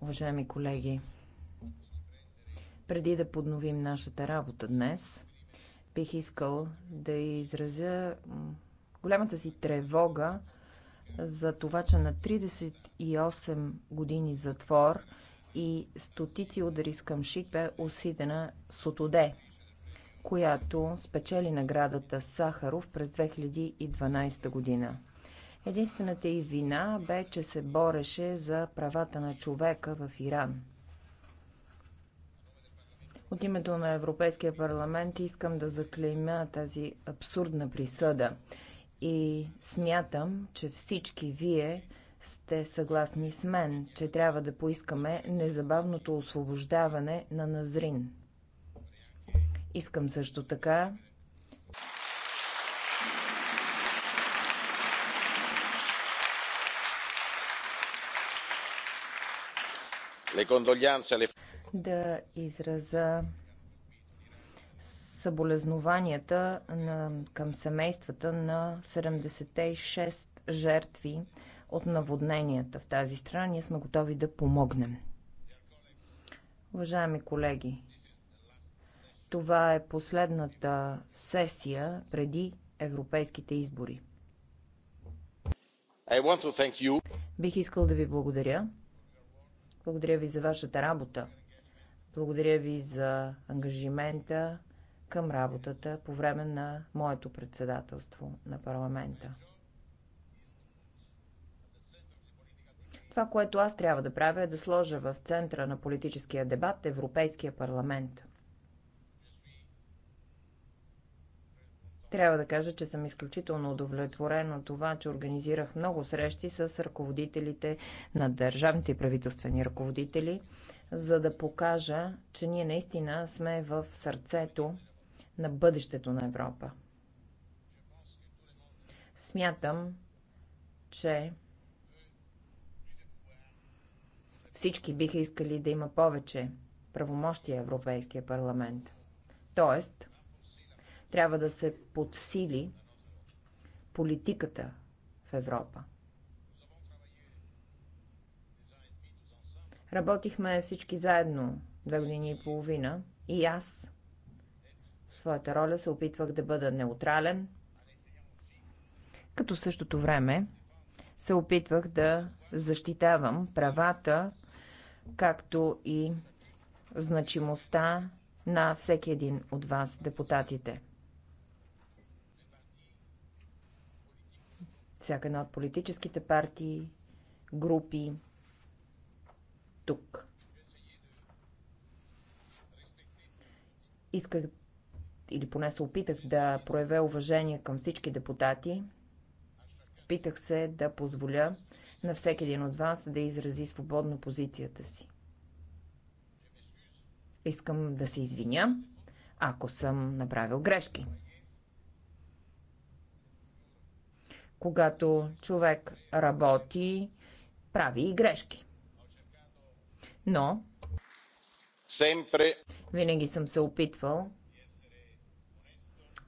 Уважаеми колеги, преди да подновим нашата работа днес, бих искал да изразя голямата си тревога за това, че на 38 години затвор и стотици удари с камши бе осидена Сотоде, която спечели наградата Сахаров през 2012 година. Единствената й вина бе, че се бореше за правата на човека в Иран. От името на Европейския парламент искам да заклеймя тази абсурдна присъда и смятам, че всички вие сте съгласни с мен, че трябва да поискаме незабавното освобождаване на Назрин. Искам също така да израза съболезнованията на, към семействата на 76 жертви от наводненията в тази страна. Ние сме готови да помогнем. Уважаеми колеги, това е последната сесия преди европейските избори. Бих искал да ви благодаря благодаря ви за вашата работа. Благодаря ви за ангажимента към работата по време на моето председателство на парламента. Това, което аз трябва да правя е да сложа в центъра на политическия дебат Европейския парламент. Трябва да кажа, че съм изключително удовлетворен от това, че организирах много срещи с ръководителите на държавните и правителствени ръководители, за да покажа, че ние наистина сме в сърцето на бъдещето на Европа. Смятам, че всички биха искали да има повече правомощия Европейския парламент. Тоест, трябва да се подсили политиката в Европа. Работихме всички заедно две години и половина и аз в своята роля се опитвах да бъда неутрален, като в същото време се опитвах да защитавам правата, както и значимостта на всеки един от вас, депутатите. всяка една от политическите партии, групи тук. Исках, или поне се опитах да проявя уважение към всички депутати. Питах се да позволя на всеки един от вас да изрази свободно позицията си. Искам да се извиня, ако съм направил грешки. Когато човек работи, прави и грешки. Но винаги съм се опитвал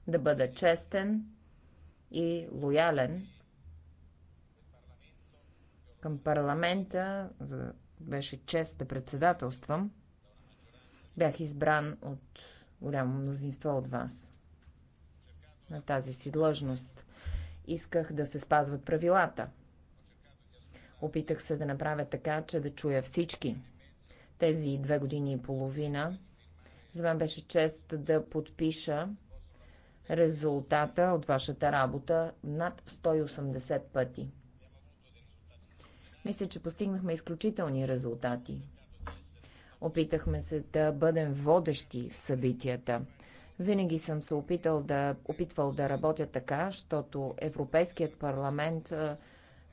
да бъда честен и лоялен към парламента, за беше чест да председателствам. Бях избран от голямо мнозинство от вас на тази си длъжност. Исках да се спазват правилата. Опитах се да направя така, че да чуя всички. Тези две години и половина за мен беше чест да подпиша резултата от вашата работа над 180 пъти. Мисля, че постигнахме изключителни резултати. Опитахме се да бъдем водещи в събитията. Винаги съм се опитал да, опитвал да работя така, защото Европейският парламент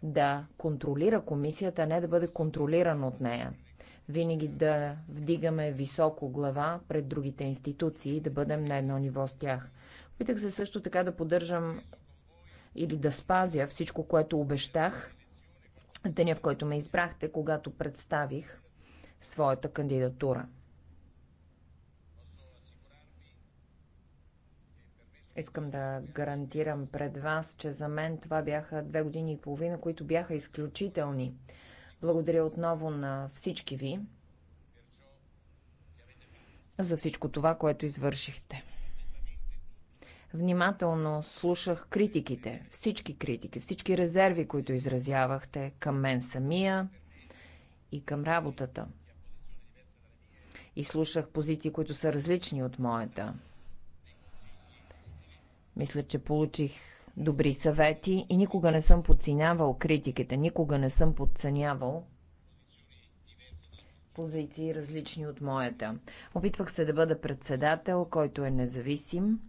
да контролира комисията, не да бъде контролиран от нея. Винаги да вдигаме високо глава пред другите институции, да бъдем на едно ниво с тях. Опитах се също така да поддържам или да спазя всичко, което обещах деня, в който ме избрахте, когато представих своята кандидатура. Искам да гарантирам пред вас, че за мен това бяха две години и половина, които бяха изключителни. Благодаря отново на всички ви за всичко това, което извършихте. Внимателно слушах критиките, всички критики, всички резерви, които изразявахте към мен самия и към работата. И слушах позиции, които са различни от моята. Мисля, че получих добри съвети и никога не съм подценявал критиките, никога не съм подценявал позиции различни от моята. Опитвах се да бъда председател, който е независим,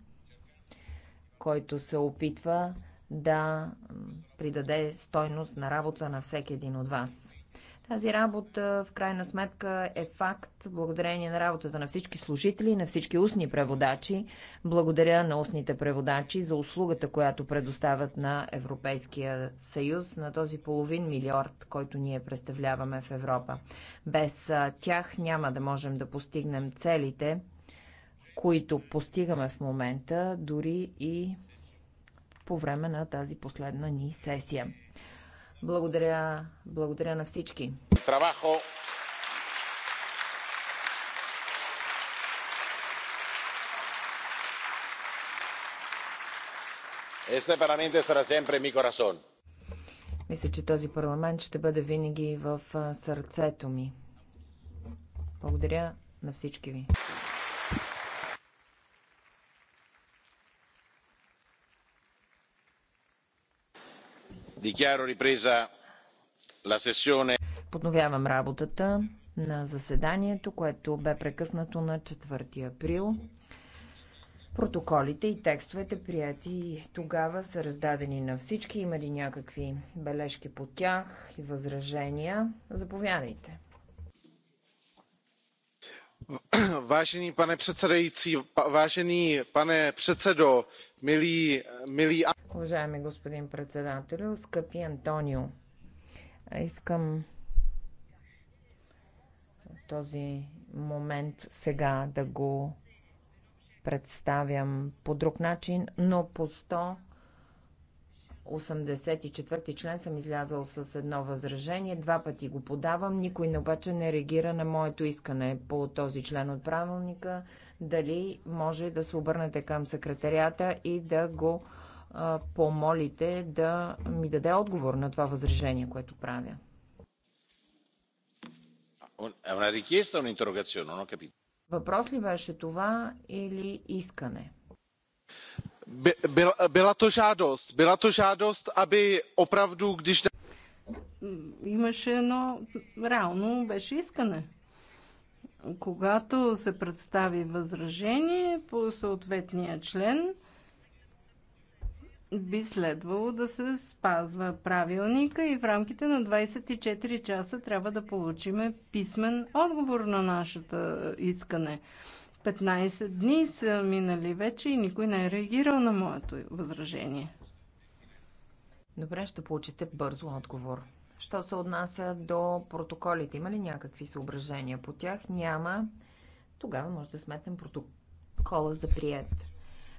който се опитва да придаде стойност на работа на всеки един от вас. Тази работа в крайна сметка е факт благодарение на работата на всички служители, на всички устни преводачи. Благодаря на устните преводачи за услугата, която предоставят на Европейския съюз, на този половин милиард, който ние представляваме в Европа. Без тях няма да можем да постигнем целите, които постигаме в момента, дори и по време на тази последна ни сесия. Благодаря, благодаря на всички. Трабахо. Este Parlamento será sempre mi corazón. Мисля, че този парламент ще бъде винаги в сърцето ми. Благодаря на всички ви. Подновявам работата на заседанието, което бе прекъснато на 4 април. Протоколите и текстовете, прияти тогава, са раздадени на всички. Има ли някакви бележки по тях и възражения? Заповядайте pane předsedající pane předsedo milý. Уважаеми господин председателю, скъпи Антонио, искам този момент сега да го представям по друг начин, но по 100 84 ти член съм излязал с едно възражение, два пъти го подавам, никой не обаче не реагира на моето искане по този член от правилника, дали може да се обърнете към секретарията и да го а, помолите да ми даде отговор на това възражение, което правя. Въпрос ли беше това или искане? byla to žádost. Byla to žádost, aby opravdu, když... Имаше едно... Реално беше искане. Когато се представи възражение по съответния член, би следвало да се спазва правилника и в рамките на 24 часа трябва да получиме писмен отговор на нашата искане. 15 дни са минали вече и никой не е реагирал на моето възражение. Добре, ще получите бързо отговор. Що се отнася до протоколите? Има ли някакви съображения по тях? Няма. Тогава може да сметнем протокола за прият.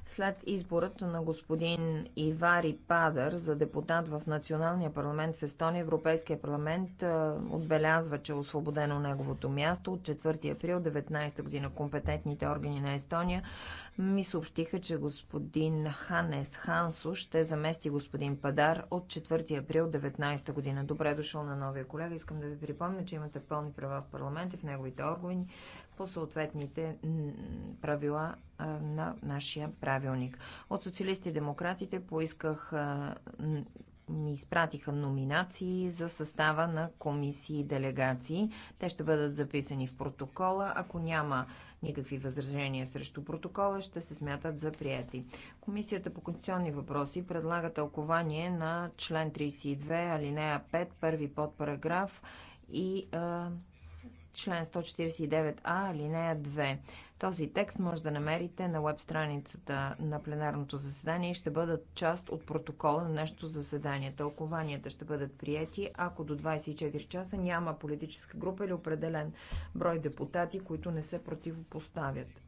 След изборът на господин Ивари Падър за депутат в Националния парламент в Естония, Европейския парламент отбелязва, че е освободено неговото място. От 4 април 19 година компетентните органи на Естония ми съобщиха, че господин Ханес Хансо ще замести господин Падар от 4 април 19 година. Добре е дошъл на новия колега. Искам да ви припомня, че имате пълни права в парламент и в неговите органи по съответните правила на нашия правилник. От социалисти и демократите поисках ми изпратиха номинации за състава на комисии и делегации. Те ще бъдат записани в протокола. Ако няма никакви възражения срещу протокола, ще се смятат за прияти. Комисията по конституционни въпроси предлага тълкование на член 32, алинея 5, първи подпараграф и а, член 149а, линея 2. Този текст може да намерите на веб страницата на пленарното заседание и ще бъдат част от протокола на нашето заседание. Тълкованията ще бъдат прияти, ако до 24 часа няма политическа група или определен брой депутати, които не се противопоставят.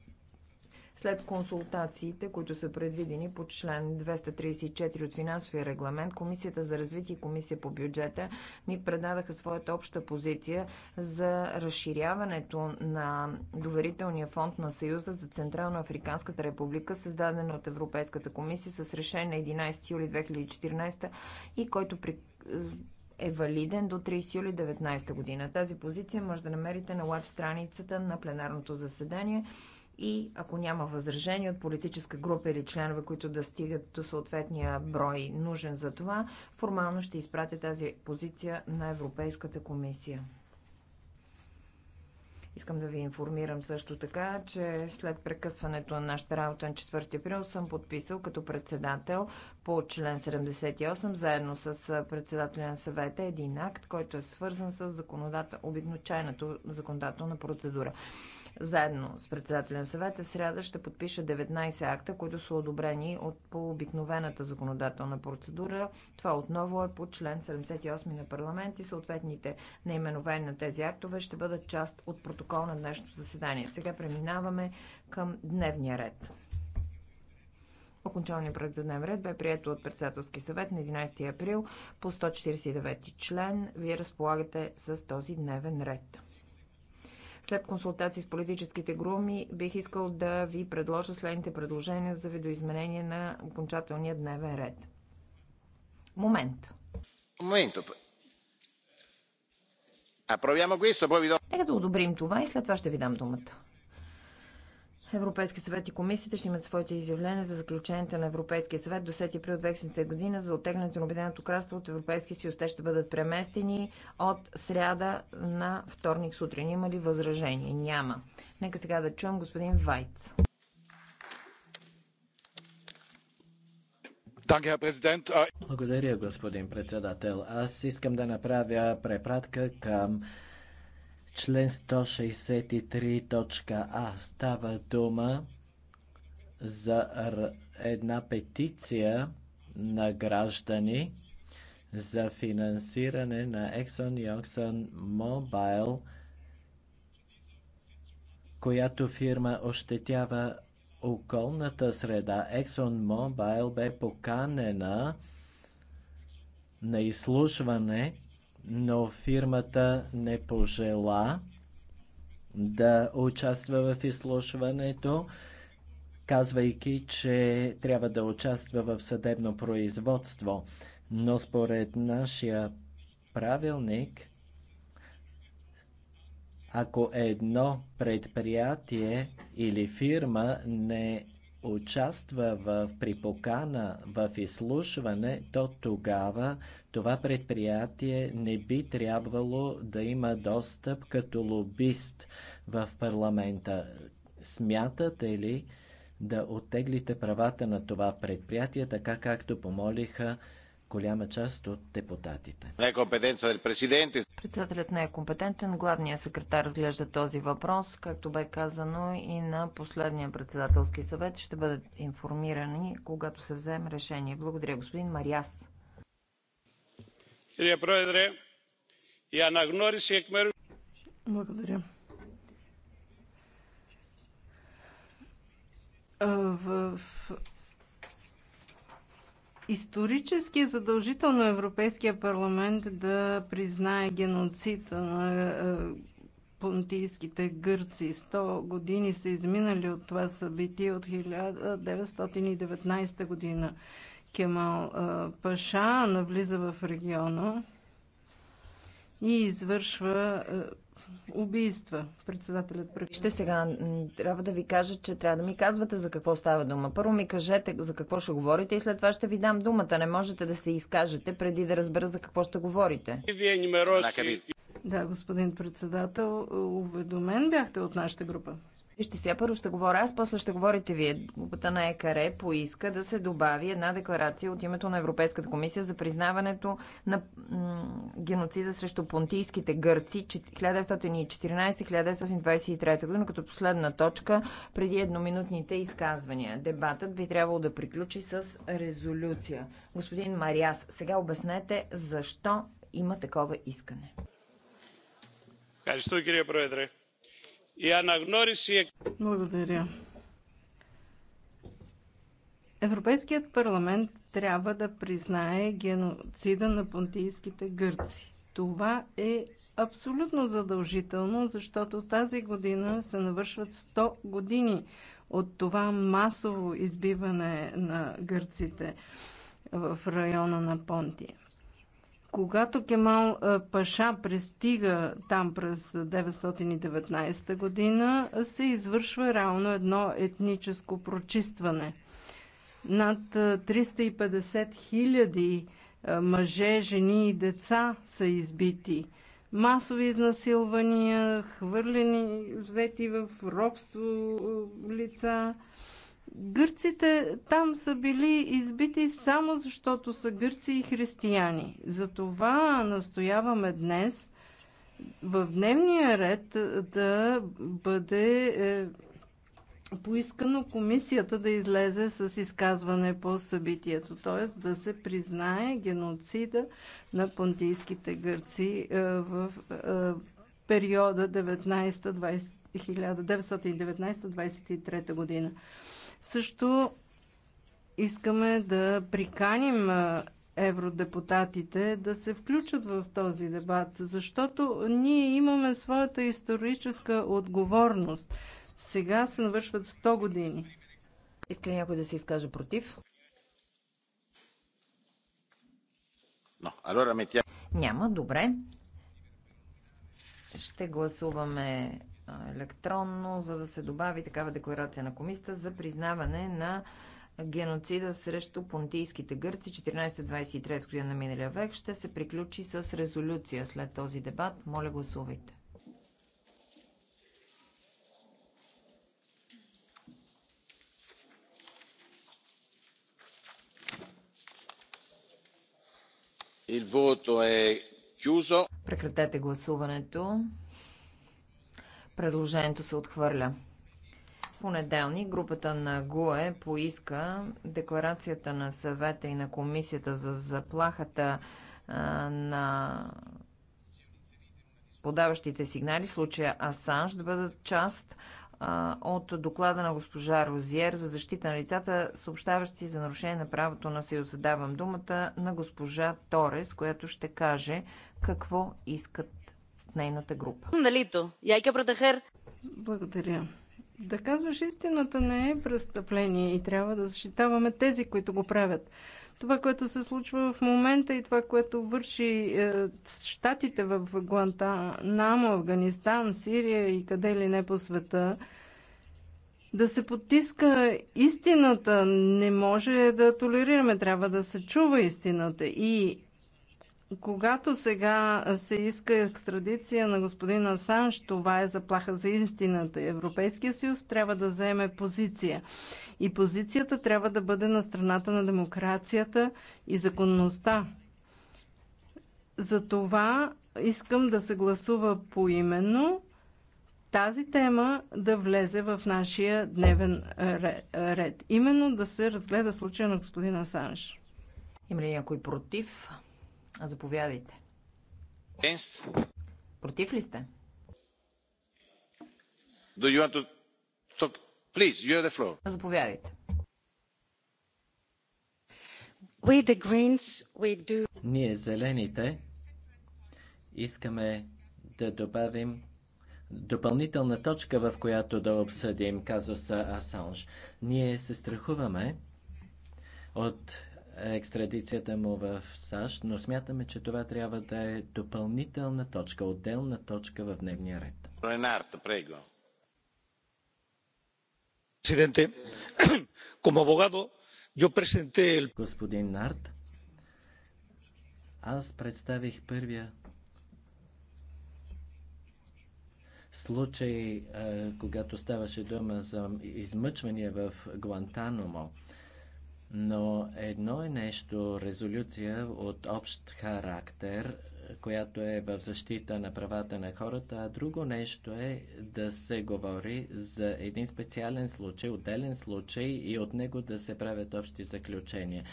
След консултациите, които са предвидени по член 234 от финансовия регламент, Комисията за развитие и Комисия по бюджета ми предадаха своята обща позиция за разширяването на доверителния фонд на Съюза за Централно-Африканската република, създаден от Европейската комисия с решение на 11 юли 2014 и който при е валиден до 30 юли 2019 година. Тази позиция може да намерите на веб страницата на пленарното заседание и ако няма възражение от политическа група или членове, които да стигат до съответния брой нужен за това, формално ще изпратя тази позиция на Европейската комисия. Искам да ви информирам също така, че след прекъсването на нашата работа на 4 април съм подписал като председател по член 78, заедно с председателя на съвета, един акт, който е свързан с законодател, обикновената законодателна процедура. Заедно с председателя на съвета в среда ще подпиша 19 акта, които са одобрени от по обикновената законодателна процедура. Това отново е по член 78 на парламент и съответните наименования на тези актове ще бъдат част от протокол на днешното заседание. Сега преминаваме към дневния ред. Окончалният проект за днем ред бе прието от председателски съвет на 11 април по 149 член. Вие разполагате с този дневен ред. След консултации с политическите груми бих искал да ви предложа следните предложения за видоизменение на окончателния дневен ред. Момент. Момент. Апровямо questo, poi vi do... Нека да одобрим това и след това ще ви дам думата. Европейски съвет и комисията ще имат своите изявления за заключенията на Европейския съвет до 10 април 2020 година за оттеглянето на Обединеното кралство от Европейския съюз. Те ще бъдат преместени от сряда на вторник сутрин. Има ли възражение? Няма. Нека сега да чуем господин Вайц. Благодаря, господин председател. Аз искам да направя препратка към член 163.а става дума за една петиция на граждани за финансиране на Exxon и Oxon Mobile, която фирма ощетява околната среда. Exxon Mobile бе поканена на изслушване но фирмата не пожела да участва в изслушването, казвайки, че трябва да участва в съдебно производство. Но според нашия правилник, ако едно предприятие или фирма не участва в, припокана в изслушване, то тогава това предприятие не би трябвало да има достъп като лобист в парламента. Смятате ли да оттеглите правата на това предприятие, така както помолиха голяма част от депутатите. Е Председателят не е компетентен. Главният секретар разглежда този въпрос, както бе казано и на последния председателски съвет. Ще бъдат информирани, когато се вземе решение. Благодаря, господин Мариас. Благодаря. В исторически е задължително Европейския парламент да признае геноцид на е, е, понтийските гърци. 100 години са изминали от това събитие от 1919 година. Кемал е, Паша навлиза в региона и извършва убийства. Председателят пред... Вижте сега трябва да ви кажа, че трябва да ми казвате за какво става дума. Първо ми кажете за какво ще говорите и след това ще ви дам думата. Не можете да се изкажете преди да разбера за какво ще говорите. Вие е Да, господин председател, уведомен бяхте от нашата група. Вижте сега, първо ще говоря аз, после ще говорите вие. Групата на ЕКАРЕ поиска да се добави една декларация от името на Европейската комисия за признаването на геноцида срещу понтийските гърци 1914-1923 година, като последна точка преди едноминутните изказвания. Дебатът би трябвало да приключи с резолюция. Господин Мариас, сега обяснете защо има такова искане. Ευχαριστώ κύριε Πρόεδρε η αναγνώριση... Благодаря. Европейският парламент трябва да признае геноцида на понтийските гърци. Това е абсолютно задължително, защото тази година се навършват 100 години от това масово избиване на гърците в района на Понтия. Когато Кемал Паша пристига там през 919 година, се извършва реално едно етническо прочистване. Над 350 хиляди мъже, жени и деца са избити. Масови изнасилвания, хвърлени, взети в робство лица – Гърците там са били избити само защото са гърци и християни. Затова настояваме днес в дневния ред да бъде е, поискано комисията да излезе с изказване по събитието, т.е. да се признае геноцида на понтийските гърци е, в е, периода 1919-23 година. Също искаме да приканим евродепутатите да се включат в този дебат, защото ние имаме своята историческа отговорност. Сега се навършват 100 години. Иска ли някой да се изкаже против? Няма, добре. Ще гласуваме електронно, за да се добави такава декларация на комисията за признаване на геноцида срещу понтийските гърци 14-23 година на миналия век ще се приключи с резолюция след този дебат. Моля гласувайте. Прекратете гласуването. Предложението се отхвърля. В понеделник групата на ГУЕ поиска декларацията на съвета и на комисията за заплахата а, на подаващите сигнали, в случая Асанж, да бъдат част а, от доклада на госпожа Розиер за защита на лицата, съобщаващи за нарушение на правото на съюза. Давам думата на госпожа Торес, която ще каже какво искат нейната група. Нали яйка протехер. Благодаря. Да казваш истината не е престъпление и трябва да защитаваме тези, които го правят. Това, което се случва в момента и това, което върши е, щатите в Гуантанамо, Афганистан, Сирия и къде ли не по света, да се потиска истината не може да толерираме. Трябва да се чува истината. И когато сега се иска екстрадиция на господин Асанж, това е заплаха за истината. Европейския съюз трябва да заеме позиция. И позицията трябва да бъде на страната на демокрацията и законността. За това искам да се гласува поименно тази тема да влезе в нашия дневен ред. Именно да се разгледа случая на господин Асанж. Има ли някой против? Заповядайте. Против ли сте? Do you want to talk? Please, you have the floor. Заповядайте. We the Greens, we do... Ние зелените искаме да добавим допълнителна точка, в която да обсъдим казуса Асанж. Ние се страхуваме от екстрадицията му в САЩ, но смятаме, че това трябва да е допълнителна точка, отделна точка в дневния ред. Ренарто, прего. Президенте, como abogado, yo presenté Господин Нарт, аз представих първия случай, когато ставаше дума за измъчвания в Гуантанамо. Но едно е нещо, резолюция от общ характер, която е в защита на правата на хората, а друго нещо е да се говори за един специален случай, отделен случай и от него да се правят общи заключения.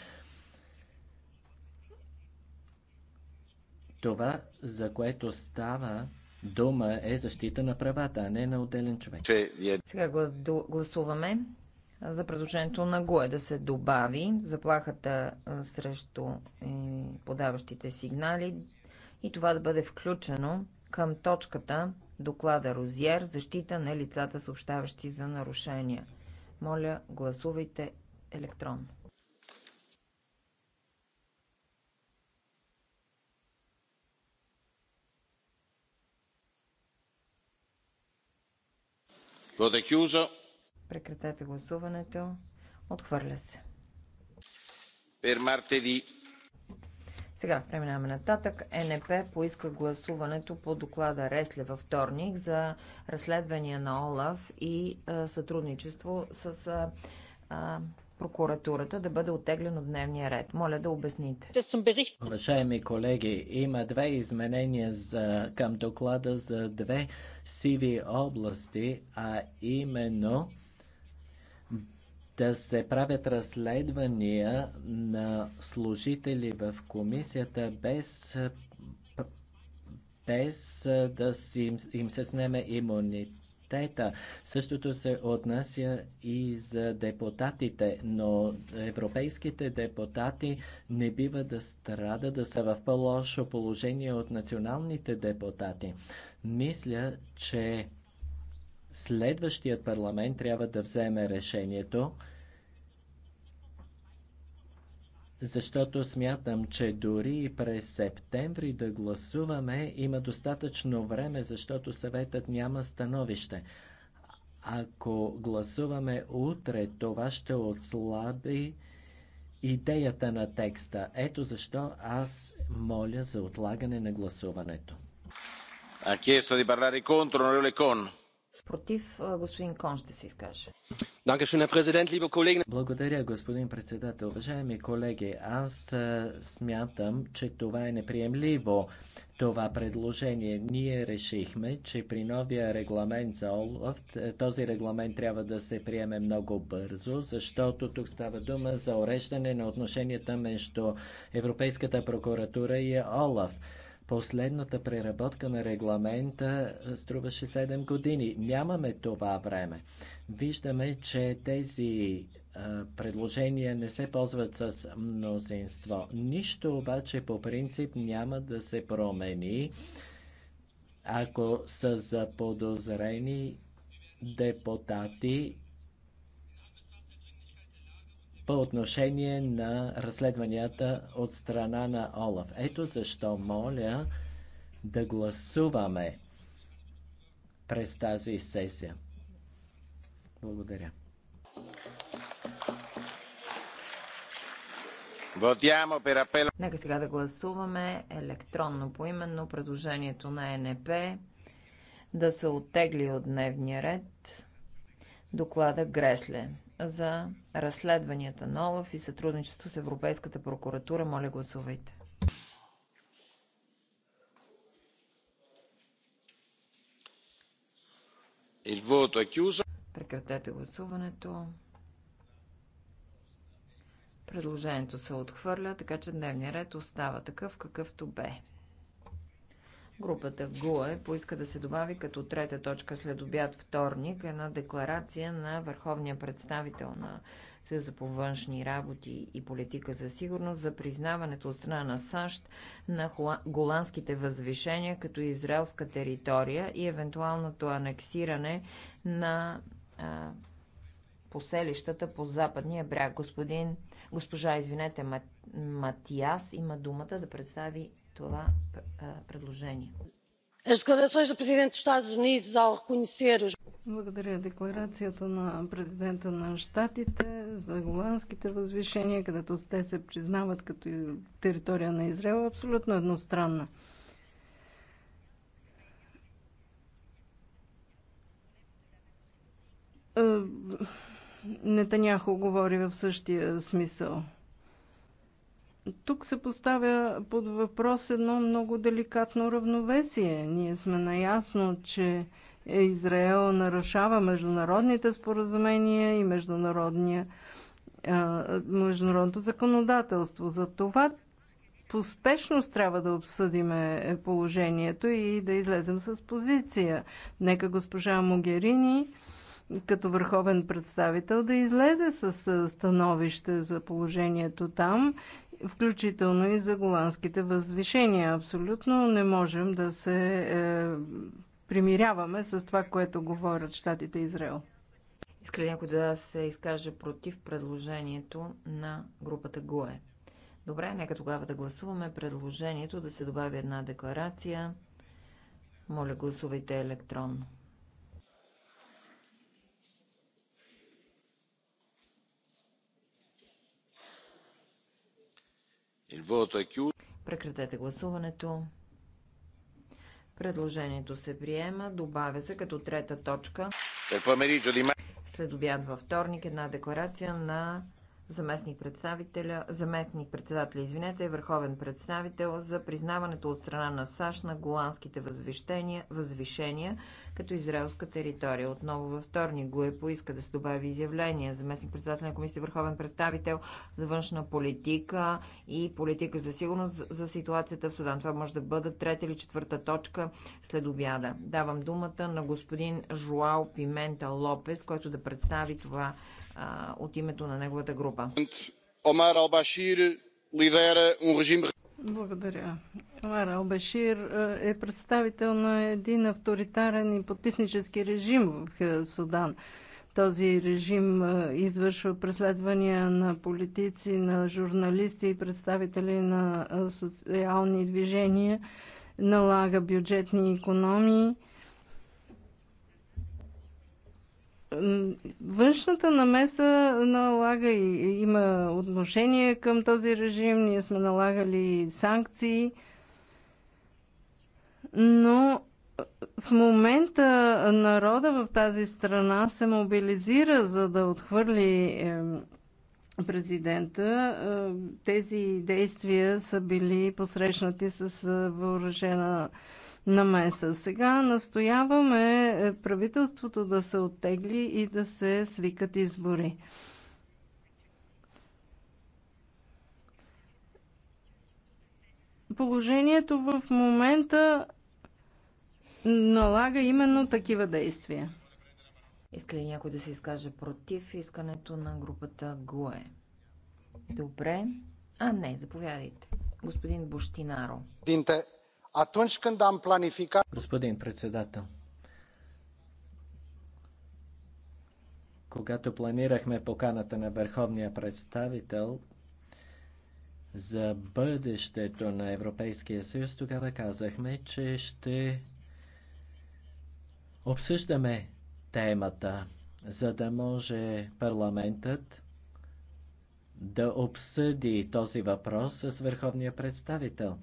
Това, за което става дума, е защита на правата, а не на отделен човек. Е- Сега гласуваме за предложението на ГУЕ да се добави заплахата срещу е, подаващите сигнали и това да бъде включено към точката доклада Розиер защита на лицата съобщаващи за нарушения. Моля, гласувайте електронно. Voto chiuso. Прекратете гласуването. Отхвърля се. Сега преминаваме нататък. НП поиска гласуването по доклада Ресле във вторник за разследвания на ОЛАВ и а, сътрудничество с а, а, прокуратурата да бъде оттеглен от дневния ред. Моля да обясните. Уважаеми колеги, има две изменения за, към доклада за две сиви области, а именно да се правят разследвания на служители в комисията без, без да си, им се снеме имунитета. Същото се отнася и за депутатите, но европейските депутати не бива да страда да са в по-лошо положение от националните депутати. Мисля, че Следващият парламент трябва да вземе решението, защото смятам, че дори и през септември да гласуваме има достатъчно време, защото съветът няма становище. Ако гласуваме утре, това ще отслаби идеята на текста. Ето защо аз моля за отлагане на гласуването. Ha chiesto di parlare contro, onorevole Con. Против господин Кон ще се изкаже. Благодаря, господин председател. Уважаеми колеги, аз смятам, че това е неприемливо. Това предложение ние решихме, че при новия регламент за ОЛАФ е, този регламент трябва да се приеме много бързо, защото тук става дума за уреждане на отношенията между Европейската прокуратура и ОЛАФ. Последната преработка на регламента струваше 7 години. Нямаме това време. Виждаме, че тези предложения не се ползват с мнозинство. Нищо обаче по принцип няма да се промени, ако са заподозрени депутати по отношение на разследванията от страна на Олаф. Ето защо моля да гласуваме през тази сесия. Благодаря. Нека сега да гласуваме електронно поименно предложението на НП да се оттегли от дневния ред доклада Гресле за разследванията на ОЛАФ и сътрудничество с Европейската прокуратура. Моля, гласувайте. Прекратете гласуването. Предложението се отхвърля, така че дневният ред остава такъв, какъвто бе. Групата ГУЕ поиска да се добави като трета точка след обяд вторник една декларация на върховния представител на Съюза по външни работи и политика за сигурност за признаването от страна на САЩ на голандските възвишения като израелска територия и евентуалното анексиране на а, поселищата по западния бряг. Господин, госпожа, извинете, Матиас има думата да представи това предложение. Благодаря. Декларацията на президента на Штатите за голландските възвишения, където те се признават като територия на Израел, е абсолютно едностранна. Е, Нетаняхо говори в същия смисъл. Тук се поставя под въпрос едно много деликатно равновесие. Ние сме наясно, че е Израел нарушава международните споразумения и международния, международното законодателство. За това поспешност трябва да обсъдиме положението и да излезем с позиция. Нека госпожа Могерини като върховен представител да излезе с становище за положението там, включително и за голандските възвишения. Абсолютно не можем да се е, примиряваме с това, което говорят щатите Израел. Иска ли някой да се изкаже против предложението на групата ГОЕ? Добре, нека тогава да гласуваме предложението да се добави една декларация. Моля, гласувайте електронно. Прекратете гласуването. Предложението се приема. Добавя се като трета точка. Е, След обяд във вторник една декларация на заместник представителя, заметник председателя, извинете, е върховен представител за признаването от страна на САЩ на голандските възвишения, възвишения като израелска територия. Отново във вторник го е поиска да се добави изявление. Заместник председател на комисия върховен представител за външна политика и политика за сигурност за ситуацията в Судан. Това може да бъде трета или четвърта точка след обяда. Давам думата на господин Жуал Пимента Лопес, който да представи това от името на неговата група. Омар Албашир лидера е un режим. Благодаря. Омар Албашир е, е представител на един авторитарен и потиснически режим в е, Судан. Този режим извършва преследвания на политици, на журналисти и представители на социални движения, налага бюджетни економии Външната намеса налага и има отношение към този режим. Ние сме налагали санкции. Но в момента народа в тази страна се мобилизира, за да отхвърли президента. Е, тези действия са били посрещнати с е, въоръжена намеса. Сега настояваме е, правителството да се оттегли и да се свикат избори. Положението в момента налага именно такива действия. Иска ли някой да се изкаже против искането на групата ГОЕ? Добре. А, не, заповядайте. Господин Буштинаро atunci când am planificat... Господин председател, когато планирахме поканата на върховния представител за бъдещето на Европейския съюз, тогава казахме, че ще обсъждаме темата, за да може парламентът да обсъди този въпрос с върховния представител.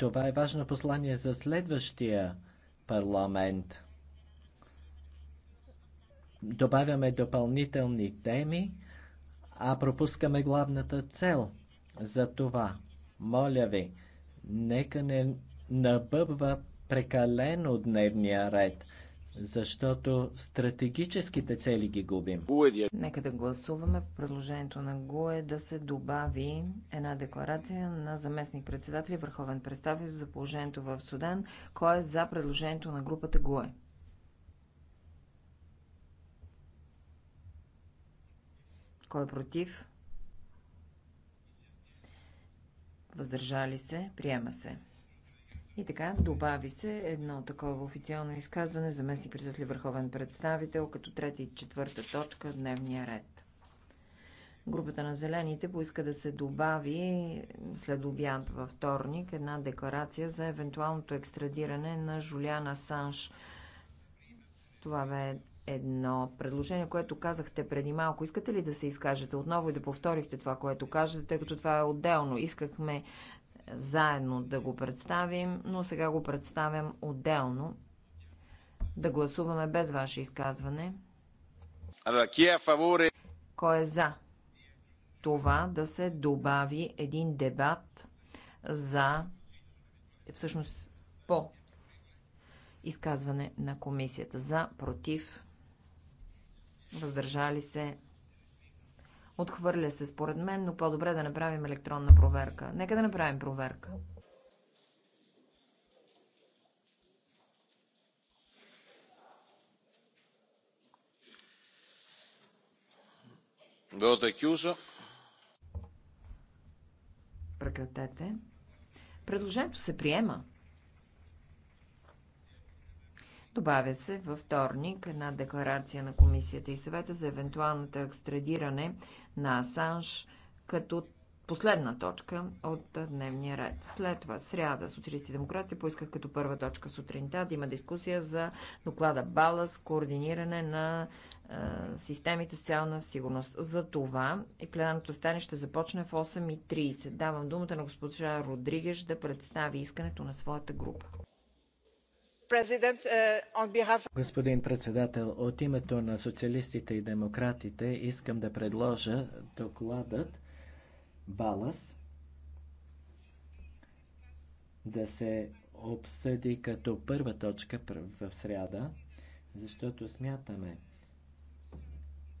Това е важно послание за следващия парламент. Добавяме допълнителни теми, а пропускаме главната цел. За това, моля ви, нека не набъбва прекалено дневния ред защото стратегическите цели ги губим. Нека да гласуваме предложението на ГУЕ да се добави една декларация на заместник председател и върховен представител за положението в Судан. Кой е за предложението на групата ГУЕ? Кой е против? Въздържали се? Приема се. И така, добави се едно такова официално изказване за местни присъдли върховен представител като трета и четвърта точка в дневния ред. Групата на зелените поиска да се добави след обяд във вторник една декларация за евентуалното екстрадиране на Жуляна Санш. Това бе едно предложение, което казахте преди малко. Искате ли да се изкажете отново и да повторихте това, което кажете, тъй като това е отделно? Искахме заедно да го представим, но сега го представям отделно. Да гласуваме без ваше изказване. Кой е за това да се добави един дебат за всъщност по изказване на комисията за, против, въздържали се, Отхвърля се според мен, но по-добре да направим електронна проверка. Нека да направим проверка. Voto е Прекратете. Предложението се приема. Добавя се във вторник една декларация на комисията и съвета за евентуалното екстрадиране на Асанж като последна точка от дневния ред. След това, сряда, социалисти демократи поисках като първа точка сутринта да има дискусия за доклада Балас, координиране на е, системите социална сигурност. За това и пленарното стане ще започне в 8.30. Давам думата на госпожа Родригеш да представи искането на своята група. Uh, Господин председател, от името на социалистите и демократите искам да предложа докладът Балас да се обсъди като първа точка в сряда, защото смятаме,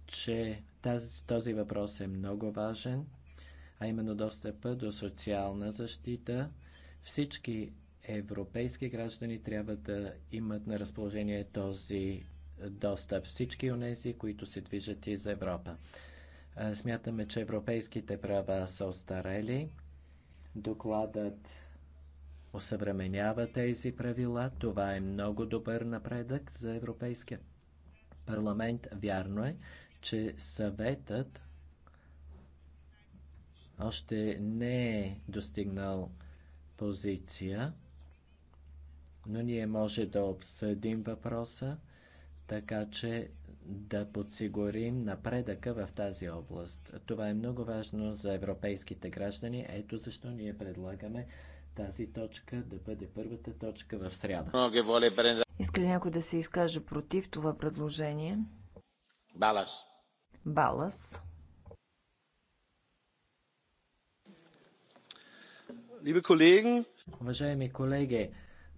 че тази, този въпрос е много важен, а именно достъпа до социална защита. Всички европейски граждани трябва да имат на разположение този достъп. Всички тези, които се движат из Европа. Смятаме, че европейските права са остарели. Докладът осъвременява тези правила. Това е много добър напредък за Европейския парламент. Вярно е, че съветът още не е достигнал позиция но ние може да обсъдим въпроса, така че да подсигурим напредъка в тази област. Това е много важно за европейските граждани. Ето защо ние предлагаме тази точка да бъде първата точка в сряда. Иска ли някой да се изкаже против това предложение? Балас. Балас. Уважаеми колеги,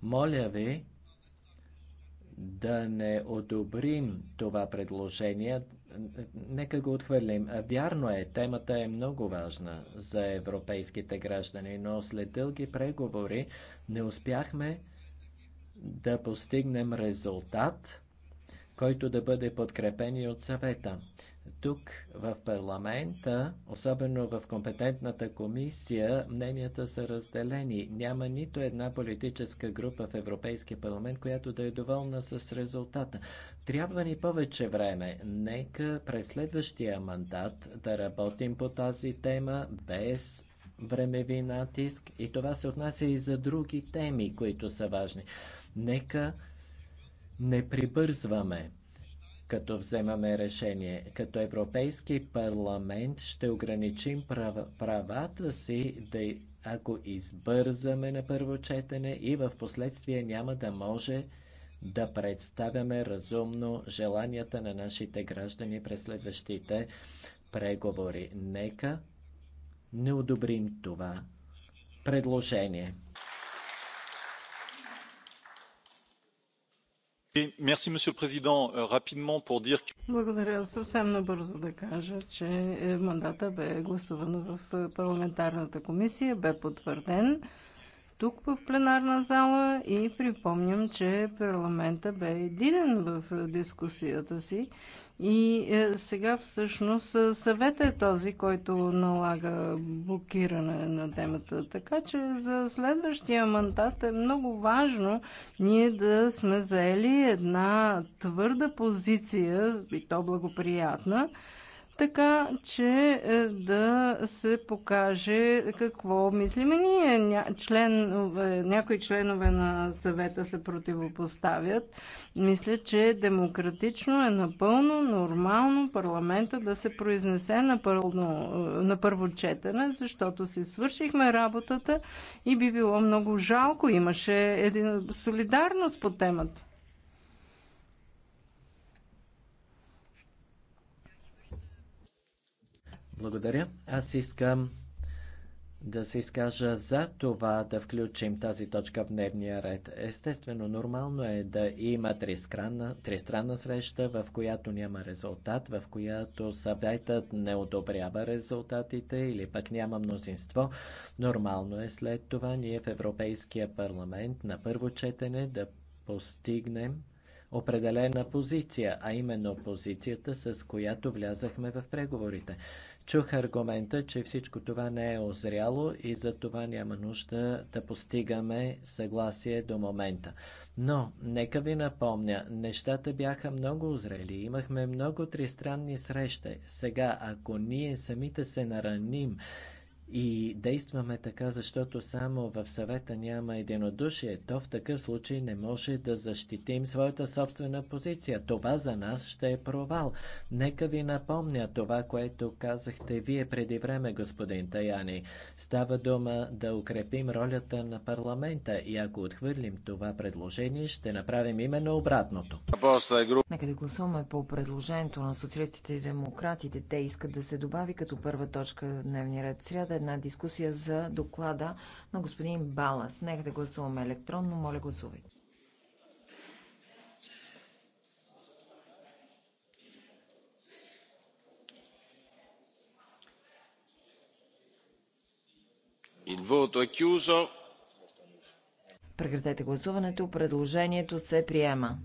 моля ви да не одобрим това предложение. Нека го отхвърлим. Вярно е, темата е много важна за европейските граждани, но след дълги преговори не успяхме да постигнем резултат, който да бъде подкрепен и от съвета. Тук в парламента, особено в компетентната комисия, мненията са разделени. Няма нито една политическа група в Европейския парламент, която да е доволна с резултата. Трябва ни повече време. Нека през следващия мандат да работим по тази тема без времеви натиск и това се отнася и за други теми, които са важни. Нека не прибързваме като вземаме решение. Като Европейски парламент ще ограничим прав, правата си, да, ако избързаме на първо четене и в последствие няма да може да представяме разумно желанията на нашите граждани през следващите преговори. Нека не одобрим това предложение. Euh, Благодаря. Съвсем набързо да кажа, че е, мандата бе гласуван в е, парламентарната комисия, бе потвърден тук в пленарна зала и припомням, че парламента бе единен в е, дискусията си и е, сега всъщност е, съветът е този, който налага блокиране на темата. Така че за следващия мандат е много важно ние да сме заели една твърда позиция, и то благоприятна, така че е, да се покаже какво мислиме ние. Ня, членове, някои членове на съвета се противопоставят. Мисля, че демократично е напълно нормално парламента да се произнесе на, пълно, е, на първо четене, защото си свършихме работата и би било много жалко. Имаше един солидарност по темата. Благодаря. Аз искам да се изкажа за това да включим тази точка в дневния ред. Естествено, нормално е да има тристранна, тристранна среща, в която няма резултат, в която съветът не одобрява резултатите или пък няма мнозинство. Нормално е след това ние в Европейския парламент на първо четене да постигнем определена позиция, а именно позицията, с която влязахме в преговорите. Чух аргумента, че всичко това не е озряло и за това няма нужда да постигаме съгласие до момента. Но, нека ви напомня, нещата бяха много озрели, имахме много тристранни срещи. Сега, ако ние самите се нараним и действаме така, защото само в съвета няма единодушие, то в такъв случай не може да защитим своята собствена позиция. Това за нас ще е провал. Нека ви напомня това, което казахте вие преди време, господин Таяни. Става дума да укрепим ролята на парламента и ако отхвърлим това предложение, ще направим именно обратното. Нека да гласуваме по предложението на социалистите и демократите. Те искат да се добави като първа точка в дневния ред сряда една дискусия за доклада на господин Балас. Нека да гласуваме електронно. Моля, гласувайте. Il voto è chiuso. Прекратете гласуването. Предложението се приема.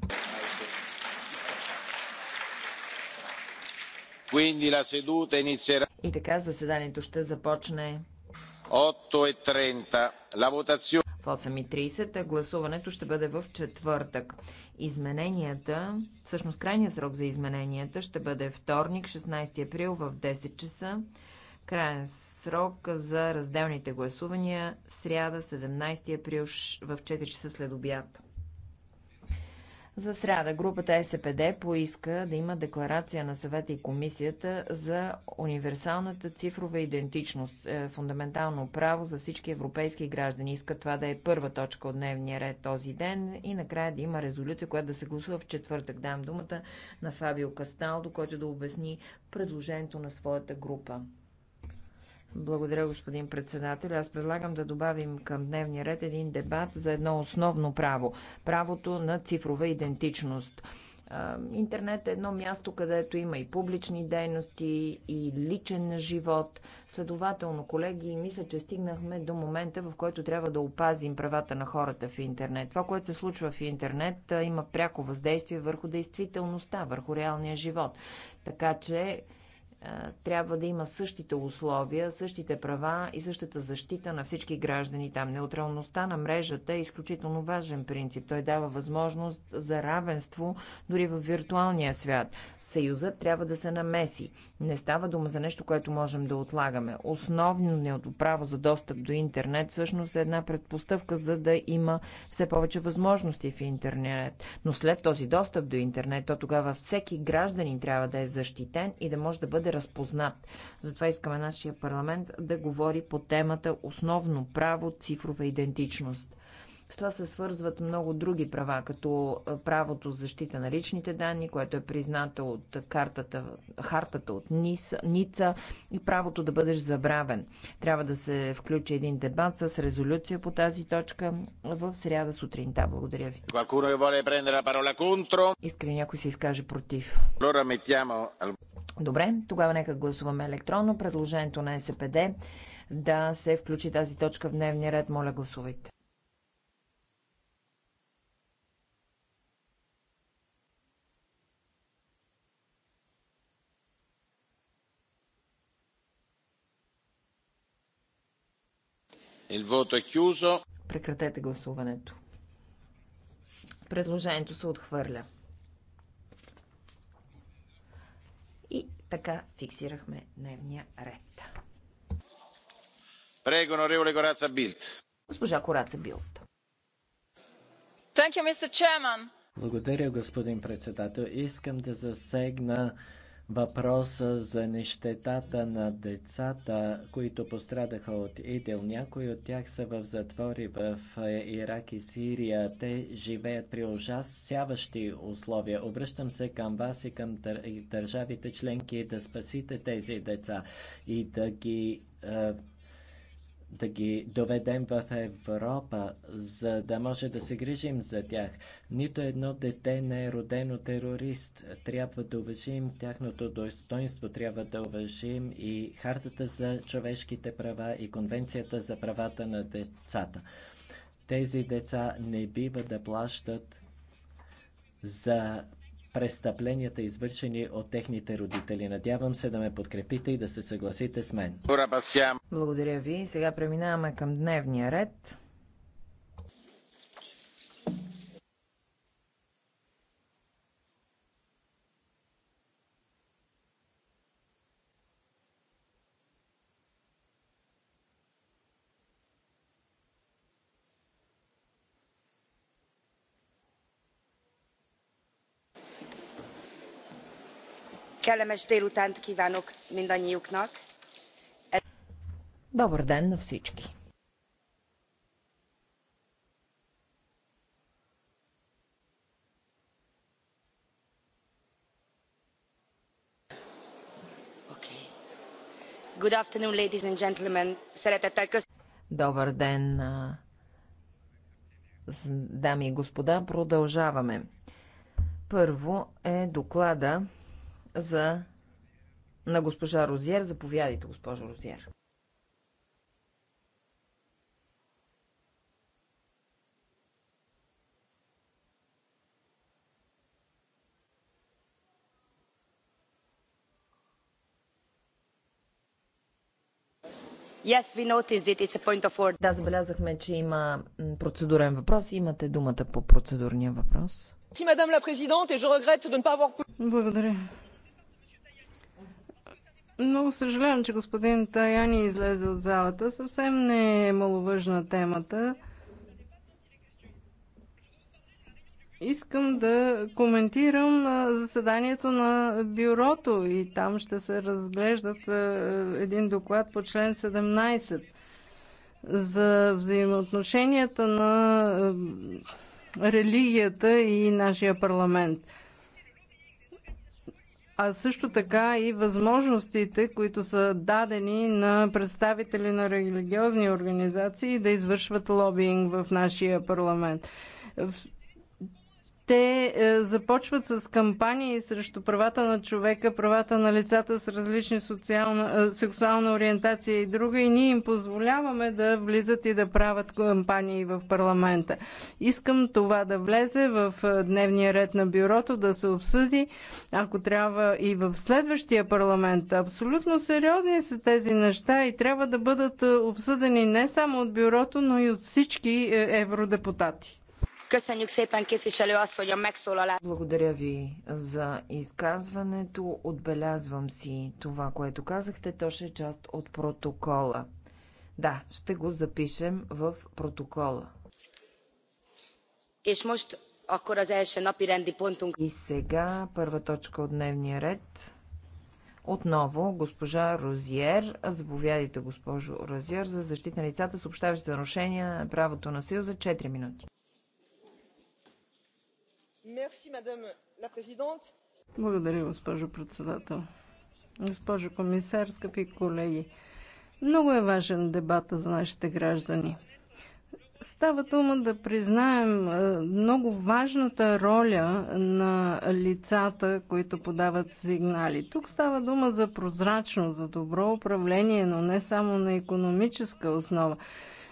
И така заседанието ще започне e в 8.30. Гласуването ще бъде в четвъртък. Измененията, всъщност крайният срок за измененията ще бъде вторник, 16 април в 10 часа. Крайен срок за разделните гласувания сряда, 17 април в 4 часа след обяд. За сряда групата СПД поиска да има декларация на съвета и комисията за универсалната цифрова идентичност, е, фундаментално право за всички европейски граждани. Иска това да е първа точка от дневния ред този ден и накрая да има резолюция, която да се гласува в четвъртък. Дам думата на Фабио Касталдо, който да обясни предложението на своята група. Благодаря, господин председател. Аз предлагам да добавим към дневния ред един дебат за едно основно право правото на цифрова идентичност. Интернет е едно място, където има и публични дейности, и личен живот. Следователно, колеги, мисля, че стигнахме до момента, в който трябва да опазим правата на хората в интернет. Това, което се случва в интернет, има пряко въздействие върху действителността, върху реалния живот. Така че трябва да има същите условия, същите права и същата защита на всички граждани там. Неутралността на мрежата е изключително важен принцип. Той дава възможност за равенство дори в виртуалния свят. Съюзът трябва да се намеси. Не става дума за нещо, което можем да отлагаме. Основното право за достъп до интернет всъщност е една предпоставка за да има все повече възможности в интернет. Но след този достъп до интернет, то тогава всеки гражданин трябва да е защитен и да може да бъде бъде разпознат. Затова искаме нашия парламент да говори по темата основно право, цифрова идентичност. С това се свързват много други права, като правото защита на личните данни, което е призната от картата, хартата от Ниса, Ница и правото да бъдеш забравен. Трябва да се включи един дебат с резолюция по тази точка в сряда сутринта. Благодаря ви. Иска някой се изкаже против? Добре, тогава нека гласуваме електронно предложението на СПД да се включи тази точка в дневния ред. Моля, гласувайте. Прекратете гласуването. Предложението се отхвърля. И така фиксирахме дневния ред. Прего, онореволе Кораца Билт. Госпожа Кораца Билт. Благодаря, господин председател. Искам да засегна въпроса за нещетата на децата, които пострадаха от ИДИЛ. Някои от тях са в затвори в Ирак и Сирия. Те живеят при ужасяващи условия. Обръщам се към вас и към държавите членки да спасите тези деца и да ги да ги доведем в Европа, за да може да се грижим за тях. Нито едно дете не е родено терорист. Трябва да уважим тяхното достоинство, трябва да уважим и Хартата за човешките права и Конвенцията за правата на децата. Тези деца не бива да плащат за престъпленията, извършени от техните родители. Надявам се да ме подкрепите и да се съгласите с мен. Благодаря ви. Сега преминаваме към дневния ред. Kellemes délutánt kívánok mindannyiuknak. Добър ден на всички! Good afternoon, ladies and gentlemen. Szeretettel köszönöm. Добър ден, дами и господа. Продължаваме. Първо е доклада за... на госпожа Розиер. Заповядайте, госпожо Розиер. Yes, да, забелязахме, че има процедурен въпрос. Имате думата по процедурния въпрос. Благодаря. Много съжалявам, че господин Таяни излезе от залата. Съвсем не е маловъжна темата. Искам да коментирам заседанието на бюрото и там ще се разглеждат един доклад по член 17 за взаимоотношенията на религията и нашия парламент а също така и възможностите, които са дадени на представители на религиозни организации да извършват лобинг в нашия парламент те е, започват с кампании срещу правата на човека, правата на лицата с различни социална, е, сексуална ориентация и друга и ние им позволяваме да влизат и да правят кампании в парламента. Искам това да влезе в е, дневния ред на бюрото, да се обсъди, ако трябва и в следващия парламент. Абсолютно сериозни са тези неща и трябва да бъдат обсъдени не само от бюрото, но и от всички евродепутати. Благодаря ви за изказването. Отбелязвам си това, което казахте. То ще е част от протокола. Да, ще го запишем в протокола. И сега първа точка от дневния ред. Отново госпожа Розиер, заповядайте госпожо Розиер за защита на лицата, съобщаващи за нарушения на правото на Съюза. 4 минути. Благодаря, госпожо председател. Госпожо комисар, скъпи колеги, много е важен дебата за нашите граждани. Става дума да признаем е, много важната роля на лицата, които подават сигнали. Тук става дума за прозрачност, за добро управление, но не само на економическа основа.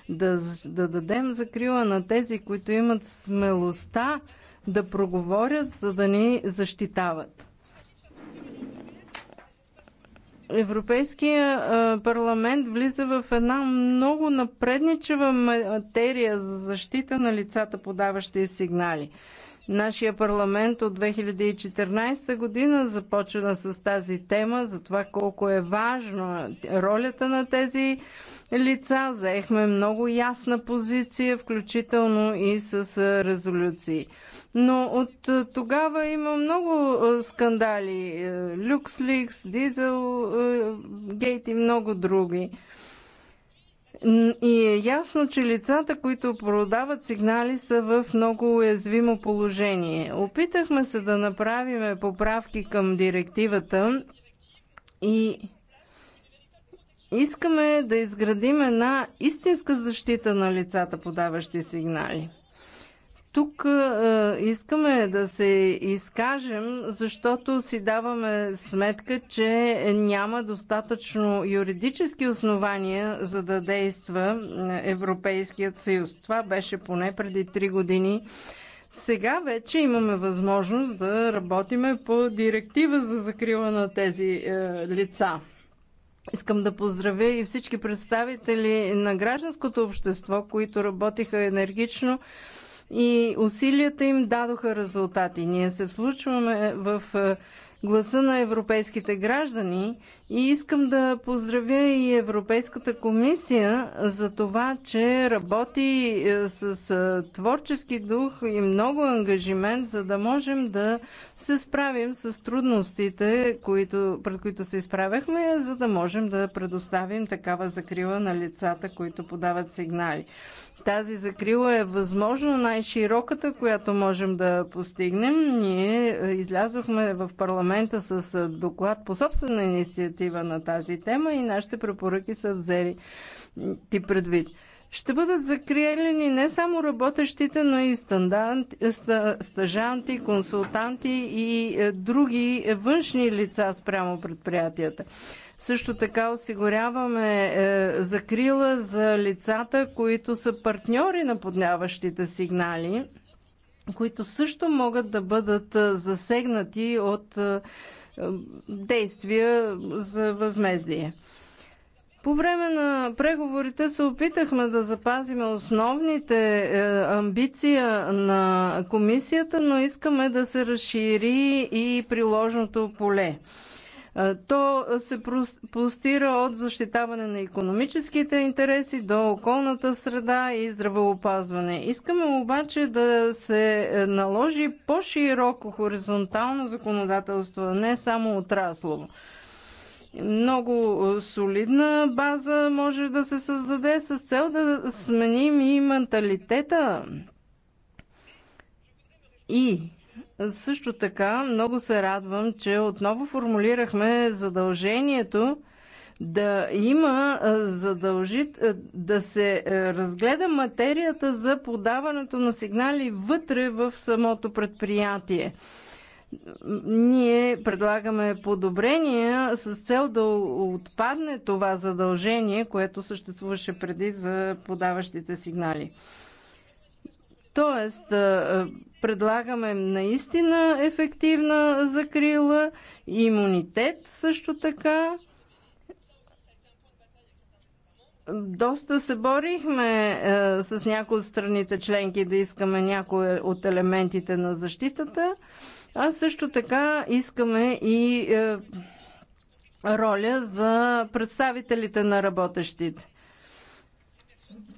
Да, да дадем закрила на тези, които имат смелостта да проговорят, за да ни защитават. Европейския парламент влиза в една много напредничева материя за защита на лицата, подаващи сигнали. Нашия парламент от 2014 година започна с тази тема, за това колко е важна ролята на тези лица. Заехме много ясна позиция, включително и с резолюции. Но от тогава има много скандали. Люксликс, Дизел, Гейт и много други. И е ясно, че лицата, които продават сигнали, са в много уязвимо положение. Опитахме се да направим поправки към директивата и искаме да изградим една истинска защита на лицата, подаващи сигнали. Тук е, искаме да се изкажем, защото си даваме сметка, че няма достатъчно юридически основания за да действа е, Европейският съюз. Това беше поне преди три години. Сега вече имаме възможност да работиме по директива за закрила на тези е, лица. Искам да поздравя и всички представители на гражданското общество, които работиха енергично и усилията им дадоха резултати. Ние се вслушваме в е, гласа на европейските граждани и искам да поздравя и Европейската комисия за това, че работи е, с е, творчески дух и много ангажимент, за да можем да се справим с трудностите, които, пред които се изправяхме, за да можем да предоставим такава закрила на лицата, които подават сигнали. Тази закрила е възможно най-широката, която можем да постигнем. Ние е, излязохме в парламента с е, доклад по собствена инициатива на тази тема и нашите препоръки са взели ти предвид ще бъдат закриелени не само работещите, но и е, стажанти, консултанти и други външни лица спрямо предприятията. Също така осигуряваме е, закрила за лицата, които са партньори на подняващите сигнали, които също могат да бъдат е, засегнати от е, е, действия за възмездие. По време на преговорите се опитахме да запазим основните е, амбиция на комисията, но искаме да се разшири и приложното поле. То се простира от защитаване на економическите интереси до околната среда и здравеопазване. Искаме обаче да се е, наложи по-широко хоризонтално законодателство, не само отраслово много е, солидна база може да се създаде с цел да сменим и менталитета. И също така много се радвам, че отново формулирахме задължението да има задължит, да се разгледа материята за подаването на сигнали вътре в самото предприятие. Ние предлагаме подобрения с цел да отпадне това задължение, което съществуваше преди за подаващите сигнали. Тоест, предлагаме наистина ефективна закрила, имунитет също така. Доста се борихме с някои от страните членки да искаме някои от елементите на защитата, а също така искаме и роля за представителите на работещите.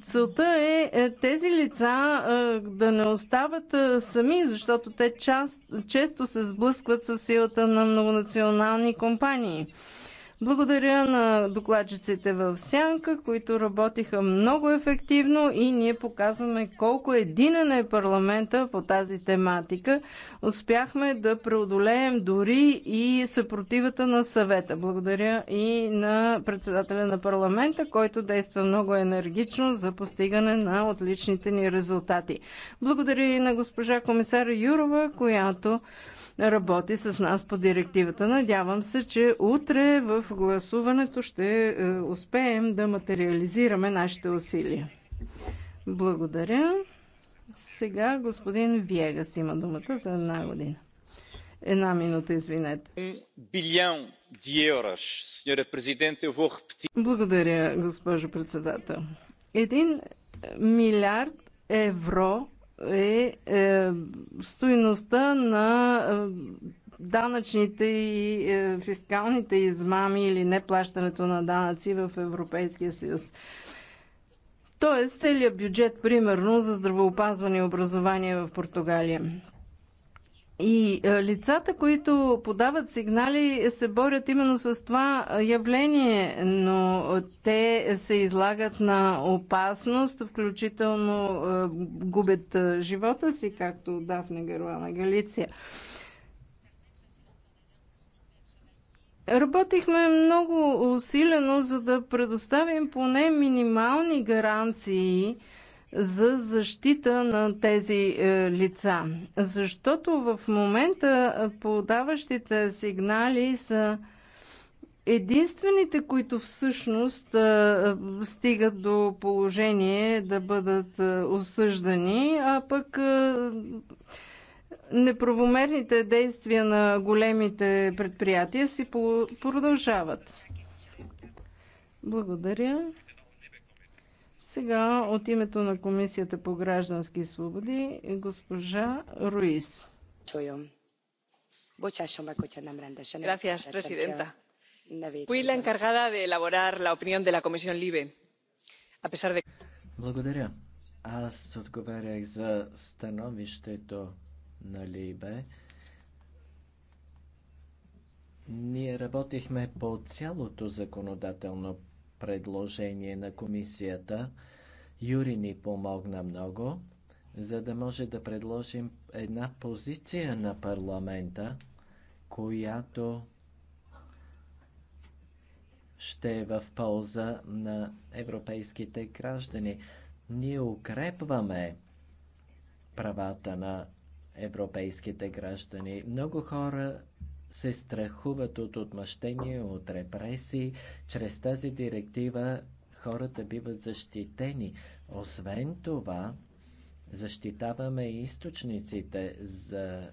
Целта е, е тези лица е, да не остават е, сами, защото те част, често се сблъскват с силата на многонационални компании. Благодаря на докладчиците в Сянка, които работиха много ефективно и ние показваме колко единен е парламента по тази тематика. Успяхме да преодолеем дори и съпротивата на съвета. Благодаря и на председателя на парламента, който действа много енергично за постигане на отличните ни резултати. Благодаря и на госпожа комисар Юрова, която работи с нас по директивата. Надявам се, че утре в гласуването ще е, успеем да материализираме нашите усилия. Благодаря. Сега господин Виегас има думата за една година. Една минута, извинете. Е, билион de сеньоре президент, е eu Благодаря, госпожо председател. Един милиард евро е, е стоиността на е, данъчните и е, фискалните измами или неплащането на данъци в Европейския съюз. Тоест, целият бюджет, примерно, за здравеопазване и образование в Португалия. И е, лицата, които подават сигнали, се борят именно с това е, явление, но е, те се излагат на опасност, включително губят живота си, както Дафна Геруана Галиция. Работихме много усилено, за да предоставим поне минимални гаранции – за защита на тези е, лица. Защото в момента е, подаващите сигнали са единствените, които всъщност е, стигат до положение да бъдат осъждани, а пък неправомерните действия на големите предприятия си продължават. Благодаря. Сега от името на Комисията по граждански свободи госпожа Руис. Gracias, Presidenta. Fui la encargada de elaborar la opinión de la Comisión LIBE, a pesar de... Благодаря. Аз отговарях за становището на Либе. Ние работихме по цялото законодателно предложение на комисията. Юри ни помогна много, за да може да предложим една позиция на парламента, която ще е в полза на европейските граждани. Ние укрепваме правата на европейските граждани. Много хора се страхуват от отмъщение, от репресии. Чрез тази директива хората биват защитени. Освен това, защитаваме и източниците за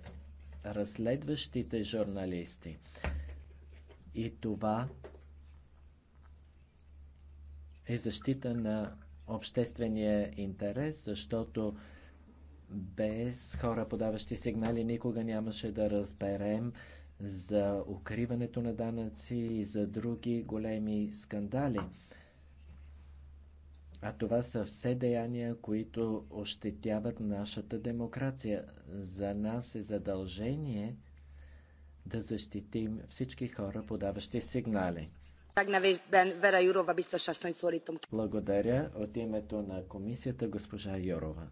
разследващите журналисти. И това е защита на обществения интерес, защото без хора, подаващи сигнали, никога нямаше да разберем за укриването на данъци и за други големи скандали. А това са все деяния, които ощетяват нашата демокрация. За нас е задължение да защитим всички хора, подаващи сигнали. Благодаря от името на комисията госпожа Йорова.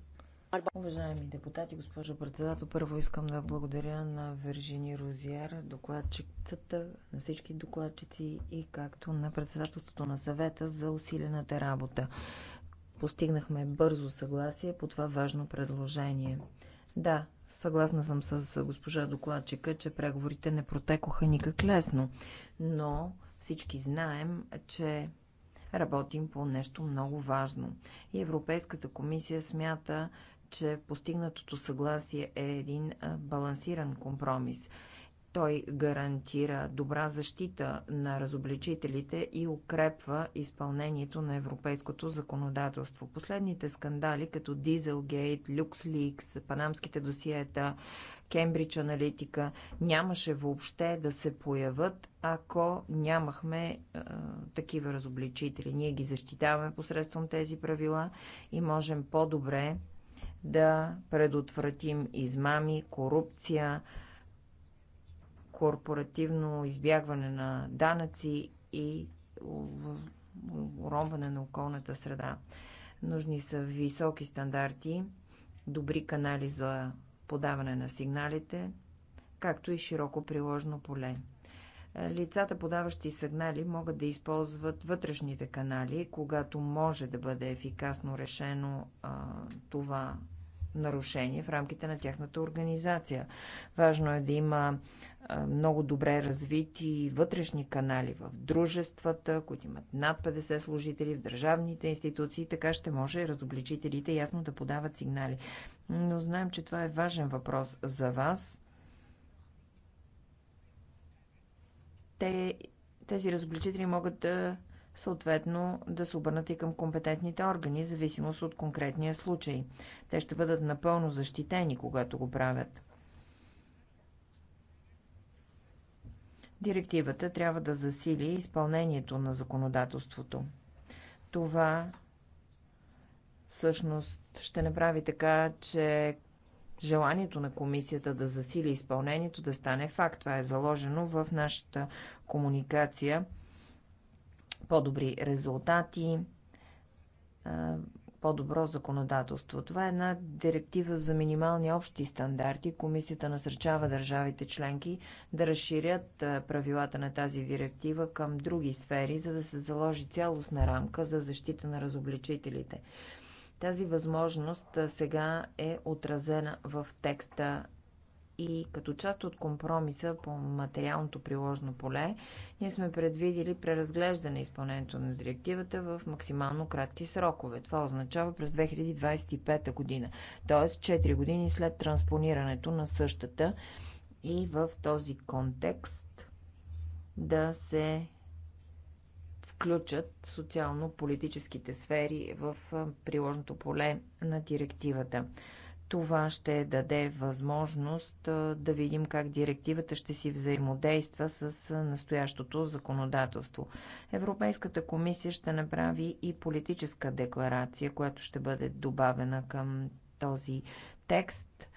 Уважаеми депутати, госпожо председател, първо искам да благодаря на Вержини Розиер, докладчицата, на всички докладчици и както на председателството на съвета за усилената работа. Постигнахме бързо съгласие по това важно предложение. Да, съгласна съм с госпожа докладчика, че преговорите не протекоха никак лесно, но всички знаем, че работим по нещо много важно. И Европейската комисия смята, че постигнатото съгласие е един балансиран компромис. Той гарантира добра защита на разобличителите и укрепва изпълнението на европейското законодателство. Последните скандали, като Дизелгейт, Люксликс, панамските досиета, Кембридж аналитика, нямаше въобще да се появят, ако нямахме е, такива разобличители. Ние ги защитаваме посредством тези правила и можем по-добре да предотвратим измами, корупция, корпоративно избягване на данъци и уронване на околната среда. Нужни са високи стандарти, добри канали за подаване на сигналите, както и широко приложно поле. Лицата, подаващи сигнали, могат да използват вътрешните канали, когато може да бъде ефикасно решено а, това нарушение в рамките на тяхната организация. Важно е да има много добре развити вътрешни канали в дружествата, които имат над 50 служители в държавните институции, така ще може разобличителите ясно да подават сигнали. Но знаем, че това е важен въпрос за вас те, тези разобличители могат да съответно да се обърнат и към компетентните органи, в зависимост от конкретния случай. Те ще бъдат напълно защитени, когато го правят. Директивата трябва да засили изпълнението на законодателството. Това всъщност ще направи така, че желанието на комисията да засили изпълнението да стане факт. Това е заложено в нашата комуникация. По-добри резултати, по-добро законодателство. Това е една директива за минимални общи стандарти. Комисията насърчава държавите членки да разширят правилата на тази директива към други сфери, за да се заложи цялостна рамка за защита на разобличителите. Тази възможност сега е отразена в текста и като част от компромиса по материалното приложно поле, ние сме предвидили преразглеждане изпълнението на директивата в максимално кратки срокове. Това означава през 2025 година, т.е. 4 години след транспонирането на същата и в този контекст да се включат социално-политическите сфери в приложното поле на директивата. Това ще даде възможност да видим как директивата ще си взаимодейства с настоящото законодателство. Европейската комисия ще направи и политическа декларация, която ще бъде добавена към този текст,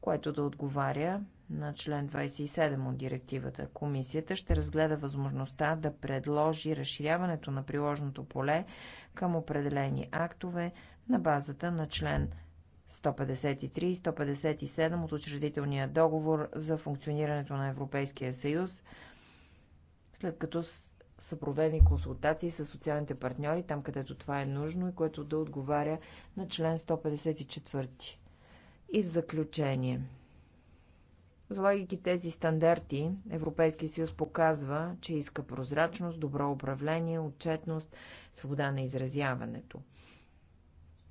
което да отговаря на член 27 от директивата. Комисията ще разгледа възможността да предложи разширяването на приложното поле към определени актове на базата на член 153 и 157 от учредителния договор за функционирането на Европейския съюз, след като са проведени консултации с социалните партньори, там където това е нужно и което да отговаря на член 154. И в заключение – Залагайки тези стандарти, Европейския съюз показва, че иска прозрачност, добро управление, отчетност, свобода на изразяването.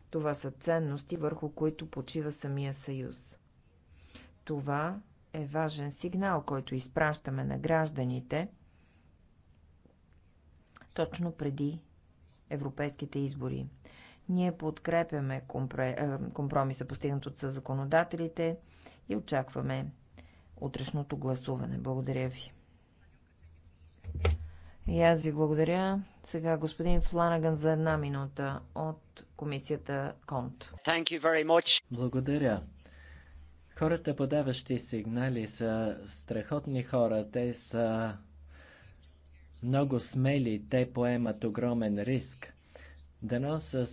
Това са ценности, върху които почива самия съюз. Това е важен сигнал, който изпращаме на гражданите точно преди европейските избори. Ние подкрепяме компромиса, постигнат от законодателите и очакваме утрешното гласуване. Благодаря ви. И аз ви благодаря. Сега господин Фланаган за една минута от комисията КОНТ. Благодаря. Хората, подаващи сигнали, са страхотни хора. Те са много смели. Те поемат огромен риск. Дано с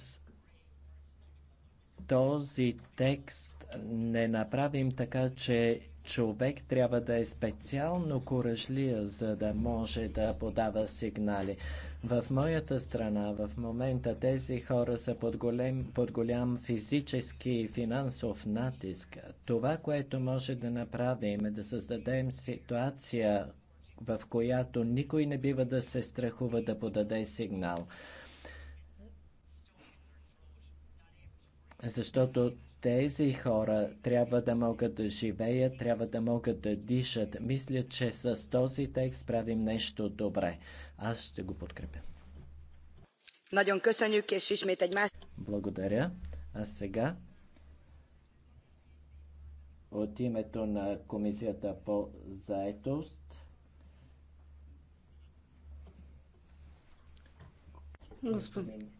този текст не направим така, че човек трябва да е специално коръжлия, за да може да подава сигнали. В моята страна в момента тези хора са под голям, под голям физически и финансов натиск. Това, което може да направим е да създадем ситуация, в която никой не бива да се страхува да подаде сигнал. Защото тези хора трябва да могат да живеят, трябва да могат да дишат. Мисля, че с този текст правим нещо добре. Аз ще го подкрепя. Благодаря. А сега от името на Комисията по заетост Господин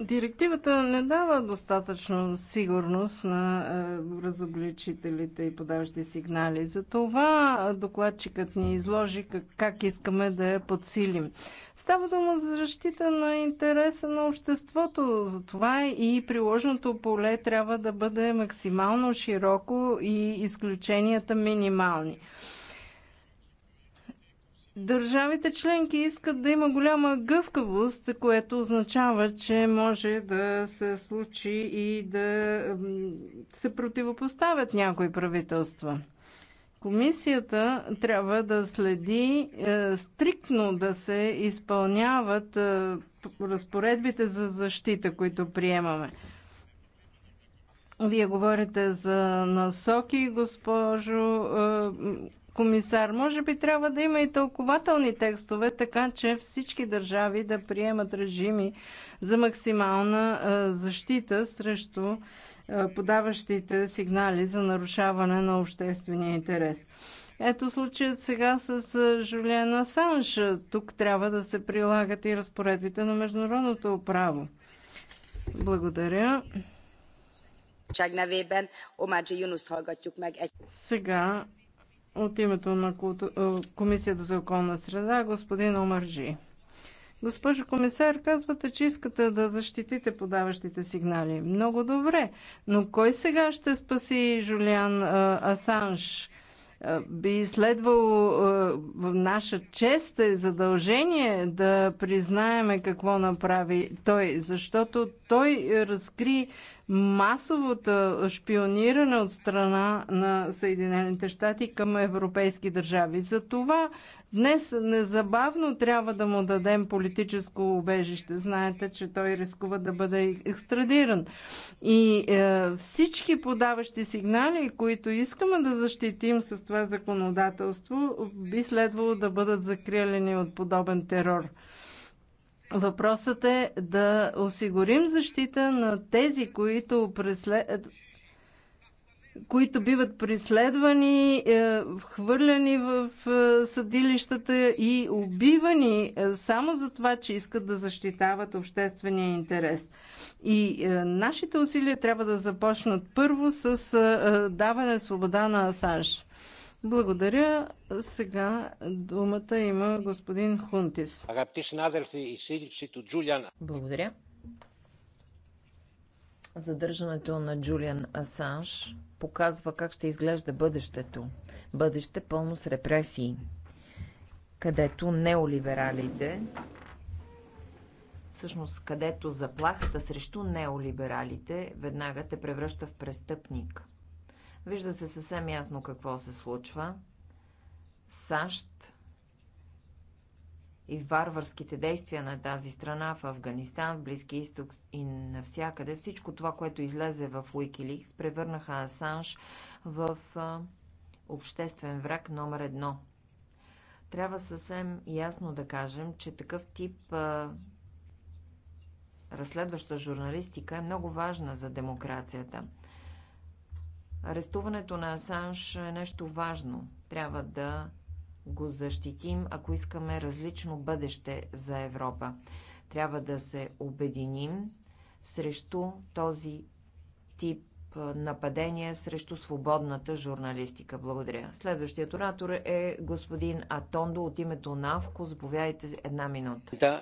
Директивата не дава достатъчно сигурност на е, разобличителите и подаващи сигнали. Затова докладчикът ни изложи как, искаме да я подсилим. Става дума за защита на интереса на обществото. Затова и приложното поле трябва да бъде максимално широко и изключенията минимални. Държавите членки искат да има голяма гъвкавост, което означава, че може да се случи и да се противопоставят някои правителства. Комисията трябва да следи е, стриктно да се изпълняват е, разпоредбите за защита, които приемаме. Вие говорите за насоки, госпожо е, комисар. Може би трябва да има и тълкователни текстове, така че всички държави да приемат режими за максимална защита срещу подаващите сигнали за нарушаване на обществения интерес. Ето случаят сега с Жулиана Санш. Тук трябва да се прилагат и разпоредбите на международното право. Благодаря. Сега от името на е, Комисията за околна среда, господин Омарджи. Госпожо комисар, казвате, че искате да защитите подаващите сигнали. Много добре, но кой сега ще спаси Жулиан е, Асанж? Би следвало в наша чест е задължение да признаеме какво направи той, защото той разкри масовото шпиониране от страна на Съединените щати към европейски държави. За това Днес незабавно трябва да му дадем политическо убежище. Знаете, че той рискува да бъде екстрадиран. И е, всички подаващи сигнали, които искаме да защитим с това законодателство, би следвало да бъдат закрилени от подобен терор. Въпросът е да осигурим защита на тези, които преследват които биват преследвани, е, хвърляни в е, съдилищата и убивани е, само за това, че искат да защитават обществения интерес. И нашите усилия трябва да започнат първо с даване свобода на Асанж. Благодаря. Сега думата има господин Хунтис. Благодаря. Задържането на Джулиан Асанж показва как ще изглежда бъдещето. Бъдеще пълно с репресии, където неолибералите, всъщност където заплахата срещу неолибералите веднага те превръща в престъпник. Вижда се съвсем ясно какво се случва. САЩ и варварските действия на тази страна в Афганистан, в Близки изток и навсякъде, всичко това, което излезе в Wikileaks, превърнаха Асанж в а, обществен враг номер едно. Трябва съвсем ясно да кажем, че такъв тип а, разследваща журналистика е много важна за демокрацията. Арестуването на Асанж е нещо важно. Трябва да го защитим, ако искаме различно бъдеще за Европа. Трябва да се обединим срещу този тип нападение срещу свободната журналистика. Благодаря. Следващият оратор е господин Атондо от името на АВКО. Заповядайте една минута.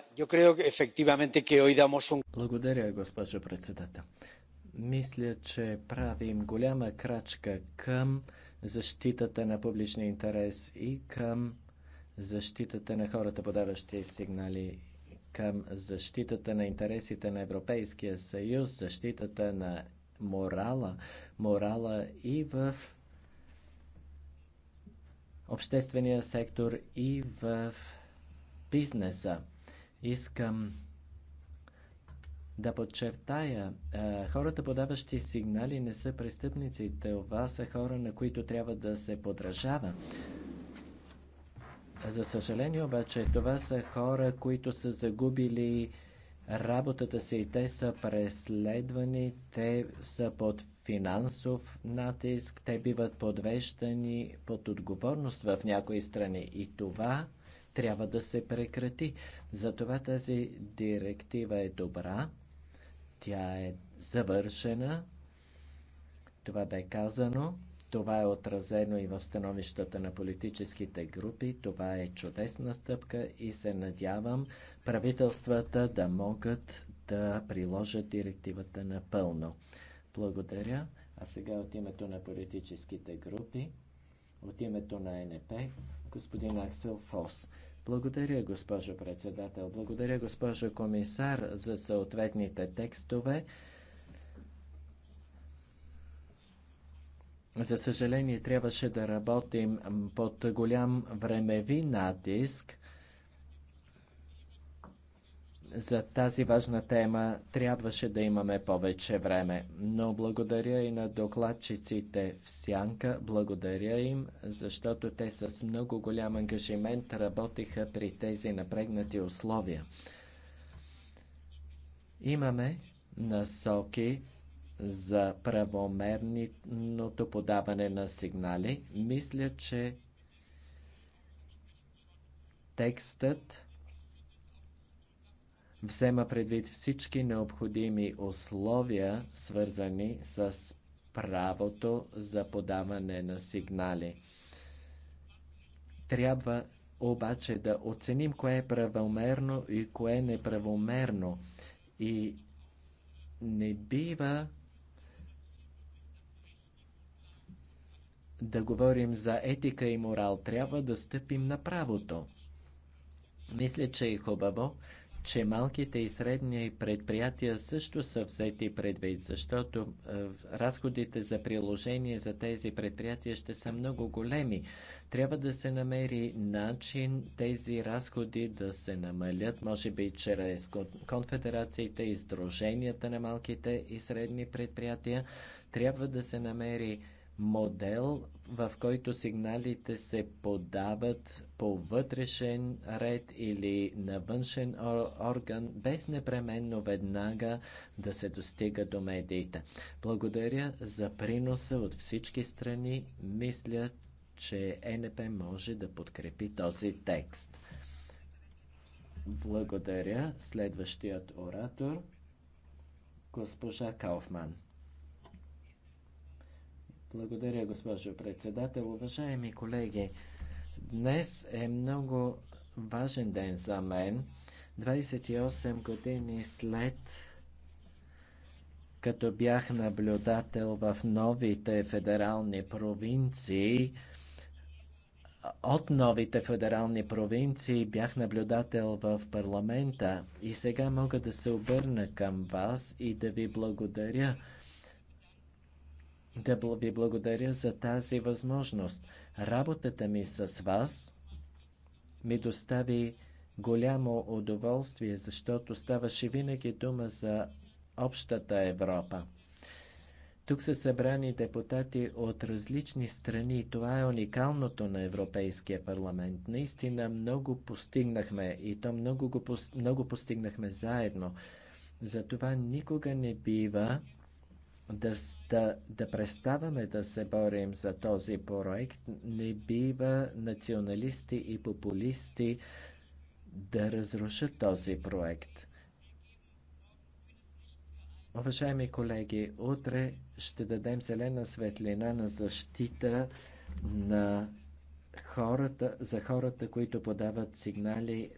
Благодаря, госпожо председател. Мисля, че правим голяма крачка към защитата на публичния интерес и към защитата на хората, подаващи сигнали към защитата на интересите на Европейския съюз, защитата на морала, морала и в обществения сектор, и в бизнеса. Искам да подчертая, хората подаващи сигнали не са престъпници, това са хора, на които трябва да се подражава. За съжаление обаче, това са хора, които са загубили работата си те са преследвани, те са под финансов натиск, те биват подвеждани под отговорност в някои страни и това трябва да се прекрати. Затова тази директива е добра тя е завършена. Това бе казано. Това е отразено и в становищата на политическите групи. Това е чудесна стъпка и се надявам правителствата да могат да приложат директивата напълно. Благодаря. А сега от името на политическите групи, от името на НП, господин Аксел Фос. Благодаря, госпожо председател. Благодаря, госпожо комисар, за съответните текстове. За съжаление, трябваше да работим под голям времеви натиск. За тази важна тема трябваше да имаме повече време, но благодаря и на докладчиците в Сянка, благодаря им, защото те с много голям ангажимент работиха при тези напрегнати условия. Имаме насоки за правомерното подаване на сигнали. Мисля, че текстът взема предвид всички необходими условия, свързани с правото за подаване на сигнали. Трябва обаче да оценим кое е правомерно и кое е неправомерно. И не бива да говорим за етика и морал. Трябва да стъпим на правото. Мисля, че е хубаво, че малките и средни предприятия също са взети предвид, защото е, разходите за приложение за тези предприятия ще са много големи. Трябва да се намери начин тези разходи да се намалят, може би чрез конфедерациите и сдруженията на малките и средни предприятия. Трябва да се намери модел, в който сигналите се подават по вътрешен ред или на външен орган, без непременно веднага да се достига до медиите. Благодаря за приноса от всички страни. Мисля, че е НП може да подкрепи този текст. Благодаря. Следващият оратор госпожа Кауфман. Благодаря, госпожо председател. Уважаеми колеги, днес е много важен ден за мен. 28 години след като бях наблюдател в новите федерални провинции, от новите федерални провинции бях наблюдател в парламента и сега мога да се обърна към вас и да ви благодаря да ви благодаря за тази възможност. Работата ми с вас ми достави голямо удоволствие, защото ставаше винаги дума за общата Европа. Тук са събрани депутати от различни страни. Това е уникалното на Европейския парламент. Наистина много постигнахме и то много, го, много постигнахме заедно. Затова никога не бива да, да, да преставаме да се борим за този проект, не бива националисти и популисти да разрушат този проект. Уважаеми колеги, утре ще дадем зелена светлина на защита на хората, за хората, които подават сигнали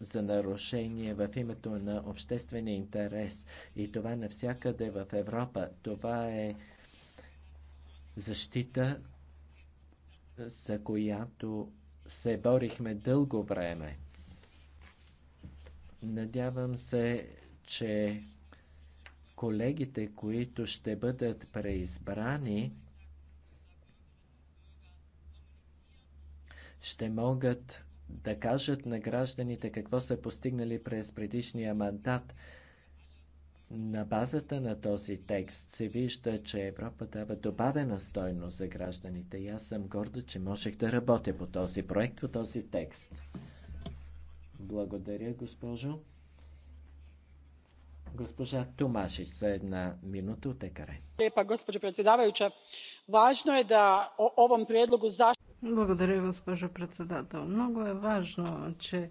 за нарушение в името на обществения интерес. И това навсякъде в Европа. Това е защита, за която се борихме дълго време. Надявам се, че колегите, които ще бъдат преизбрани, ще могат да кажат на гражданите какво са постигнали през предишния мандат. На базата на този текст се вижда, че Европа дава добавена стойност за гражданите и аз съм горда, че можех да работя по този проект, по този текст. Благодаря, госпожо. Госпожа Томашич за една минута от Екаре. Лепа, госпожо председавајуча, важно е да о овом предлогу zaštite благодаря, госпожо председател. Много е важно, че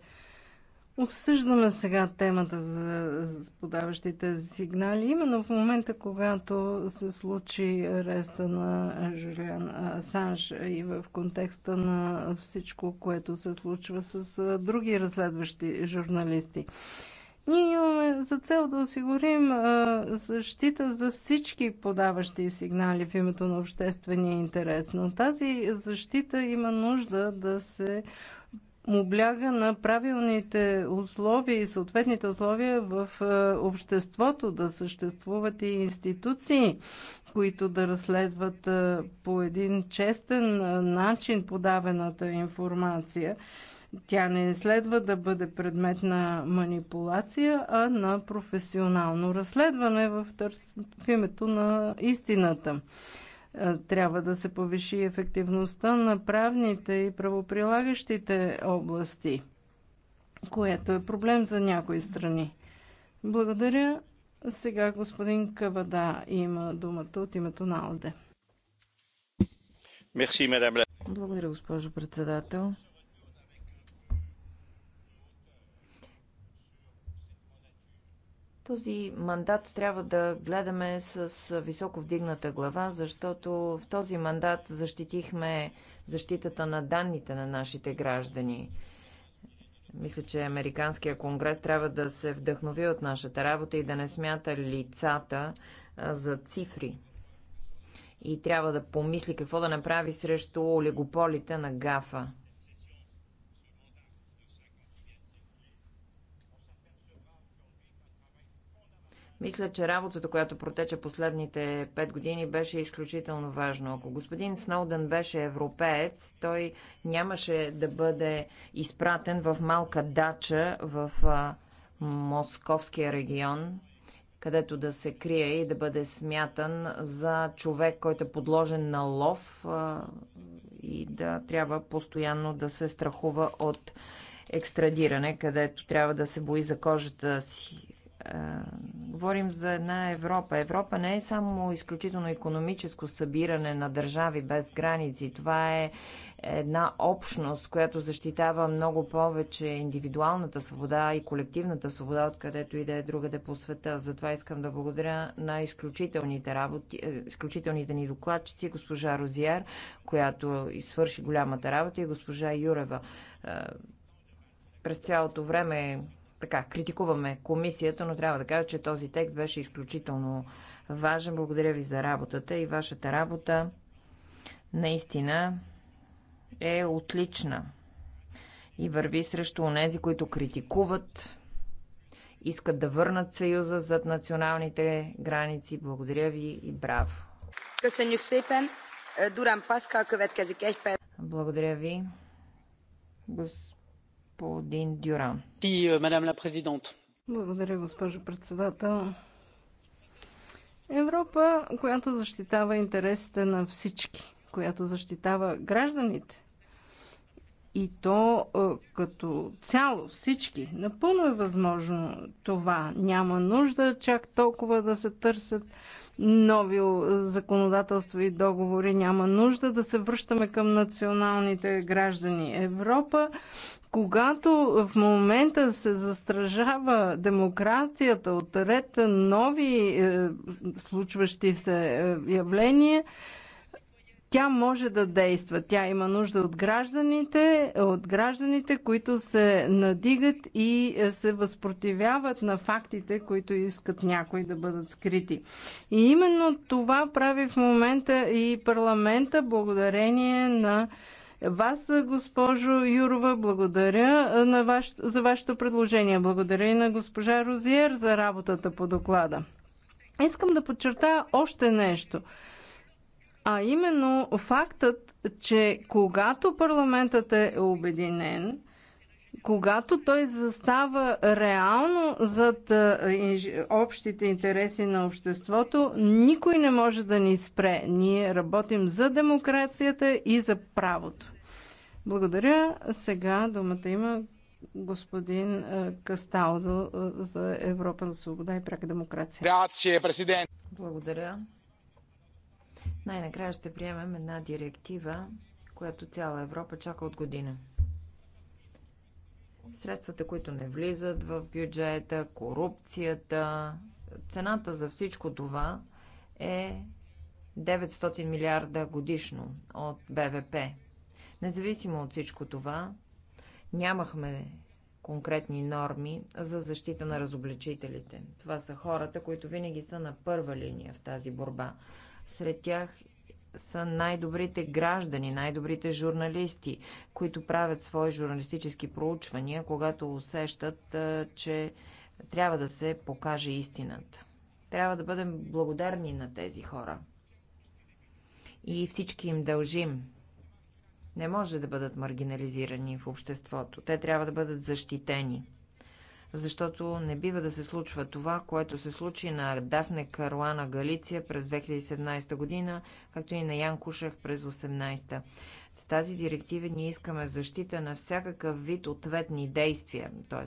обсъждаме сега темата за подаващите сигнали, именно в момента, когато се случи ареста на Жулиан Асанж и в контекста на всичко, което се случва с други разследващи журналисти. Ние имаме за цел да осигурим защита за всички подаващи сигнали в името на обществения интерес, но тази защита има нужда да се обляга на правилните условия и съответните условия в обществото, да съществуват и институции, които да разследват по един честен начин подавената информация тя не следва да бъде предмет на манипулация, а на професионално разследване в, търс... в името на истината. Е, трябва да се повиши ефективността на правните и правоприлагащите области, което е проблем за някои страни. Благодаря. Сега господин Кавада има думата от името на Алде. Благодаря, госпожо председател. Този мандат трябва да гледаме с високо вдигната глава, защото в този мандат защитихме защитата на данните на нашите граждани. Мисля, че Американския конгрес трябва да се вдъхнови от нашата работа и да не смята лицата за цифри. И трябва да помисли какво да направи срещу олигополите на ГАФа. Мисля, че работата, която протече последните пет години, беше изключително важна. Ако господин Сноуден беше европеец, той нямаше да бъде изпратен в малка дача в московския регион, където да се крие и да бъде смятан за човек, който е подложен на лов и да трябва постоянно да се страхува от екстрадиране, където трябва да се бои за кожата си, е, говорим за една Европа. Европа не е само изключително економическо събиране на държави без граници. Това е една общност, която защитава много повече индивидуалната свобода и колективната свобода, откъдето и да е другаде по света. Затова искам да благодаря на изключителните, работи, е, изключителните ни докладчици, госпожа Розиер, която свърши голямата работа, и госпожа Юрева е, през цялото време така, критикуваме комисията, но трябва да кажа, че този текст беше изключително важен. Благодаря ви за работата и вашата работа наистина е отлична и върви срещу онези, които критикуват, искат да върнат Съюза зад националните граници. Благодаря ви и браво! Благодаря ви господин Дюран. Е, Благодаря, госпожо председател. Европа, която защитава интересите на всички, която защитава гражданите. И то е, като цяло, всички. Напълно е възможно това. Няма нужда чак толкова да се търсят нови е, законодателства и договори. Няма нужда да се връщаме към националните граждани. Европа когато в момента се застражава демокрацията от ред нови е, случващи се е, явления, тя може да действа. Тя има нужда от гражданите, от гражданите, които се надигат и е, се възпротивяват на фактите, които искат някои да бъдат скрити. И именно това прави в момента и парламента, благодарение на вас, госпожо Юрова. Благодаря на ваш, за вашето предложение. Благодаря и на госпожа Розиер за работата по доклада. Искам да подчертая още нещо. А именно фактът, че когато парламентът е обединен, когато той застава реално зад общите интереси на обществото, никой не може да ни спре. Ние работим за демокрацията и за правото. Благодаря. Сега думата има господин е, Касталдо е, за Европа на свобода и пряка демокрация. Грация, президент. Благодаря. Най-накрая ще приемем една директива, която цяла Европа чака от година. Средствата, които не влизат в бюджета, корупцията, цената за всичко това е 900 милиарда годишно от БВП. Независимо от всичко това, нямахме конкретни норми за защита на разобличителите. Това са хората, които винаги са на първа линия в тази борба. Сред тях са най-добрите граждани, най-добрите журналисти, които правят свои журналистически проучвания, когато усещат, че трябва да се покаже истината. Трябва да бъдем благодарни на тези хора. И всички им дължим не може да бъдат маргинализирани в обществото. Те трябва да бъдат защитени. Защото не бива да се случва това, което се случи на Дафне Каруана Галиция през 2017 година, както и на Ян Кушах през 2018. С тази директива ние искаме защита на всякакъв вид ответни действия, т.е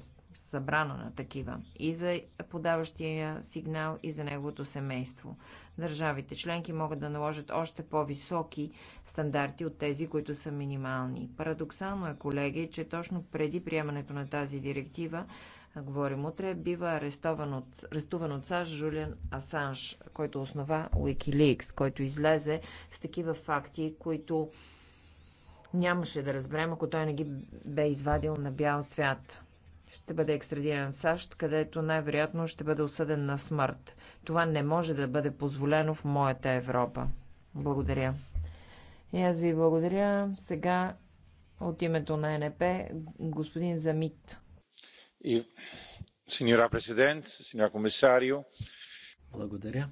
забрана на такива и за подаващия сигнал и за неговото семейство. Държавите членки могат да наложат още по-високи стандарти от тези, които са минимални. Парадоксално е, колеги, че точно преди приемането на тази директива говорим утре, бива арестован от, арестуван от САЩ Жулиан Асанж, който основа Wikileaks, който излезе с такива факти, които нямаше да разберем, ако той не ги бе извадил на бял свят ще бъде екстрадиран в САЩ, където най-вероятно ще бъде осъден на смърт. Това не може да бъде позволено в моята Европа. Благодаря. И аз ви благодаря. Сега от името на НП господин Замит. И, синьора президент, синьора комисарио. Благодаря.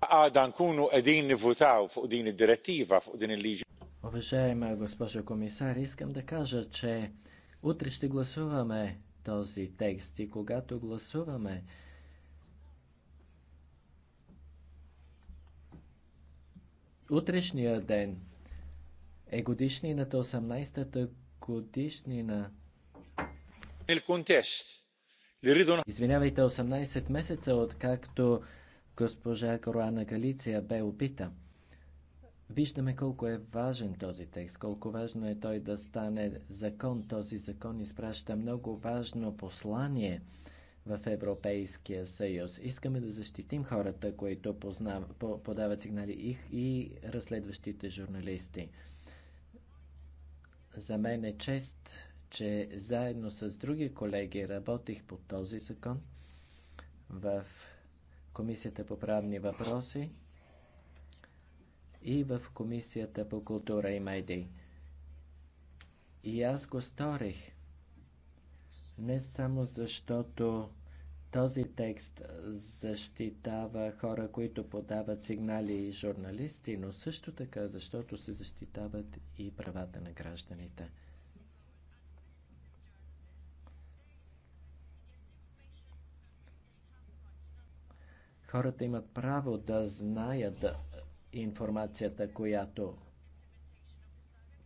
А, Данкуно, един не fuq din id-direttiva, fuq din Уважаема госпожо комисар, искам да кажа, че утре ще гласуваме този текст и когато гласуваме утрешния ден е годишнината 18-та годишнина Извинявайте, 18 месеца откакто госпожа Коруана Галиция бе убита. Виждаме колко е важен този текст, колко важно е той да стане закон. Този закон изпраща много важно послание в Европейския съюз. Искаме да защитим хората, които познав, подават сигнали и, и разследващите журналисти. За мен е чест, че заедно с други колеги работих по този закон в Комисията по правни въпроси и в Комисията по култура и медии. И аз го сторих. Не само защото този текст защитава хора, които подават сигнали и журналисти, но също така, защото се защитават и правата на гражданите. Хората имат право да знаят, да, информацията, която,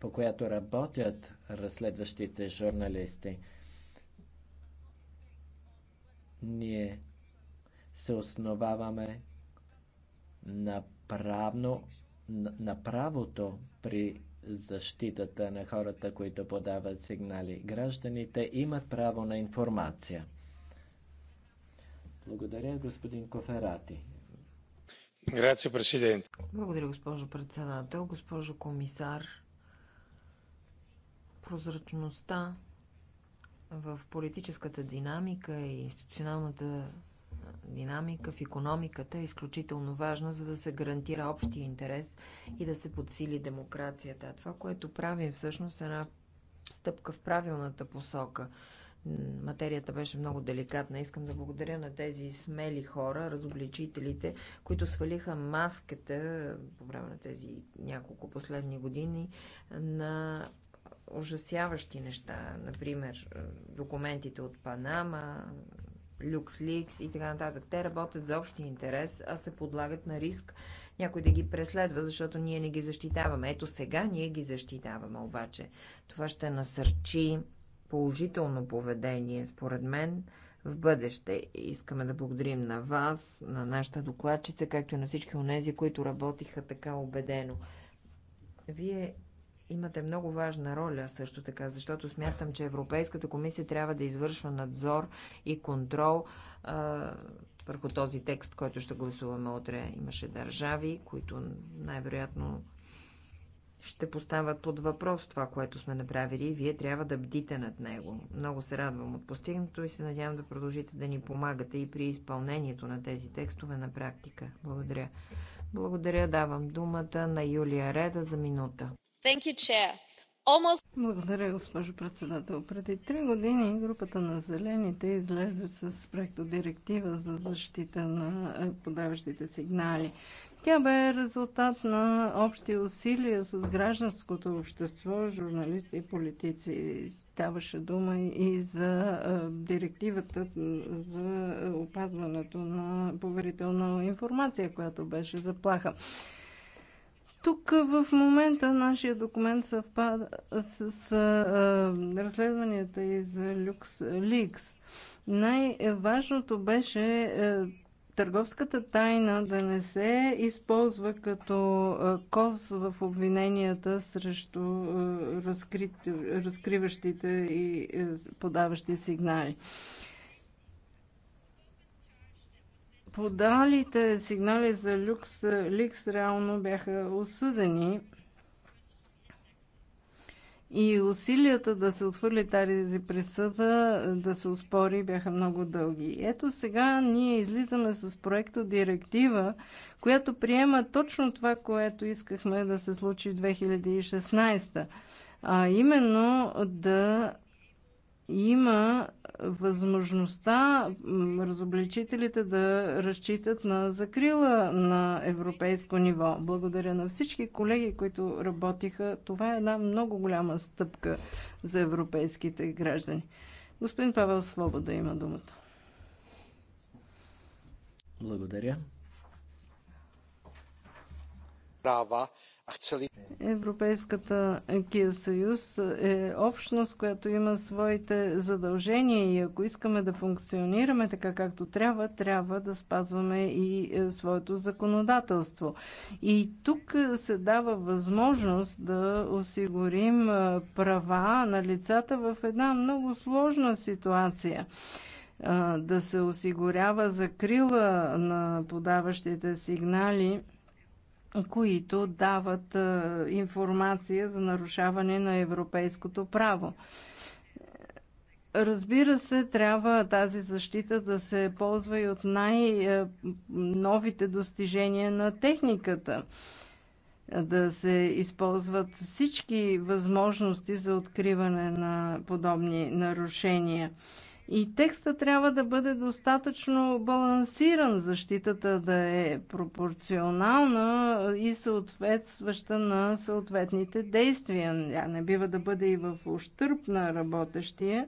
по която работят разследващите журналисти. Ние се основаваме на, правно, на правото при защитата на хората, които подават сигнали. Гражданите имат право на информация. Благодаря, господин Коферати. Благодаря, госпожо председател. Госпожо комисар, прозрачността в политическата динамика и институционалната динамика в економиката е изключително важна, за да се гарантира общия интерес и да се подсили демокрацията. Това, което правим всъщност е една стъпка в правилната посока – Материята беше много деликатна. Искам да благодаря на тези смели хора, разобличителите, които свалиха маската по време на тези няколко последни години на ужасяващи неща. Например, е, документите от Панама, Ликс и така нататък. Те работят за общия интерес, а се подлагат на риск някой да ги преследва, защото ние не ги защитаваме. Ето сега ние ги защитаваме обаче. Това ще насърчи положително поведение, според мен, в бъдеще. Искаме да благодарим на вас, на нашата докладчица, както и на всички онези, които работиха така убедено. Вие имате много важна роля също така, защото смятам, че Европейската комисия трябва да извършва надзор и контрол а, върху този текст, който ще гласуваме утре. Имаше държави, които най-вероятно ще поставят под въпрос това, което сме направили и вие трябва да бдите над него. Много се радвам от постигнато и се надявам да продължите да ни помагате и при изпълнението на тези текстове на практика. Благодаря. Благодаря, давам думата на Юлия Реда за минута. Thank you, chair. Almost... Благодаря, госпожо председател. Преди три години групата на зелените излезе с проекто директива за защита на подаващите сигнали. Тя бе резултат на общи усилия с гражданското общество, журналисти и политици. Ставаше дума и за директивата за опазването на поверителна информация, която беше заплаха. Тук в момента нашия документ съвпада с, с а, разследванията и за Люкс Ликс. Най-важното беше търговската тайна да не се използва като коз в обвиненията срещу разкриващите и е, подаващи сигнали. Подалите сигнали за люкс, ликс реално бяха осъдени и усилията да се отхвърли тази присъда, да се успори, бяха много дълги. Ето сега ние излизаме с проекто директива, която приема точно това, което искахме да се случи в 2016 а именно да има възможността разобличителите да разчитат на закрила на европейско ниво. Благодаря на всички колеги, които работиха. Това е една много голяма стъпка за европейските граждани. Господин Павел Свобода има думата. Благодаря. Права Европейската Кия съюз е общност, която има своите задължения и ако искаме да функционираме така както трябва, трябва да спазваме и е, своето законодателство. И тук е, се дава възможност да осигурим е, права на лицата в една много сложна ситуация да се осигурява закрила на подаващите сигнали – които дават е, информация за нарушаване на европейското право. Разбира се, трябва тази защита да се ползва и от най-новите достижения на техниката. Да се използват всички възможности за откриване на подобни нарушения. И текста трябва да бъде достатъчно балансиран, защитата да е пропорционална и съответстваща на съответните действия. Тя не бива да бъде и в ущърп на работещия.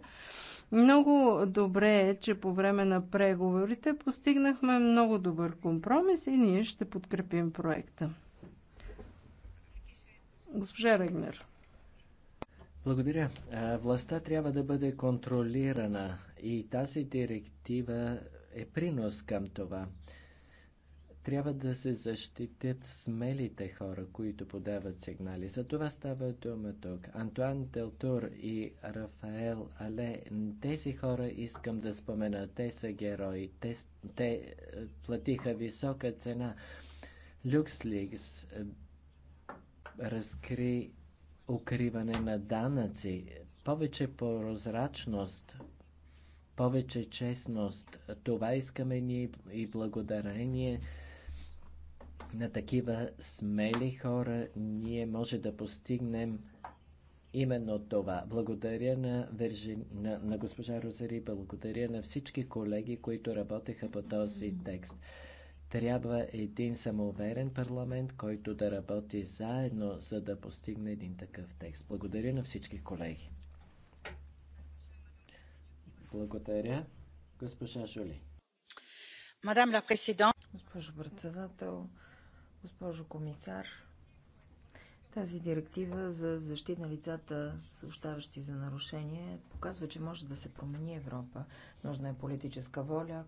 Много добре е, че по време на преговорите постигнахме много добър компромис и ние ще подкрепим проекта. Госпожа Регнер. Благодаря. Властта трябва да бъде контролирана и тази директива е принос към това. Трябва да се защитят смелите хора, които подават сигнали. За това става дума тук. Антуан Делтур и Рафаел Але, тези хора искам да спомена. Те са герои. Те, те е, платиха висока цена. Люкс ликс е, разкри укриване на данъци, повече прозрачност, повече честност. Това искаме ние и благодарение на такива смели хора ние може да постигнем именно това. Благодаря на, Вержи... на, на госпожа Розари, благодаря на всички колеги, които работеха по този текст. Трябва един самоуверен парламент, който да работи заедно, за да постигне един такъв текст. Благодаря на всички колеги. Благодаря, госпожа Жули. Мадам ла президент. Госпожо председател, госпожо комисар, тази директива за защита на лицата, съобщаващи за нарушение, показва, че може да се промени Европа. Нужна е политическа воля,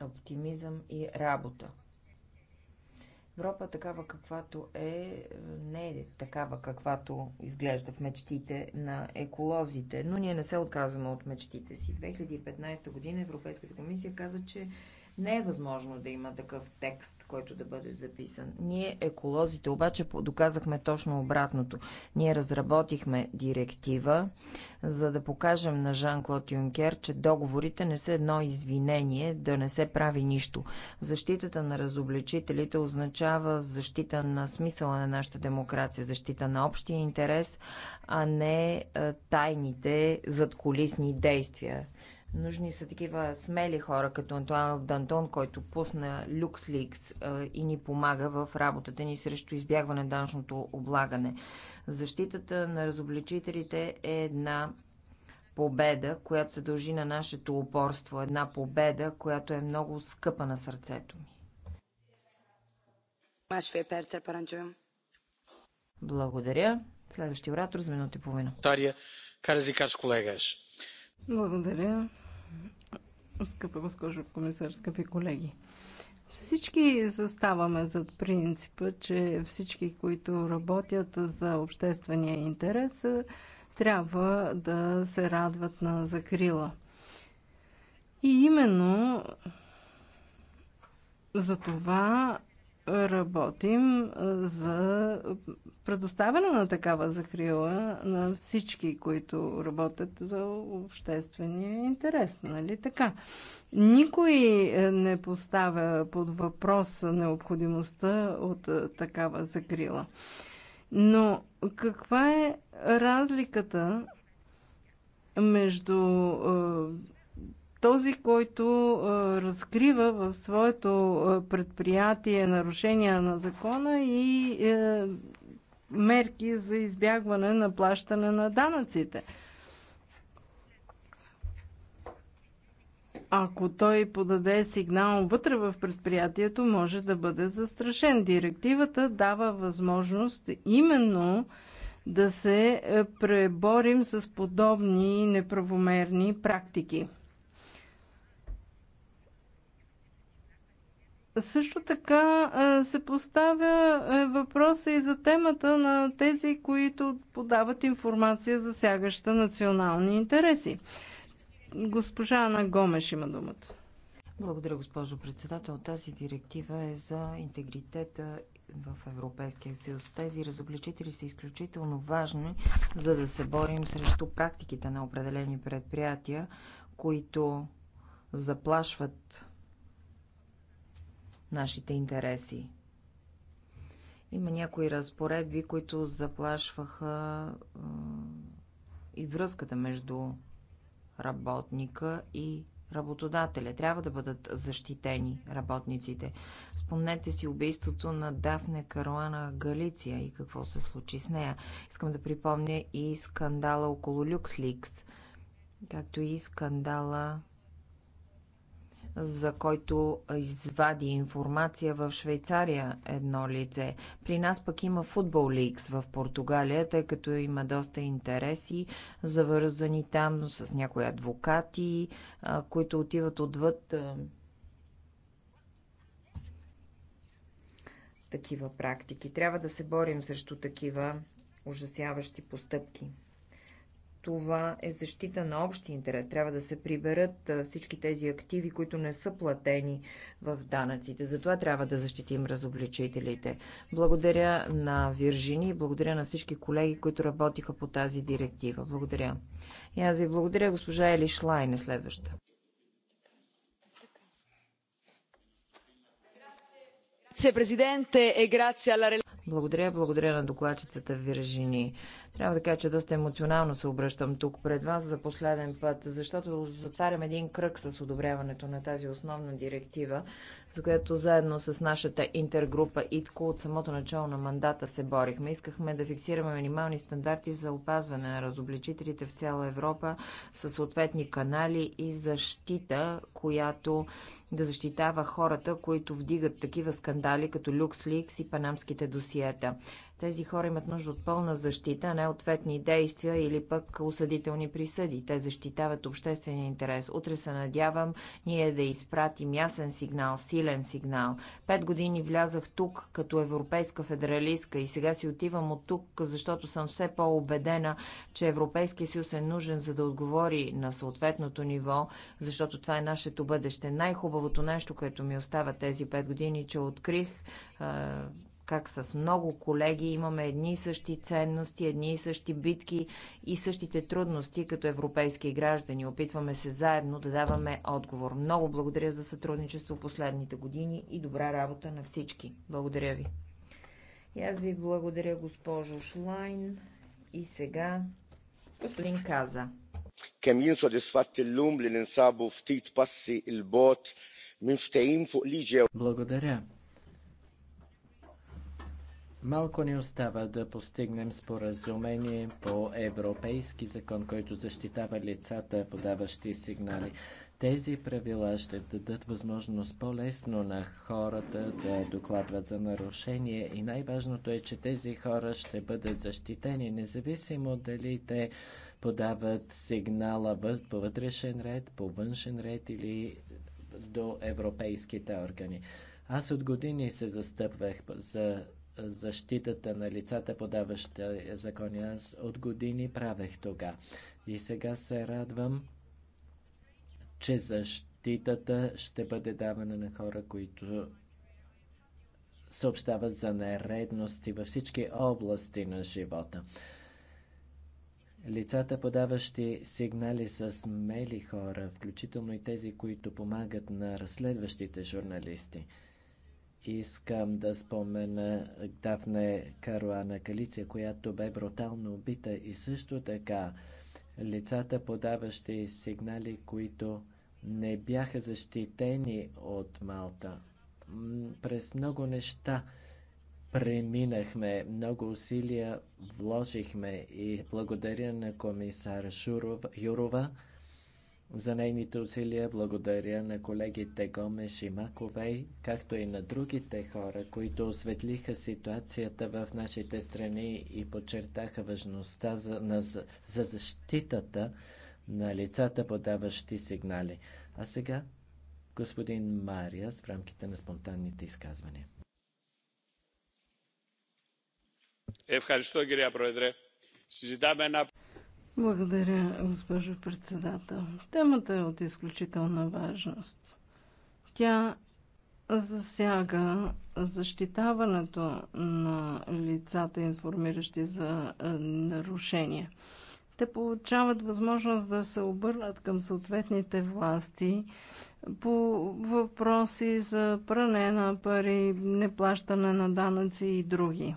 оптимизъм и работа. Европа такава каквато е, не е такава каквато изглежда в мечтите на еколозите, но ние не се отказваме от мечтите си. 2015 година Европейската комисия каза, че не е възможно да има такъв текст, който да бъде записан. Ние, еколозите, обаче доказахме точно обратното. Ние разработихме директива, за да покажем на Жан-Клод Юнкер, че договорите не са едно извинение да не се прави нищо. Защитата на разобличителите означава защита на смисъла на нашата демокрация, защита на общия интерес, а не е, тайните задколисни действия. Нужни са такива смели хора, като Антуан Дантон, който пусна LuxLeaks и ни помага в работата ни срещу избягване на данъчното облагане. Защитата на разобличителите е една победа, която се дължи на нашето упорство. Една победа, която е много скъпа на сърцето ми. Благодаря. Следващия оратор за минута и половина. Благодаря. Скъпа госпожо комисар, скъпи колеги. Всички заставаме зад принципа, че всички, които работят за обществения интерес, трябва да се радват на закрила. И именно за това работим за предоставяне на такава закрила на всички, които работят за обществения интерес. Нали така? Никой е, не поставя под въпрос необходимостта от такава закрила. Но каква е разликата между този, който разкрива в своето предприятие нарушения на закона и е, мерки за избягване на плащане на данъците. Ако той подаде сигнал вътре в предприятието, може да бъде застрашен. Директивата дава възможност именно да се е, преборим с подобни неправомерни практики. Също така се поставя въпроса и за темата на тези, които подават информация, засягаща национални интереси. Госпожа Ана Гомеш има думата. Благодаря, госпожо председател. Тази директива е за интегритета в Европейския съюз. Тези разобличители са изключително важни, за да се борим срещу практиките на определени предприятия, които заплашват нашите интереси. Има някои разпоредби, които заплашваха и връзката между работника и работодателя. Трябва да бъдат защитени работниците. Спомнете си убийството на Дафне Каруана Галиция и какво се случи с нея. Искам да припомня и скандала около LuxLeaks, както и скандала за който извади информация в Швейцария едно лице. При нас пък има футбол ликс в Португалия, тъй като има доста интереси, завързани там с някои адвокати, които отиват отвъд такива практики. Трябва да се борим срещу такива ужасяващи постъпки това е защита на общи интерес. Трябва да се приберат всички тези активи, които не са платени в данъците. Затова трябва да защитим разобличителите. Благодаря на Виржини и благодаря на всички колеги, които работиха по тази директива. Благодаря. И аз ви благодаря, госпожа Ели Шлайн е следваща. E благодаря, благодаря на докладчицата Виржини. Трябва да кажа, че доста емоционално се обръщам тук пред вас за последен път, защото затварям един кръг с одобряването на тази основна директива, за която заедно с нашата интергрупа ИТКО от самото начало на мандата се борихме. Искахме да фиксираме минимални стандарти за опазване на разобличителите в цяла Европа със съответни канали и защита, която да защитава хората, които вдигат такива скандали като LuxLeaks и панамските досиета. Тези хора имат нужда от пълна защита, а не ответни действия или пък осъдителни присъди. Те защитават обществения интерес. Утре се надявам ние да изпратим ясен сигнал, силен сигнал. Пет години влязах тук като европейска федералистка и сега си отивам от тук, защото съм все по-убедена, че Европейския съюз е нужен за да отговори на съответното ниво, защото това е нашето бъдеще. Най-хубавото нещо, което ми остава тези пет години, че открих как с много колеги имаме едни и същи ценности, едни и същи битки и същите трудности като европейски граждани. Опитваме се заедно да даваме отговор. Много благодаря за сътрудничество последните години и добра работа на всички. Благодаря ви. И аз ви благодаря, госпожо Шлайн. И сега господин Каза. Kemm jien sodisfatt illum li ninsabu ftit passi il-bot minn Благодаря. Малко ни остава да постигнем споразумение по европейски закон, който защитава лицата, подаващи сигнали. Тези правила ще дадат възможност по-лесно на хората да докладват за нарушение и най-важното е, че тези хора ще бъдат защитени, независимо дали те подават сигнала по вътрешен ред, по външен ред или до европейските органи. Аз от години се застъпвах за защитата на лицата, подаващи закони. Аз от години правех тога. И сега се радвам, че защитата ще бъде давана на хора, които съобщават за нередности във всички области на живота. Лицата, подаващи сигнали са смели хора, включително и тези, които помагат на разследващите журналисти – Искам да спомена Дафне Каруана Калиция, която бе брутално убита и също така лицата подаващи сигнали, които не бяха защитени от Малта. През много неща преминахме, много усилия вложихме и благодаря на комисар Шуров, Юрова за нейните усилия. Благодаря на колегите Гомеш и Маковей, както и на другите хора, които осветлиха ситуацията в нашите страни и подчертаха важността за, на, за защитата на лицата, подаващи сигнали. А сега господин Мария в рамките на спонтанните изказвания. Ευχαριστώ, κυρία Πρόεδρε. Συζητάμε ένα благодаря, госпожо председател. Темата е от изключителна важност. Тя засяга защитаването на лицата, информиращи за е, нарушения. Те получават възможност да се обърнат към съответните власти по въпроси за пране на пари, неплащане на данъци и други.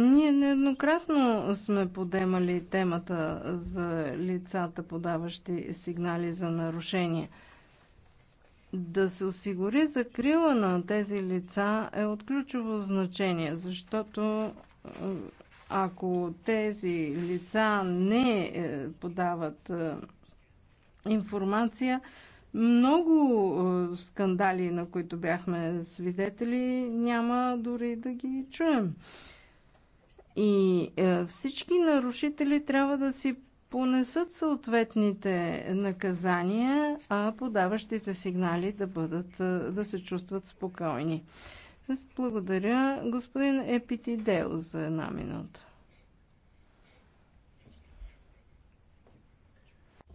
Ние нееднократно сме подемали темата за лицата, подаващи сигнали за нарушение. Да се осигури закрила на тези лица е от ключово значение, защото ако тези лица не е, подават е, информация, много е, скандали, на които бяхме свидетели, няма дори да ги чуем. И е, всички нарушители трябва да си понесат съответните наказания, а подаващите сигнали да, бъдат, е, да се чувстват спокойни. Благодаря. Господин Епитидео за една минута.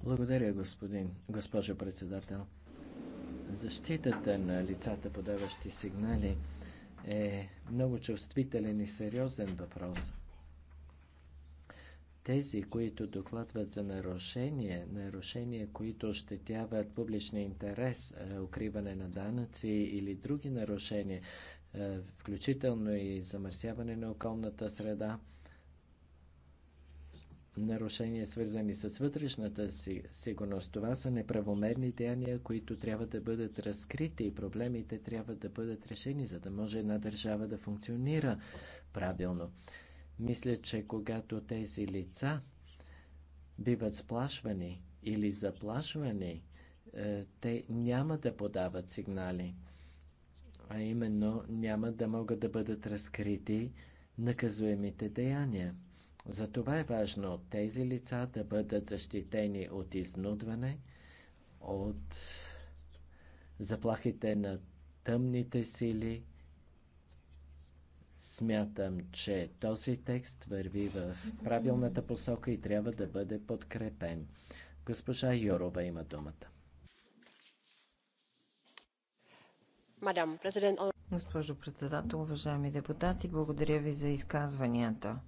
Благодаря, господин, госпожо председател. Защитата на лицата, подаващи сигнали, е много чувствителен и сериозен въпрос. Тези, които докладват за нарушение, нарушения, които ощетяват публичния интерес, е, укриване на данъци или други нарушения, е, включително и замърсяване на околната среда, нарушения, свързани с вътрешната си сигурност. Това са неправомерни деяния, които трябва да бъдат разкрити и проблемите трябва да бъдат решени, за да може една държава да функционира правилно. Мисля, че когато тези лица биват сплашвани или заплашвани, е, те няма да подават сигнали, а именно няма да могат да бъдат разкрити наказуемите деяния. Затова е важно тези лица да бъдат защитени от изнудване, от заплахите на тъмните сили. Смятам, че този текст върви в правилната посока и трябва да бъде подкрепен. Госпожа Йорова има думата. Госпожо председател, уважаеми депутати, благодаря ви за изказванията.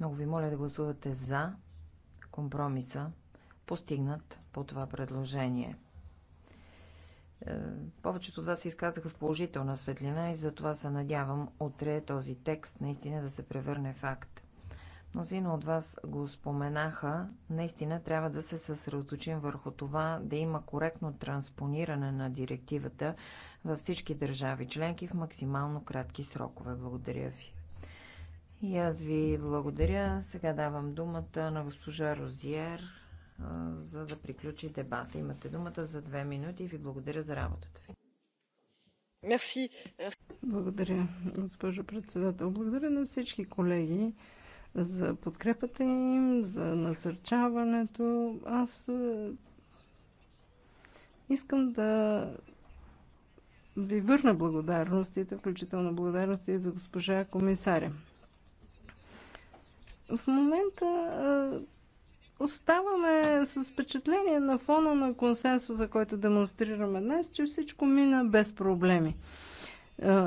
Много ви моля да гласувате за компромиса, постигнат по това предложение. Е, повечето от вас се изказаха в положителна светлина и затова се надявам утре този текст наистина да се превърне факт. Мнозина от вас го споменаха. Наистина трябва да се съсредоточим върху това да има коректно транспониране на директивата във всички държави членки в максимално кратки срокове. Благодаря ви. И аз ви благодаря. Сега давам думата на госпожа Розиер, за да приключи дебата. Имате думата за две минути и ви благодаря за работата ви. Мерси. Благодаря, госпожо председател. Благодаря на всички колеги за подкрепата им, за насърчаването. Аз искам да ви върна благодарностите, включително благодарности за госпожа комисаря в момента оставаме с впечатление на фона на консенсуса, който демонстрираме днес, че всичко мина без проблеми.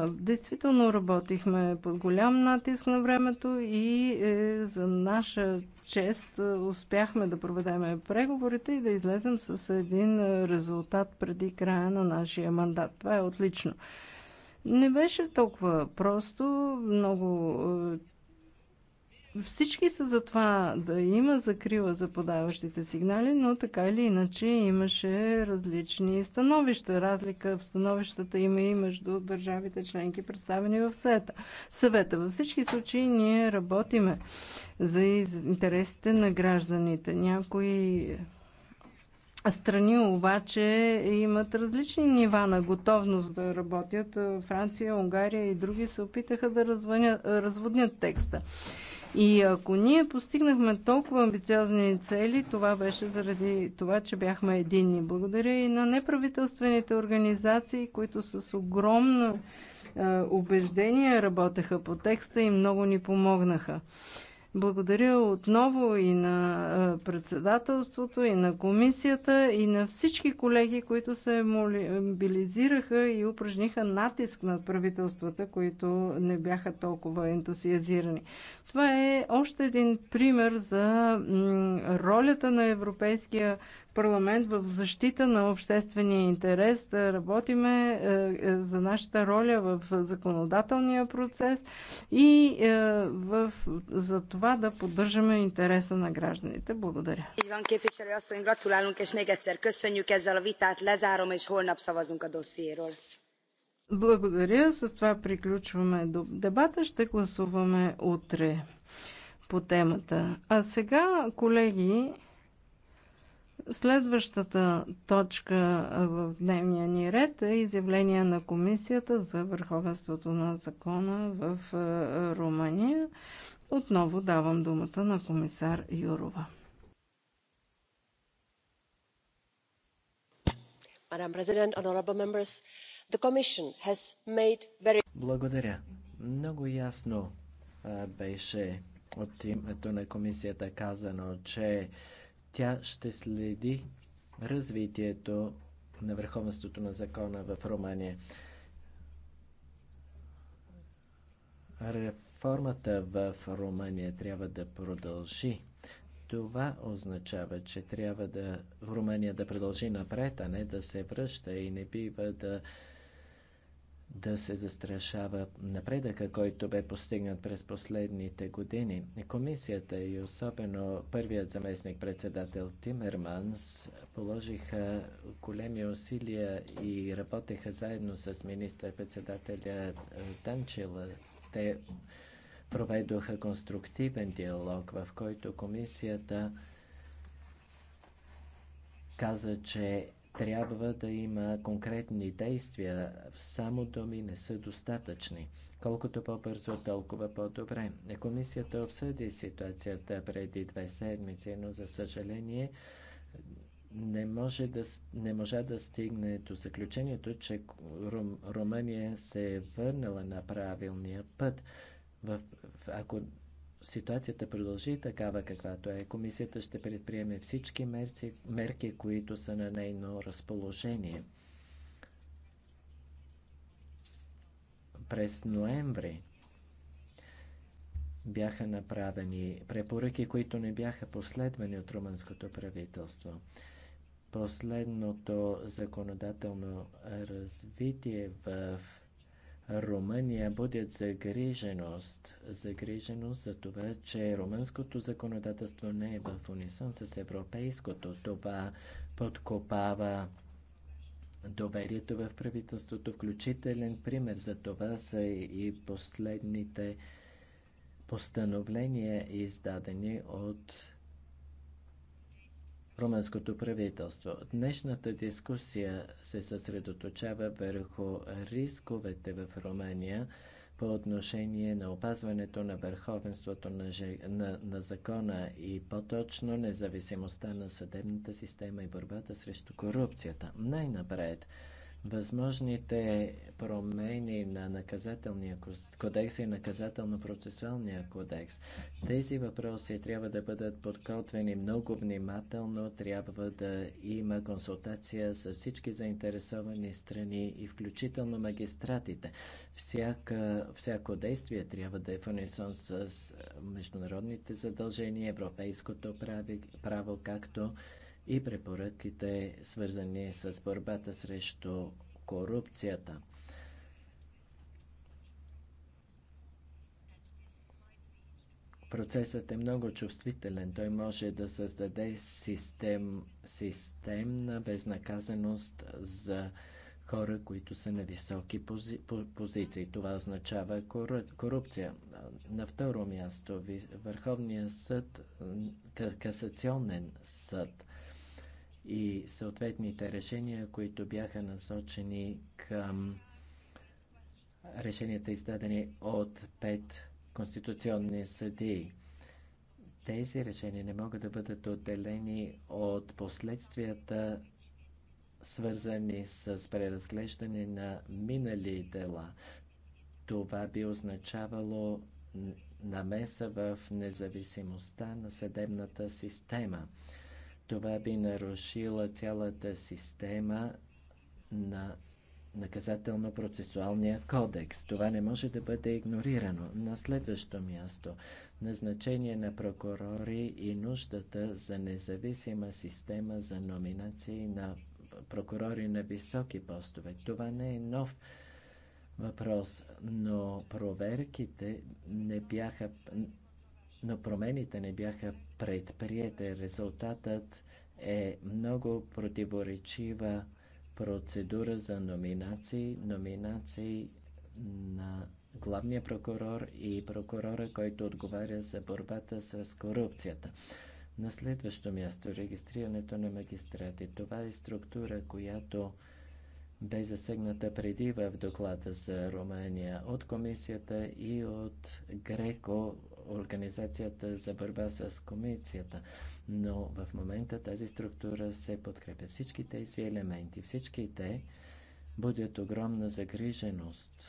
Действително работихме под голям натиск на времето и е, за наша чест успяхме да проведеме преговорите и да излезем с един резултат преди края на нашия мандат. Това е отлично. Не беше толкова просто. Много всички са за това да има закрила за подаващите сигнали, но така или иначе имаше различни становища. Разлика в становищата има и между държавите членки, представени в СЕТА. Съвета. Във всички случаи ние работиме за интересите на гражданите. Някои страни обаче имат различни нива на готовност да работят. Франция, Унгария и други се опитаха да развънят, разводнят текста. И ако ние постигнахме толкова амбициозни цели, това беше заради това, че бяхме единни. Благодаря и на неправителствените организации, които с огромно убеждение работеха по текста и много ни помогнаха. Благодаря отново и на председателството, и на комисията, и на всички колеги, които се мобилизираха и упражниха натиск над правителствата, които не бяха толкова ентусиазирани. Това е още един пример за ролята на Европейския парламент в защита на обществения интерес, да работиме е, е, за нашата роля в законодателния процес и е, в, за това да поддържаме интереса на гражданите. Благодаря. Иван képviselő asszony, gratulálunk, és még egyszer köszönjük ezzel a vitát, lezárom, és holnap szavazunk a dossziéről. Благодаря. С това приключваме до дебата. Ще гласуваме утре по темата. А сега, колеги, Следващата точка в дневния ни ред е изявление на Комисията за върховенството на закона в е, Румъния. Отново давам думата на комисар Юрова. Благодаря. Много ясно е, беше от името на комисията казано, че тя ще следи развитието на върховенството на закона в Румъния. Реформата в Румъния трябва да продължи. Това означава, че трябва да Румъния да продължи напред, а не да се връща и не бива да да се застрашава напредъка, който бе постигнат през последните години. Комисията и особено първият заместник председател Тимерманс положиха големи усилия и работеха заедно с министър-председателя Танчила. Те проведоха конструктивен диалог, в който комисията каза, че трябва да има конкретни действия, само думи не са достатъчни. Колкото по-бързо, толкова по-добре. Комисията обсъди ситуацията преди две седмици, но за съжаление не, може да, не можа да стигне до заключението, че Рум, Румъния се е върнала на правилния път. В, в, ако ситуацията продължи такава каквато е, комисията ще предприеме всички мерки, които са на нейно разположение. През ноември бяха направени препоръки, които не бяха последвани от румънското правителство. Последното законодателно развитие в Румъния будят загриженост. Загриженост за това, че румънското законодателство не е в унисон с европейското. Това подкопава доверието в правителството. Включителен пример за това са и последните постановления, издадени от румънското правителство. Днешната дискусия се съсредоточава върху рисковете в Румъния по отношение на опазването на върховенството на, же... на, на закона и по-точно независимостта на съдебната система и борбата срещу корупцията. Най-напред Възможните промени на наказателния кодекс и наказателно-процесуалния кодекс. Тези въпроси трябва да бъдат подготвени много внимателно, трябва да има консултация с всички заинтересовани страни и включително магистратите. Всяка, всяко действие трябва да е в с международните задължения, европейското право, както и препоръките, свързани с борбата срещу корупцията. Процесът е много чувствителен. Той може да създаде систем, системна безнаказаност за хора, които са на високи пози, позиции. Това означава корупция. На второ място, Върховният съд, касационен съд, и съответните решения, които бяха насочени към решенията, издадени от пет конституционни съдии. Тези решения не могат да бъдат отделени от последствията, свързани с преразглеждане на минали дела. Това би означавало намеса в независимостта на съдебната система. Това би нарушила цялата система на наказателно-процесуалния кодекс. Това не може да бъде игнорирано. На следващо място назначение на прокурори и нуждата за независима система за номинации на прокурори на високи постове. Това не е нов въпрос, но проверките не бяха но промените не бяха предприяти. Резултатът е много противоречива процедура за номинации, номинации на главния прокурор и прокурора, който отговаря за борбата с корупцията. На следващо място регистрирането на магистрати. Това е структура, която бе засегната преди в доклада за Румъния от комисията и от Греко Организацията за борба с комицията. Но в момента тази структура се подкрепя. Всички тези елементи, всички те будят огромна загриженост.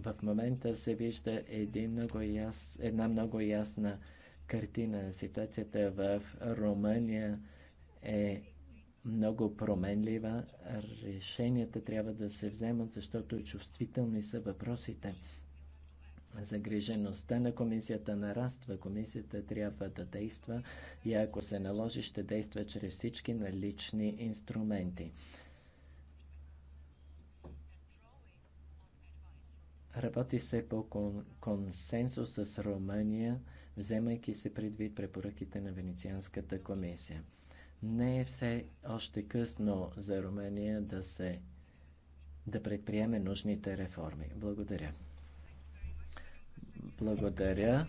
В момента се вижда един много яс, една много ясна картина. Ситуацията в Румъния е много променлива. Решенията трябва да се вземат, защото чувствителни са въпросите. Загрижеността на комисията нараства. Комисията трябва да действа и ако се наложи, ще действа чрез всички налични инструменти. Работи се по консенсус с Румъния, вземайки се предвид препоръките на Венецианската комисия. Не е все още късно за Румения да се да предприеме нужните реформи. Благодаря. Благодаря.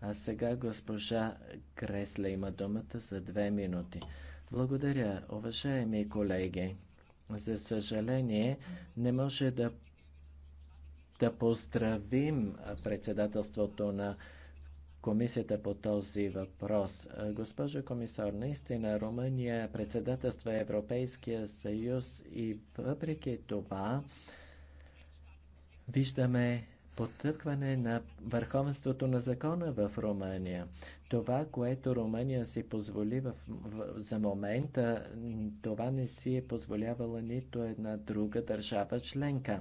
А сега госпожа Кресле има думата за две минути. Благодаря, уважаеми колеги. За съжаление, не може да, да поздравим председателството на комисията по този въпрос. Госпожо комисар, наистина Румъния е председателства Европейския съюз и въпреки това виждаме потъкване на върховенството на закона в Румъния. Това, което Румъния си позволи в, в, за момента, това не си е позволявала нито една друга държава членка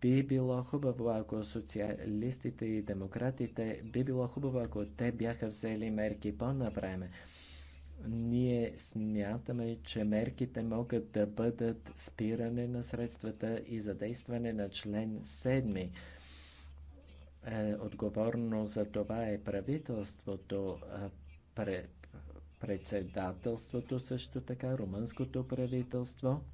би било хубаво, ако социалистите и демократите, би било хубаво, ако те бяха взели мерки по-навреме. Ние смятаме, че мерките могат да бъдат спиране на средствата и задействане на член 7. Е, отговорно за това е правителството, председателството също така, румънското правителство –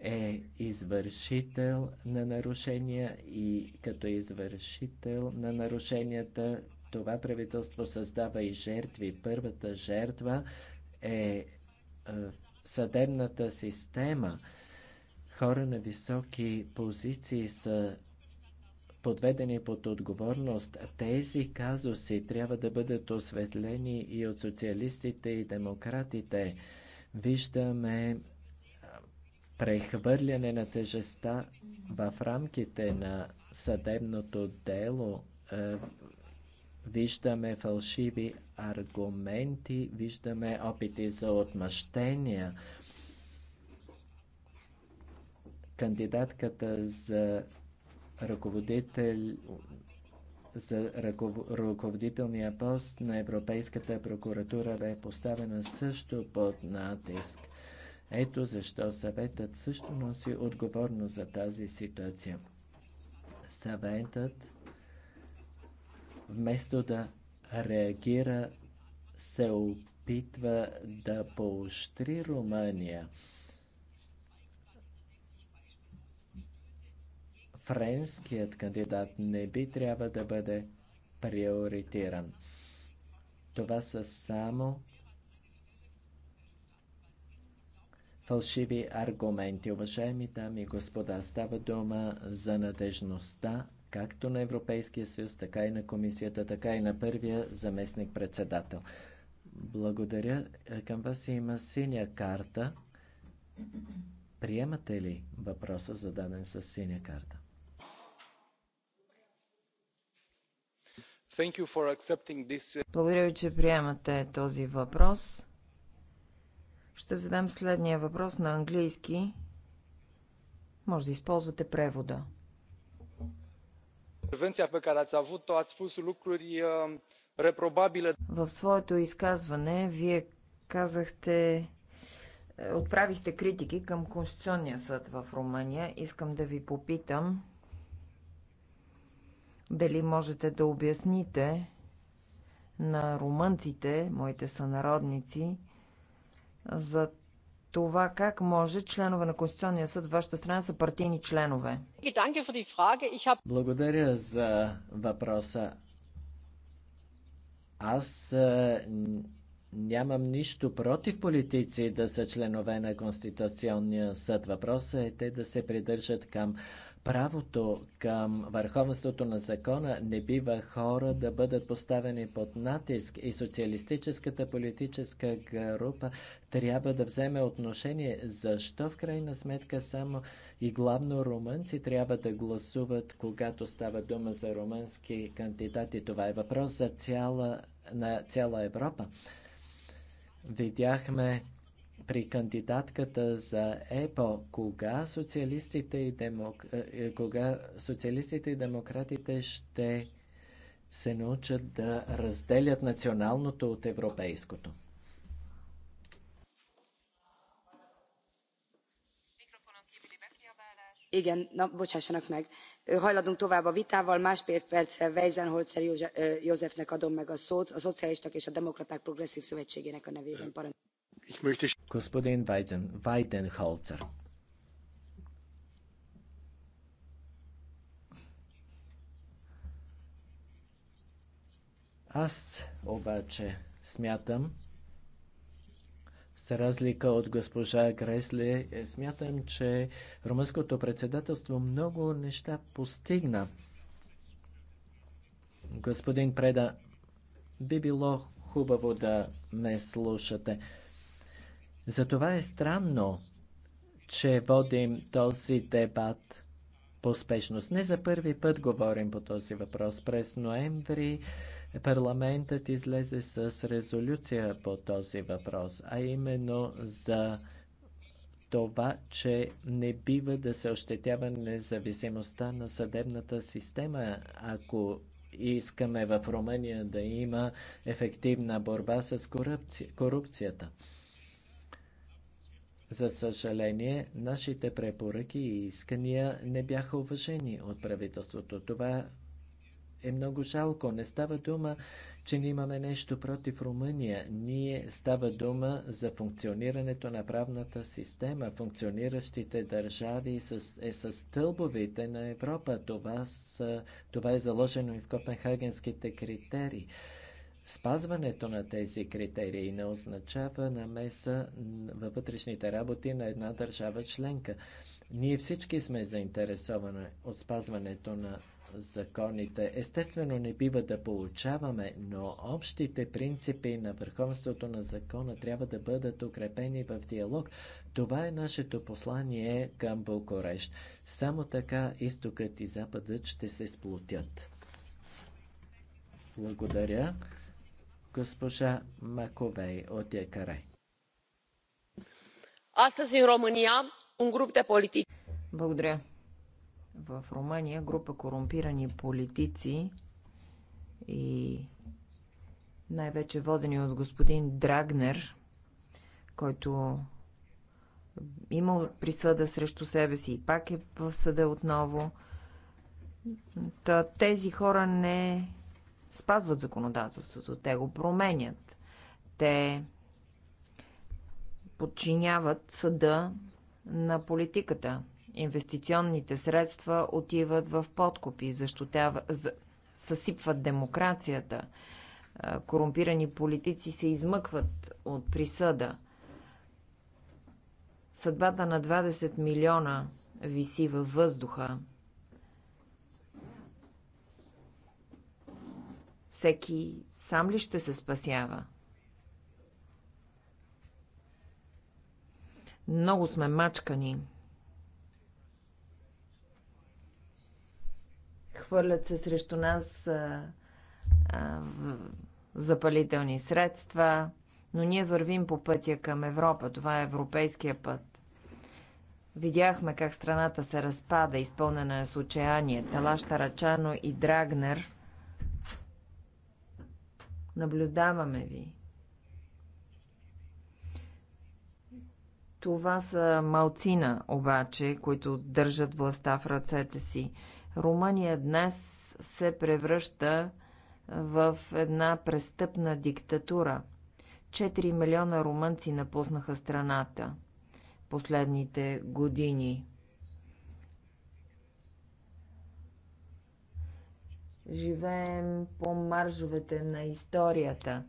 е извършител на нарушения и като извършител на нарушенията това правителство създава и жертви. Първата жертва е, е съдебната система. Хора на високи позиции са подведени под отговорност. Тези казуси трябва да бъдат осветлени и от социалистите и демократите. Виждаме прехвърляне на тежеста в рамките на съдебното дело е, виждаме фалшиви аргументи, виждаме опити за отмъщения. Кандидатката за ръководител за ръководителния пост на Европейската прокуратура бе поставена също под натиск. Ето защо съветът също носи отговорност за тази ситуация. Съветът вместо да реагира, се опитва да поощри Румъния. Френският кандидат не би трябва да бъде приоритиран. Това са само фалшиви аргументи. Уважаеми дами и господа, става дума за надежността както на Европейския съюз, така и на комисията, така и на първия заместник-председател. Благодаря. Е, към вас има синя карта. Приемате ли въпроса, зададен с синя карта? Uh, Благодаря ви, че приемате този въпрос. Ще задам следния въпрос на английски. Може да използвате превода. Е, в своето изказване вие казахте, е, отправихте критики към Конституционния съд в Румъния. Искам да ви попитам дали можете да обясните на румънците, моите сънародници, за това как може членове на Конституционния съд в вашата страна са партийни членове. Благодаря за въпроса. Аз е, нямам нищо против политици да са членове на Конституционния съд. Въпросът е те да се придържат към правото към върховенството на закона не бива хора да бъдат поставени под натиск и социалистическата политическа група трябва да вземе отношение защо в крайна сметка само и главно румънци трябва да гласуват, когато става дума за румънски кандидати. Това е въпрос за цяла, на цяла Европа. Видяхме при кандидатката за ЕПО, кога социалистите и, демок... кога социалистите и демократите ще се научат да разделят националното от европейското? Igen, na, bocsássanak meg. Hajladunk tovább a vitával. Másfél perccel Weisenholzer Józsefnek adom meg a szót, a Szocialisták és a Demokraták Progresszív Szövetségének a nevében. Parancsoljon. Господин Вайден, Вайденхолцер. Аз обаче смятам, с разлика от госпожа Гресле, смятам, че румънското председателство много неща постигна. Господин Преда, би било хубаво да ме слушате. Затова е странно, че водим този дебат по спешност. Не за първи път говорим по този въпрос. През ноември парламентът излезе с резолюция по този въпрос, а именно за това, че не бива да се ощетява независимостта на съдебната система, ако искаме в Румъния да има ефективна борба с корупци... корупцията. За съжаление, нашите препоръки и искания не бяха уважени от правителството. Това е много жалко. Не става дума, че ние имаме нещо против Румъния. Ние става дума за функционирането на правната система. Функциониращите държави с, е с стълбовите на Европа. Това, с, това е заложено и в копенхагенските критерии. Спазването на тези критерии не означава намеса във вътрешните работи на една държава членка. Ние всички сме заинтересовани от спазването на законите. Естествено не бива да получаваме, но общите принципи на върховството на закона трябва да бъдат укрепени в диалог. Това е нашето послание към Букурещ. Само така изтокът и западът ще се сплутят. Благодаря. Госпожа Маковей от Екаре. Astăzi, în România, un grup de politici. Благодаря. В Румъния група корумпирани политици и най-вече водени от господин Драгнер, който имал присъда срещу себе си и пак е в съда отново. Та, тези хора не спазват законодателството, те го променят. Те подчиняват съда на политиката. Инвестиционните средства отиват в подкупи, съсипват демокрацията. Корумпирани политици се измъкват от присъда. Съдбата на 20 милиона виси във въздуха Всеки сам ли ще се спасява? Много сме мачкани. Хвърлят се срещу нас а, а, запалителни средства, но ние вървим по пътя към Европа. Това е европейския път. Видяхме как страната се разпада, изпълнена е с отчаяние. Талаш Тарачано и Драгнер наблюдаваме ви. Това са малцина, обаче, които държат властта в ръцете си. Румъния днес се превръща в една престъпна диктатура. 4 милиона румънци напуснаха страната последните години. живеем по маржовете на историята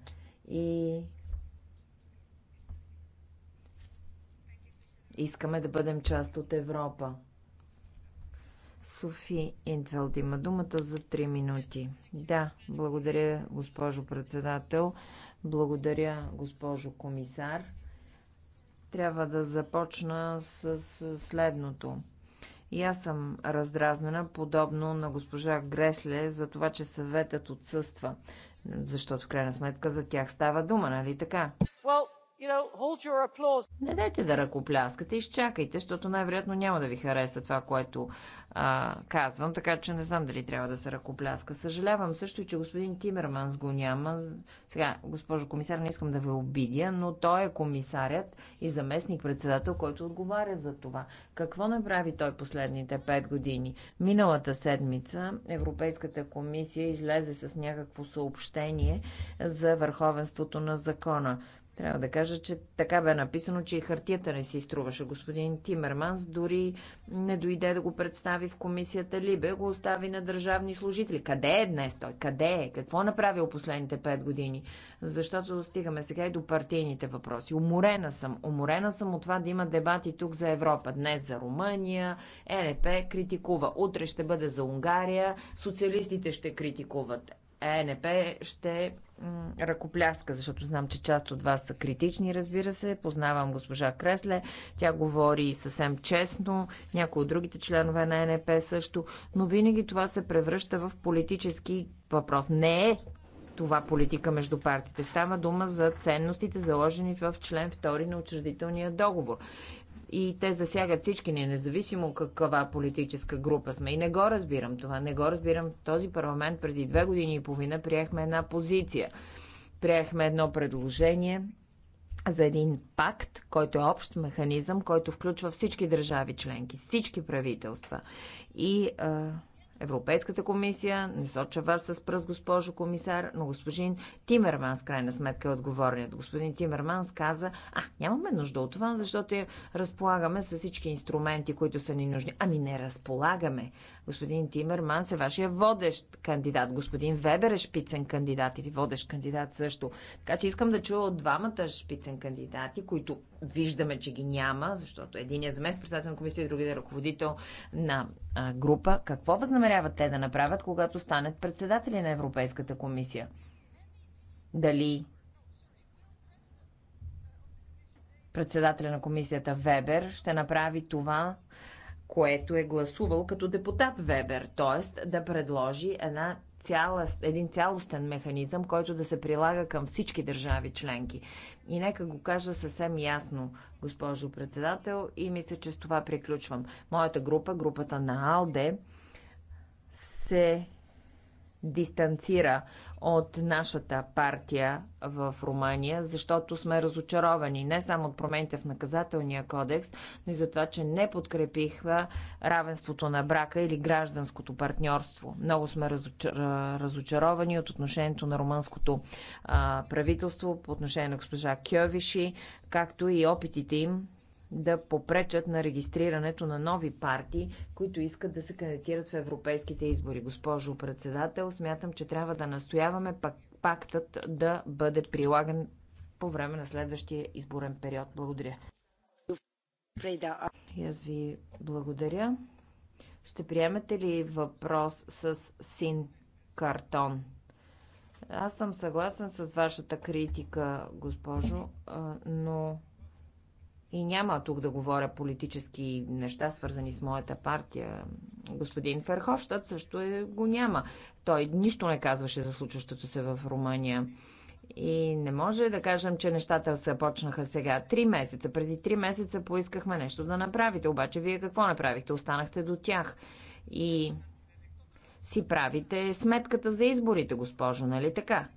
и искаме да бъдем част от Европа. Софи Интвелд има думата за 3 минути. Да, благодаря, госпожо председател. Благодаря, госпожо комисар. Трябва да започна с следното. И аз съм раздразнена, подобно на госпожа Гресле, за това, че съветът отсъства. Защото в крайна сметка за тях става дума, нали така? Well, не дайте да ръкопляскате, изчакайте, защото най-вероятно няма да ви хареса това, което а, казвам, така че не знам дали трябва да се ръкопляска. Съжалявам също и, че господин Тимерманс го няма. Сега, госпожо комисар, не искам да ви обидя, но той е комисарят и заместник-председател, който отговаря за това. Какво направи той последните пет години? Миналата седмица Европейската комисия излезе с някакво съобщение за върховенството на закона. Трябва да кажа, че така бе написано, че и хартията не си струваше. Господин Тимерманс дори не дойде да го представи в комисията Либе, го остави на държавни служители. Къде е днес той? Къде е? Какво е направил последните пет години? Защото стигаме сега и до партийните въпроси. Уморена съм. Уморена съм от това да има дебати тук за Европа. Днес за Румъния, ЕНП критикува. Утре ще бъде за Унгария, социалистите ще критикуват. ЕНП ще ръкопляска, защото знам, че част от вас са критични, разбира се. Познавам госпожа Кресле, тя говори съвсем честно, някои от другите членове на ЕНП също, но винаги това се превръща в политически въпрос. Не е това политика между партиите. Става дума за ценностите, заложени в член 2 на учредителния договор и те засягат всички ни, независимо каква политическа група сме. И не го разбирам това. Не го разбирам. Този парламент преди две години и половина приехме една позиция. Приехме едно предложение за един пакт, който е общ механизъм, който включва всички държави членки, всички правителства. И а, Европейската комисия, не соча вас с пръст, госпожо комисар, но господин Тимерманс, крайна сметка, е отговорният. Господин Тимерманс каза, а, нямаме нужда от това, защото разполагаме с всички инструменти, които са ни нужни. Ами не разполагаме. Господин Тимерман е вашия водещ кандидат. Господин Вебер е шпицен кандидат или водещ кандидат също. Така че искам да чуя от двамата шпицен кандидати, които виждаме, че ги няма, защото един е замест председател на комисия, другият е ръководител на група. Какво възнамеряват те да направят, когато станат председатели на Европейската комисия? Дали председателя на комисията Вебер ще направи това което е гласувал като депутат Вебер, т.е. да предложи една цяла, един цялостен механизъм, който да се прилага към всички държави членки. И нека го кажа съвсем ясно, госпожо председател, и мисля, че с това приключвам. Моята група, групата на АЛДЕ, се дистанцира от нашата партия в Румъния, защото сме разочаровани не само от промените в наказателния кодекс, но и за това, че не подкрепихва равенството на брака или гражданското партньорство. Много сме разочаровани от отношението на румънското правителство по отношение на госпожа Кьовиши, както и опитите им да попречат на регистрирането на нови партии, които искат да се кандидатират в европейските избори. Госпожо председател, смятам, че трябва да настояваме пак, пактът да бъде прилаган по време на следващия изборен период. Благодаря. И аз ви благодаря. Ще приемете ли въпрос с син картон? Аз съм съгласен с вашата критика, госпожо, но и няма тук да говоря политически неща, свързани с моята партия. Господин Ферховщад също е, го няма. Той нищо не казваше за случващото се в Румъния. И не може да кажем, че нещата се почнаха сега. Три месеца. Преди три месеца поискахме нещо да направите. Обаче вие какво направихте? Останахте до тях. И си правите сметката за изборите, госпожо, нали така?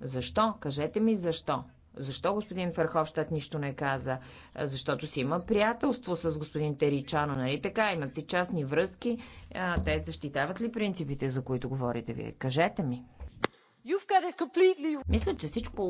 Защо? Кажете ми защо. Защо господин Ферховщад нищо не каза? Защото си има приятелство с господин Теричано, нали така? Имат си частни връзки. Те защитават ли принципите, за които говорите вие? Кажете ми completely... Мисля, че всичко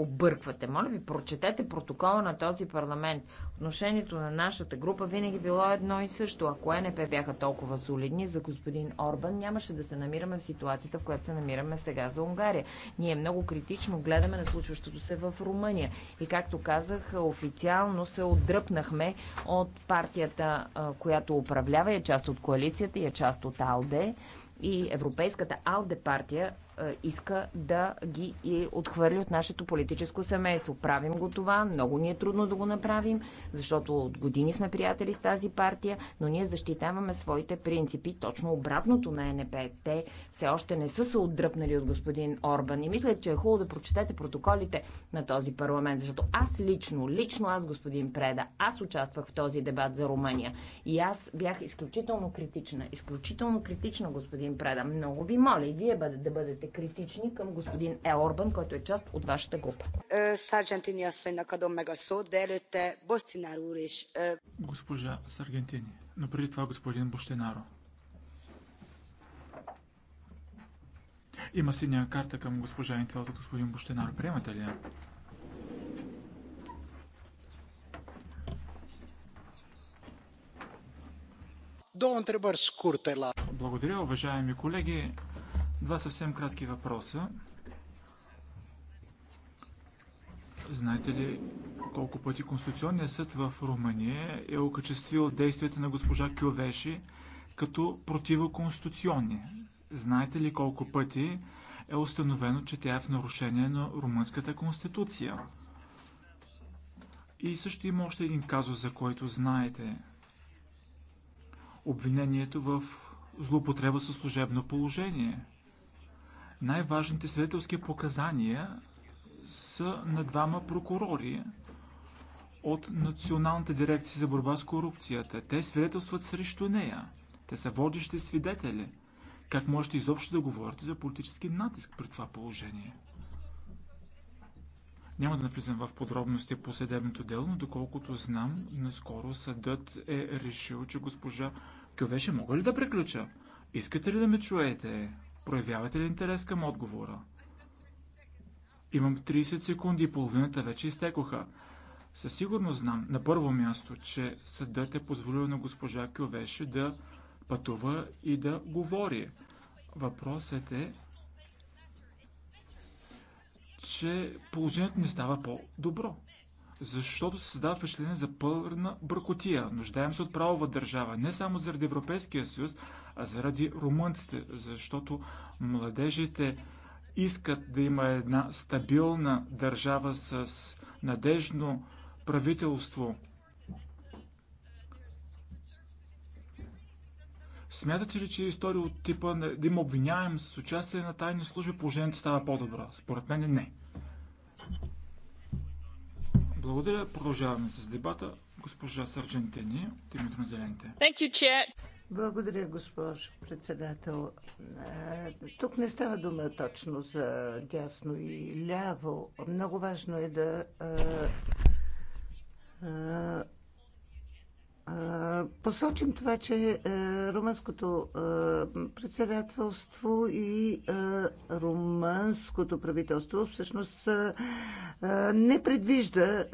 обърквате. Моля ви, прочетете протокола на този парламент. Отношението на нашата група винаги било едно и също. Ако НП бяха толкова солидни за господин Орбан, нямаше да се намираме в ситуацията, в която се намираме сега за Унгария. Ние много критично гледаме на случващото се в Румъния. И както казах, официално се отдръпнахме от партията, която управлява, е част от коалицията и е част от АЛДЕ и Европейската АЛДЕ партия е, иска да ги и отхвърли от нашето политическо семейство. Правим го това, много ни е трудно да го направим, защото от години сме приятели с тази партия, но ние защитаваме своите принципи. Точно обратното на НП. Те все още не са се отдръпнали от господин Орбан и мисля, че е хубаво да прочетете протоколите на този парламент, защото аз лично, лично аз, господин Преда, аз участвах в този дебат за Румъния и аз бях изключително критична, изключително критична, господин Преда. Много ви моля и вие да бъдете бъдете критични към господин Е. Орбан, който е част от вашата група. Е, е. Госпожа Саргентини, но преди това господин Бощенаро. Има синя карта към госпожа Интвелт господин Бощинаро. Приемате ли я? Două întrebări scurte la... Благодаря, уважаеми колеги. Два съвсем кратки въпроса. Знаете ли колко пъти Конституционният съд в Румъния е окачествил действията на госпожа Кювеши като противоконституционни? Знаете ли колко пъти е установено, че тя е в нарушение на румънската конституция? И също има още един казус, за който знаете. Обвинението в злоупотреба със служебно положение – най-важните свидетелски показания са на двама прокурори от Националната дирекция за борба с корупцията. Те свидетелстват срещу нея. Те са водещи свидетели. Как можете изобщо да говорите за политически натиск при това положение? Няма да навлизам в подробности по съдебното дело, но доколкото знам, наскоро съдът е решил, че госпожа Кьовеше мога ли да приключа? Искате ли да ме чуете? Проявявате ли интерес към отговора? Имам 30 секунди и половината вече изтекоха. Със сигурност знам, на първо място, че съдът е позволил на госпожа Кювеше да пътува и да говори. Въпросът е, че положението не става по-добро. Защото се създава впечатление за пълна бъркотия. Нуждаем се от правова държава, не само заради Европейския съюз, а заради румънците, защото младежите искат да има една стабилна държава с надежно правителство. Смятате ли, че е история от типа да има обвиняем с участие на тайни служби, положението става по-добро? Според мен не. Благодаря. Продължаваме с дебата. Госпожа Сърджентени от името на Зелените. Благодаря, госпожо председател. Тук не става дума точно за дясно и ляво. Много важно е да посочим това, че е, румънското е, председателство и е, румънското правителство всъщност не предвижда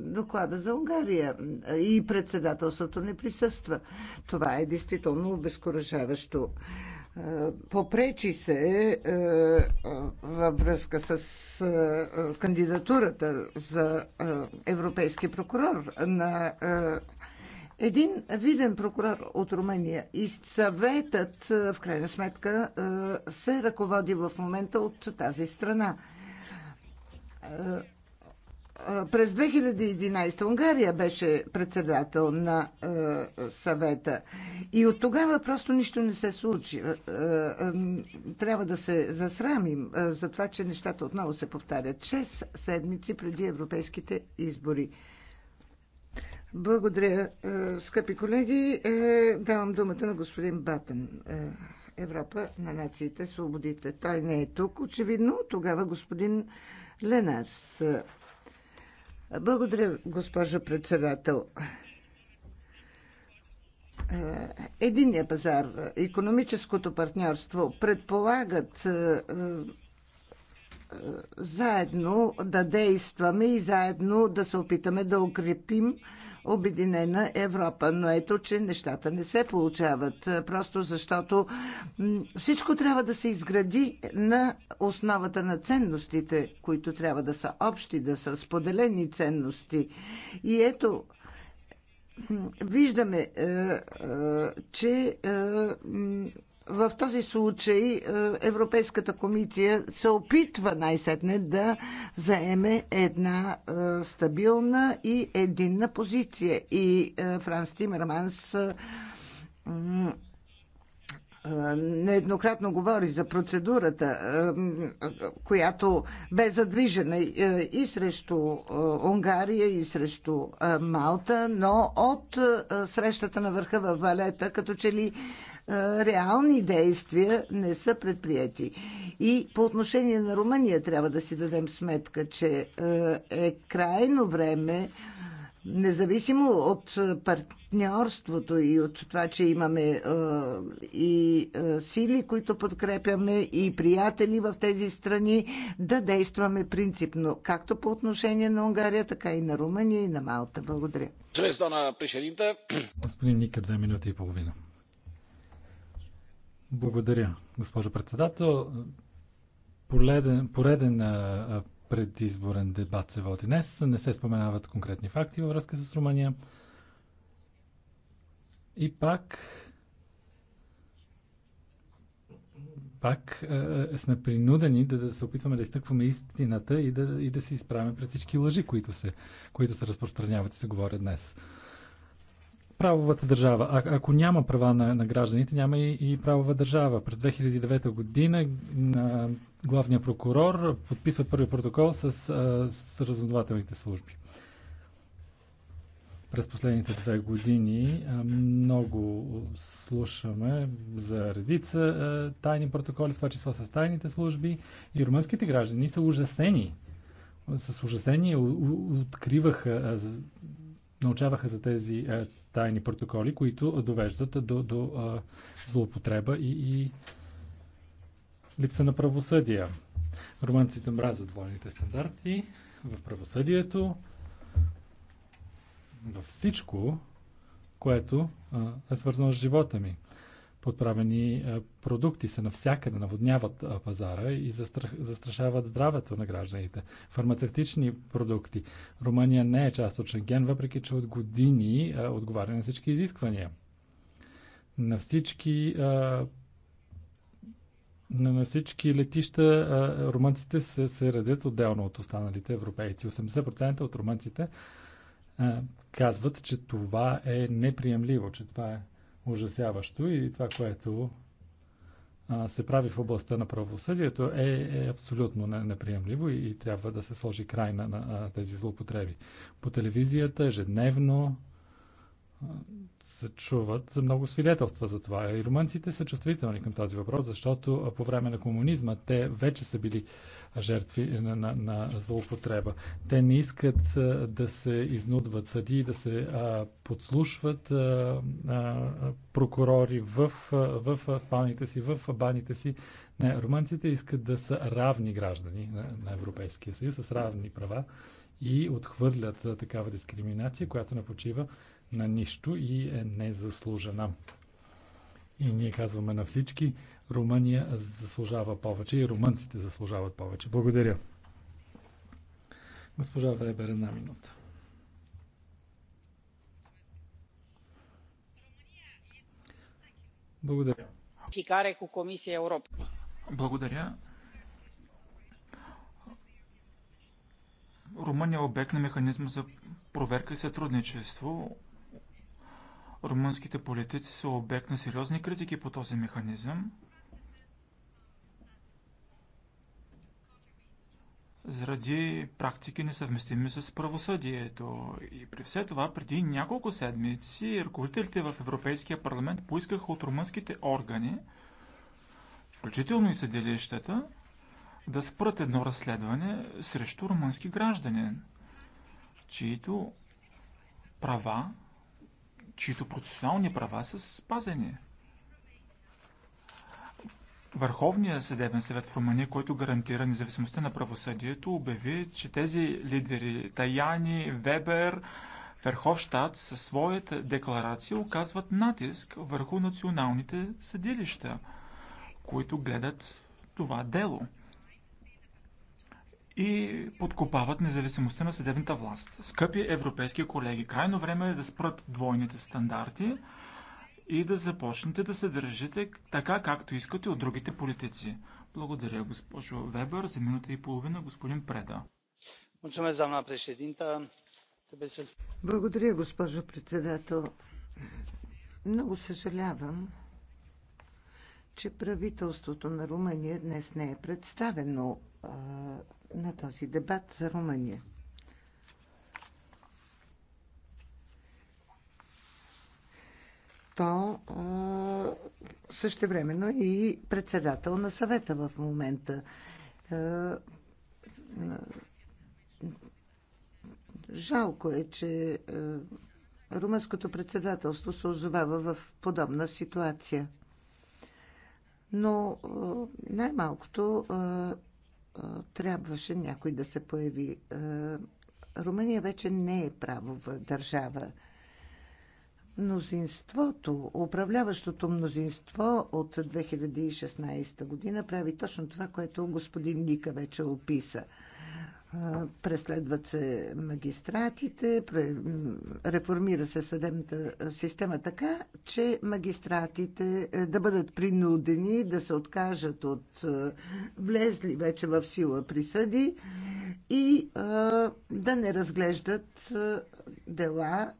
доклада за Унгария и председателството не присъства. Това е действително обезкуражаващо. Попречи се във връзка с кандидатурата за европейски прокурор на един виден прокурор от Румъния и съветът е, в крайна сметка е, се ръководи в момента от тази страна. Е, през 2011 Унгария беше председател на е, съвета и от тогава просто нищо не се случи. Е, е, трябва да се засрамим е, за това, че нещата отново се повтарят. 6 седмици преди европейските избори. Благодаря, е, скъпи колеги. Е, давам думата на господин Батен е, Европа на нациите, свободите. Той не е тук, очевидно. Тогава господин Ленарс. Благодаря, госпожо председател. Единия пазар, економическото партньорство предполагат заедно да действаме и заедно да се опитаме да укрепим Обединена Европа. Но ето, че нещата не се получават, просто защото всичко трябва да се изгради на основата на ценностите, които трябва да са общи, да са споделени ценности. И ето, виждаме, е, е, че е, в този случай е, Европейската комисия се опитва най-сетне да заеме една е, стабилна и единна позиция. И е, Франс Тимерманс нееднократно говори за процедурата, която бе задвижена и срещу Унгария, и срещу Малта, но от срещата на върха в Валета, като че ли реални действия не са предприяти. И по отношение на Румъния трябва да си дадем сметка, че е крайно време независимо от партньорството и от това, че имаме и сили, които подкрепяме, и приятели в тези страни, да действаме принципно, както по отношение на Унгария, така и на Румъния и на Малта. Благодаря. Господин Ника, две минути и половина. Благодаря, госпожо председател. Пореден, пореден предизборен дебат се води днес. Не се споменават конкретни факти във връзка с Румъния. И пак пак а, сме принудени да, да се опитваме да изтъкваме истината и да, и да се изправим пред всички лъжи, които се, които се разпространяват и се говорят днес правовата държава. А, ако няма права на, на гражданите, няма и, и правова държава. През 2009 година на главния прокурор подписва първи протокол с, с разузнавателните служби. През последните две години много слушаме за редица тайни протоколи, в това число с тайните служби. И румънските граждани са ужасени с ужасение откриваха научаваха за тези е, тайни протоколи, които довеждат до, до е, злоупотреба и, и липса на правосъдие. Романците мразят двойните стандарти в правосъдието, във всичко, което е, е свързано с живота ми подправени е, продукти са навсякъде, наводняват е, пазара и застрах, застрашават здравето на гражданите. Фармацевтични продукти. Румъния не е част от Шенген, въпреки че от години е, отговаря на всички изисквания. На всички на всички летища румънците се, се редят отделно от останалите европейци. 80% от румънците казват, че това е неприемливо, че това е ужасяващо и това, което а, се прави в областта на правосъдието е, е абсолютно неприемливо и, и трябва да се сложи край на, на, на тези злоупотреби. По телевизията ежедневно се чуват много свидетелства за това. И румънците са чувствителни към този въпрос, защото по време на комунизма те вече са били жертви на, на, на злоупотреба. Те не искат да се изнудват съди, да се а, подслушват а, а, прокурори в, в спалните си, в баните си. Не, румънците искат да са равни граждани на, на Европейския съюз, с равни права и отхвърлят такава дискриминация, която не почива на нищо и е незаслужена. И ние казваме на всички, Румъния заслужава повече и румънците заслужават повече. Благодаря. Госпожа Вебер, една минута. Благодаря. Благодаря. Румъния е обект на механизма за проверка и сътрудничество Румънските политици са обект на сериозни критики по този механизъм, заради практики несъвместими с правосъдието. И при все това, преди няколко седмици, ръководителите в Европейския парламент поискаха от румънските органи, включително и съдилищата, да спрат едно разследване срещу румънски граждани, чието права чието процесуални права са спазени. Върховният съдебен съвет в Румъния, който гарантира независимостта на правосъдието, обяви, че тези лидери Таяни, Вебер, Ферховщад със своята декларация оказват натиск върху националните съдилища, които гледат това дело и подкопават независимостта на съдебната власт. Скъпи европейски колеги, крайно време е да спрат двойните стандарти и да започнете да се държите така, както искате от другите политици. Благодаря, госпожо Вебер. За минута и половина, господин Преда. Благодаря, госпожо председател. Много съжалявам, че правителството на Румъния днес не е представено на този дебат за Румъния. То същевременно и председател на съвета в момента. Жалко е, че румънското председателство се озовава в подобна ситуация. Но най-малкото трябваше някой да се появи. Румъния вече не е правова държава. Мнозинството, управляващото мнозинство от 2016 година прави точно това, което господин Ника вече описа – преследват се магистратите, реформира се съдебната система така, че магистратите е, да бъдат принудени да се откажат от влезли вече в сила присъди и да не разглеждат дела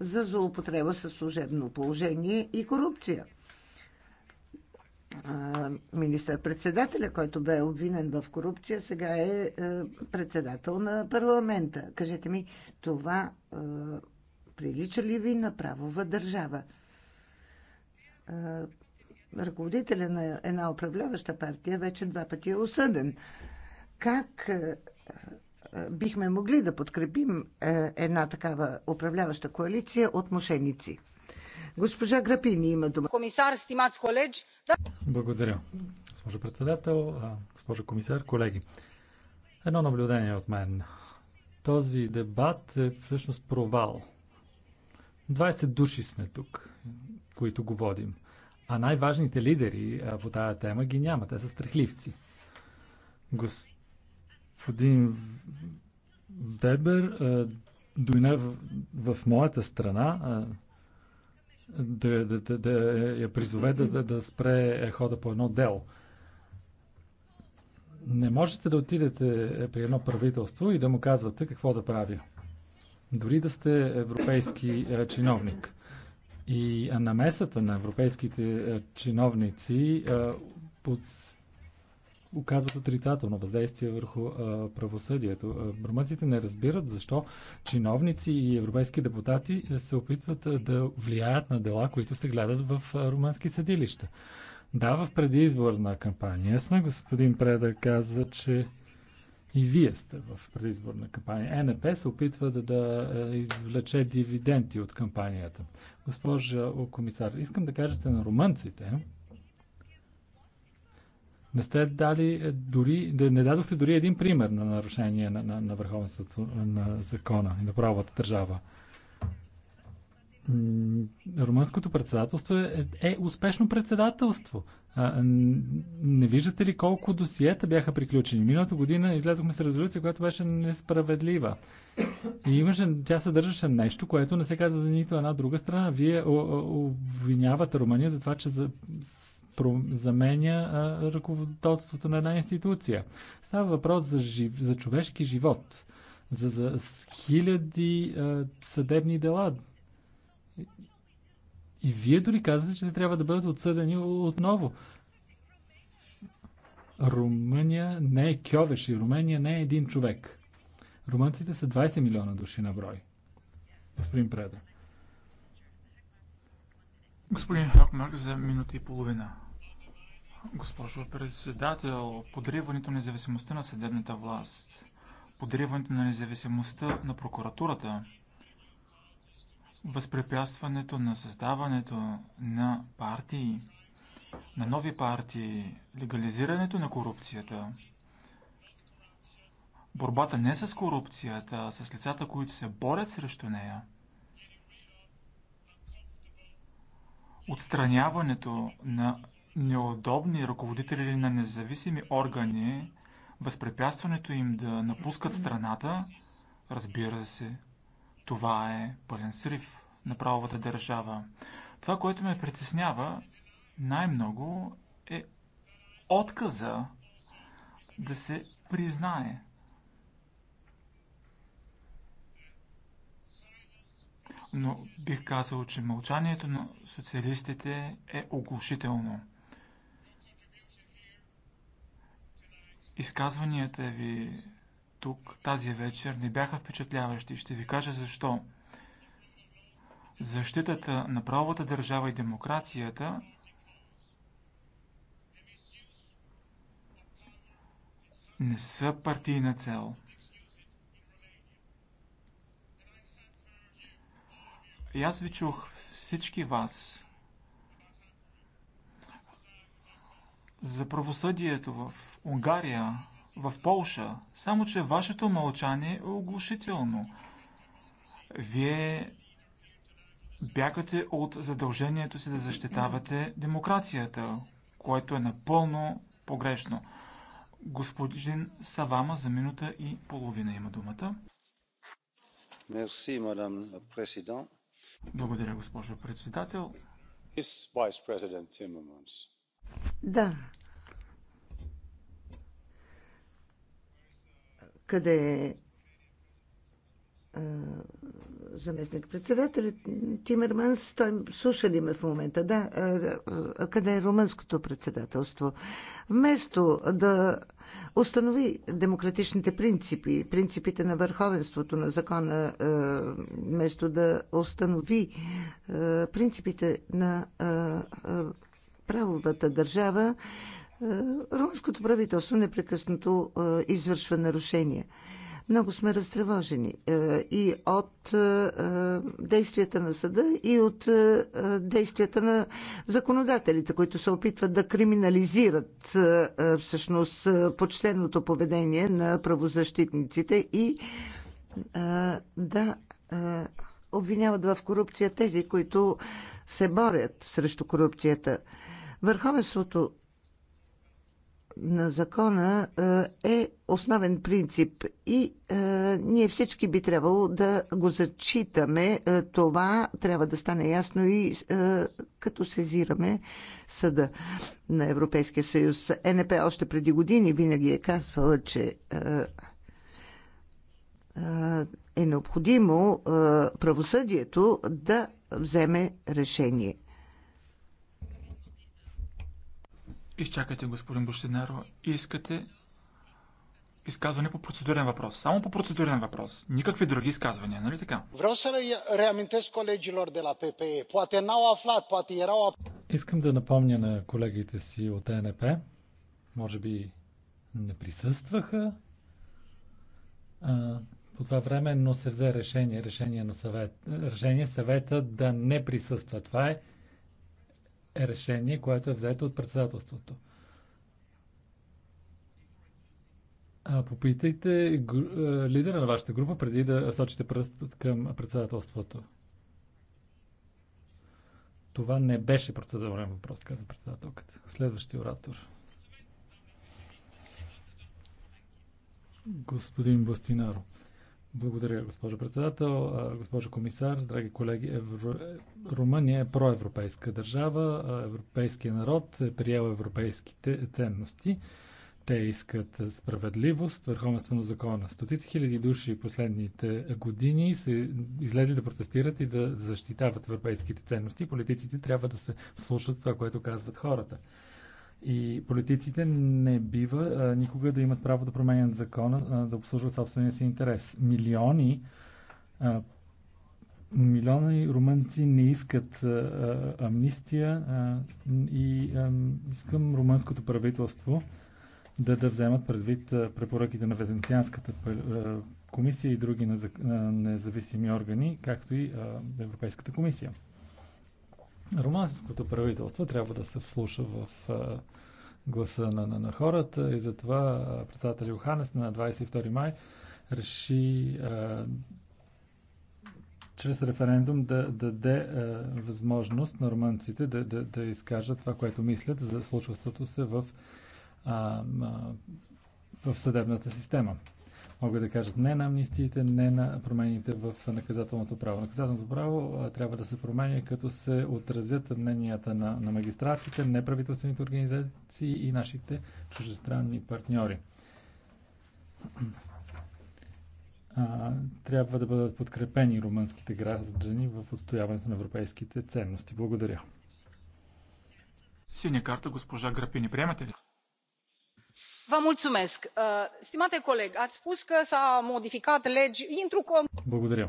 за злоупотреба със служебно положение и корупция министър-председателя, който бе обвинен в корупция, сега е, е председател на парламента. Кажете ми, това е, прилича ли ви на правова държава? Е, ръководителя на една управляваща партия вече два пъти е осъден. Как бихме могли да подкрепим една такава управляваща коалиция от мошеници? Госпожа Грапини има дума. Комисар, стимац колеж. Да... Благодаря. Госпожо председател, госпожо комисар, колеги. Едно наблюдение от мен. Този дебат е всъщност провал. 20 души сме тук, които го водим. А най-важните лидери по тази тема ги няма. Те са страхливци. Господин Вебер дойде в, в моята страна да, да, да, да я призове да, да спре хода по едно дело. Не можете да отидете при едно правителство и да му казвате какво да прави. Дори да сте европейски е, чиновник. И намесата на европейските е, чиновници е, под оказват отрицателно въздействие върху а, правосъдието. румънците не разбират защо чиновници и европейски депутати е, се опитват да влияят на дела, които се гледат в румънски съдилища. Да, в предизборна кампания сме. Господин Преда каза, че и вие сте в предизборна кампания. Е НП се опитва да, да е, извлече дивиденти от кампанията. Госпожа комисар, искам да кажете на румънците, не сте дали е, дори, не дадохте дори един пример на нарушение на, на, на върховенството е, на закона и на правовата държава. Румънското председателство е, е, е успешно председателство. А, не виждате ли колко досиета бяха приключени? Миналата година излезохме с резолюция, която беше несправедлива. И имаше, тя съдържаше нещо, което не се казва за нито една друга страна. Вие обвинявате Румъния за това, че за, заменя а, ръководството на една институция. Става въпрос за, жив, за човешки живот, за, за хиляди а, съдебни дела. И вие дори казвате, че те трябва да бъдат отсъдени отново. Румъния не е кьовеш и Румъния не е един човек. Румънците са 20 милиона души на брой. Господин Преда. Господин Хакмарк за минута и половина. Госпожо председател, подриването на независимостта на съдебната власт, подриването на независимостта на прокуратурата, възпрепятстването на създаването на партии, на нови партии, легализирането на корупцията, борбата не с корупцията, а с лицата, които се борят срещу нея, отстраняването на неудобни ръководители на независими органи, възпрепятстването им да напускат страната, разбира се, това е пълен срив на правовата държава. Това, което ме притеснява най-много е отказа да се признае. Но бих казал, че мълчанието на социалистите е оглушително. Изказванията ви тук тази вечер не бяха впечатляващи. Ще ви кажа защо. Защитата на правовата държава и демокрацията не са партийна цел. И аз ви чух всички вас за правосъдието в Унгария, в Полша, само че вашето мълчание е оглушително. Вие бягате от задължението си да защитавате демокрацията, което е напълно погрешно. Господин Савама за минута и половина има думата. Мерси, мадам Благодаря, госпожо председател. Да. Къде е заместник-председателят Тимерманс, той слуша ли ме в момента? Да, къде е румънското председателство? Вместо да установи демократичните принципи, принципите на върховенството на закона, вместо да установи принципите на правовата държава, е, румънското правителство непрекъснато е, извършва нарушения. Много сме разтревожени е, и от действията на съда, и от действията на законодателите, които се опитват да криминализират всъщност почтеното поведение на правозащитниците и да обвиняват в корупция тези, които се борят срещу корупцията. Върховенството на закона е, е основен принцип и е, ние всички би трябвало да го зачитаме. Е, това трябва да стане ясно и като сезираме съда на Европейския съюз. НП още преди години винаги е казвала, че е необходимо правосъдието да вземе решение. Изчакайте, господин Бощенаро, Искате изказване по процедурен въпрос. Само по процедурен въпрос. Никакви други изказвания, нали така? Vreau să reamintesc colegilor de la PPE. Poate n-au aflat, poate erau... Искам да напомня на колегите си от ЕНП. Може би не присъстваха а, по това време, но се взе решение, решение на съвет, решение съвета да не присъства. Това е е решение, което е взето от председателството. А, попитайте лидера на вашата група преди да сочите пръст към председателството. Това не беше процедурен въпрос, каза председателката. Следващия оратор. Господин Бастинаро. Благодаря, госпожо председател, госпожо комисар, драги колеги. Евро... Румъния е проевропейска държава. Европейския народ е приел европейските ценности. Те искат справедливост, върховенство на закона. Стотици хиляди души последните години се излезе да протестират и да защитават европейските ценности. Политиците трябва да се вслушват с това, което казват хората. И политиците не бива а, никога да имат право да променят закона, а, да обслужват собствения си интерес. Милиони а, милиони румънци не искат а, амнистия а, и а, искам румънското правителство да, да вземат предвид препоръките на Венецианската комисия и други независими органи, както и Европейската комисия. Руманското правителство трябва да се вслуша в гласа на, на, на хората и затова председател Йоханес на 22 май реши а, чрез референдум да, да даде а, възможност на романците да, да, да изкажат това, което мислят за случващото се в, а, а, в съдебната система могат да кажат не на амнистиите, не на промените в наказателното право. Наказателното право трябва да се променя, като се отразят мненията на, на магистратите, неправителствените организации и нашите чужестранни партньори трябва да бъдат подкрепени румънските граждани в отстояването на европейските ценности. Благодаря. Синя карта, госпожа Грапини, приемате ли? Стимате колег, uh, ați spus că s-a modificat legi. Intru cu... Благодаря.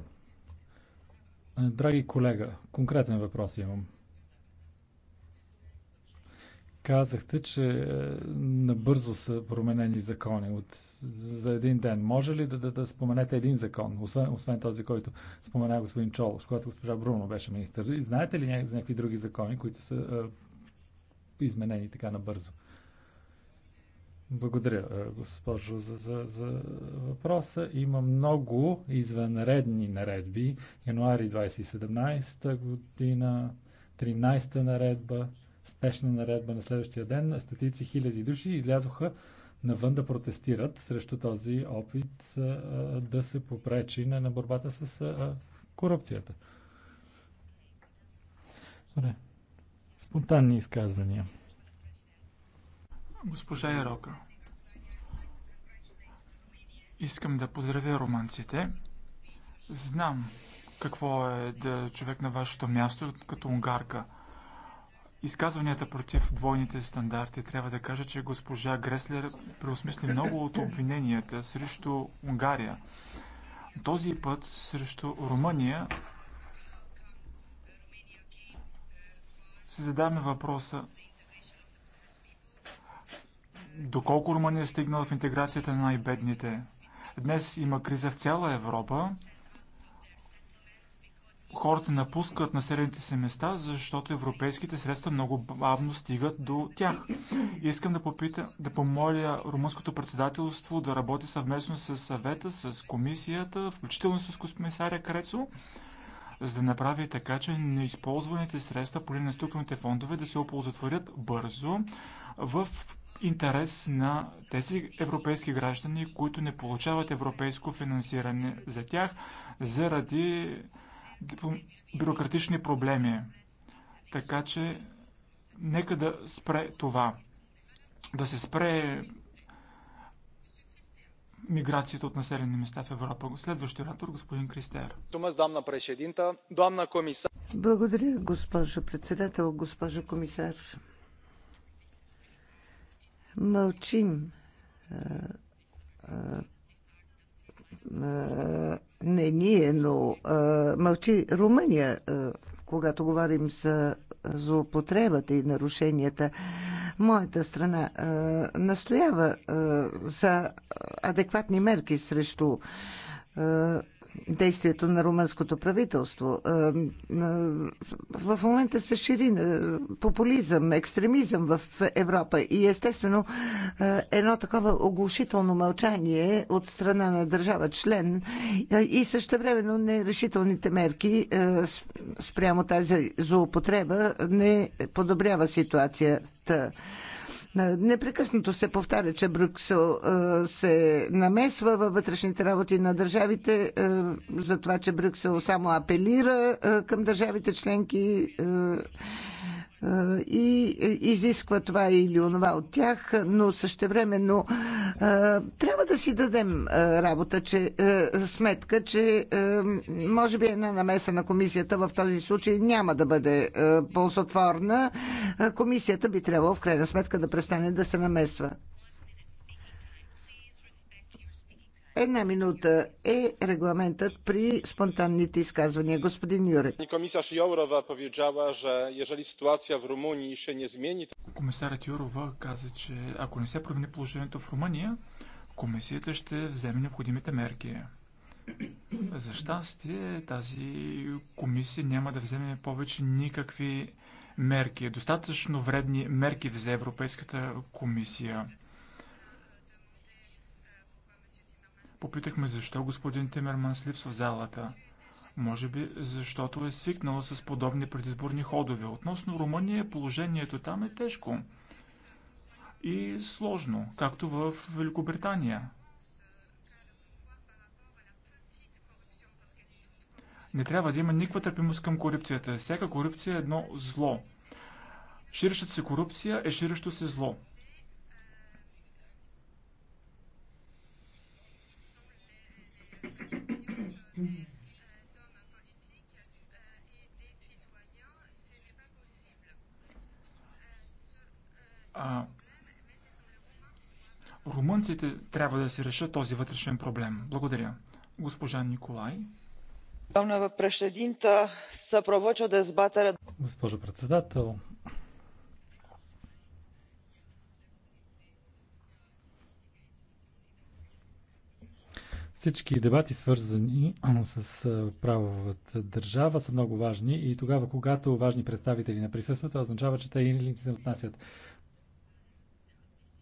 Е, драги колега, конкретен въпрос имам. Казахте, че е, набързо са променени закони от, за един ден. Може ли да, да, да споменете един закон, освен, освен този, който спомена господин Чолош, когато госпожа Бруно беше министър? И знаете ли за някакви други закони, които са а, е, изменени така набързо? Благодаря, е, госпожо, за, за, за въпроса. Има много извънредни наредби. Януари 2017 година, 13-та наредба, спешна наредба на следващия ден. Стотици хиляди души излязоха навън да протестират срещу този опит а, е, е, да се попречи на, на борбата с а, корупцията. Добре. Спонтанни изказвания. Госпожа Ярока, искам да поздравя романците. Знам какво е да е човек на вашето място като унгарка. Изказванията против двойните стандарти трябва да кажа, че госпожа Греслер преосмисли много от обвиненията срещу Унгария. Този път срещу Румъния се задаваме въпроса доколко Румъния е стигнала в интеграцията на най-бедните. Днес има криза в цяла Европа. Хората напускат населените си места, защото европейските средства много бавно стигат до тях. И искам да, попита, да помоля румънското председателство да работи съвместно с съвета, с комисията, включително с комисаря Крецо, за да направи така, че неизползваните средства по линия на структурните фондове да се оползотворят бързо в интерес на тези европейски граждани, които не получават европейско финансиране за тях заради бюрократични проблеми. Така че нека да спре това. Да се спре миграцията от населени места в Европа. Следващия оратор, господин Кристер. Благодаря, госпожо председател, госпожо комисар мълчим. Не ние, но мълчи Румъния, когато говорим за злоупотребата и нарушенията. Моята страна настоява за адекватни мерки срещу действието на румънското правителство. Е, е, в момента се шири е, популизъм, екстремизъм в Европа и естествено едно такова оглушително мълчание от страна на държава член и същевременно нерешителните мерки спрямо тази злоупотреба не подобрява ситуацията. Непрекъснато се повтаря, че Брюксел е, се намесва във вътрешните работи на държавите, е, за това, че Брюксел само апелира е, към държавите членки и е, изисква това или онова от тях, но същевременно трябва да си дадем работа, че, сметка, че може би една намеса на комисията в този случай няма да бъде ползотворна. Комисията би трябвало в крайна сметка да престане да се намесва. Една минута е регламентът при спонтанните изказвания. Господин Юрек. Комисарът Йорова powiedziała, че ежели ситуация в Румъния ще не измени... Комисарят Йорова каза, че ако не се промени положението в Румъния, комисията ще вземе необходимите мерки. За щастие, тази комисия няма да вземе повече никакви мерки. Достатъчно вредни мерки взе Европейската комисия. Попитахме защо господин Тимерманс липсва в залата. Може би защото е свикнал с подобни предизборни ходове. Относно Румъния, положението там е тежко и сложно, както в Великобритания. Не трябва да има никаква търпимост към корупцията. Всяка корупция е едно зло. Ширещата се корупция е ширещо се зло. А, румънците трябва да се решат този вътрешен проблем. Благодаря. Госпожа Николай. Госпожо председател, Всички дебати, свързани с правовата държава, са много важни и тогава, когато важни представители не присъстват, означава, че те или не се отнасят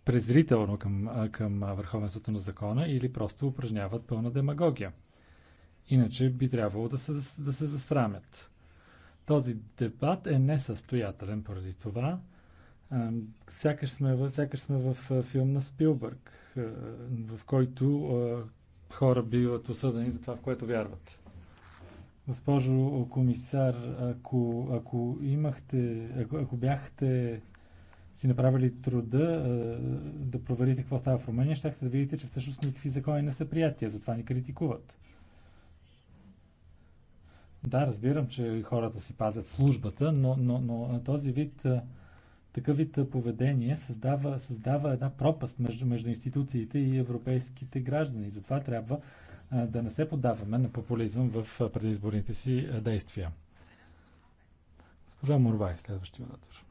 презрително към, към върховенството на закона или просто упражняват пълна демагогия. Иначе би трябвало да се, да се засрамят. Този дебат е несъстоятелен поради това. Сякаш сме, сякаш сме в филм на Спилбърг, в който хора биват осъдени за това, в което вярват. Госпожо комисар, ако, ако имахте, ако, ако бяхте си направили труда да проверите какво става в Румъния, ще да видите, че всъщност никакви закони не са приятия, затова ни критикуват. Да, разбирам, че хората си пазят службата, но, но, но този вид, такъв вид поведение създава, създава една пропаст между, между институциите и европейските граждани. Затова трябва да не се поддаваме на популизъм в предизборните си действия. Госпожа Мурвай, следващия оратор.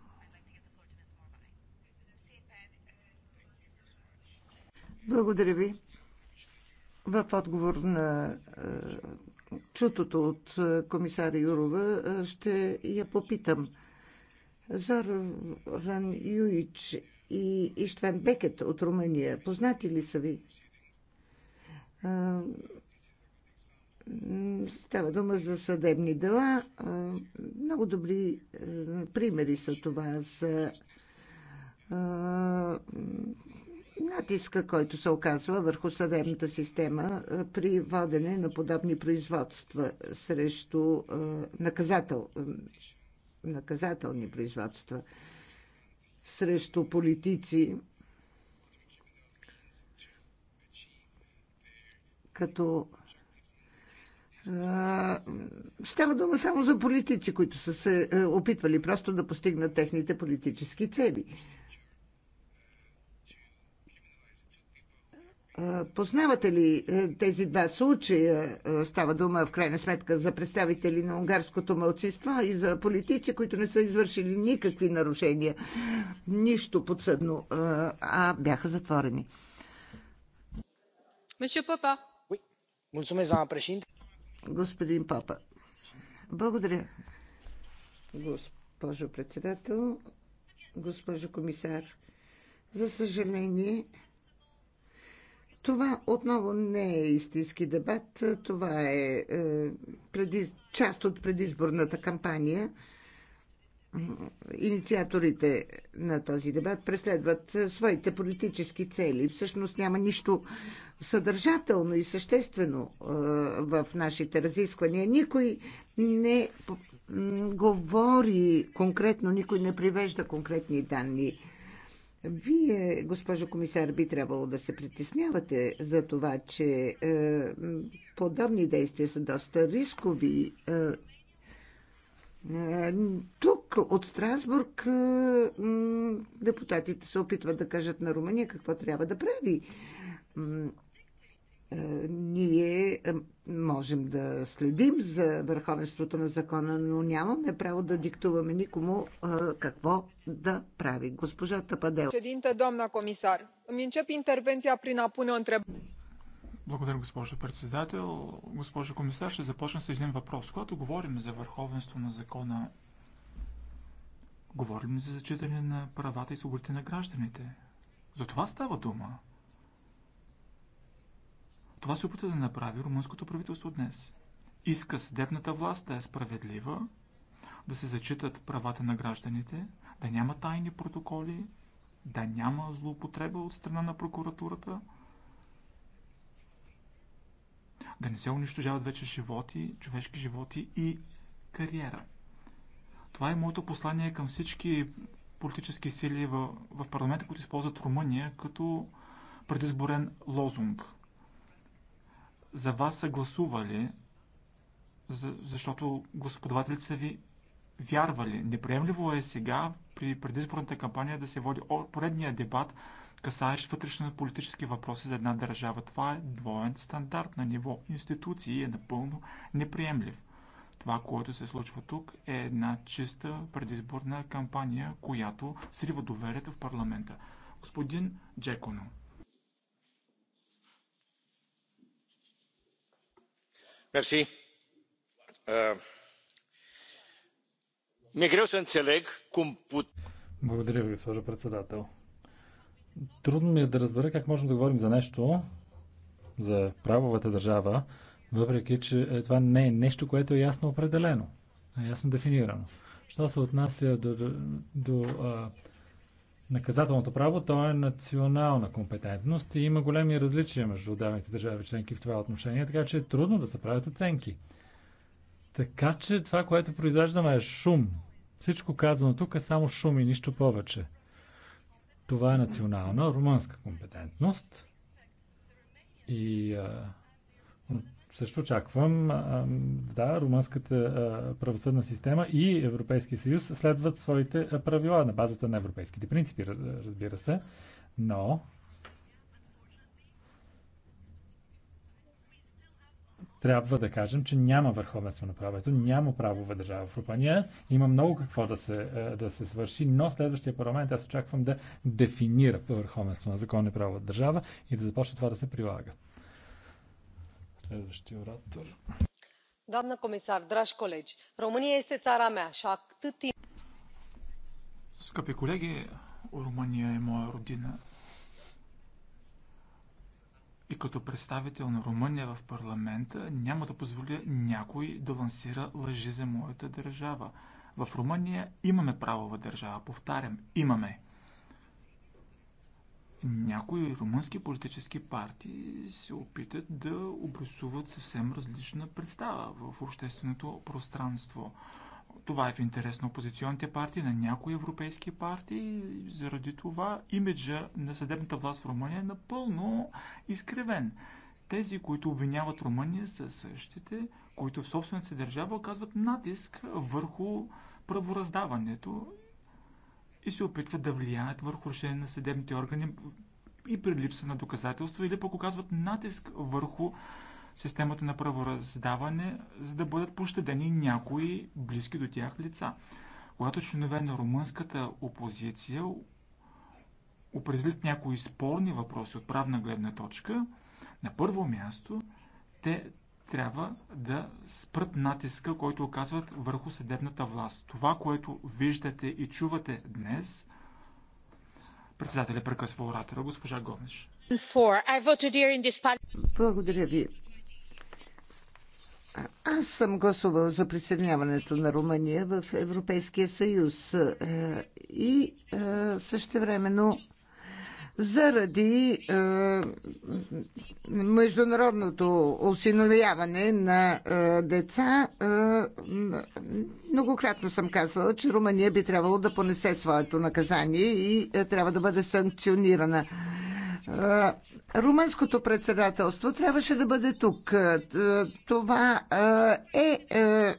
Благодаря ви. В отговор на е, чутото от е, комисаря Юрова е, ще я попитам. Зоран Юич и Иштван Бекет от Румъния, познати ли са ви? Става дума за съдебни дела. Много добри примери са това за натиска, който се оказва върху съдебната система при водене на подобни производства срещу наказател, наказателни производства срещу политици, като Става дума само за политици, които са се е, опитвали просто да постигнат техните политически цели. Познавате ли е, тези два случая? Е, става дума в крайна сметка за представители на унгарското мълчинство и за политици, които не са извършили никакви нарушения, нищо подсъдно, е, а бяха затворени. Папа. Господин Папа. Благодаря. Госпожо председател, госпожо комисар. За съжаление, това отново не е истински дебат, това е, е преди, част от предизборната кампания. Инициаторите на този дебат преследват е, своите политически цели. Всъщност няма нищо съдържателно и съществено е, в нашите разисквания. Никой не говори конкретно, никой не привежда конкретни данни вие, госпожо комисар, би трябвало да се притеснявате за това, че е, подобни действия са доста рискови. Е, е тук от Страсбург е, депутатите се опитват да кажат на Румъния какво трябва да прави. Е, ние е, можем да следим за върховенството на закона, но нямаме право да диктуваме никому е, какво да прави. Госпожа Тападел. Președинте, домна комисар, ми încep интервенция prin a pune Благодаря, госпожо председател. Госпожо комисар, ще започна с един въпрос. Когато говорим за върховенство на закона, говорим за зачитане на правата и свободите на гражданите. За това става дума. Това се опитва да направи румънското правителство днес. Иска съдебната власт да е справедлива, да се зачитат правата на гражданите, да няма тайни протоколи, да няма злоупотреба от страна на прокуратурата, да не се унищожават вече животи, човешки животи и кариера. Това е моето послание към всички политически сили в, в парламента, които използват Румъния като предизборен лозунг – за вас са гласували, защото господавателите са ви вярвали. Неприемливо е сега при предизборната кампания да се води поредния дебат, касаещ вътрешно политически въпроси за една държава. Това е двоен стандарт на ниво институции и е напълно неприемлив. Това, което се случва тук, е една чиста предизборна кампания, която срива доверието в парламента. Господин Джеконо. Е, Благодаря ви, госпожо председател. Трудно ми е да разбера как можем да говорим за нещо, за правовата държава, въпреки че е, това не е нещо, което е ясно определено, а ясно дефинирано. Що се отнася до, до, до а, наказателното право, то е национална компетентност и има големи различия между отделните държави членки в това отношение, така че е трудно да се правят оценки. Така че това, което произвеждаме е шум. Всичко казано тук е само шум и нищо повече. Това е национална румънска компетентност и а, също очаквам, да, румънската правосъдна система и Европейския съюз следват своите правила на базата на европейските принципи, разбира се, но трябва да кажем, че няма върховенство на правото, няма правова държава в Румъния. Има много какво да се, да се свърши, но следващия парламент аз очаквам да дефинира върховенство на закон и правова държава и да започне това да се прилага. Следващия оратор. Doamnă comisar, dragi colegi, România este țara mea și atât timp... Скъпи колеги, Румъния е моя родина. И като представител на Румъния в парламента няма да позволя някой да лансира лъжи за моята държава. В Румъния имаме правова държава, повтарям, имаме някои румънски политически партии се опитат да обрисуват съвсем различна представа в общественото пространство. Това е в интерес на опозиционните партии, на някои европейски партии. Заради това имиджа на съдебната власт в Румъния е напълно изкривен. Тези, които обвиняват Румъния, са същите, които в собствената си държава оказват натиск върху правораздаването и се опитват да влияят върху решение на съдебните органи и при липса на доказателства или пък оказват натиск върху системата на правораздаване, за да бъдат пощадени някои близки до тях лица. Когато членове на румънската опозиция определят някои спорни въпроси от правна гледна точка, на първо място те трябва да спрат натиска, който оказват върху съдебната власт. Това, което виждате и чувате днес, председателя прекъсва оратора, госпожа Гомеш. Благодаря ви. Аз съм гласувал за присъединяването на Румъния в Европейския съюз е, и е, също времено заради е, международното осиновяване на е, деца. Е, многократно съм казвала, че Румъния би трябвало да понесе своето наказание и е, трябва да бъде санкционирана. Румънското председателство трябваше да бъде тук. Това е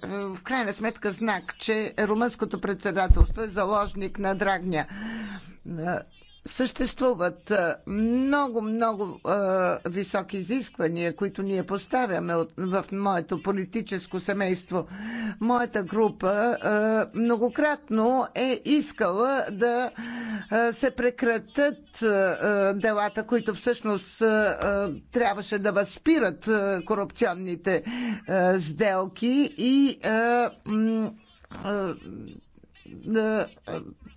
в крайна сметка знак, че румънското председателство е заложник на Драгня съществуват много, много високи изисквания, които ние поставяме от, в моето политическо семейство. Моята група многократно е искала да се прекратят делата, които всъщност трябваше да възпират корупционните сделки и да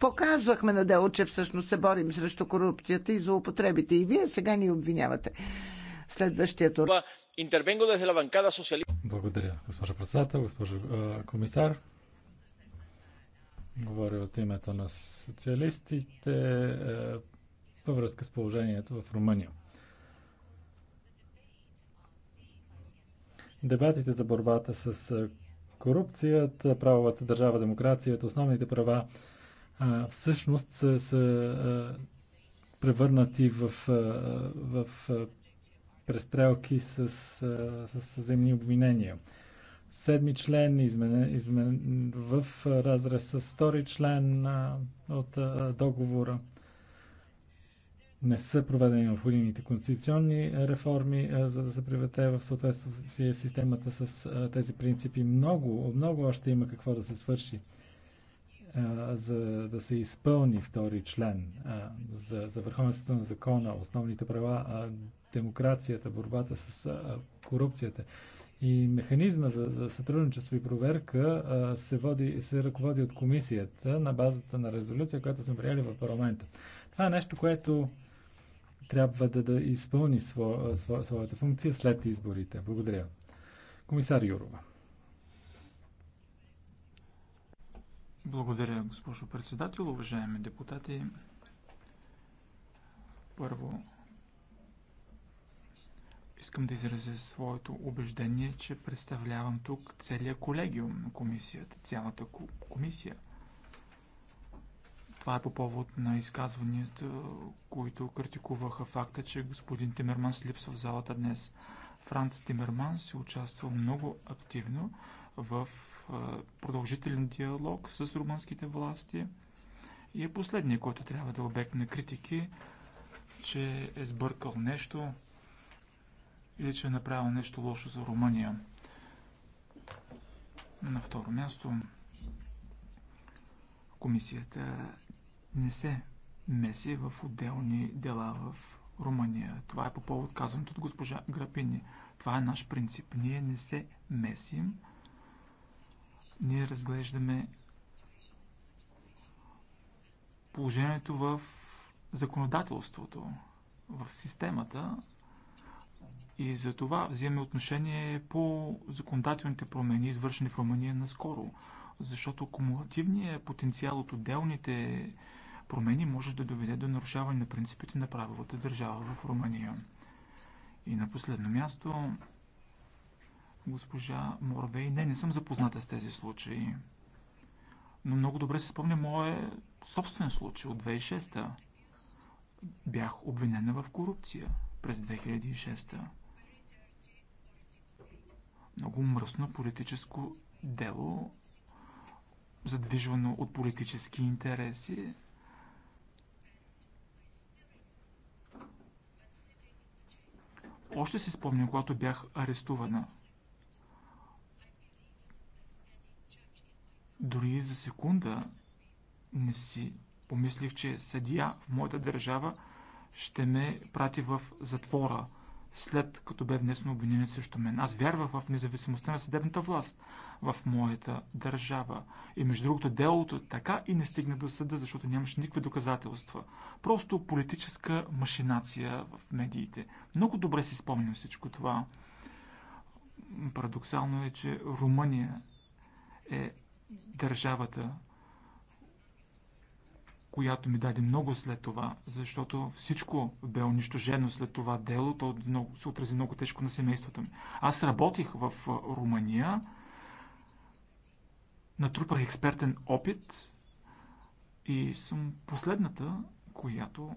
показвахме на дело, че всъщност се борим срещу корупцията и злоупотребите. И вие сега ни обвинявате. Следващия тур. Благодаря, госпожо председател, госпожо комисар. Говоря от името на социалистите във връзка с положението в Румъния. Дебатите за борбата с корупцията, правовата държава, демокрацията, основните права а, всъщност са, са а, превърнати в, а, в а, престрелки с, а, с взаимни обвинения. Седми член измен, измен, в разрез с втори член а, от а, договора не са проведени необходимите конституционни реформи, за да се приведе в съответствие системата с тези принципи. Много, много още има какво да се свърши за да се изпълни втори член за, за върховенството на закона, основните права, демокрацията, борбата с корупцията. И механизма за, за сътрудничество и проверка се, води, се ръководи от комисията на базата на резолюция, която сме приели в парламента. Това е нещо, което трябва да, да изпълни сво, сво, своята функция след изборите. Благодаря. Комисар Юрова. Благодаря, госпожо председател. Уважаеми депутати, първо искам да изразя своето убеждение, че представлявам тук целият колегиум на комисията, цялата комисия. Това е по повод на изказванията, които критикуваха факта, че господин Тимерман липсва в залата днес. Франц Тимерман се участва много активно в продължителен диалог с румънските власти и е последният, който трябва да е обект на критики, че е сбъркал нещо или че е направил нещо лошо за Румъния. На второ място, комисията не се меси в отделни дела в Румъния. Това е по повод казаното от госпожа Грапини. Това е наш принцип. Ние не се месим ние разглеждаме положението в законодателството, в системата и за това взимаме отношение по законодателните промени, извършени в Румъния наскоро, защото кумулативният потенциал от отделните промени може да доведе до нарушаване на принципите на правилата държава в Румъния. И на последно място, госпожа Морвей. Не, не съм запозната с тези случаи. Но много добре се спомня моя собствен случай от 2006-та. Бях обвинена в корупция през 2006-та. Много мръсно политическо дело, задвижвано от политически интереси. Още си спомням, когато бях арестувана – Дори за секунда не си помислих, че съдия в моята държава ще ме прати в затвора, след като бе внесено обвинение срещу мен. Аз вярвах в независимостта на съдебната власт в моята държава. И между другото, делото така и не стигна до съда, защото нямаше никакви доказателства. Просто политическа машинация в медиите. Много добре си спомням всичко това. Парадоксално е, че Румъния е държавата, която ми даде много след това, защото всичко бе унищожено след това дело, то много, се отрази много тежко на семейството ми. Аз работих в Румъния, натрупах експертен опит и съм последната, която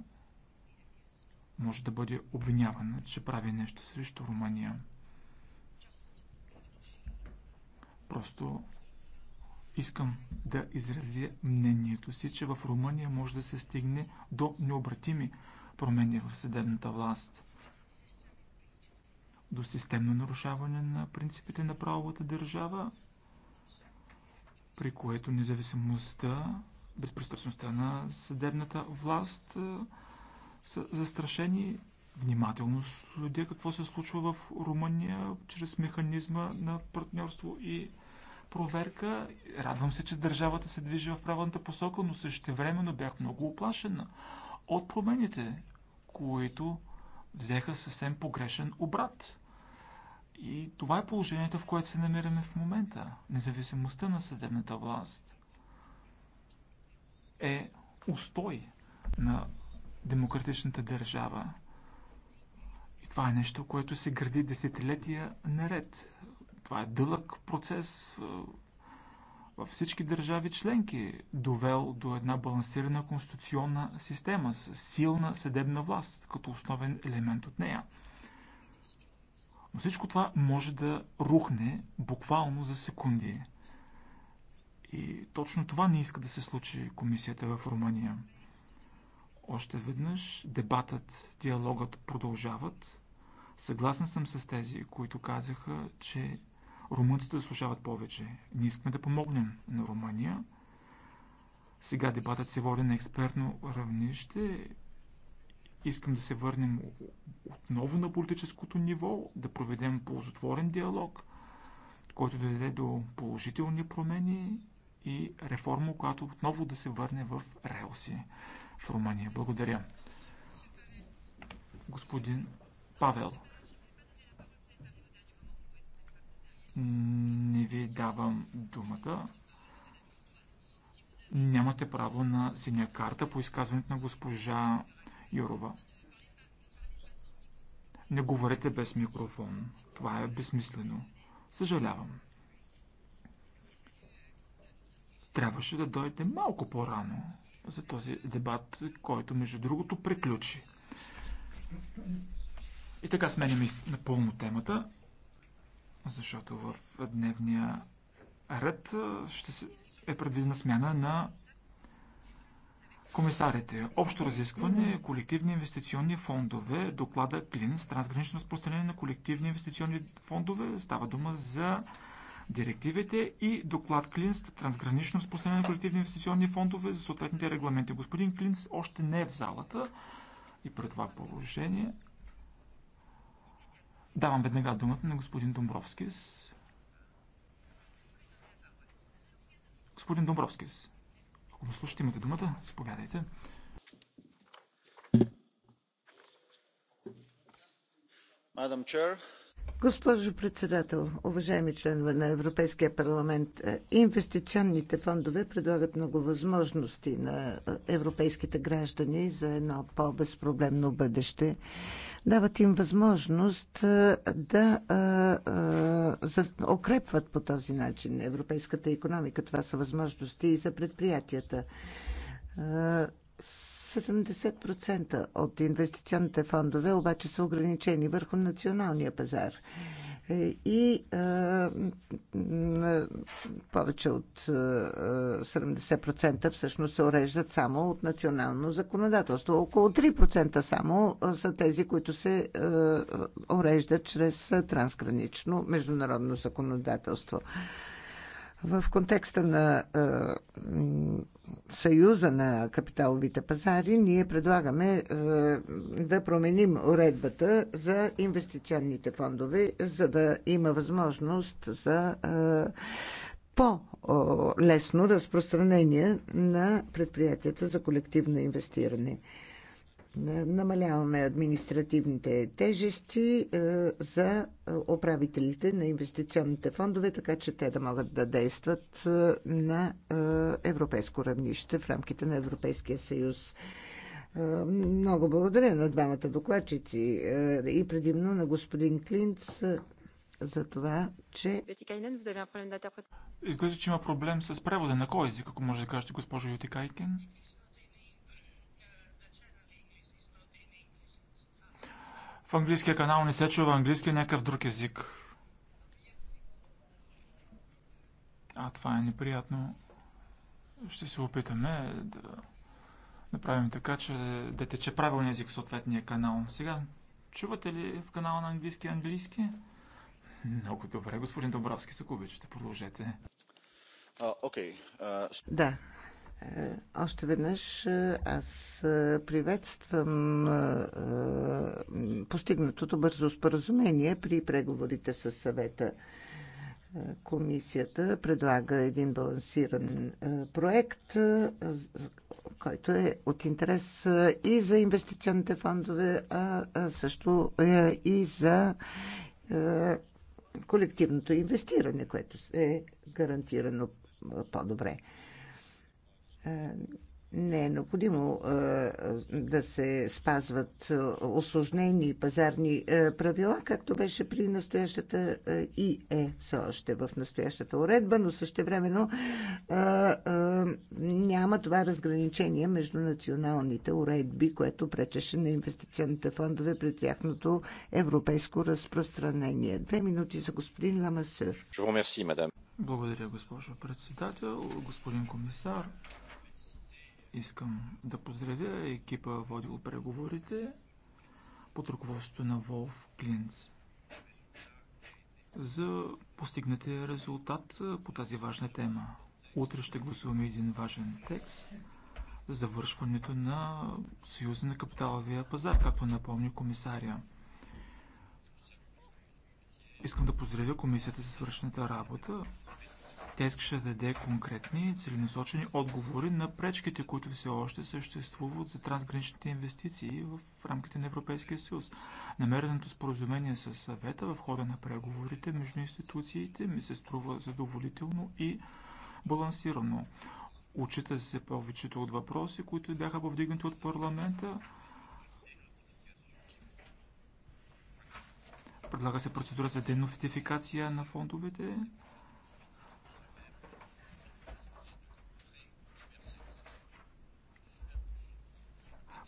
може да бъде обвинявана, че прави нещо срещу Румъния. Просто Искам да изразя мнението си, че в Румъния може да се стигне до необратими промени в съдебната власт, до системно нарушаване на принципите на правовата държава, при което независимостта, безпристрастността на съдебната власт е, са застрашени. Внимателно следя какво се случва в Румъния чрез механизма на партньорство и проверка. Радвам се, че държавата се движи в правилната посока, но времено бях много оплашена от промените, които взеха съвсем погрешен обрат. И това е положението, в което се намираме в момента. Независимостта на съдебната власт е устой на демократичната държава. И това е нещо, което се гради десетилетия наред това е дълъг процес във всички държави членки, довел до една балансирана конституционна система с силна съдебна власт като основен елемент от нея. Но всичко това може да рухне буквално за секунди. И точно това не иска да се случи комисията в Румъния. Още веднъж дебатът, диалогът продължават. Съгласен съм с тези, които казаха, че румънците заслужават повече. Ние искаме да помогнем на Румъния. Сега дебатът се води на експертно равнище. Искам да се върнем отново на политическото ниво, да проведем ползотворен диалог, който да даде до положителни промени и реформа, която отново да се върне в релси в Румъния. Благодаря. Господин Павел. не ви давам думата. Нямате право на синя карта по изказването на госпожа Юрова. Не говорете без микрофон. Това е безсмислено. Съжалявам. Трябваше да дойдете малко по-рано за този дебат, който между другото приключи. И така сменяме напълно темата защото в дневния ред ще е предвидена смяна на комисарите. Общо разискване, колективни инвестиционни фондове, доклада е Клин с трансгранично разпространение на колективни инвестиционни фондове. Става дума за директивите и доклад Клинс, трансгранично разпространение на колективни инвестиционни фондове за съответните регламенти. Господин Клинс още не е в залата и при това положение Давам веднага думата на господин Домбровскис. Господин Домбровскис, ако ме слушате, имате думата, заповядайте. Madam Chair, Госпожо председател, уважаеми членове на Европейския парламент, е, инвестиционните фондове предлагат много възможности на е, европейските граждани за едно по-безпроблемно бъдеще. Дават им възможност е, да а, а, за, укрепват по този начин европейската економика. Това са възможности и за предприятията. А, 70% от инвестиционните фондове обаче са ограничени върху националния пазар. Е, и а, е, е, повече от 70% всъщност се уреждат само от национално законодателство. Около 3% само са тези, които се уреждат чрез трансгранично международно законодателство. В контекста на е, Съюза на капиталовите пазари, ние предлагаме е, да променим уредбата за инвестиционните фондове, за да има възможност за е, по-лесно разпространение на предприятията за колективно инвестиране намаляваме административните тежести е, за управителите на инвестиционните фондове, така че те да могат да действат е, на е, европейско равнище в рамките на Европейския съюз. Много благодаря на двамата докладчици и предимно на господин Клинц за това, че... Изглежда, че има проблем с превода на кой език, ако може да кажете, госпожо Ютикайкен? В английския канал не се чува английски, някакъв друг език. А, това е неприятно. Ще се опитаме да направим така, че да тече правилния език в съответния канал. Сега, чувате ли в канала на английски английски? Много добре, господин Добровски, се обичате, продължете. Uh, okay. uh... Да, е, още веднъж е, аз е, приветствам постигнатото бързо споразумение при преговорите с съвета. Комисията предлага един балансиран проект, който е от интерес и за инвестиционните фондове, а също и за колективното инвестиране, което е гарантирано по-добре. Е, не е необходимо е, да се спазват е, осложнени пазарни правила, както беше при настоящата и е все още в настоящата уредба, но същевременно няма това разграничение между националните уредби, което пречеше на инвестиционните фондове при тяхното европейско разпространение. Две минути за господин Ламасър. Благодаря, госпожо председател, господин комисар. Искам да поздравя екипа, водил преговорите под ръководството на Волф Клинц за постигнатия резултат по тази важна тема. Утре ще гласуваме един важен текст за завършването на Съюза на капиталовия пазар, както напомни комисария. Искам да поздравя комисията за свършената работа. Теск ще даде конкретни, целенасочени отговори на пречките, които все още съществуват за трансграничните инвестиции в рамките на Европейския съюз. Намереното споразумение с съвета в хода на преговорите между институциите ми се струва задоволително и балансирано. Учита се повечето от въпроси, които бяха повдигнати от парламента. Предлага се процедура за денофитификация на фондовете.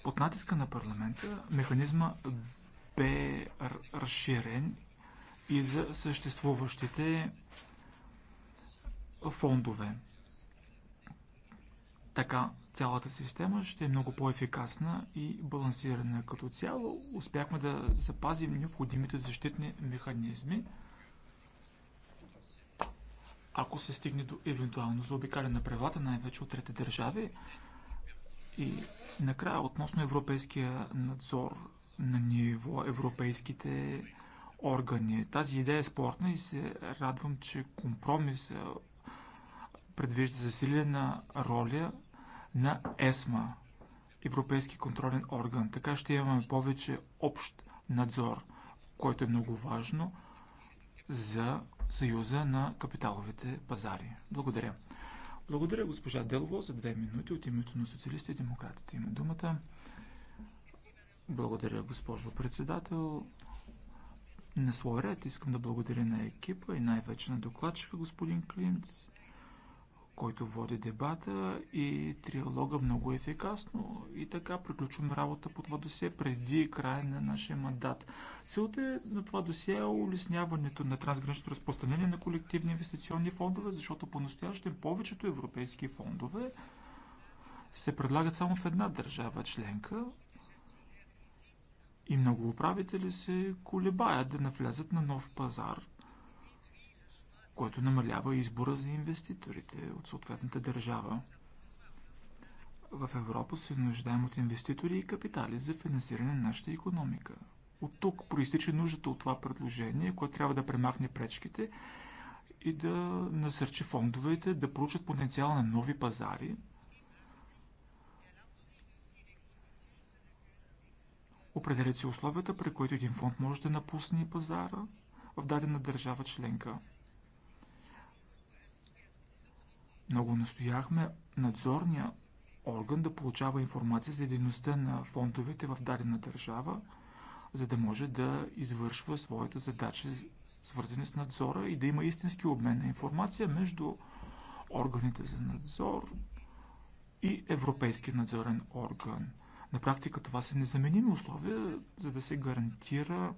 Под натиска на парламента механизма бе разширен и за съществуващите фондове. Така цялата система ще е много по-ефикасна и балансирана. Като цяло успяхме да запазим необходимите защитни механизми, ако се стигне до евентуално заобикаляне на правата, най-вече от трети държави, и накрая относно европейския надзор на ниво европейските органи. Тази идея е спортна и се радвам, че компромис предвижда засилена роля на ЕСМА, Европейски контролен орган. Така ще имаме повече общ надзор, който е много важно за Съюза на капиталовите пазари. Благодаря. Благодаря госпожа Делово за две минути от името на социалисти и демократите. Има думата. Благодаря госпожо председател. На свой ред искам да благодаря на екипа и най-вече на докладчика господин Клинц който води дебата и триалога много ефикасно. И така приключваме работа по това досие преди края на нашия мандат. Целта е на това досие е улесняването на трансграничното разпространение на колективни инвестиционни фондове, защото по-настоящем повечето европейски фондове се предлагат само в една държава членка и много управители се колебаят да навлязат на нов пазар – което намалява избора за инвеститорите от съответната държава. В Европа се нуждаем от инвеститори и капитали за финансиране на нашата економика. От тук проистича нуждата от това предложение, което трябва да премахне пречките и да насърчи фондовете да получат потенциал на нови пазари, определят се условията, при които един фонд може да напусне пазара в дадена държава членка – Много настояхме надзорния орган да получава информация за дейността на фондовете в дадена държава, за да може да извършва своята задача, свързана с надзора и да има истински обмен на информация между органите за надзор и европейския надзорен орган. На практика това са незаменими условия, за да се гарантира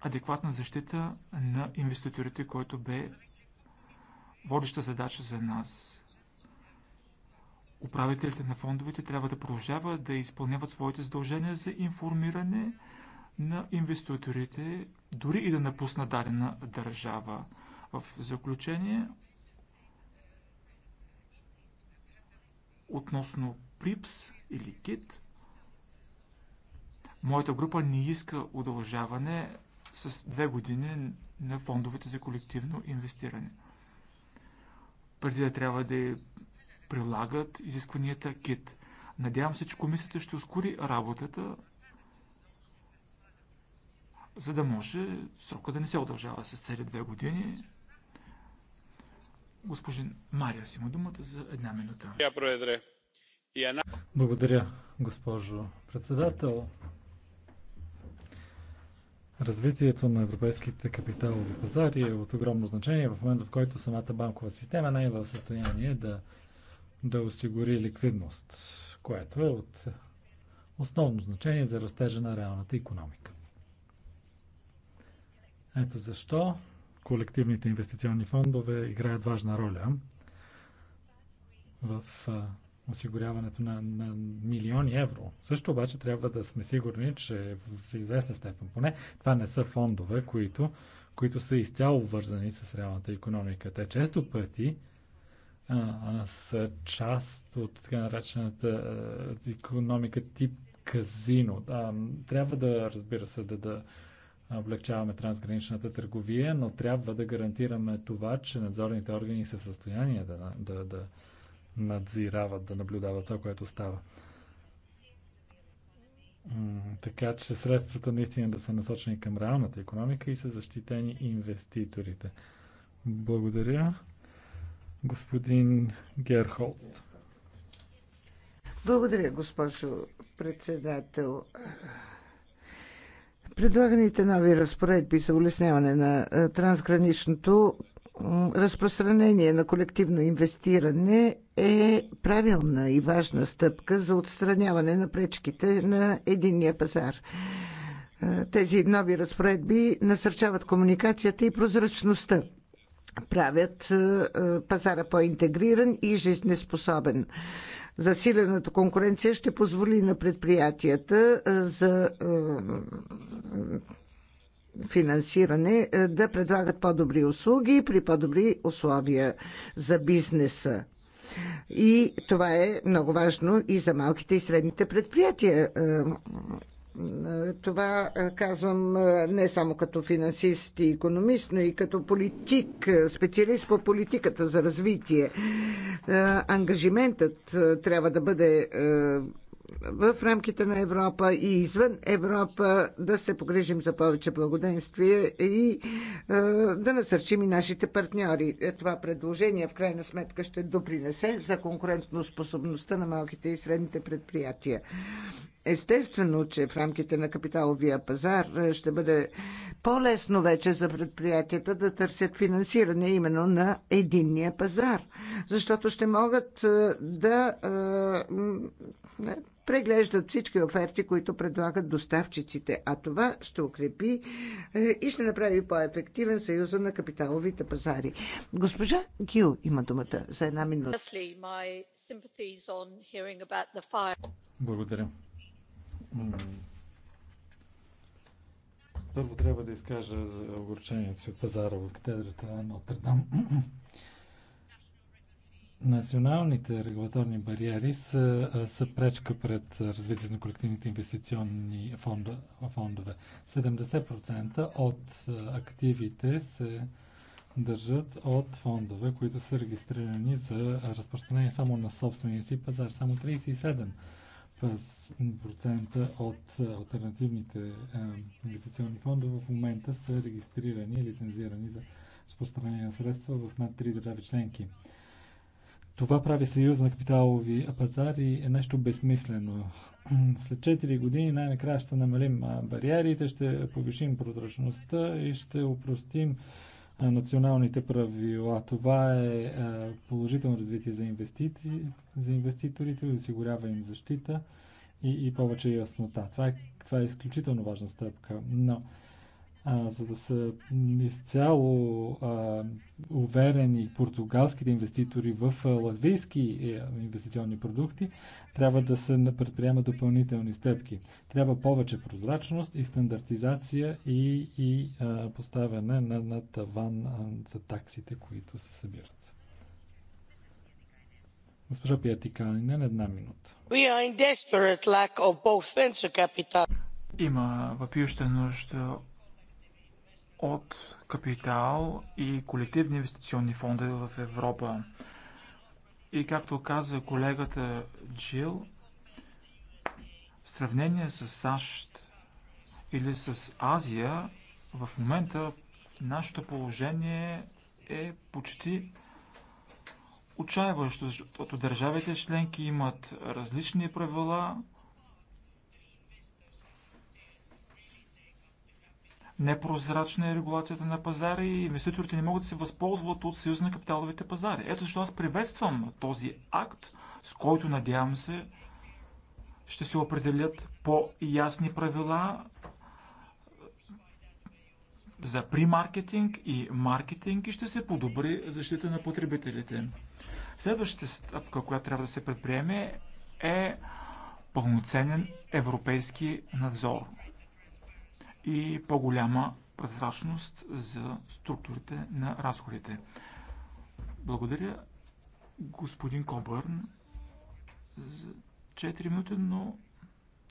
адекватна защита на инвеститорите, който бе водеща задача за нас. Управителите на фондовете трябва да продължават да изпълняват своите задължения за информиране на инвеститорите, дори и да напусна дадена държава. В заключение, относно ПРИПС или КИТ, моята група не иска удължаване с две години на фондовете за колективно инвестиране преди да трябва да прилагат изискванията КИТ. Надявам се, че комисията ще ускори работата, за да може срока да не се удължава с цели две години. Господин Мария си има думата за една минута. Благодаря, госпожо председател. Развитието на европейските капиталови пазари е от огромно значение в момента, в който самата банкова система не е в състояние да, да осигури ликвидност, което е от основно значение за растежа на реалната економика. Ето защо колективните инвестиционни фондове играят важна роля в осигуряването на, на милиони евро. Също обаче трябва да сме сигурни, че в известна степен поне това не са фондове, които, които са изцяло вързани с реалната економика. Те често пъти а, а, са част от така наречената а, економика тип казино. А, трябва да, разбира се, да, да облегчаваме трансграничната търговия, но трябва да гарантираме това, че надзорните органи са в състояние да, да, да надзирават, да наблюдават това, което става. Така че средствата наистина да са насочени към реалната економика и са защитени инвеститорите. Благодаря, господин Герхолд. Благодаря, госпожо председател. Предлаганите нови разпоредби за улесняване на трансграничното разпространение на колективно инвестиране е правилна и важна стъпка за отстраняване на пречките на единния пазар. Е, тези нови разпоредби насърчават комуникацията и прозрачността правят е, е, пазара по-интегриран и жизнеспособен. Засилената конкуренция ще позволи на предприятията за финансиране е, да предлагат по-добри услуги при по-добри условия за бизнеса. И това е много важно и за малките и средните предприятия. Е, е, това казвам не само като финансист и економист, но и като политик, специалист по политиката за развитие. Ангажиментът трябва да бъде в рамките на Европа и извън Европа да се погрижим за повече благоденствие и е, да насърчим и нашите партньори. Е, това предложение в крайна сметка ще допринесе за способността на малките и средните предприятия. Естествено, че в рамките на капиталовия пазар е, ще бъде по-лесно вече за предприятията да търсят финансиране именно на единния пазар, защото ще могат да преглеждат всички оферти, които предлагат доставчиците, а това ще укрепи е, и ще направи по-ефективен съюза на капиталовите пазари. Госпожа Гил има думата за една минута. Благодаря. Първо трябва да изкажа огорчението си от пазара в катедрата на Дам. Националните регулаторни бариери са, са пречка пред развитието на колективните инвестиционни фондове. 70% от активите се държат от фондове, които са регистрирани за разпространение само на собствения си пазар. Само 37% от альтернативните инвестиционни фондове в момента са регистрирани и лицензирани за разпространение на средства в над 3 държави членки. Това прави съюз на капиталови пазари е нещо безсмислено. След 4 години най-накрая ще намалим бариерите, ще повишим прозрачността и ще упростим националните правила. Това е положително развитие за, инвестити, за инвеститорите и осигурява им защита и, и повече яснота. Това е, това е изключително важна стъпка. Но а, за да са изцяло а, уверени португалските инвеститори в латвийски е, инвестиционни продукти, трябва да се предприемат допълнителни стъпки. Трябва повече прозрачност и стандартизация и, и а, поставяне на, на таван за таксите, които се събират. Госпожа Пиятиканин, една минута. Има въпиюща нужда от капитал и колективни инвестиционни фондове в Европа. И както каза колегата Джил, в сравнение с САЩ или с Азия, в момента нашето положение е почти отчаяващо, защото държавите членки имат различни правила, непрозрачна е регулацията на пазара и инвеститорите не могат да се възползват от съюза на капиталовите пазари. Ето защо аз приветствам този акт, с който надявам се ще се определят по-ясни правила за примаркетинг и маркетинг и ще се подобри защита на потребителите. Следващата стъпка, която трябва да се предприеме е пълноценен европейски надзор – и по-голяма прозрачност за структурите на разходите. Благодаря господин Кобърн за 4 минути, но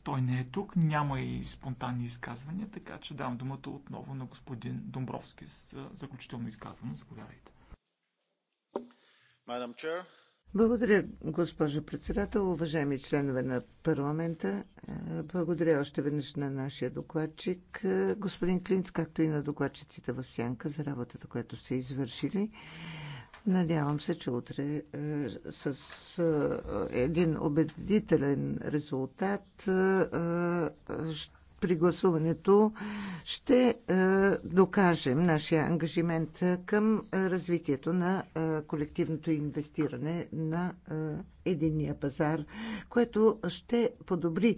той не е тук, няма и спонтанни изказвания, така че дам думата отново на господин Домбровски за заключително изказване. Заповядайте. Madam Chair, благодаря, госпожо председател, уважаеми членове на парламента. Е, благодаря още веднъж на нашия докладчик, е, господин Клинц, както и на докладчиците в Сянка за работата, която са извършили. Надявам се, че утре е, с един убедителен резултат ще при гласуването ще е, докажем нашия ангажимент към развитието на е, колективното инвестиране на е, единния пазар, което ще подобри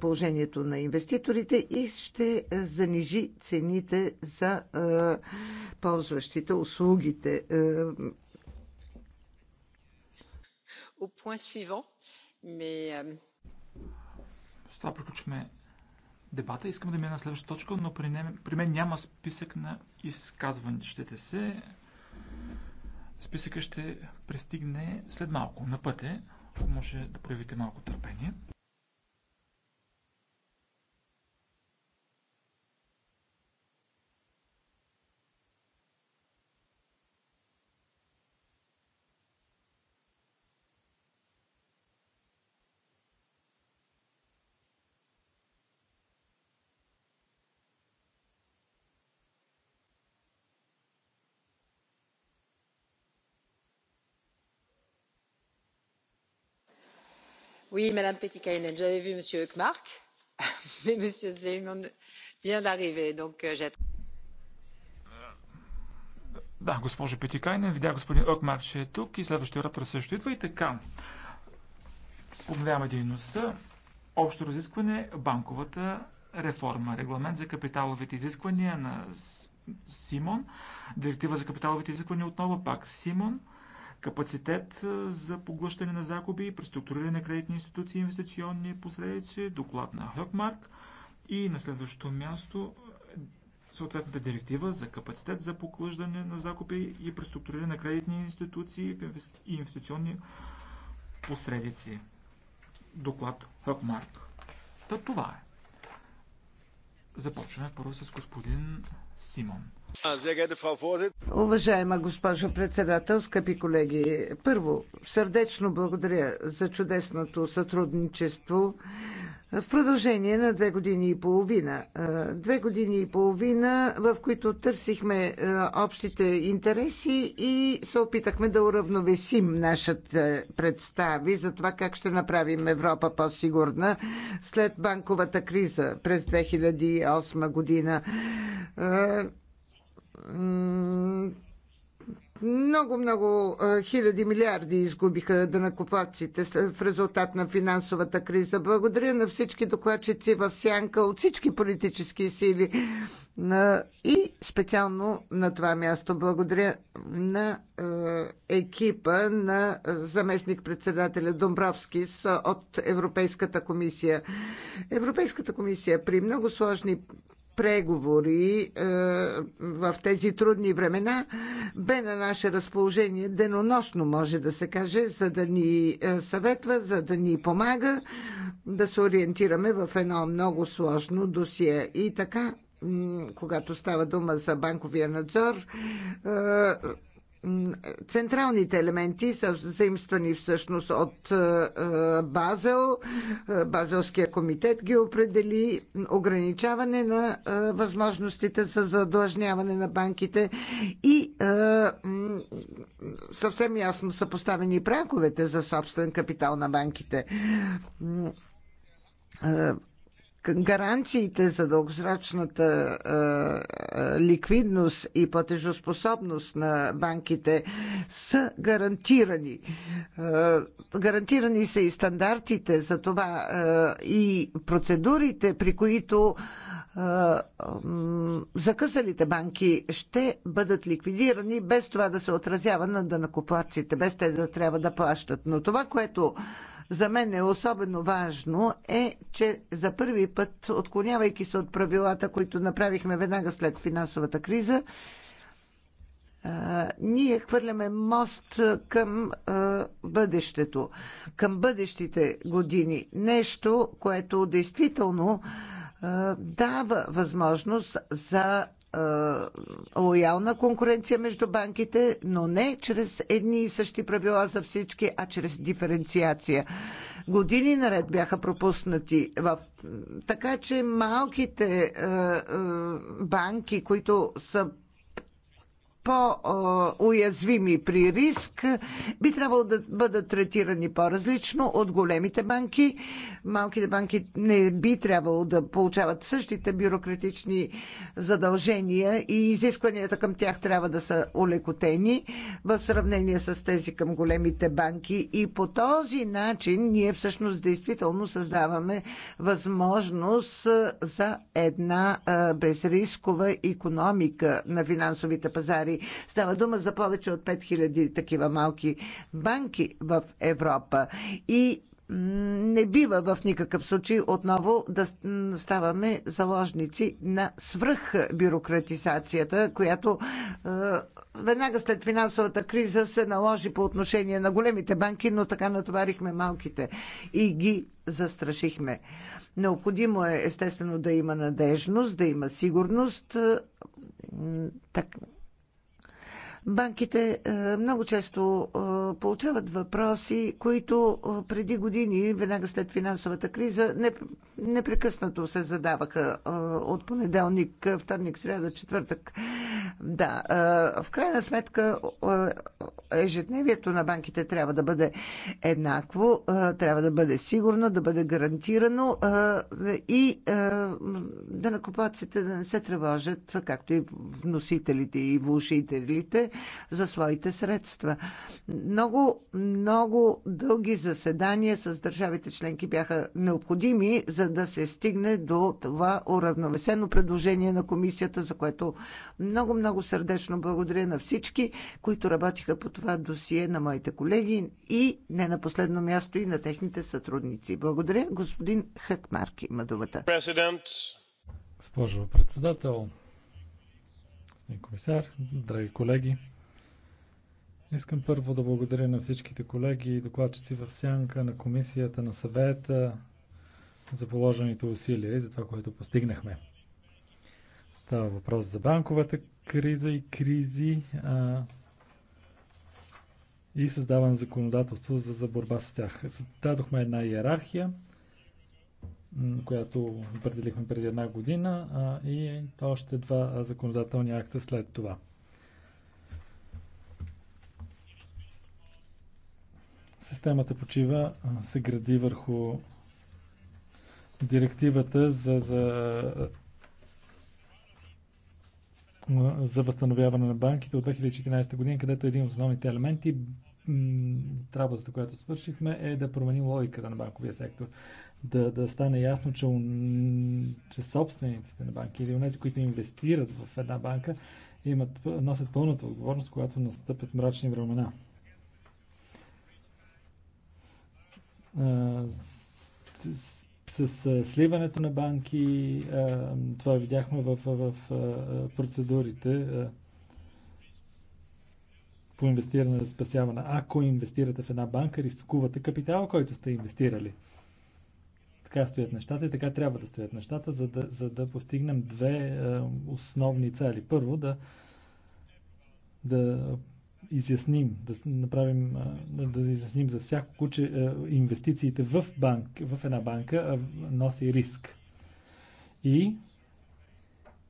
положението на инвеститорите и ще занижи цените за ползващите услугите. Au euh, С това приключваме дебата. Искам да мина на следващата точка, но при, не, при мен няма списък на изказващите се. Списъка ще пристигне след малко. На пътя, ако може да проявите малко търпение. oui madame pietikinen j'avais vu monsieur hkmark mais monsieur simon vient d'arriver donc euh, j'ai. Да, госпожо видях господин Окмар, че е тук и следващия също идва и така. Общо разискване банковата реформа. Регламент за капиталовите изисквания на Симон. Директива за капиталовите изисквания отново пак Симон капацитет за поглъщане на загуби, преструктуриране на кредитни институции и инвестиционни посредици, доклад на Хъкмарк и на следващото място съответната директива за капацитет за поглъждане на закупи и преструктуриране на кредитни институции и инвестиционни посредици. Доклад Хъкмарк. Та това е. Започваме първо с господин Симон. Уважаема госпожо председател, скъпи колеги, първо сърдечно благодаря за чудесното сътрудничество в продължение на две години и половина. Две години и половина, в които търсихме общите интереси и се опитахме да уравновесим нашите представи за това как ще направим Европа по-сигурна след банковата криза през 2008 година много, много хиляди милиарди изгубиха дънакоплатците в резултат на финансовата криза. Благодаря на всички докладчици в Сянка от всички политически сили и специално на това място благодаря на екипа на заместник-председателя Домбровски от Европейската комисия. Европейската комисия при много сложни преговори е, в тези трудни времена бе на наше разположение денонощно, може да се каже, за да ни е, съветва, за да ни помага да се ориентираме в едно много сложно досие. И така, когато става дума за банковия надзор, е, централните елементи са заимствани всъщност от е, е, Базел. Е, Базелския комитет ги определи ограничаване на възможностите за задлъжняване на банките и съвсем ясно са поставени праговете за собствен капитал на банките гаранциите за дългосрочната е, ликвидност и платежоспособност на банките са гарантирани. Е, гарантирани са и стандартите за това е, и процедурите, при които е, закъсалите банки ще бъдат ликвидирани без това да се отразява на данакоплаците, без те да трябва да плащат. Но това, което за мен е особено важно е, че за първи път, отклонявайки се от правилата, които направихме веднага след финансовата криза, ние хвърляме мост към а, бъдещето, към бъдещите години. Нещо, което действително а, дава възможност за е, лоялна конкуренция между банките, но не чрез едни и същи правила за всички, а чрез диференциация. Години наред бяха пропуснати в... Така че малките е, е, банки, които са по-уязвими при риск, би трябвало да бъдат третирани по-различно от големите банки. Малките банки не би трябвало да получават същите бюрократични задължения и изискванията към тях трябва да са улекотени в сравнение с тези към големите банки. И по този начин ние всъщност действително създаваме възможност за една безрискова економика на финансовите пазари. Става дума за повече от 5000 такива малки банки в Европа. И не бива в никакъв случай отново да ставаме заложници на свръхбюрократизацията, която е, веднага след финансовата криза се наложи по отношение на големите банки, но така натоварихме малките и ги застрашихме. Необходимо е естествено да има надежност, да има сигурност. Так, Банките е, много често е, получават въпроси, които е, преди години, веднага след финансовата криза, непрекъснато се задаваха от понеделник, вторник, сряда, четвъртък. Да, в крайна сметка ежедневието на банките трябва да бъде еднакво, трябва да бъде сигурно, да бъде гарантирано и да накопаците да не се тревожат, както и вносителите и влушителите за своите средства. Много, много дълги заседания с държавите членки бяха необходими, за да се стигне до това уравновесено предложение на комисията, за което много, много сърдечно благодаря на всички, които работиха по това досие на моите колеги и не на последно място и на техните сътрудници. Благодаря. Господин Хакмарки има думата. Госпожо председател, господин комисар, драги колеги. Искам първо да благодаря на всичките колеги и докладчици в Сянка, на комисията, на съвета за положените усилия и за това, което постигнахме. Става въпрос за банковата криза и кризи а, и създаване законодателство за, за борба с тях. Дадохме една иерархия – която определихме преди една година а, и още два законодателни акта след това. Системата почива, се гради върху директивата за, за, за възстановяване на банките от 2014 година, където един от основните елементи работата, която свършихме, е да променим логиката на банковия сектор да, да стане ясно, че, че собствениците на банки или тези, които инвестират в една банка, имат, носят пълната отговорност, когато настъпят мрачни времена. С, с, с, сливането на банки, това видяхме в, в, в процедурите по инвестиране за спасяване. Ако инвестирате в една банка, рискувате капитала, който сте инвестирали. Така стоят нещата и така трябва да стоят нещата, за да, за да постигнем две а, е, основни цели. Първо, да, да изясним, да направим, е, да изясним за всяко куче е, инвестициите в, банк, в една банка носи риск. И,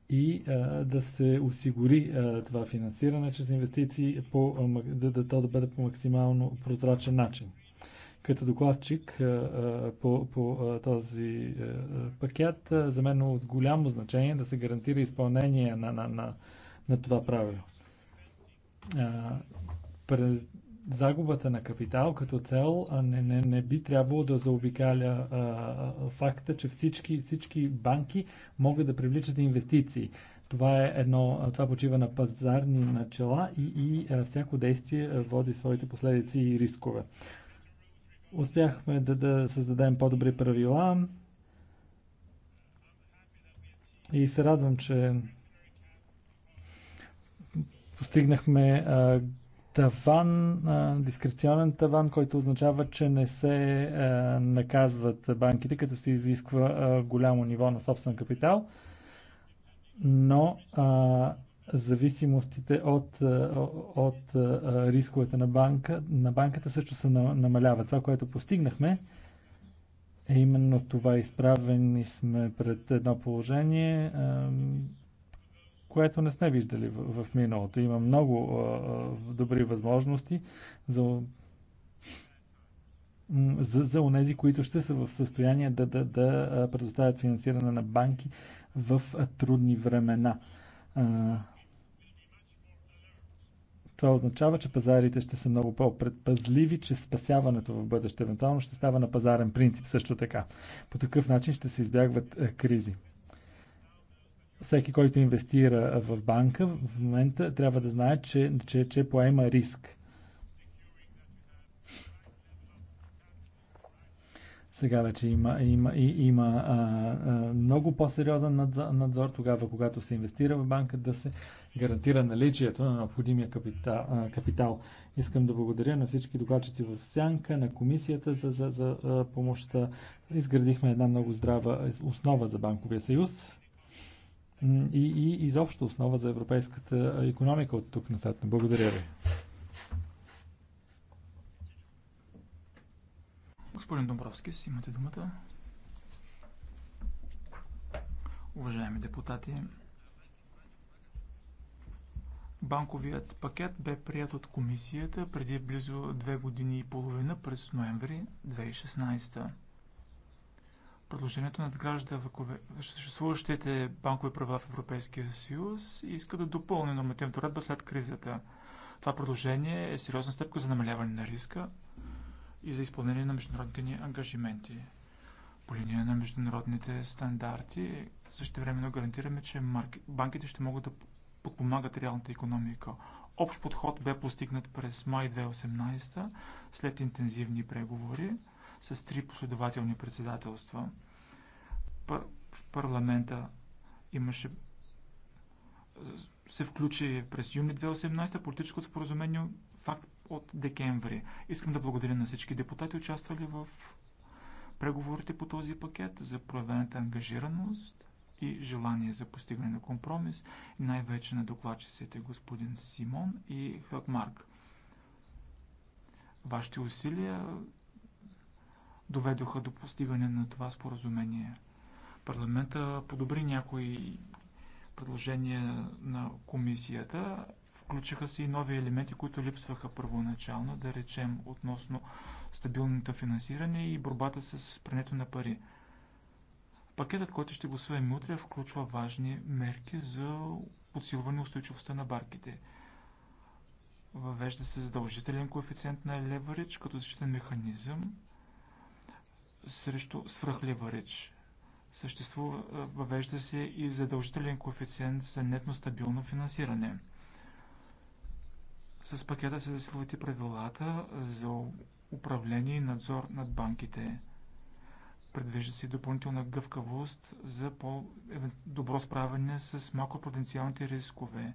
и да се осигури това финансиране чрез инвестиции, по, да, да то да бъде по максимално прозрачен начин. Като докладчик по, по този пакет, за мен е от голямо значение да се гарантира изпълнение на, на, на, на това правило. Пред загубата на капитал като цел не, не, не би трябвало да заобикаля а, а, факта, че всички, всички банки могат да привличат инвестиции. Това, е едно, това почива на пазарни начала и, и а, всяко действие води своите последици и рискове. Успяхме да, да създадем по-добри правила и се радвам, че постигнахме а, таван, а, дискреционен таван, който означава, че не се а, наказват банките, като се изисква а, голямо ниво на собствен капитал, но а, зависимостите от, е, от е, е, рисковете на, банка, на банката също се намалява. Това, което постигнахме, е именно това. Изправени сме пред едно положение, което не сме виждали в, в миналото. Има много добри възможности за за, за онези, които ще са в състояние да, да, да предоставят финансиране на банки в трудни времена. А, това означава, че пазарите ще са много по-предпазливи, че спасяването в бъдеще евентуално ще става на пазарен принцип също така. По такъв начин ще се избягват е, кризи. Всеки, който инвестира в банка, в момента трябва да знае, че, че, че поема риск Сега вече има, има, и, има а, а, много по-сериозен надзор, надзор тогава, когато се инвестира в банка, да се гарантира наличието на необходимия капитал. А, капитал. Искам да благодаря на всички докладчици в Сянка, на комисията за, за, за а, помощта. Изградихме една много здрава основа за Банковия съюз и, и изобщо основа за европейската економика от тук насетне. Благодаря ви. Господин Домбровски, си имате думата. Уважаеми депутати, банковият пакет бе прият от комисията преди близо две години и половина през ноември 2016. Предложението надгражда съществуващите банкови права в Европейския съюз и иска да допълни нормативната уредба след кризата. Това предложение е сериозна стъпка за намаляване на риска, и за изпълнение на международните ни ангажименти. По линия на международните стандарти същевременно гарантираме, че банките ще могат да подпомагат реалната економика. Общ подход бе постигнат през май 2018 след интензивни преговори с три последователни председателства. В парламента имаше се включи през юни 2018 политическо споразумение факт от декември. Искам да благодаря на всички депутати, участвали в преговорите по този пакет за проявената ангажираност и желание за постигане на компромис, най-вече на докладчиците господин Симон и Хакмарк. Вашите усилия доведоха до постигане на това споразумение. Парламента подобри някои предложения на комисията, Включиха се и нови елементи, които липсваха първоначално, да речем относно стабилното финансиране и борбата с прането на пари. Пакетът, който ще гласуваме утре, включва важни мерки за подсилване устойчивостта на барките. Въвежда се задължителен коефициент на леверидж като защитен механизъм срещу свръхлеверидж. Съществува, въвежда се и задължителен коефициент за нетно стабилно финансиране – с пакета се засилват и правилата за управление и надзор над банките. Предвижда се и допълнителна гъвкавост за по-добро справяне с макропотенциалните рискове.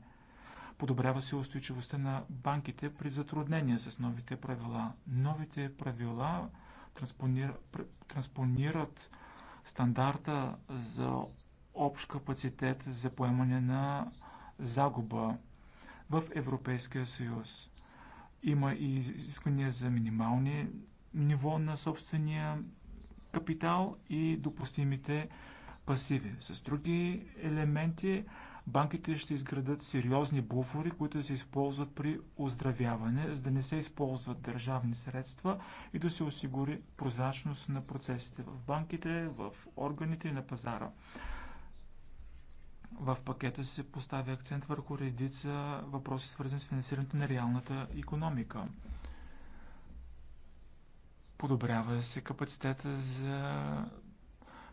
Подобрява се устойчивостта на банките при затруднения с новите правила. Новите правила транспонира, транспонират стандарта за общ капацитет за поемане на загуба в Европейския съюз. Има и изисквания за минимални ниво на собствения капитал и допустимите пасиви. С други елементи банките ще изградат сериозни буфери, които се използват при оздравяване, за да не се използват държавни средства и да се осигури прозрачност на процесите в банките, в органите и на пазара. В пакета се поставя акцент върху редица въпроси, свързани с финансирането на реалната економика. Подобрява се капацитета за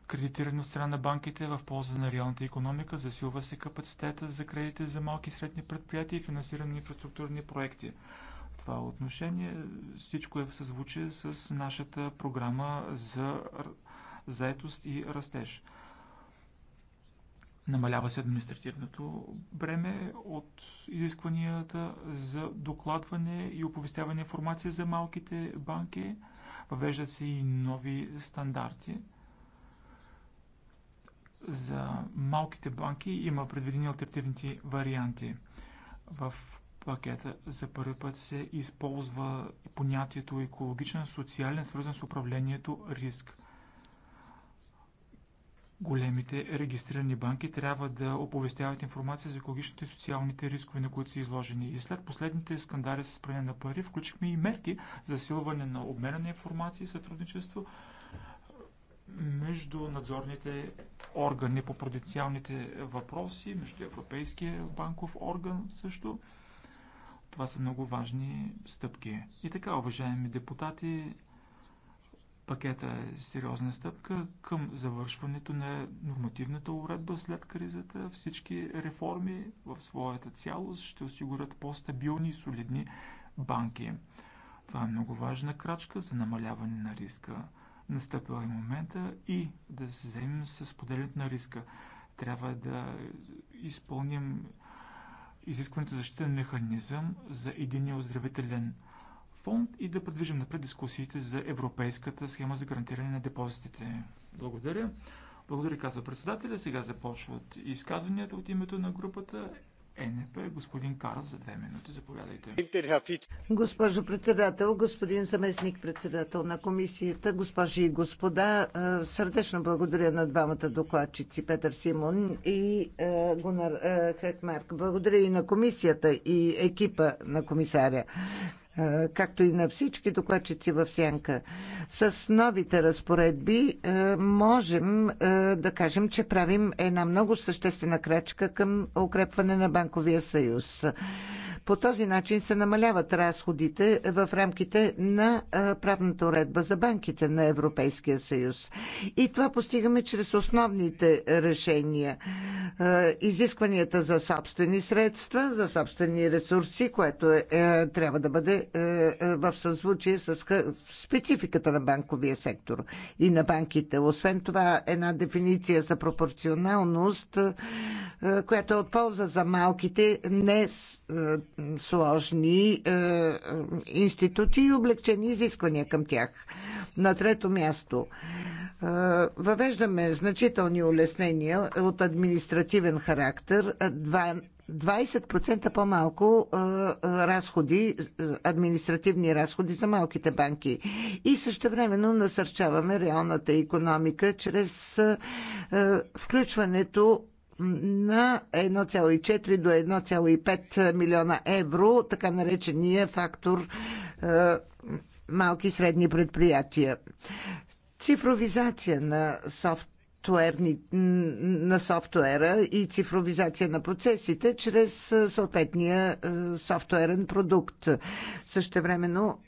кредитиране от страна на банките в полза на реалната економика, засилва се капацитета за кредити за малки и средни предприятия и финансиране на инфраструктурни проекти. В това отношение всичко е в съзвучие с нашата програма за заетост и растеж. Намалява се административното бреме от изискванията за докладване и оповестяване информация за малките банки. Въвеждат се и нови стандарти. За малките банки има предвидени альтернативните варианти. В пакета за първи път се използва понятието екологичен, социален, свързан с управлението риск. Големите регистрирани банки трябва да оповестяват информация за екологичните и социалните рискове, на които са изложени. И след последните скандали с пране на пари, включихме и мерки за силване на обмена на информация и сътрудничество между надзорните органи по проденциалните въпроси, между Европейския банков орган също. Това са много важни стъпки. И така, уважаеми депутати, Пакета е сериозна стъпка към завършването на нормативната уредба след кризата. Всички реформи в своята цялост ще осигурят по-стабилни и солидни банки. Това е много важна крачка за намаляване на риска. Настъпил е момента и да се заемем с поделянето на риска. Трябва да изпълним изискването защитен механизъм за единия оздравителен фонд и да предвижим напред дискусиите за европейската схема за гарантиране на депозитите. Благодаря. Благодаря, казва председателя. Сега започват изказванията от името на групата ЕНП. Господин Кара за две минути. Заповядайте. Госпожо председател, господин заместник председател на комисията, госпожи и господа, е, сърдечно благодаря на двамата докладчици Петър Симон и е, Гунар е, Хекмарк. Благодаря и на комисията и екипа на комисаря както и на всички докладчици в Сянка. С новите разпоредби можем да кажем, че правим една много съществена крачка към укрепване на банковия съюз. По този начин се намаляват разходите в рамките на правната уредба за банките на Европейския съюз. И това постигаме чрез основните решения. Изискванията за собствени средства, за собствени ресурси, което е, е трябва да бъде е, е, в съзвучие с спецификата на банковия сектор и на банките. Освен това, една дефиниция за пропорционалност, която е от полза за малките, не сложни е, институти и облегчени изисквания към тях. На трето място, е, въвеждаме значителни улеснения от административен характер. 20% по-малко е, разходи, административни разходи за малките банки. И също времено насърчаваме реалната економика чрез включването на 1,4 до 1,5 милиона евро, така наречения фактор е, малки и средни предприятия. Цифровизация на софт на софтуера и цифровизация на процесите чрез е, съответния е, софтуерен продукт. Същевременно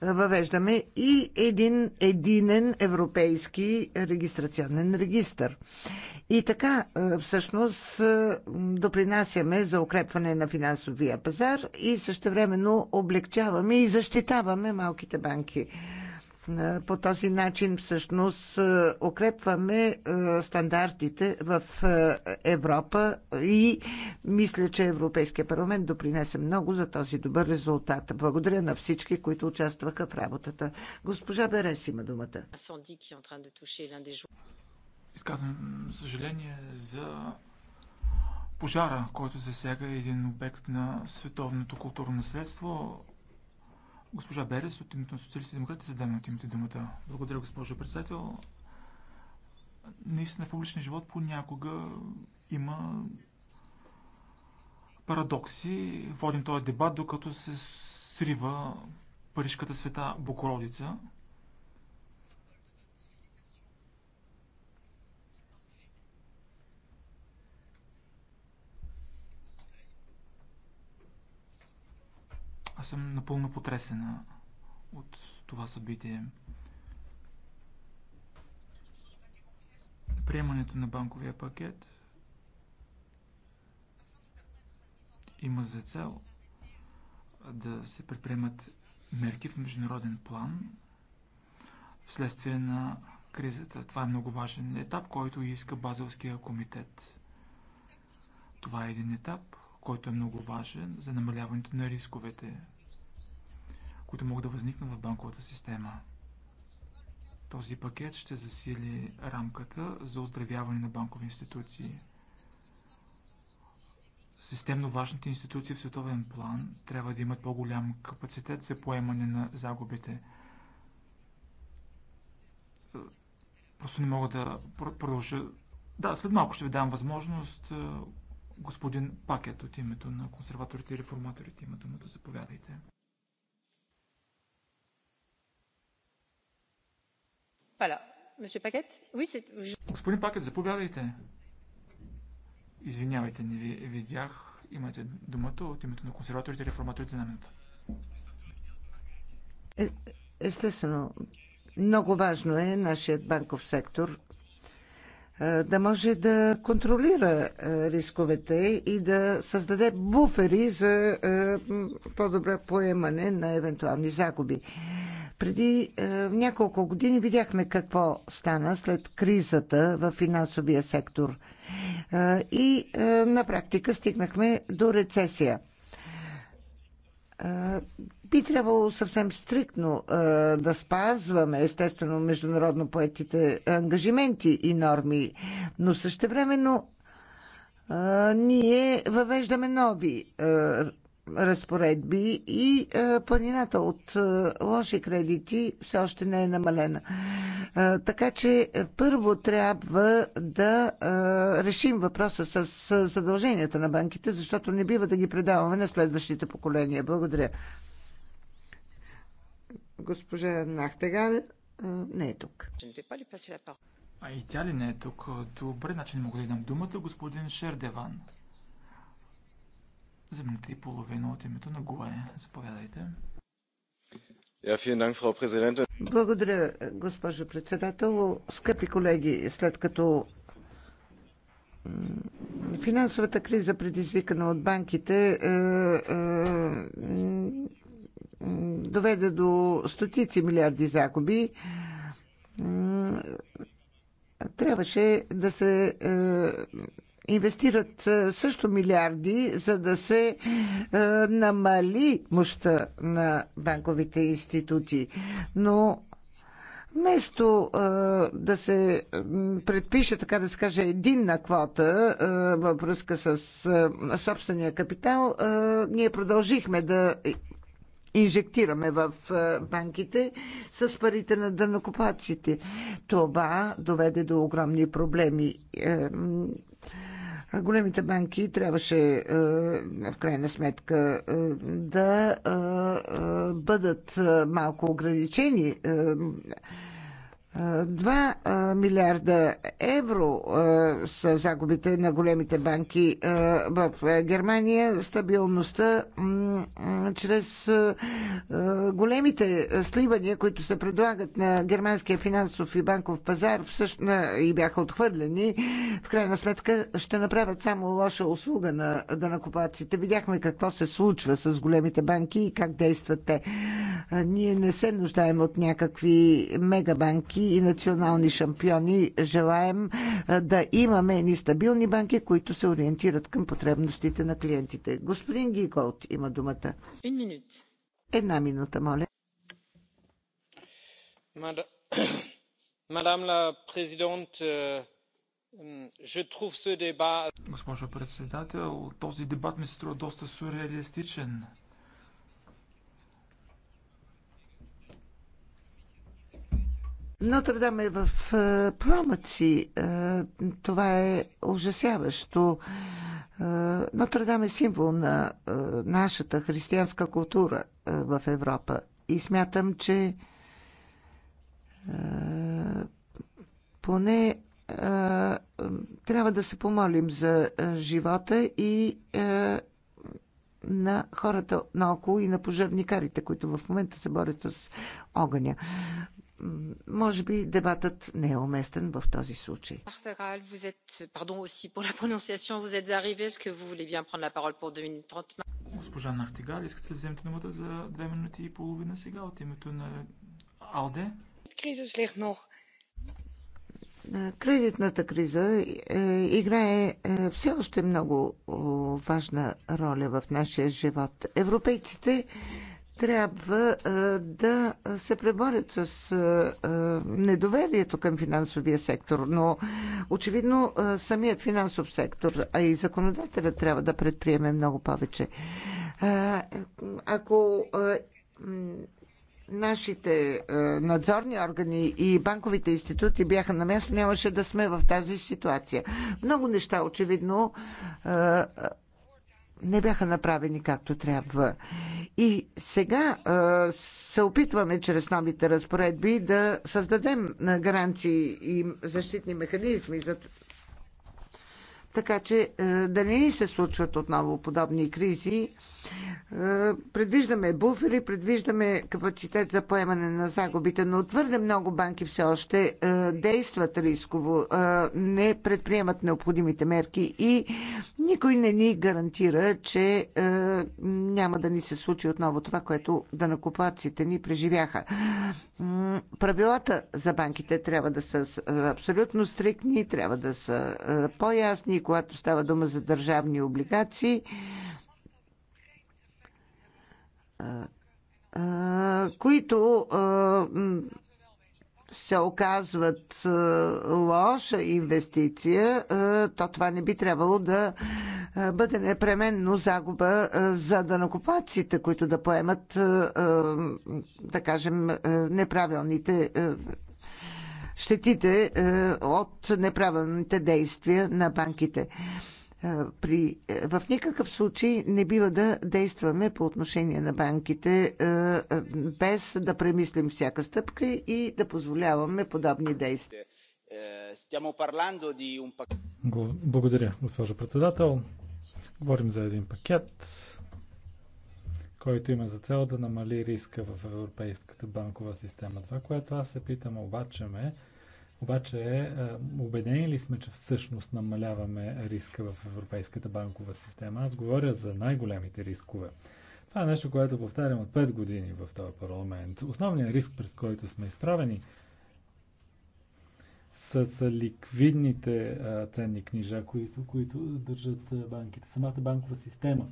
въвеждаме и един единен европейски регистрационен регистр. И така, е, всъщност, е, допринасяме за укрепване на финансовия пазар и същевременно облегчаваме и защитаваме малките банки. Е, по този начин всъщност е, укрепваме е, стандартите в Европа и мисля, че Европейския парламент допринесе много за този добър резултат. Благодаря на всички, които участваха в работата. Госпожа Берес има думата. Изказвам съжаление за пожара, който засяга един обект на световното културно наследство, Госпожа Берес от името на социалистите демократи за две минути имате думата. Благодаря, госпожо председател. Наистина в публичния живот понякога има парадокси. Водим този дебат, докато се срива Парижката света Богородица – Аз съм напълно потресена от това събитие. Приемането на банковия пакет има за цел да се предприемат мерки в международен план вследствие на кризата. Това е много важен етап, който иска базовския комитет. Това е един етап, който е много важен за намаляването на рисковете, които могат да възникнат в банковата система. Този пакет ще засили рамката за оздравяване на банкови институции. Системно важните институции в световен план трябва да имат по-голям капацитет за поемане на загубите. Просто не мога да продължа. Да, след малко ще ви дам възможност, Господин Пакет от името на консерваторите и реформаторите има думата. Заповядайте. Господин Пакет, заповядайте. Извинявайте, не ви видях. Имате думата от името на консерваторите и реформаторите на минута. Е, естествено, много важно е нашият банков сектор е, да може да контролира е, рисковете и да създаде буфери за е, по добре поемане на евентуални загуби. Преди няколко години видяхме какво стана след кризата в финансовия сектор. и на практика стигнахме до рецесия би трябвало съвсем стриктно да спазваме, естествено, международно поетите ангажименти и норми, но същевременно ние въвеждаме нови разпоредби и е, планината от е, лоши кредити все още не е намалена. Е, така че първо трябва да решим въпроса с задълженията на банките, защото не бива да ги предаваме на следващите поколения. Благодаря. Госпожа Нахтегар не е тук. А и тя ли не е тук? Добре, значи не мога да дам думата. Господин Шердеван за минута и половина от името на ГУЕ. Заповядайте. Благодаря, госпожо председател. Скъпи колеги, след като финансовата криза, предизвикана от банките, е, е, доведе до стотици милиарди загуби, трябваше да се е, инвестират също милиарди, за да се намали мощта на банковите институти. Но Вместо да се предпише, така да се каже, единна квота във връзка с собствения капитал, ние продължихме да инжектираме в банките с парите на дънокопаците. Това доведе до огромни проблеми. Големите банки трябваше е, в крайна сметка е, да е, бъдат малко ограничени 2 милиарда евро с загубите на големите банки в Германия. Стабилността чрез големите сливания, които се предлагат на германския финансов и банков пазар всъщност, и бяха отхвърлени, в крайна сметка ще направят само лоша услуга на данакопаците. Видяхме какво се случва с големите банки и как действат те. Ние не се нуждаем от някакви мегабанки, банки и национални шампиони. Желаем да имаме едни стабилни банки, които се ориентират към потребностите на клиентите. Господин Гиголд има думата. Една минута, моля. Мадам ла президент, е, Госпожо председател, този дебат ми се струва доста сюрреалистичен. Нотрдам е в е, пламъци. Е, това е ужасяващо. Е, Нотрдам е символ на нашата християнска култура в Европа. И смятам, че поне трябва да се помолим за живота и на хората наоколо и на пожарникарите, които в момента се борят с огъня може би дебатът не е уместен в този случай. Госпожа Нахтигал, искате ли вземете думата за две минути и половина сега от името на АЛДЕ? Е, кредитната криза е, играе е, все още много важна роля в нашия живот. Европейците трябва да се преборят с недоверието към финансовия сектор, но очевидно самият финансов сектор, а и законодателят трябва да предприеме много повече. Ако нашите надзорни органи и банковите институти бяха на място, нямаше да сме в тази ситуация. Много неща очевидно не бяха направени както трябва. И сега се опитваме чрез новите разпоредби да създадем гаранции и защитни механизми за така че да не ни се случват отново подобни кризи е, предвиждаме буфери, предвиждаме капацитет за поемане на загубите, но твърде много банки все още е, действат рисково, е, не предприемат необходимите мерки и никой не ни гарантира, че няма да ни се случи отново това, което накупаците ни преживяха. Правилата за банките трябва да са абсолютно стриктни, трябва да са по-ясни, когато става дума за държавни облигации които се оказват лоша инвестиция, то това не би трябвало да бъде непременно загуба за данокопаците, които да поемат, да кажем, неправилните щетите от неправилните действия на банките. Е, при, е, в никакъв случай не бива да действаме по отношение на банките е, без да премислим всяка стъпка и да позволяваме подобни действия. Благодаря, госпожо председател. Говорим за един пакет, който има за цел да намали риска в европейската банкова система. Това, което аз се питам обаче ме, обаче, убедени е, е, ли сме, че всъщност намаляваме риска в Европейската банкова система? Аз говоря за най-големите рискове. Това е нещо, което повтарям от 5 години в този парламент. Основният риск, през който сме изправени, с е, ликвидните ценни книжа, които, които държат банките, самата банкова система,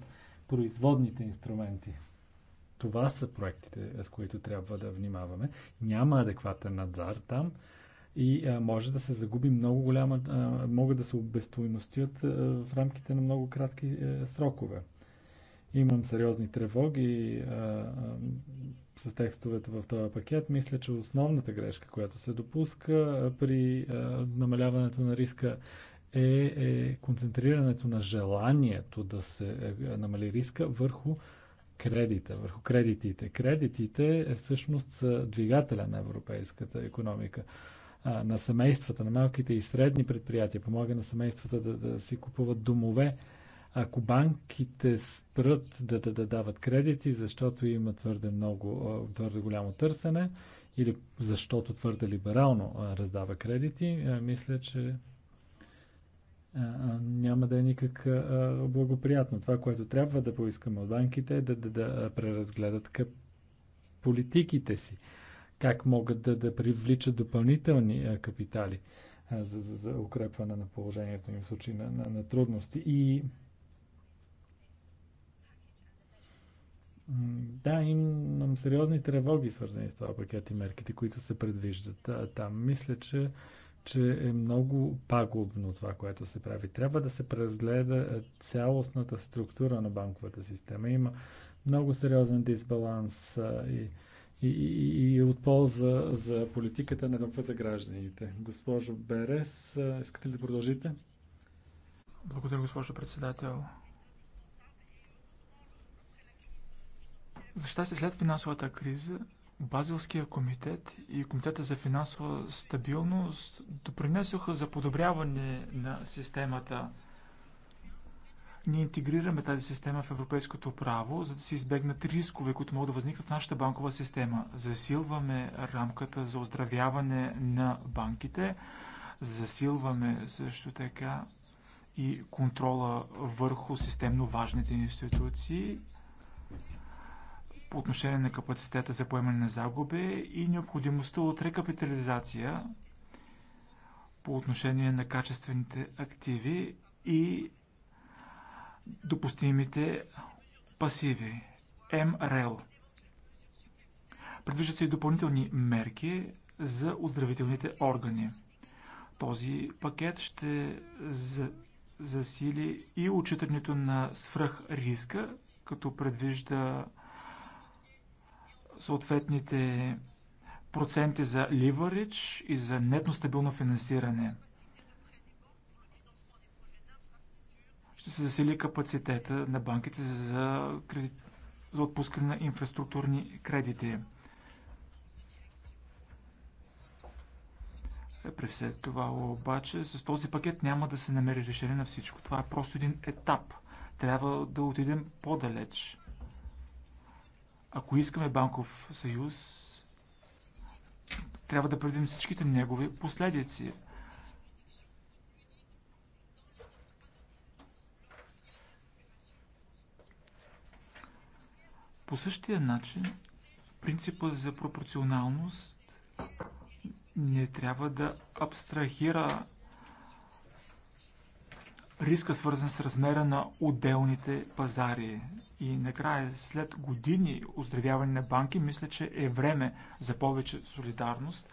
производните инструменти. Това са проектите, с които трябва да внимаваме. Няма адекватен надзор там и а, може да се загуби много голяма, а, могат да се обестойностят в рамките на много кратки а, е, срокове. Имам сериозни тревоги а, а, с текстовете в този пакет. Мисля, че основната грешка, която се допуска при а, намаляването на риска е, е концентрирането на желанието да се е, намали риска върху кредита, върху кредитите. Кредитите е всъщност са двигателя на европейската економика на семействата, на малките и средни предприятия, помага на семействата да, да си купуват домове. Ако банките спрат да, да, да дават кредити, защото има твърде много, твърде голямо търсене или защото твърде либерално раздава кредити, мисля, че няма да е никак благоприятно. Това, което трябва да поискаме от банките е да, да, да преразгледат политиките си как могат да, да привличат допълнителни капитали за, за, за укрепване на положението им в случай на, на, на трудности. И Да, имам сериозни тревоги, свързани с това пакет и мерките, които се предвиждат там. Мисля, че, че е много пагубно това, което се прави. Трябва да се преразгледа цялостната структура на банковата система. Има много сериозен дисбаланс и и, и, и от полза за политиката, на толкова за гражданите. Госпожо Берес, искате ли да продължите? Благодаря, госпожо председател. За щастие, след финансовата криза, Базилския комитет и Комитета за финансова стабилност допринесоха за подобряване на системата ние интегрираме тази система в европейското право, за да се избегнат рискове, които могат да възникнат в нашата банкова система. Засилваме рамката за оздравяване на банките, засилваме също така и контрола върху системно важните институции по отношение на капацитета за поемане на загуби и необходимостта от рекапитализация по отношение на качествените активи и допустимите пасиви МРЛ. Предвиждат се и допълнителни мерки за оздравителните органи. Този пакет ще засили и отчитането на свръхриска, като предвижда съответните проценти за ливарич и за нетно стабилно финансиране – ще се засили капацитета на банките за, кредит, за отпускане на инфраструктурни кредити. При все това обаче с този пакет няма да се намери решение на всичко. Това е просто един етап. Трябва да отидем по-далеч. Ако искаме банков съюз, трябва да предвидим всичките негови последици. По същия начин, принципът за пропорционалност не трябва да абстрахира риска, свързан с размера на отделните пазари. И накрая, след години оздравяване на банки, мисля, че е време за повече солидарност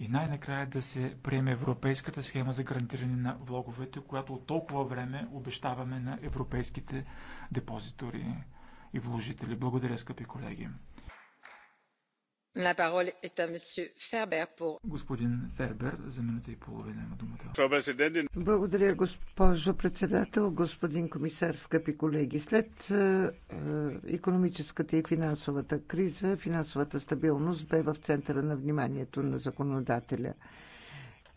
и най-накрая да се приеме европейската схема за гарантиране на влоговете, която от толкова време обещаваме на европейските депозитори и вложители. Благодаря, скъпи колеги. Господин Фербер, за минута и половина има думата. Благодаря, госпожо председател, господин комисар, скъпи колеги. След економическата е, и финансовата криза, финансовата стабилност бе в центъра на вниманието на законодателя.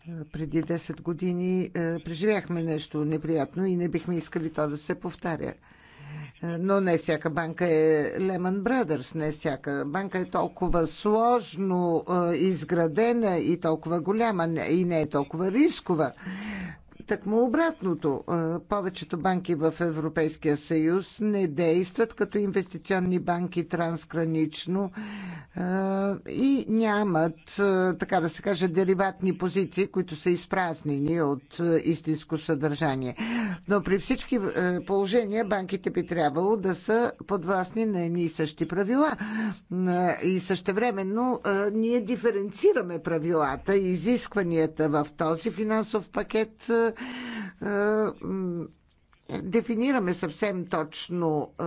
Е, преди 10 години е, преживяхме нещо неприятно и не бихме искали то да се повтаря. Е, но не всяка банка е Lehman Brothers, не всяка банка е толкова сложно е, изградена и толкова голяма и не е толкова рискова. Такмо обратното. Повечето банки в Европейския съюз не действат като инвестиционни банки трансгранично и нямат, така да се каже, дериватни позиции, които са изпразнени от истинско съдържание. Но при всички положения банките би трябвало да са подвластни на едни и същи правила. И същевременно ние диференцираме правилата и изискванията в този финансов пакет е, дефинираме съвсем точно е,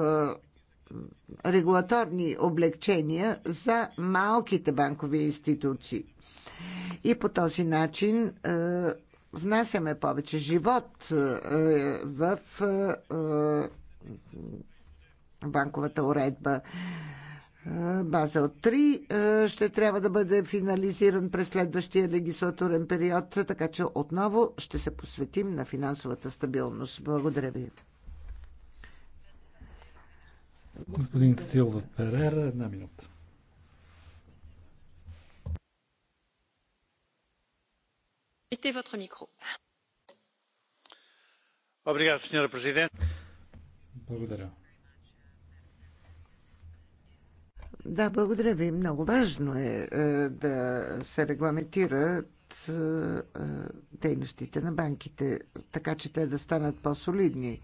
регулаторни облегчения за малките банкови институции. И по този начин е, внасяме повече живот в банковата уредба. Базел 3 е, ще трябва да бъде финализиран през следващия легислатурен период, така че отново ще се посветим на финансовата стабилност. Благодаря ви. Господин Силва Перера, една минута. Благодаря. Да, благодаря ви. Много важно е, е да се регламентират е, е, дейностите на банките, така че те да станат по-солидни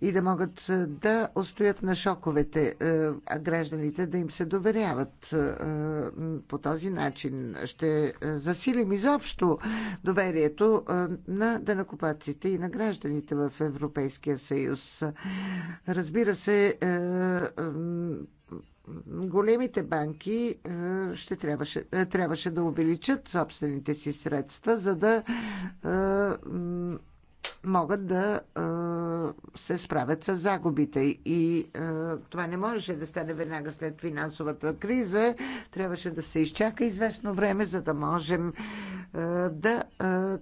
и да могат е, да устоят на шоковете, е, а гражданите да им се доверяват. Е, по този начин ще засилим изобщо доверието на данакопаците и на гражданите в Европейския съюз. Разбира се, големите банки е, ще трябваше, е, трябваше да увеличат собствените си средства, за да е, могат да се справят с загубите. И това не можеше да стане веднага след финансовата криза. Трябваше да се изчака известно време, за да можем да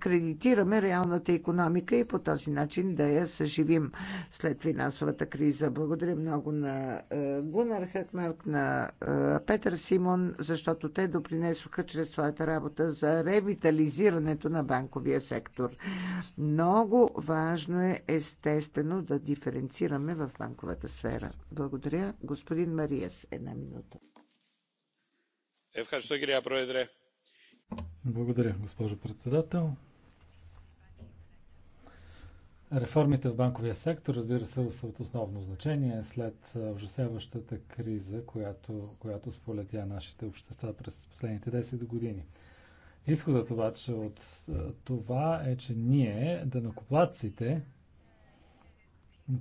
кредитираме реалната економика и по този начин да я съживим след финансовата криза. Благодаря много на Гунар Хакмарк, на Петър Симон, защото те допринесоха чрез своята работа за ревитализирането на банковия сектор. Много много важно е естествено да диференцираме в банковата сфера. Благодаря. Господин Мариес, една минута. Благодаря, госпожо председател. Реформите в банковия сектор, разбира се, са от основно значение след ужасяващата криза, която, която сполетя нашите общества през последните 10 години – Изходът обаче от това е, че ние, данокоплаците,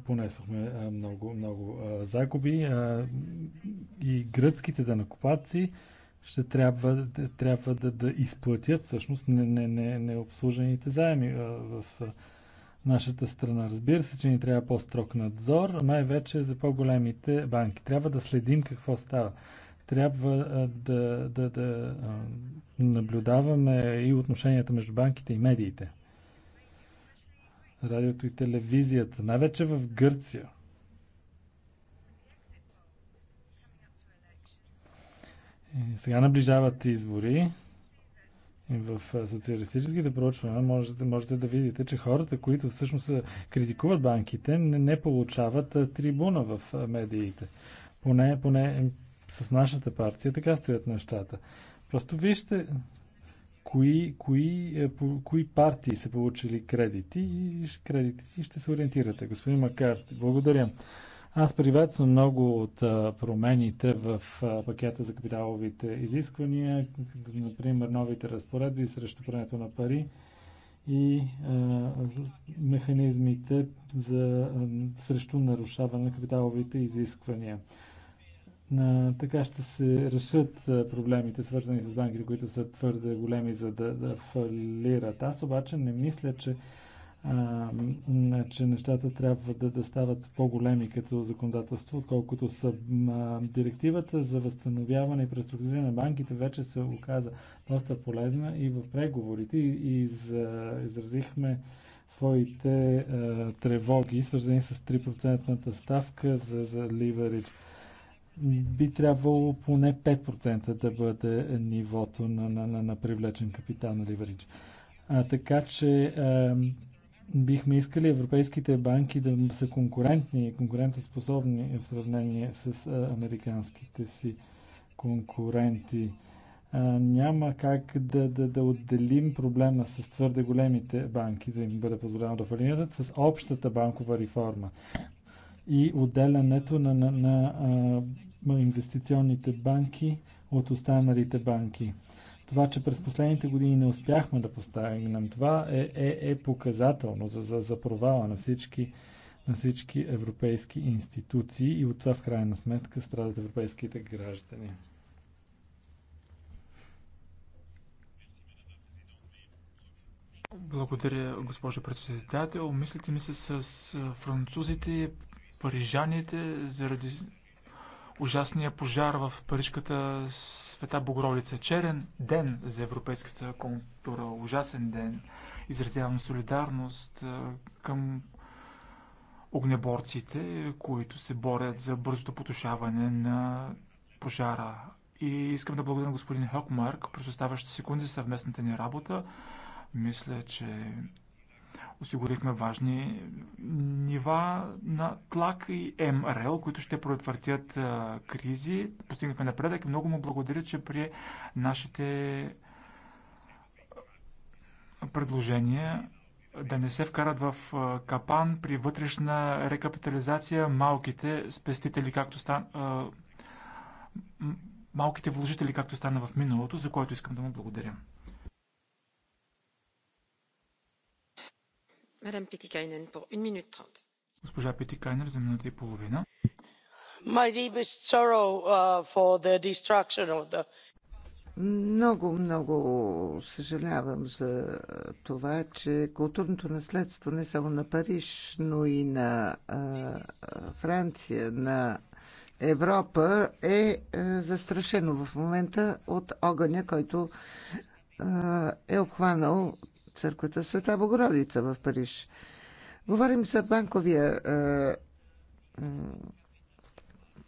понесохме много, много загуби и гръцките данокоплаци ще трябва, трябва да, да изплатят всъщност необслужените не, не заеми в нашата страна. Разбира се, че ни трябва по-строг надзор, най-вече за по-големите банки. Трябва да следим какво става. Трябва да, да, да наблюдаваме и отношенията между банките и медиите. Радиото и телевизията, най-вече в Гърция. И сега наближават избори и в социалистическите проучвания можете, можете да видите, че хората, които всъщност критикуват банките, не, не получават трибуна в медиите. Поне, поне с нашата партия така стоят нещата. Просто вижте кои, кои, е, кои партии са получили кредити и кредити ще се ориентирате. Господин Макарти, благодаря. Аз приветствам много от промените в пакета за капиталовите изисквания, например новите разпоредби срещу прането на пари и е, механизмите за, срещу нарушаване на капиталовите изисквания. На, така ще се решат проблемите, свързани с банките, които са твърде големи, за да, да фалират. Аз обаче не мисля, че, а, че нещата трябва да, да стават по-големи като законодателство, отколкото са. А, директивата за възстановяване и преструктуриране на банките вече се оказа доста полезна и в преговорите и, и за, изразихме своите а, тревоги, свързани с 3% ставка за, за ливеридж би трябвало поне 5% да бъде нивото на, на, на, на привлечен капитал на ливарич. А, така че а, бихме искали европейските банки да са конкурентни и конкурентоспособни в сравнение с а, е, американските си конкуренти. А, няма как да, да, да отделим проблема с твърде големите банки, да им бъде позволено да фалират, с общата банкова реформа и отделянето на, на, на, на инвестиционните банки от останалите банки. Това, че през последните години не успяхме да постигнем това, е, е, е показателно за, за, за провала на всички, на всички европейски институции и от това в крайна сметка страдат европейските граждани. Благодаря, госпожо председател. Мислите ми се с французите, парижаните заради ужасния пожар в парижката Света Богородица. Черен ден за европейската култура, ужасен ден. Изразявам солидарност към огнеборците, които се борят за бързото потушаване на пожара. И искам да благодаря господин Хокмарк, през оставащите секунди съвместната ни работа. Мисля, че Осигурихме важни нива на тлак и МРЛ, които ще предотвратят кризи. Постигнахме напредък и много му благодаря, че при нашите предложения да не се вкарат в капан при вътрешна рекапитализация малките спестители, както стан... малките вложители, както стана в миналото, за което искам да му благодаря. Госпожа Петикайнер за минута и половина. Uh, много, много съжалявам за това, че културното наследство не само на Париж, но и на а, Франция, на Европа е застрашено в момента от огъня, който е обхванал църквата Света Богородица в Париж. Говорим за банковия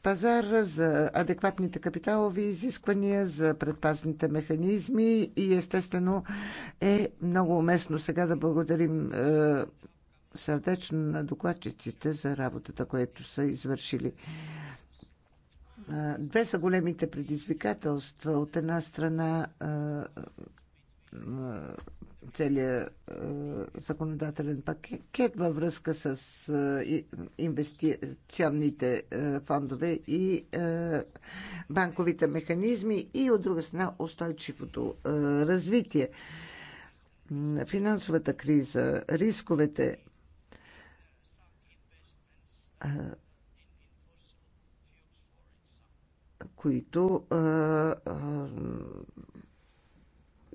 пазар, за адекватните капиталови изисквания, за предпазните механизми и естествено е много уместно сега да благодарим сърдечно на докладчиците за работата, която са извършили. Две са големите предизвикателства. От една страна целият е, законодателен пакет във връзка с е, инвестиционните е, фондове и банковите механизми и от друга страна устойчивото развитие. Финансовата криза, рисковете които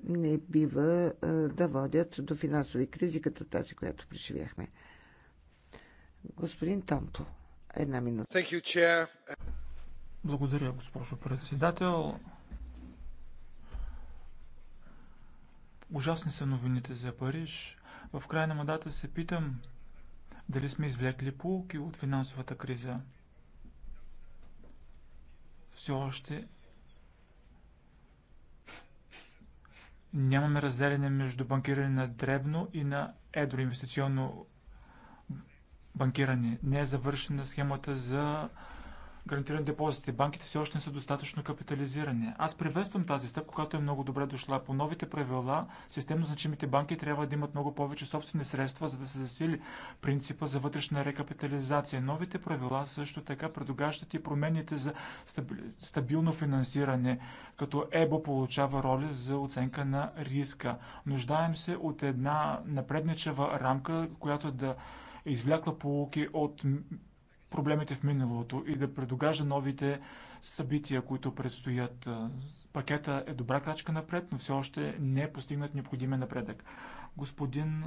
не бива да водят до финансови кризи, като тази, която преживяхме. Господин Томпо, една минута. Благодаря, госпожо председател. Ужасни са новините за Париж. В края на мандата се питам дали сме извлекли полуки от финансовата криза. Все още Нямаме разделение между банкиране на дребно и на едро инвестиционно банкиране. Не е завършена схемата за гарантирани депозити. Банките все още не са достатъчно капитализирани. Аз приветствам тази стъпка, която е много добре дошла. По новите правила, системно значимите банки трябва да имат много повече собствени средства, за да се засили принципа за вътрешна рекапитализация. Новите правила също така предогащат и промените за стабилно финансиране, като ЕБО получава роля за оценка на риска. Нуждаем се от една напредничава рамка, която да извлякла полуки от проблемите в миналото и да предогажда новите събития, които предстоят. Пакета е добра крачка напред, но все още не е постигнат необходимия напредък. Господин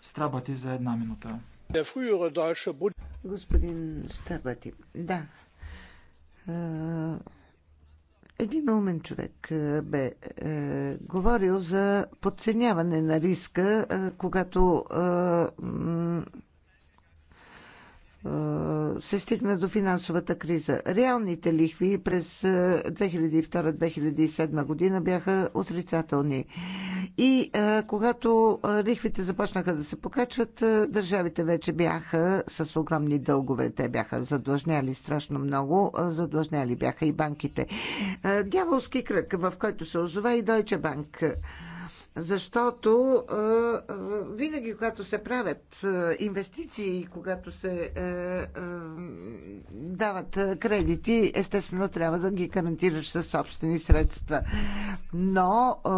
Страбати за една минута. Господин Страбати, да. Един умен човек бе говорил за подценяване на риска, когато е, се стигна до финансовата криза. Реалните лихви през 2002-2007 е, година бяха отрицателни. И е, когато лихвите започнаха да се покачват, държавите вече бяха с огромни дългове. Те бяха задлъжняли страшно много, задлъжняли бяха и банките. Дяволски кръг, в който се озова и Deutsche Bank защото а, а, винаги, когато се правят а, инвестиции и когато се а, а, дават а, кредити, естествено трябва да ги гарантираш със собствени средства. Но а,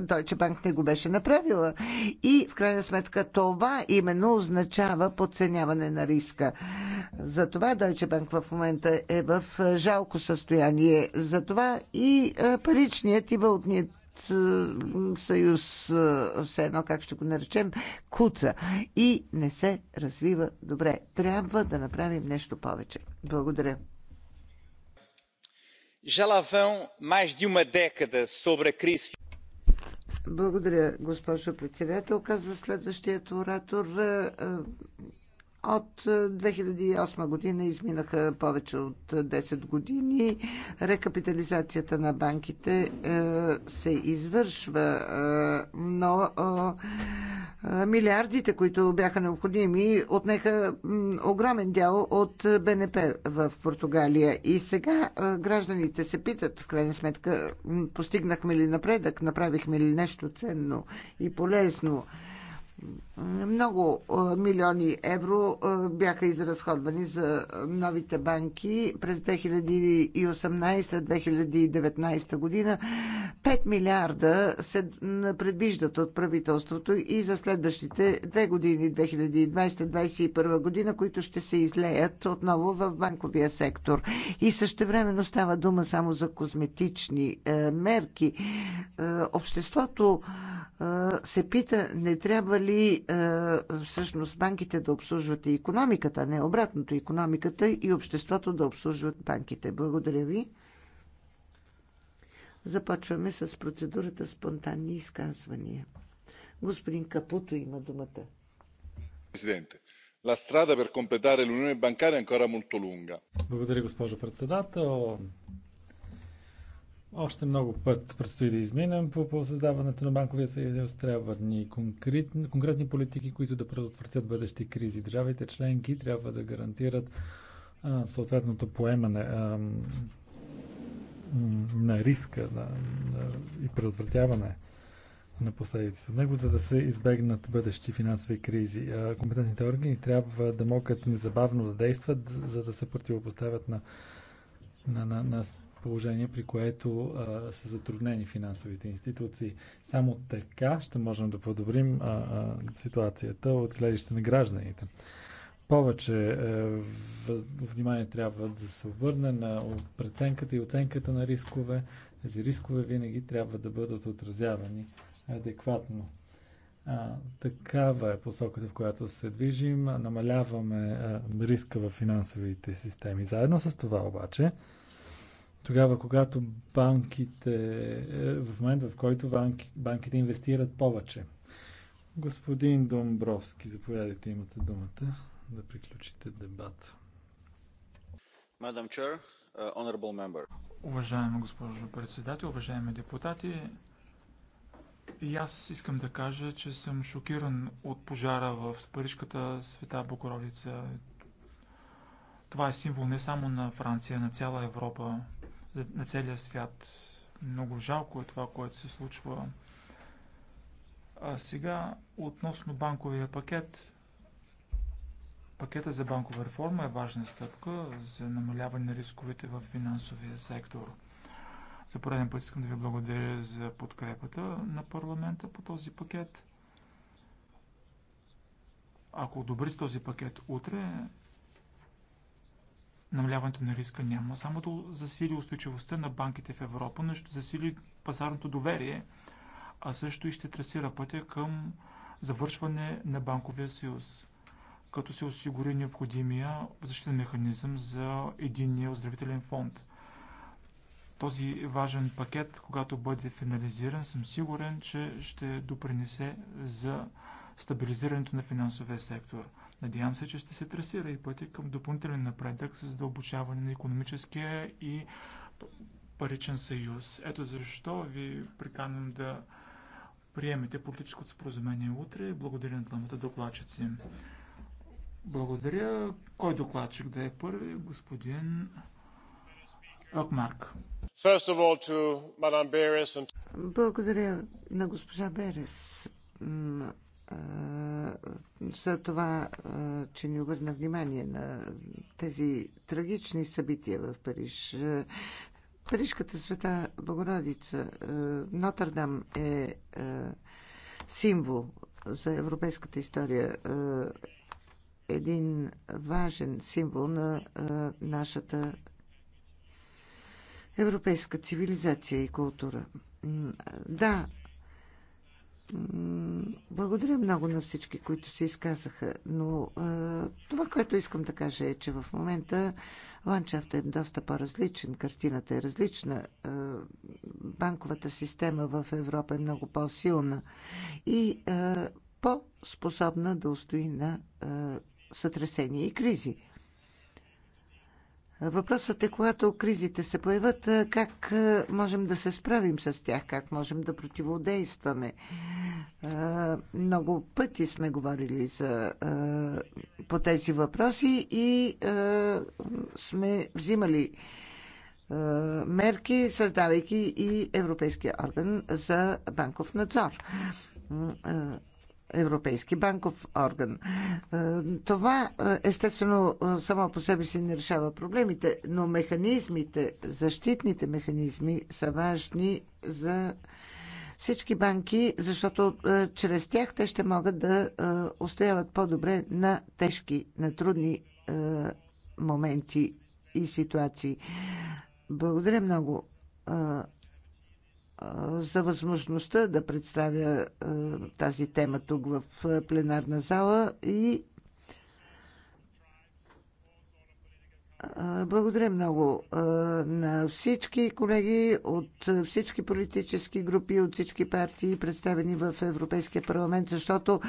Deutsche Bank не го беше направила. И в крайна сметка това именно означава подценяване на риска. Затова Deutsche Bank в момента е в жалко състояние. Затова и паричният и валутният е, съюз, е, все едно как ще го наречем, куца и не се развива добре. Трябва да направим нещо повече. Благодаря. Já lá дюма декада собра uma благодаря, госпожо председател. Казва следващият оратор. Е, от 2008 е, година изминаха повече от 10 години. Рекапитализацията на банките е, се извършва, е, но милиардите, които бяха необходими, отнеха огромен дял от БНП в Португалия. И сега гражданите се питат, в крайна сметка, постигнахме ли напредък, направихме ли нещо ценно и полезно. Много милиони евро бяха изразходвани за новите банки през 2018-2019 година. 5 милиарда се предвиждат от правителството и за следващите две години, 2020-2021 година, които ще се излеят отново в банковия сектор. И същевременно става дума само за козметични мерки. Обществото се пита, не трябва ли всъщност банките да обслужват и економиката, не обратното, економиката и обществото да обслужват банките. Благодаря ви. Започваме с процедурата спонтанни изказвания. Господин Капуто има думата. Президенте, la strada per completare l'unione bancaria è ancora molto lunga. Благодаря, госпожо председател. Още много път предстои да изминем по, по създаването на банковия съюз. Трябва ни конкретни, конкретни политики, които да предотвратят бъдещи кризи. Държавите членки трябва да гарантират а, съответното поемане а, на риска на, на, и предотвратяване на последиците от него, за да се избегнат бъдещи финансови кризи. А, компетентните органи трябва да могат незабавно да действат, за да се противопоставят на на, на, на положение, при което а, са затруднени финансовите институции. Само така ще можем да подобрим а, а, ситуацията от гледаща на гражданите. Повече е, внимание трябва да се обърне на преценката и оценката на рискове. Тези рискове винаги трябва да бъдат отразявани адекватно. А, такава е посоката, в която се движим. Намаляваме а, риска в финансовите системи. Заедно с това обаче, тогава, когато банките, е, в момент в който банки, банките инвестират повече. Господин Домбровски, заповядайте, имате думата да приключите дебат. Мадам Чер, е, honorable member. Уважаема госпожо председател, уважаеми депутати, и аз искам да кажа, че съм шокиран от пожара в Парижката Света Богородица. Това е символ не само на Франция, на цяла Европа на целия свят. Много жалко е това, което се случва. А сега относно банковия пакет. Пакета за банкова реформа е важна стъпка за намаляване на рисковете в финансовия сектор. За пореден път искам да ви благодаря за подкрепата на парламента по този пакет. Ако одобрите този пакет утре, намаляването на риска няма. Само да засили устойчивостта на банките в Европа, но ще засили пазарното доверие, а също и ще трасира пътя към завършване на банковия съюз, като се осигури необходимия защитен механизъм за единния оздравителен фонд. Този важен пакет, когато бъде финализиран, съм сигурен, че ще допринесе за стабилизирането на финансовия сектор. Надявам се, че ще се трасира и пъти към допълнителен напредък за задълбочаване на економическия и паричен съюз. Ето защо ви приканвам да приемете политическото споразумение утре. Благодаря на двамата докладчици. Благодаря. Кой докладчик да е първи? Господин Акмарк. Благодаря на госпожа Берес за това, че ни обърна внимание на тези трагични събития в Париж. Парижката света Богородица, Нотърдам е символ за европейската история, един важен символ на нашата европейска цивилизация и култура. Да, благодаря много на всички, които се изказаха, но а, това, което искам да кажа е, че в момента ландшафта е доста по-различен, картината е различна, а, банковата система в Европа е много по-силна и по-способна да устои на а, сътресения и кризи. Въпросът е, когато кризите се появят, как можем да се справим с тях, как можем да противодействаме. Много пъти сме говорили за, по тези въпроси и сме взимали мерки, създавайки и Европейския орган за банков надзор. Европейски банков орган. Е, това е, естествено е, само по себе си не решава проблемите, но механизмите, защитните механизми са важни за всички банки, защото чрез тях те ще могат да устояват по-добре на тежки, на трудни моменти и ситуации. Благодаря много за възможността да представя тази тема тук в пленарна зала и Благодаря много на всички колеги от всички политически групи, от всички партии, представени в Европейския парламент, защото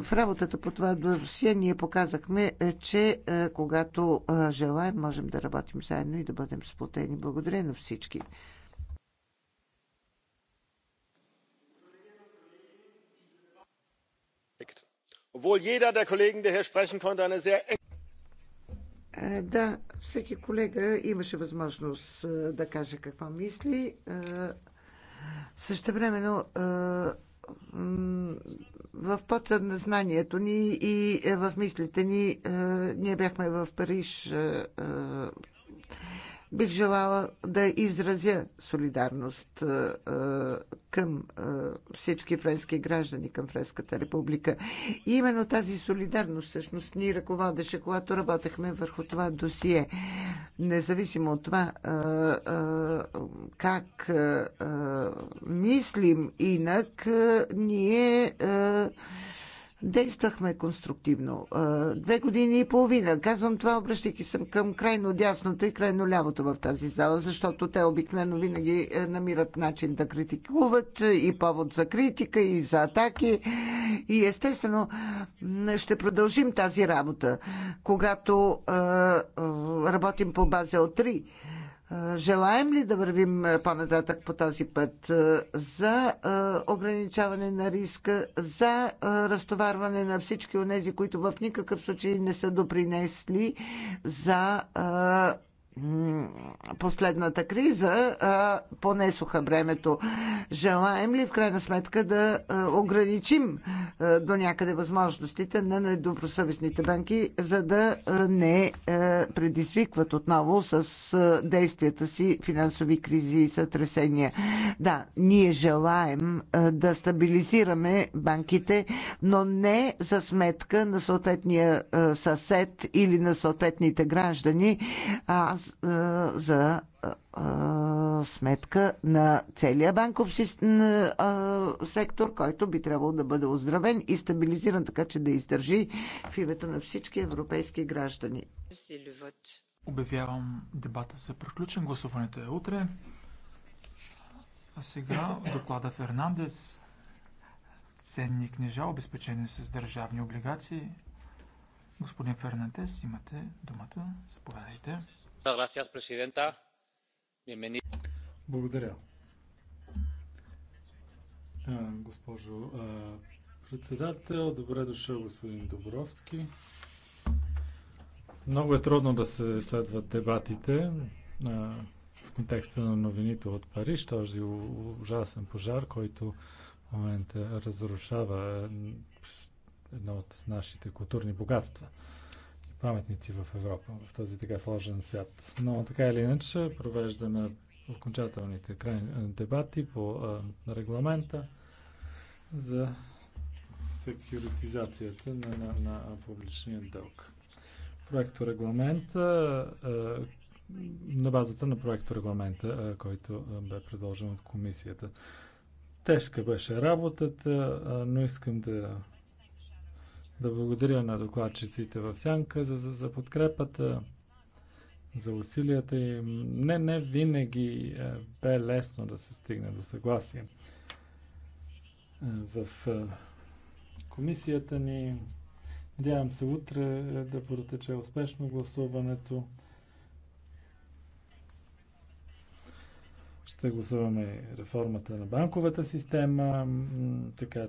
в работата по това досие ние показахме, е, че когато желаем, можем да работим заедно и да бъдем сплотени. Благодаря на всички. wohl jeder der Kollegen, der hier sprechen konnte, eine sehr е, да, всеки колега имаше възможност е, да каже какво мисли. Е, Също времено в подсъдназнанието ни и в мислите ни, ние бяхме в Париж бих желала да изразя солидарност към всички френски граждани, към Френската република. И именно тази солидарност всъщност ни ръководеше, когато работехме върху това досие. Независимо от това как мислим инак, ние действахме конструктивно. Две години и половина. Казвам това, обръщайки съм към крайно дясното и крайно лявото в тази зала, защото те обикновено винаги е, намират начин да критикуват и повод за критика, и за атаки. И естествено ще продължим тази работа, когато работим по от три. Желаем ли да вървим по-нататък по този път за ограничаване на риска, за разтоварване на всички от тези, които в никакъв случай не са допринесли за последната криза а, понесоха бремето. Желаем ли в крайна сметка да а, ограничим а, до някъде възможностите на недобросъвестните банки, за да а, не а, предизвикват отново с а, действията си финансови кризи и сътресения? Да, ние желаем а, да стабилизираме банките, но не за сметка на съответния а, съсед или на съответните граждани, а за сметка на целия банков сектор, който би трябвало да бъде оздравен и стабилизиран, така че да издържи в името на всички европейски граждани. Обявявам дебата за приключен. Гласуването е утре. А сега доклада Фернандес. Ценни книжа, обезпечени с държавни облигации. Господин Фернандес, имате думата. Заповядайте. Благодаря. Госпожо председател, добре дошъл господин Добровски. Много е трудно да се следват дебатите в контекста на новините от Париж, този ужасен пожар, който в момента разрушава едно от нашите културни богатства паметници в Европа, в този така сложен свят. Но така или иначе провеждаме окончателните крайни дебати по а, регламента за секюритизацията на, на, на публичния дълг. Проекто регламента, на базата на проекто регламента, който бе предложен от комисията. Тежка беше работата, но искам да да благодаря на докладчиците в Сянка за, за, за подкрепата, за усилията и. Не, не винаги е, бе лесно да се стигне до съгласие. Е, в е, комисията ни. Надявам се утре да протече успешно гласуването. Ще гласуваме реформата на банковата система, така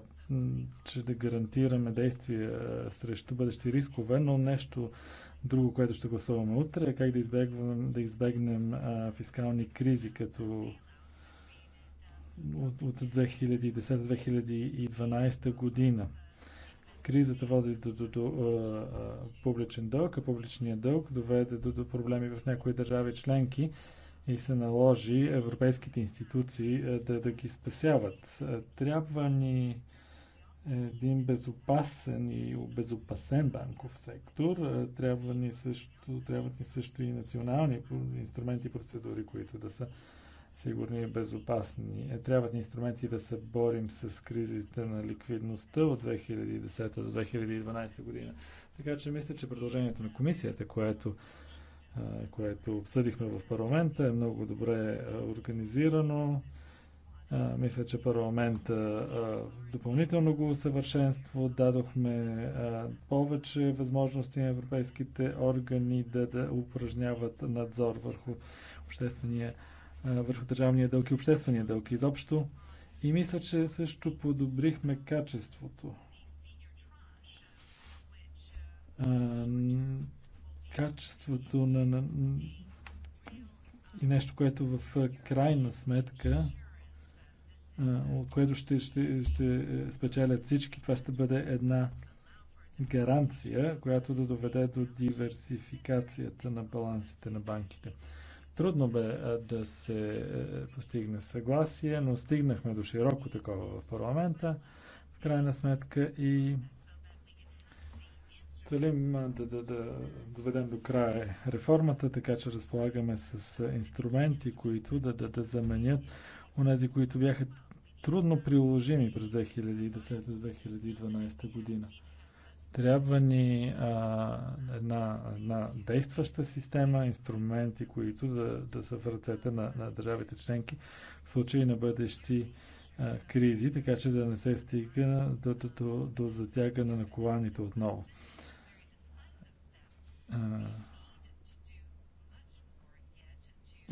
че да гарантираме действия срещу бъдещи рискове, но нещо друго, което ще гласуваме утре, е как да избегнем, да избегнем а, фискални кризи, като от, от 2010-2012 година. Кризата води до, до, до а, публичен дълг, а публичният дълг доведе до, до проблеми в някои държави членки и се наложи европейските институции да, да ги спасяват. Трябва ни един безопасен и обезопасен банков сектор. Е, трябва ни също, трябват ни също и национални инструменти и процедури, които да са сигурни и безопасни. Е, трябват ни инструменти да се борим с кризите на ликвидността от 2010 до 2012 година. Така че мисля, че предложението на комисията, което е, което обсъдихме в парламента, е много добре организирано мисля, че парламент допълнително го усъвършенство. Дадохме повече възможности на европейските органи да, да упражняват надзор върху обществения, върху държавния дълг и обществения дълг изобщо. И мисля, че също подобрихме качеството. Качеството на, на и нещо, което в крайна сметка от което ще, ще, ще е, спечелят всички. Това ще бъде една гаранция, която да доведе до диверсификацията на балансите на банките. Трудно бе да се е, постигне съгласие, но стигнахме до широко такова в парламента. В крайна сметка и целим да, да, да доведем до края реформата, така че разполагаме с инструменти, които да, да, да заменят онези, които бяха трудно приложими през 2010-2012 година. Трябва ни а, една, една действаща система, инструменти, които да, да са в ръцете на, на държавите членки в случай на бъдещи а, кризи, така че да не се стига до, до, до, до затягане на коланите отново. А,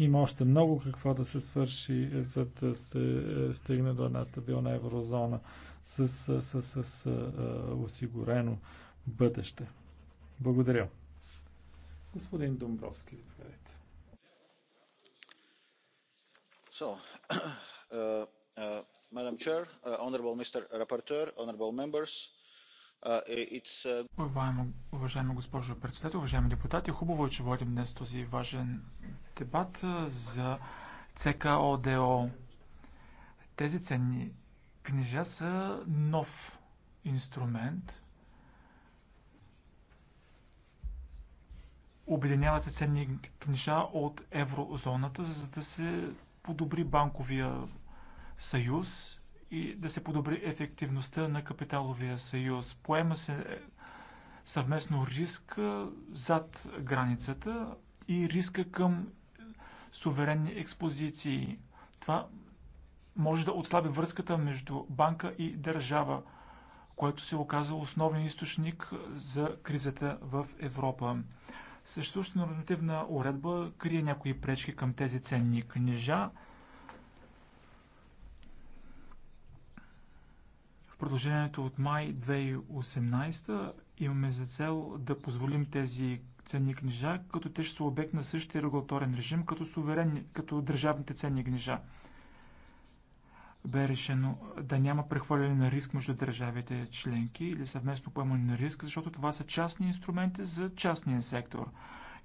има още много какво да се свърши, за да се е, стигне до една стабилна еврозона с, е, с, с, с, с е, осигурено бъдеще. Благодаря. Господин Домбровски, заповядайте. So, uh, uh, Madam Chair, uh, Honorable Mr. Rapporteur, Honorable Members, е, е, уважаема, уважаема госпожо председател, уважаеми депутати, хубаво е, че водим днес този важен дебат е, за ЦКОДО. Тези ценни книжа са нов инструмент. Обединяват се ценни книжа от еврозоната, за да се подобри банковия съюз и да се подобри ефективността на капиталовия съюз. Поема се съвместно риск зад границата и риска към суверенни експозиции. Това може да отслаби връзката между банка и държава, което се оказа основен източник за кризата в Европа. Съществуваща нормативна уредба крие някои пречки към тези ценни книжа, Продължението от май 2018 имаме за цел да позволим тези ценни книжа, като те ще са обект на същия регулаторен режим, като, суверенни, като държавните ценни книжа. Бе решено да няма прехвърляне на риск между държавите членки или съвместно поемане на риск, защото това са частни инструменти за частния сектор.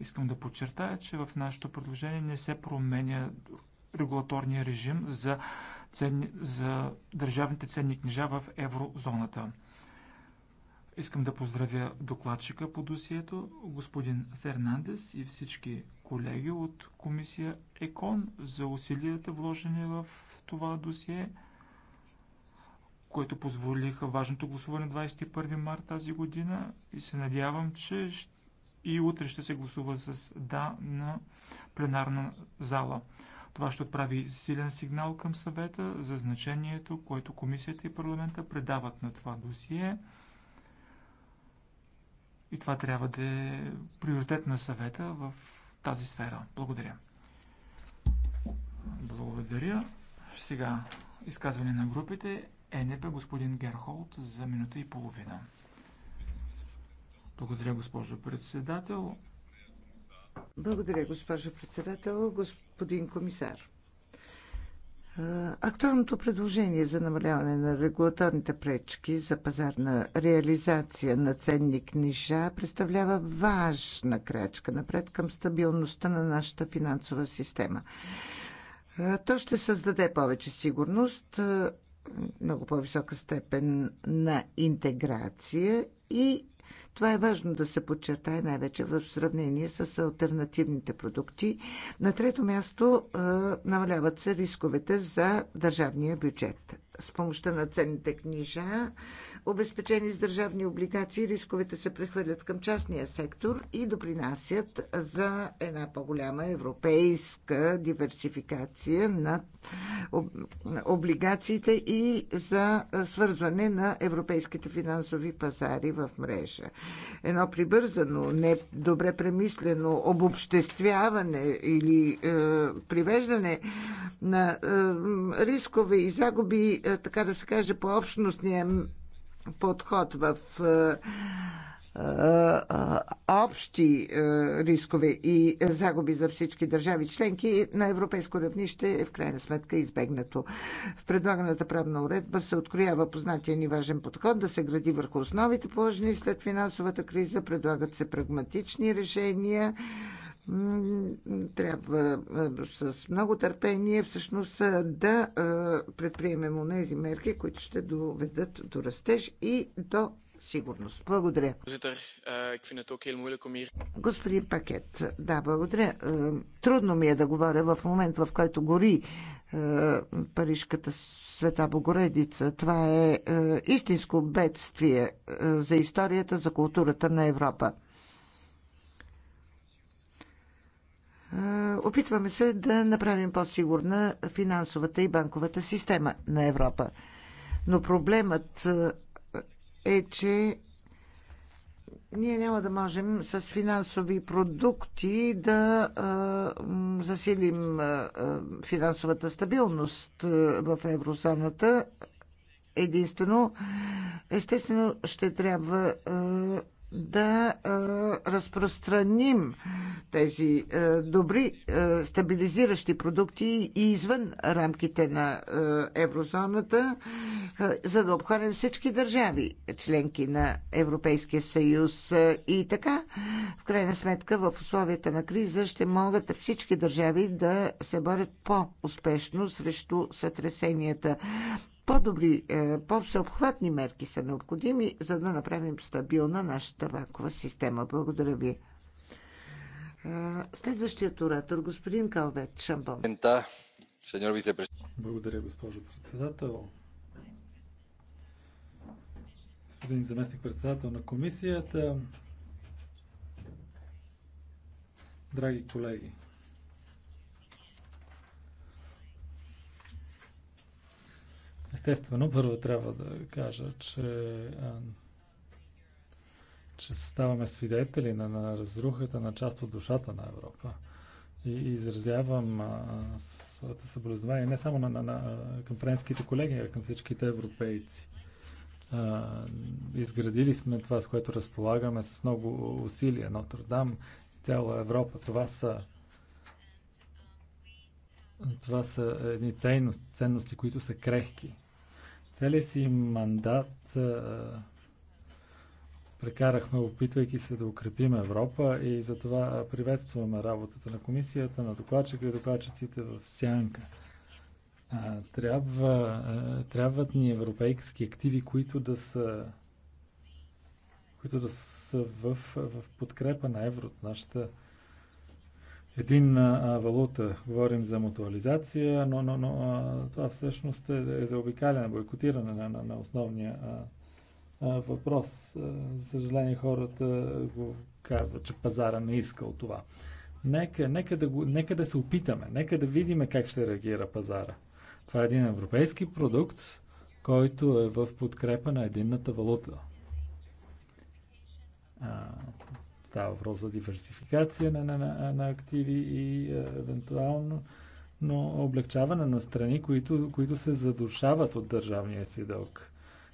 Искам да подчертая, че в нашето предложение не се променя регулаторния режим за ценни, за държавните ценни книжа в еврозоната. Искам да поздравя докладчика по досието, господин Фернандес и всички колеги от комисия ЕКОН за усилията вложени в това досие, които позволиха важното гласуване 21 март тази година и се надявам, че и утре ще се гласува с да на пленарна зала. Това ще отправи силен сигнал към съвета за значението, което комисията и парламента предават на това досие. И това трябва да е приоритет на съвета в тази сфера. Благодаря. Благодаря. Сега изказване на групите. ЕНЕП господин Герхолд за минута и половина. Благодаря, госпожо председател. Благодаря, госпожо председател. Госп господин комисар. Актуалното предложение за намаляване на регулаторните пречки за пазарна реализация на ценни книжа представлява важна крачка напред към стабилността на нашата финансова система. То ще създаде повече сигурност, много по-висока степен на интеграция и това е важно да се подчертае най-вече в сравнение с альтернативните продукти. На трето място намаляват се рисковете за държавния бюджет с помощта на ценните книжа, обезпечени с държавни облигации, рисковете се прехвърлят към частния сектор и допринасят за една по-голяма европейска диверсификация на облигациите и за свързване на европейските финансови пазари в мрежа. Едно прибързано, не добре премислено обобществяване или е, привеждане на е, рискове и загуби е, така да се каже, по общностния подход в е, е, общи рискове и загуби за всички държави членки на европейско равнище е в крайна сметка избегнато. В предлаганата правна уредба се откроява познатия ни важен подход да се гради върху основите положени след финансовата криза, предлагат се прагматични решения трябва с много търпение всъщност да предприемем онези мерки, които ще доведат до растеж и до сигурност. Благодаря. Господин Пакет, да, благодаря. Трудно ми е да говоря в момент, в който гори Парижката света Богоредица. Това е истинско бедствие за историята, за културата на Европа. Опитваме се да направим по-сигурна финансовата и банковата система на Европа. Но проблемът е, че ние няма да можем с финансови продукти да а, засилим а, финансовата стабилност в еврозоната. Единствено, естествено, ще трябва а, да а, разпространим тези а, добри а, стабилизиращи продукти и извън рамките на а, еврозоната, а, за да обхванем всички държави, членки на Европейския съюз. А, и така, в крайна сметка, в условията на криза ще могат всички държави да се борят по-успешно срещу сътресенията. По-добри, е, по-всеобхватни мерки са необходими, за да направим стабилна нашата банкова система. Благодаря ви. Е, следващият оратор, господин Калвет Шамбон. Благодаря, госпожо председател. Господин заместник председател на комисията, драги колеги, Естествено, първо трябва да кажа, че, че ставаме свидетели на, на разрухата на част от душата на Европа. И, изразявам своето съболезнование не само на, на, на, към френските колеги, а към всичките европейци. А, изградили сме това, с което разполагаме с много усилия. Нотърдам, цяла Европа. Това са това са едни ценности, ценности които са крехки целия си мандат прекарахме, опитвайки се да укрепим Европа и затова приветстваме работата на комисията, на докладчика и докладчиците в Сянка. А, трябва, а, трябват ни европейски активи, които да са, които да са в, в подкрепа на еврото, нашата единна валута. Говорим за мутуализация, но, но, но това всъщност е, е заобикаляне, бойкотиране на, на, на основния а, а, въпрос. За съжаление, хората го казват, че пазара не искал това. Нека, нека, да го, нека да се опитаме, нека да видим как ще реагира пазара. Това е един европейски продукт, който е в подкрепа на единната валута. А, Става въпрос за диверсификация на, на, на, на активи и е, евентуално но облегчаване на страни, които, които се задушават от държавния си дълг.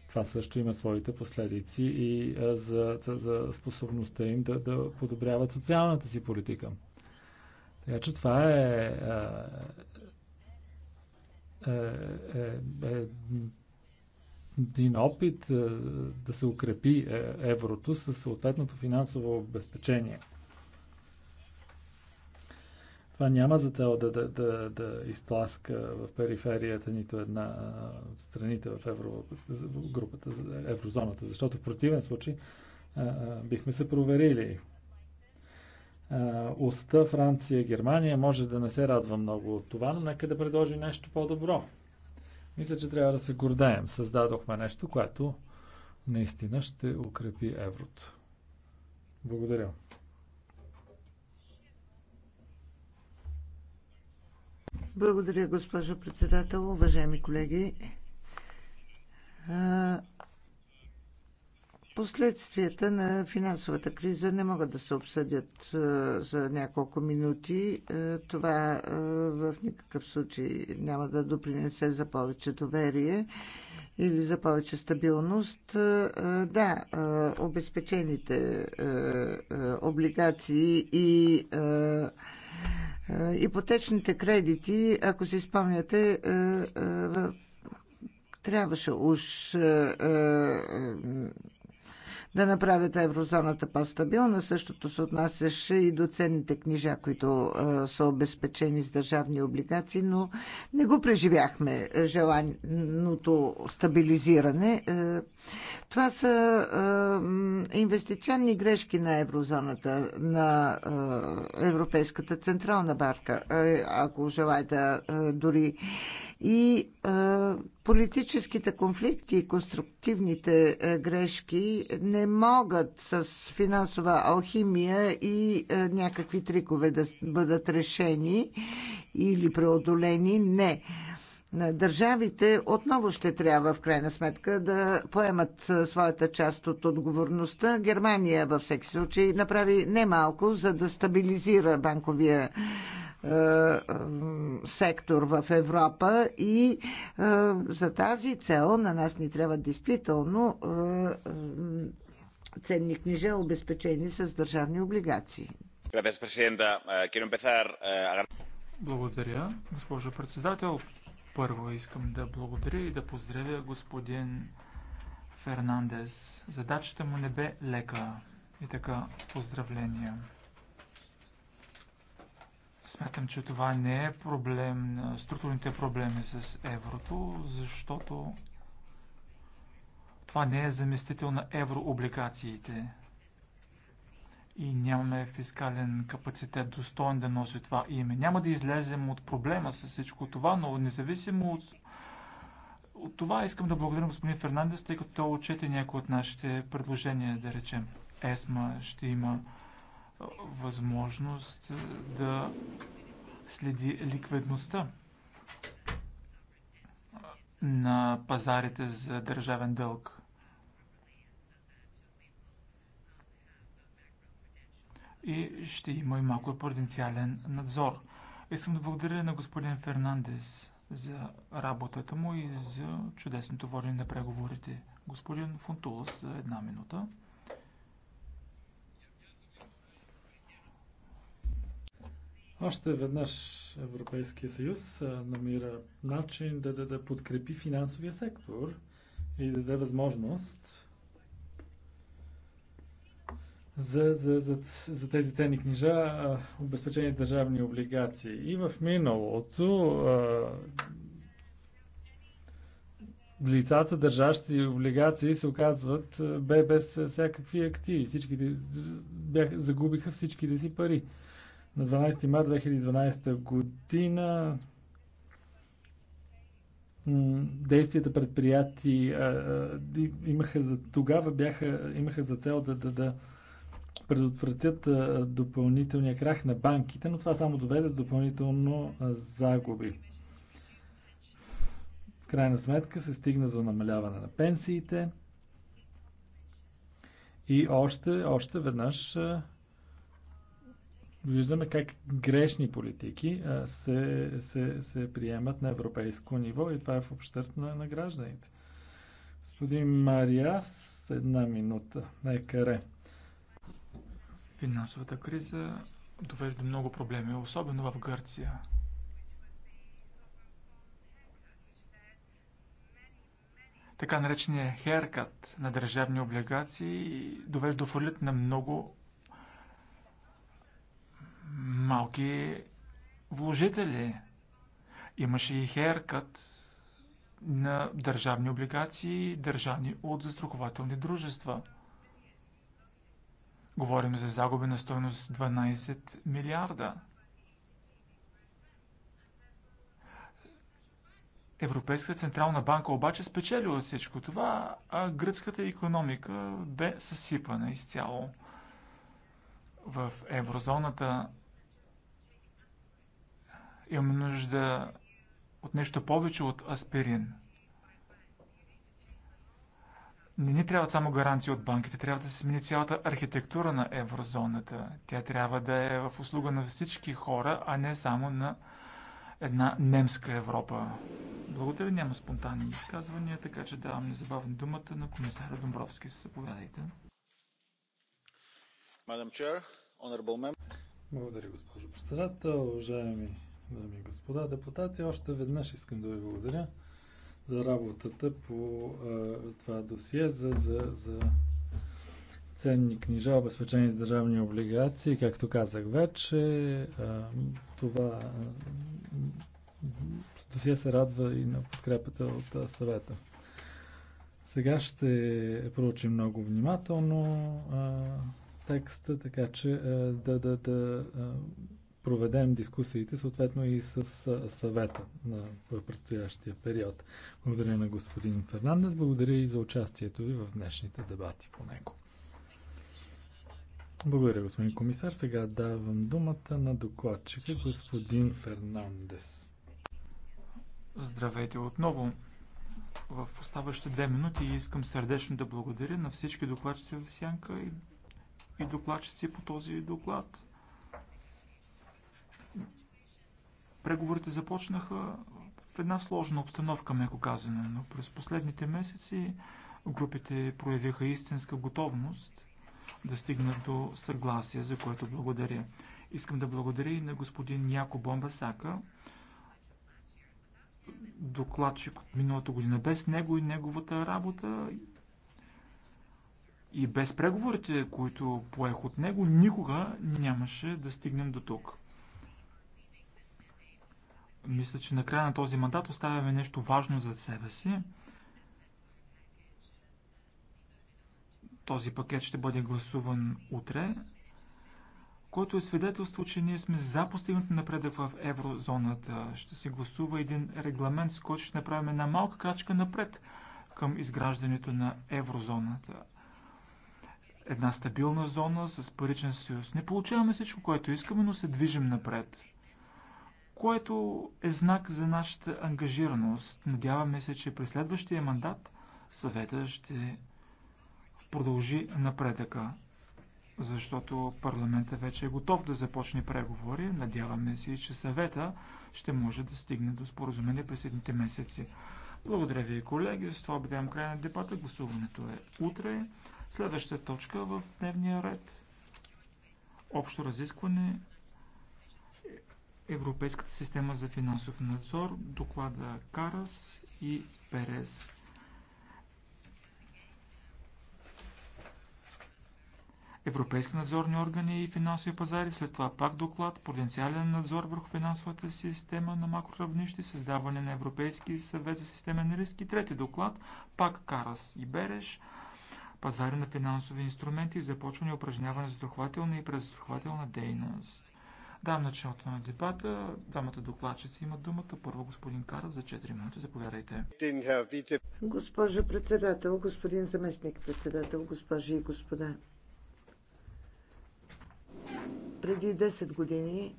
Това също има своите последици и а, е, за, за, за способността им да, да подобряват социалната си политика. Така че това е, е, е, е, е един опит е, да се укрепи е, еврото със съответното финансово обезпечение. Това няма за цел да, да, да, да изтласка в периферията нито една от страните в групата, еврозоната, защото в противен случай е, бихме се проверили. Оста, уста Франция, Германия може да не се радва много от това, но нека да предложи нещо по-добро. Мисля, че трябва да се гордаем. Създадохме нещо, което наистина ще укрепи еврото. Благодаря. Благодаря, госпожо председател. Уважаеми колеги, Последствията на финансовата криза не могат да се обсъдят е, за няколко минути. Е, това е, в никакъв случай няма да допринесе за повече доверие или за повече стабилност. Да, обезпечените облигации и ипотечните кредити, ако си спомняте, трябваше уж да направят еврозоната по-стабилна. Същото се отнасяше и до ценните книжа, които а, са обезпечени с държавни облигации, но не го преживяхме желаното стабилизиране. Това са а, инвестиционни грешки на еврозоната, на а, Европейската централна барка, е, ако желаете дори и а, политическите конфликти и конструктивните а, грешки не могат с финансова алхимия и а, някакви трикове да бъдат решени или преодолени. Не. Държавите отново ще трябва в крайна сметка да поемат своята част от отговорността. Германия във всеки случай направи немалко, за да стабилизира банковия е, сектор в Европа и е, за тази цел на нас ни трябва действително е, ценни книжа, обезпечени с държавни облигации. Благодаря, госпожо председател. Първо искам да благодаря и да поздравя господин Фернандес. Задачата му не бе лека. И така, поздравления. Смятам, че това не е проблем на структурните проблеми с еврото, защото това не е заместител на еврооблигациите. И нямаме фискален капацитет достоен да носи това име. Няма да излезем от проблема с всичко това, но независимо от, от това искам да благодаря господин Фернандес, тъй като той отчете някои от нашите предложения, да речем. ЕСМА ще има възможност е, да следи ликвидността на пазарите за държавен дълг. И ще има и малко потенциален надзор. Искам да благодаря на господин Фернандес за работата му и за чудесното водене на преговорите. Господин Фунтулс, за една минута. Още веднъж Европейския съюз намира начин да, да, да подкрепи финансовия сектор и да даде възможност за, за, за, за тези ценни книжа, обезпечени с държавни облигации. И в миналото лицата, държащи облигации, се оказват бе без всякакви активи. Всички бях, загубиха всичките си пари на 12 март 2012 година действията предприяти а, а, имаха за, тогава бяха, имаха за цел да, да, да предотвратят а, допълнителния крах на банките, но това само доведе до допълнително а, загуби. В крайна сметка се стигна до намаляване на пенсиите и още, още веднъж а, виждаме как грешни политики се, се, се приемат на европейско ниво и това е в общърт на, на гражданите. Господин Мариас, една минута. Екаре. Финансовата криза довежда до много проблеми, особено в Гърция. Така наречения херкат на държавни облигации довежда до фалит на много малки вложители. Имаше и херкът на държавни облигации, държани от застрахователни дружества. Говорим за загуби на стойност 12 милиарда. Европейската централна банка обаче спечели от всичко това, а гръцката економика бе съсипана изцяло. В еврозоната Имам нужда от нещо повече от аспирин. Не ни трябват само гаранции от банките, трябва да се смени цялата архитектура на еврозоната. Тя трябва да е в услуга на всички хора, а не само на една немска Европа. Благодаря, няма спонтанни изказвания, така че давам незабавно думата на комисаря Домбровски. Заповядайте. Благодаря, госпожо председател, уважаеми дами и господа депутати, още веднъж искам да ви благодаря за работата по а, това досие за, за, за ценни книжа, обезпечени с държавни облигации. Както казах вече, а, това а, досие се радва и на подкрепата от съвета. Сега ще проучим много внимателно а, текста, така че а, да, да, да а, проведем дискусиите съответно и с съвета в предстоящия период. Благодаря на господин Фернандес, благодаря и за участието ви в днешните дебати по него. Благодаря, господин комисар. Сега давам думата на докладчика, господин Фернандес. Здравейте отново. В оставащите две минути искам сърдечно да благодаря на всички докладчици в Сянка и, и докладчици по този доклад. Преговорите започнаха в една сложна обстановка, меко казано, но през последните месеци групите проявиха истинска готовност да стигнат до съгласие, за което благодаря. Искам да благодаря и на господин Яко Бомбасака, докладчик от миналата година. Без него и неговата работа и без преговорите, които поех от него, никога нямаше да стигнем до тук. Мисля, че на края на този мандат оставяме нещо важно за себе си. Този пакет ще бъде гласуван утре, който е свидетелство, че ние сме за постигнато напредък в еврозоната. Ще се гласува един регламент, с който ще направим една малка крачка напред към изграждането на еврозоната. Една стабилна зона с паричен съюз. Не получаваме всичко, което искаме, но се движим напред което е знак за нашата ангажираност. Надяваме се, че през следващия мандат съвета ще продължи напредъка, защото парламентът вече е готов да започне преговори. Надяваме се, че съвета ще може да стигне до споразумение през едните месеци. Благодаря ви, колеги. С това обявявам края на дебата. Гласуването е утре. Следващата точка в дневния ред. Общо разискване Европейската система за финансов надзор, доклада Карас и Перес. Европейски надзорни органи и финансови пазари, след това пак доклад, потенциален надзор върху финансовата система на макроравнище, създаване на Европейски съвет за системен риск и трети доклад, пак Карас и Береш, пазари на финансови инструменти и започване упражняване за и презастрахователна дейност. Дам началото на дебата. Двамата докладчици имат думата. Първо господин Кара за 4 минути. Заповядайте. Госпожо председател, господин заместник председател, госпожи и господа. Преди 10 години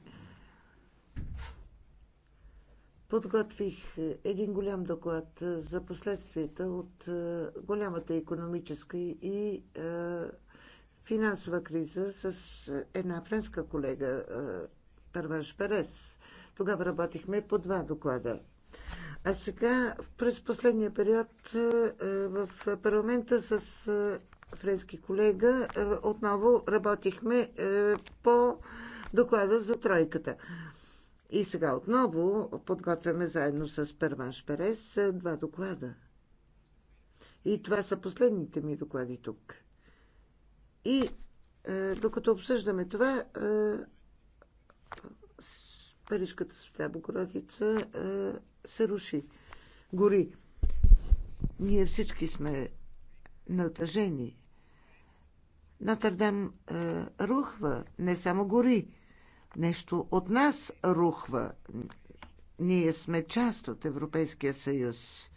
подготвих един голям доклад за последствията от е, голямата економическа и е, финансова криза с е, една френска колега Първаш е, Перес. Тогава работихме по два доклада. А сега, през последния период е, в парламента с френски колега, отново работихме по доклада за тройката. И сега отново подготвяме заедно с Перванш Перес два доклада. И това са последните ми доклади тук. И е, докато обсъждаме това, е, Парижката света Богородица е, се руши, гори. Ние всички сме натъжени. Натърдам е, рухва, не само гори. Нещо от нас рухва. Ние сме част от Европейския съюз.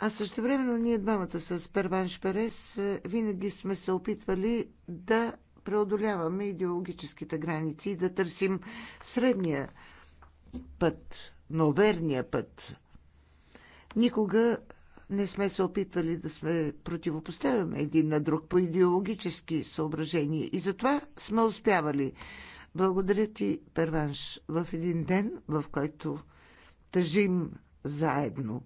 А също времено ние двамата с Перван Шперес е, винаги сме се опитвали да преодоляваме идеологическите граници и да търсим средния път, но верния път. Никога не сме се опитвали да сме противопоставяме един на друг по идеологически съображения и затова сме успявали. Благодаря ти, Перванш, в един ден, в който тъжим заедно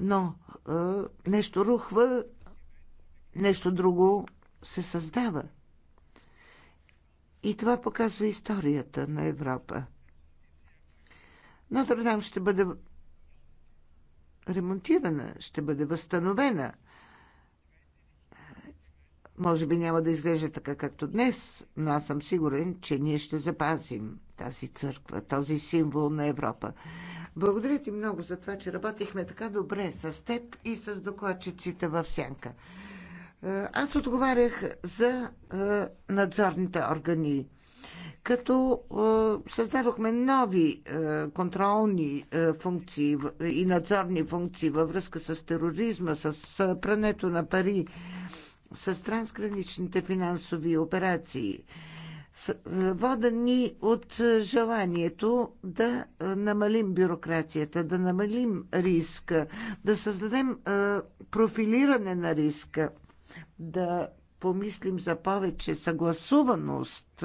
но нещо рухва, нещо друго се създава. И това показва историята на Европа. Но дам ще бъде ремонтирана, ще бъде възстановена. Може би няма да изглежда така както днес, но аз съм сигурен, че ние ще запазим тази църква, този символ на Европа. Благодаря ти много за това, че работихме така добре с теб и с докладчиците в Сянка. Е, аз отговарях за е, надзорните органи като е, създадохме нови контролни функции и надзорни функции във връзка с тероризма, с прането на пари, с трансграничните финансови операции. Е, водени от е, желанието да е, намалим бюрокрацията, да намалим риска, да създадем профилиране на риска, да помислим за повече съгласуваност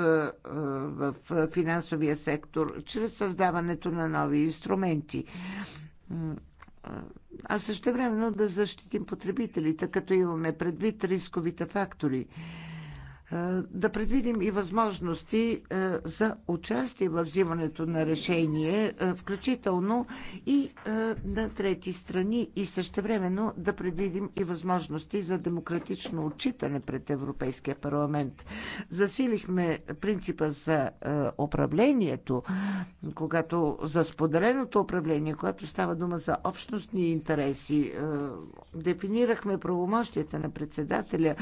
в финансовия сектор чрез създаването на нови инструменти. А също времено да защитим потребителите, като имаме предвид рисковите фактори да предвидим и възможности за участие в взимането на решение, включително и на трети страни и същевременно да предвидим и възможности за демократично отчитане пред Европейския парламент. Засилихме принципа за управлението, когато за споделеното управление, когато става дума за общностни интереси, дефинирахме правомощията на председателя,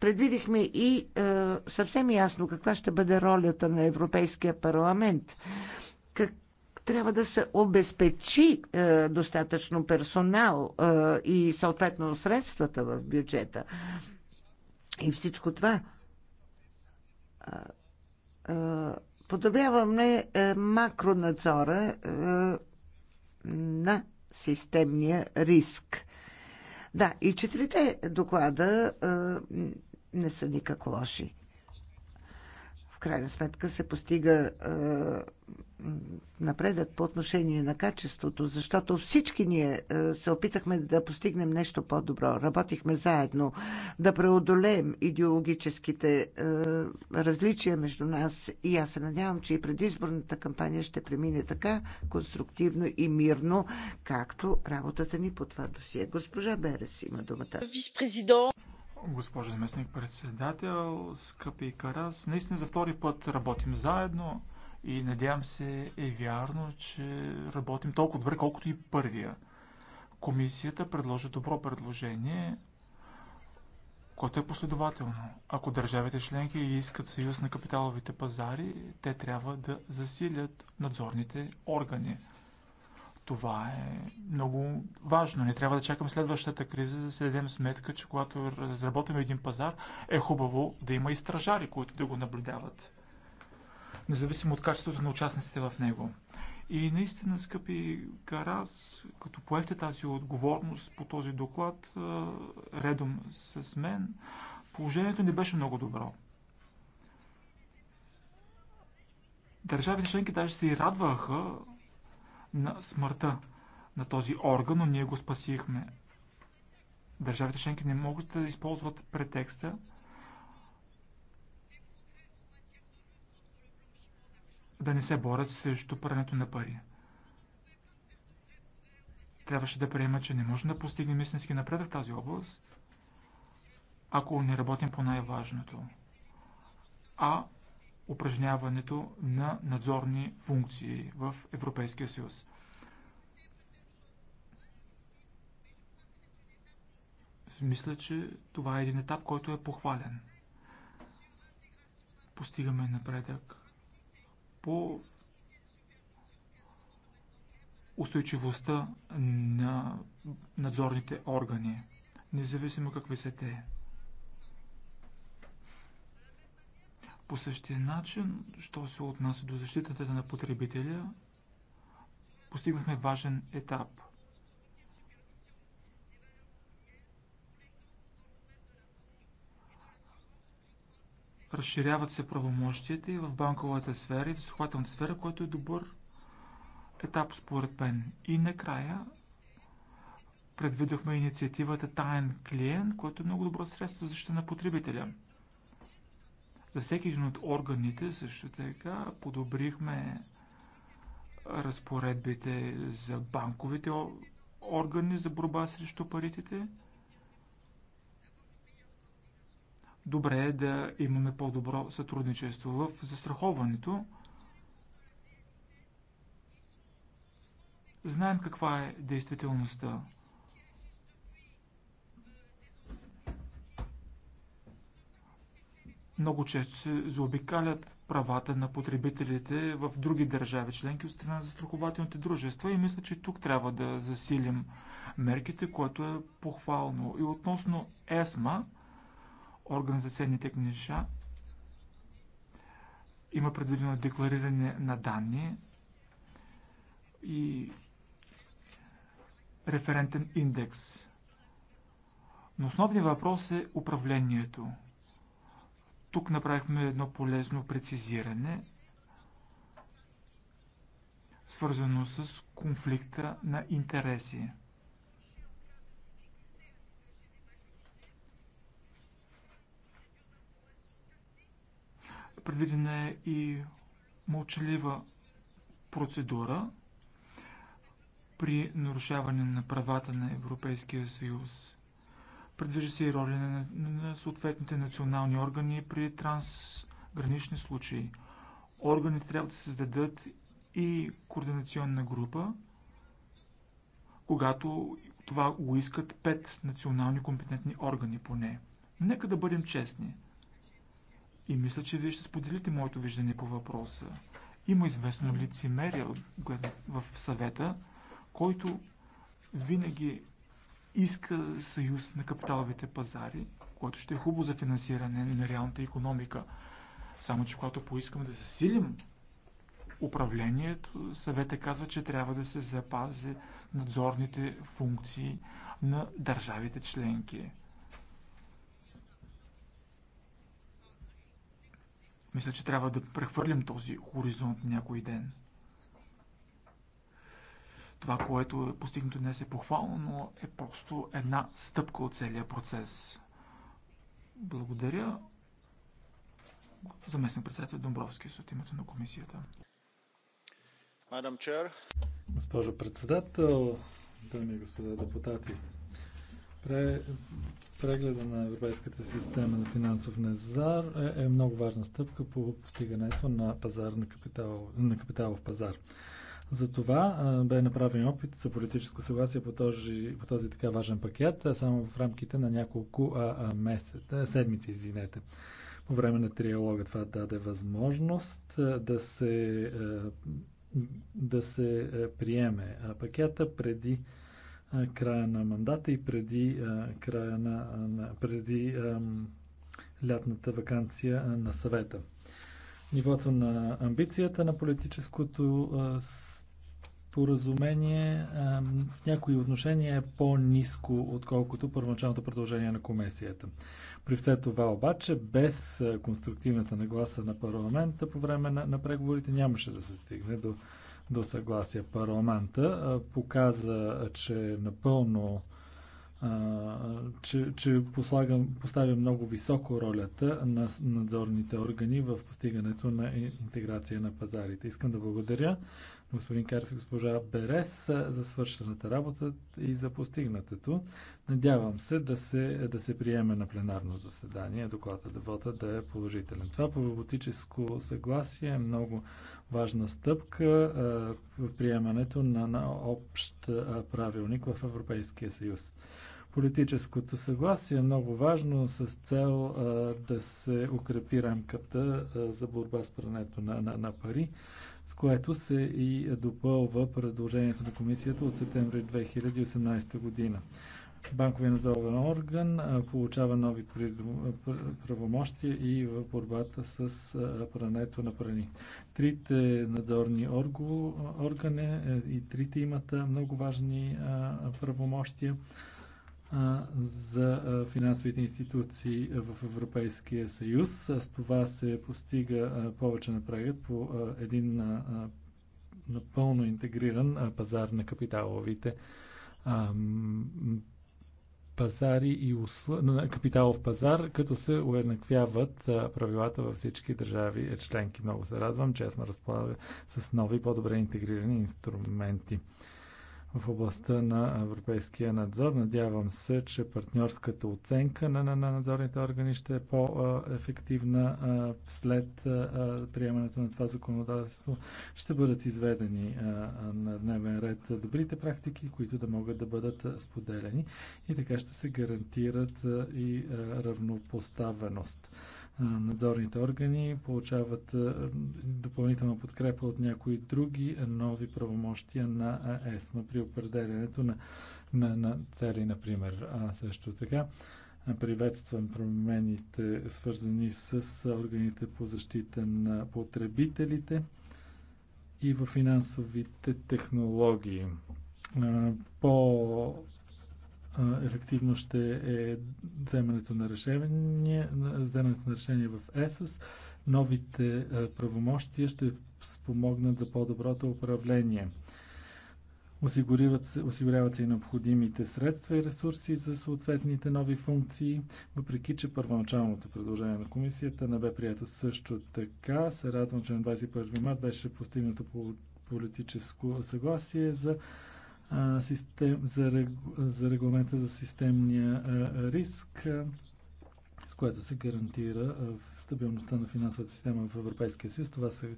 предвидихме и е, съвсем ясно каква ще бъде ролята на Европейския парламент. Как трябва да се обезпечи е, достатъчно персонал е, и съответно средствата в бюджета. И всичко това е, е, подобряваме е, макронадзора е, на системния риск. Да, и четирите доклада е, не са никак лоши. В крайна сметка се постига е, напредък по отношение на качеството, защото всички ние е, се опитахме да постигнем нещо по-добро. Работихме заедно, да преодолеем идеологическите е, различия между нас и аз се надявам, че и предизборната кампания ще премине така конструктивно и мирно, както работата ни по това досие. Госпожа Берес има думата. президент госпожо заместник председател, скъпи Карас. Наистина за втори път работим заедно и надявам се е вярно, че работим толкова добре, колкото и първия. Комисията предложи добро предложение, което е последователно. Ако държавите членки искат съюз на капиталовите пазари, те трябва да засилят надзорните органи – това е много важно. Не трябва да чакаме следващата криза, за да се дадем сметка, че когато разработваме един пазар, е хубаво да има и стражари, които да го наблюдават. Независимо от качеството на участниците в него. И наистина, скъпи Карас, като поехте тази отговорност по този доклад, редом с мен, положението не беше много добро. Държавите членки даже се и радваха на смъртта на този орган, но ние го спасихме. Държавите членки не могат да използват претекста да не се борят срещу прането на пари. Трябваше да приема, че не можем да постигнем истински напредък в тази област, ако не работим по най-важното. А упражняването на надзорни функции в Европейския съюз. Мисля, че това е един етап, който е похвален. Постигаме напредък по устойчивостта на надзорните органи, независимо какви са те. По същия начин, що се отнася до защитата на потребителя, постигнахме важен етап. Разширяват се правомощията и в банковата сфера и в сухвателната сфера, който е добър етап според мен. И накрая предвидохме инициативата Таен клиент, който е много добро средство за защита на потребителя – за всеки един от органите също така подобрихме разпоредбите за банковите органи за борба срещу паритите. Добре е да имаме по-добро сътрудничество в застраховането. Знаем каква е действителността. Много често се заобикалят правата на потребителите в други държави членки от страна на застрахователните дружества и мисля, че тук трябва да засилим мерките, което е похвално. И относно ЕСМА, орган за ценните книжа, има предвидено деклариране на данни и референтен индекс. Но основният въпрос е управлението – тук направихме едно полезно прецизиране, свързано с конфликта на интереси. Предвидена е и мълчалива процедура при нарушаване на правата на Европейския съюз. Предвижда се и роля на, на съответните национални органи при трансгранични случаи. Органите трябва да създадат и координационна група, когато това го искат пет национални компетентни органи поне. Нека да бъдем честни. И мисля, че вие ще споделите моето виждане по въпроса. Има известно лицемерие в съвета, който винаги иска съюз на капиталовите пазари, което ще е хубаво за финансиране на реалната економика. Само, че когато поискаме да засилим управлението, съвета казва, че трябва да се запази надзорните функции на държавите членки. Мисля, че трябва да прехвърлим този хоризонт някой ден. Това, което е постигнато днес е похвално, но е просто една стъпка от целия процес. Благодаря. Заместник председател Домбровски е от името на комисията. Госпожо председател, дами и господа депутати, прегледа на Европейската система на финансов незар е, е много важна стъпка по постигането на, пазар на, капитал, на капиталов пазар. За това бе направен опит за политическо съгласие по този, по този така важен пакет, само в рамките на няколко а, седмици, извинете. По време на триалога това даде възможност да се, да се приеме пакета преди края на мандата и преди края на, преди лятната вакансия на съвета. Нивото на амбицията на политическото споразумение в някои отношения е по-низко, отколкото първоначалното предложение на комисията. При все това обаче, без конструктивната нагласа на парламента по време на, на преговорите нямаше да се стигне до, до съгласие. Парламента показа, че напълно че, че послагам, поставя много високо ролята на надзорните органи в постигането на интеграция на пазарите. Искам да благодаря господин Карс и госпожа Берес за свършената работа и за постигнатото. Надявам се да се, да се приеме на пленарно заседание доклада да вота, да е положителен. Това по роботическо съгласие е много важна стъпка в приемането на, на общ правилник в Европейския съюз политическото съгласие е много важно с цел а, да се укрепи рамката а, за борба с прането на, на, на пари, с което се и допълва предложението на комисията от септември 2018 година. Банковия надзорен орган получава нови правомощия и в борбата с прането на прани. Трите надзорни органи е, и трите имат много важни правомощия за финансовите институции в Европейския съюз. С това се постига повече напрегът по един напълно интегриран пазар на капиталовите пазари и услу... капиталов пазар, като се уеднаквяват правилата във всички държави е, членки. Много се радвам, че сме разполага с нови, по-добре интегрирани инструменти в областта на европейския надзор. Надявам се, че партньорската оценка на, на, на надзорните органи ще е по-ефективна след приемането на това законодателство. Ще бъдат изведени на дневен ред добрите практики, които да могат да бъдат споделени и така ще се гарантират и равнопоставеност надзорните органи получават допълнителна подкрепа от някои други нови правомощия на ЕСМА при определянето на, на, на цели, например. А също така приветствам промените, свързани с органите по защита на потребителите и в финансовите технологии. По ефективно ще е вземането на решение, вземането на решение в ЕСС. Новите правомощия ще спомогнат за по-доброто управление. Осигуряват се, осигуряват се и необходимите средства и ресурси за съответните нови функции, въпреки че първоначалното предложение на комисията не бе прието също така. Се радвам, че на 21 март беше постигнато политическо съгласие за систем, за, за регламента за системния а, риск, а, с което се гарантира а, стабилността на финансовата система в Европейския съюз. Това се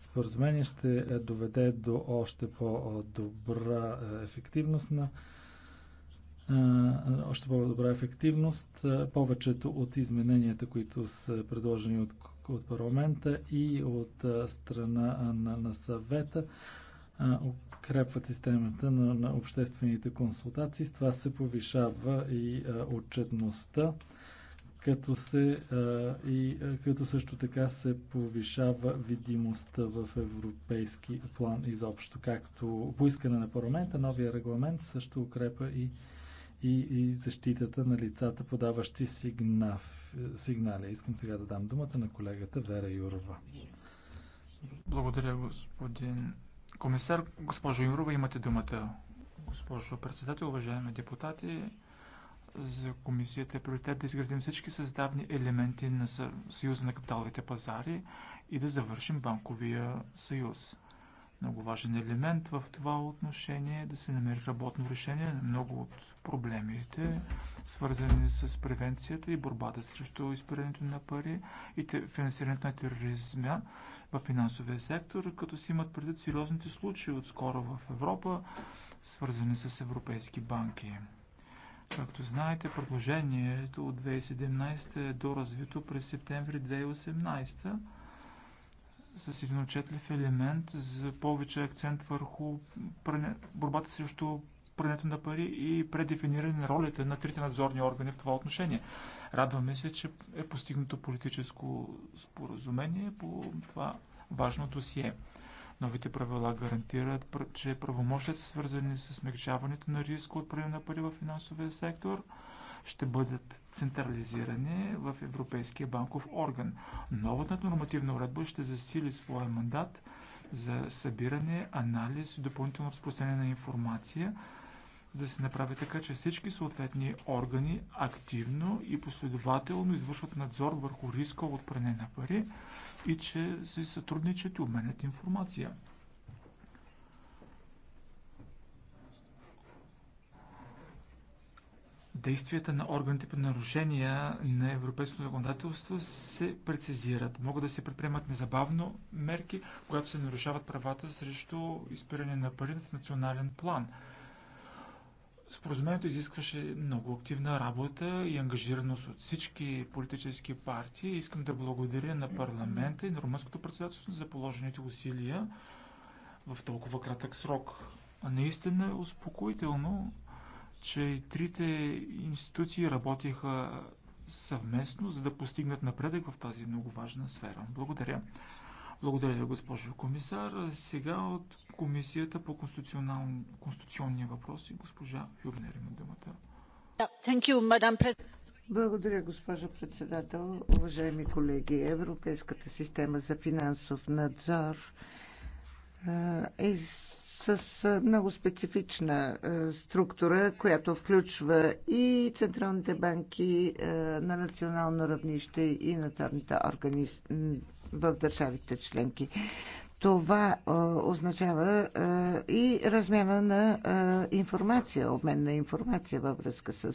споразумение ще доведе до още по-добра ефективност на още по-добра ефективност. Повечето от измененията, които са предложени от, от парламента и от страна на, на съвета, подкрепват системата на, на обществените консултации. С това се повишава и а, отчетността, като, се, а, и, а, като също така се повишава видимостта в европейски план изобщо. Както поискане на парламента, новия регламент също укрепа и, и, и защитата на лицата, подаващи сигнав, сигнали. Искам сега да дам думата на колегата Вера Юрова. Благодаря, господин Комисар, госпожо Юрова, имате думата. Госпожо председател, уважаеми депутати, за комисията е приоритет да изградим всички създавни елементи на Съюза на капиталовите пазари и да завършим банковия съюз. Много важен елемент в това отношение е да се намери работно решение на много от проблемите, свързани с превенцията и борбата срещу изпирането на пари и финансирането на тероризма, в финансовия сектор, като се имат предвид сериозните случаи отскоро в Европа, свързани с европейски банки. Както знаете, предложението от 2017 е доразвито през септември 2018 с един отчетлив елемент за повече акцент върху борбата срещу прането на пари и предефиниране на ролите на трите надзорни органи в това отношение. Радваме се, че е постигнато политическо споразумение по това важно досие. Новите правила гарантират, че правомощите, свързани с смягчаването на риска от пране на пари в финансовия сектор, ще бъдат централизирани в Европейския банков орган. Новата нормативна уредба ще засили своя мандат за събиране, анализ и допълнително разпространение на информация за да се направи така, че всички съответни органи активно и последователно извършват надзор върху риска от пране на пари и че се сътрудничат и обменят информация. Действията на органите по нарушения на европейското законодателство се прецизират. Могат да се предприемат незабавно мерки, когато се нарушават правата срещу изпиране на пари в национален план – Споразумението изискваше много активна работа и ангажираност от всички политически партии. Искам да благодаря на парламента и на румънското председателство за положените усилия в толкова кратък срок. А наистина е успокоително, че и трите институции работиха съвместно, за да постигнат напредък в тази много важна сфера. Благодаря. Благодаря ви, госпожо комисар. Сега от Комисията по конституционни въпроси госпожа Юрнер има думата. благодаря, госпожо председател. Уважаеми колеги, Европейската система за финансов надзор е с много специфична е, структура, която включва и централните банки е, на национално равнище и надзорните органи в държавите членки. Това е, означава е, и размяна на е, информация, обмен на информация във връзка с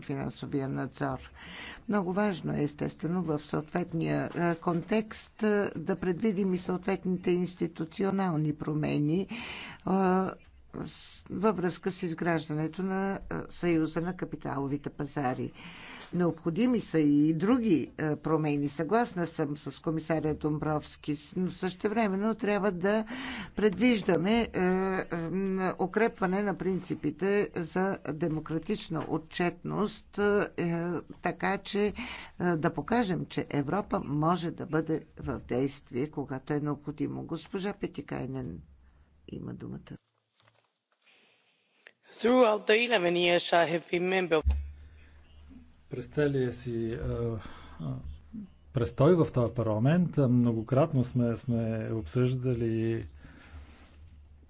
финансовия надзор. Много важно е, естествено, в съответния контекст да предвидим и съответните институционални промени във връзка с изграждането на Съюза на капиталовите пазари. Необходими са и други е, промени. Съгласна съм с комисаря Домбровски, но също времено трябва да предвиждаме е, е, укрепване на принципите за демократична отчетност, така че да покажем, че Европа може да бъде в действие, когато е необходимо. Госпожа Петикайнен има думата. Throughout the 11 years I have been member през целия си а, а, престой в този парламент многократно сме, сме обсъждали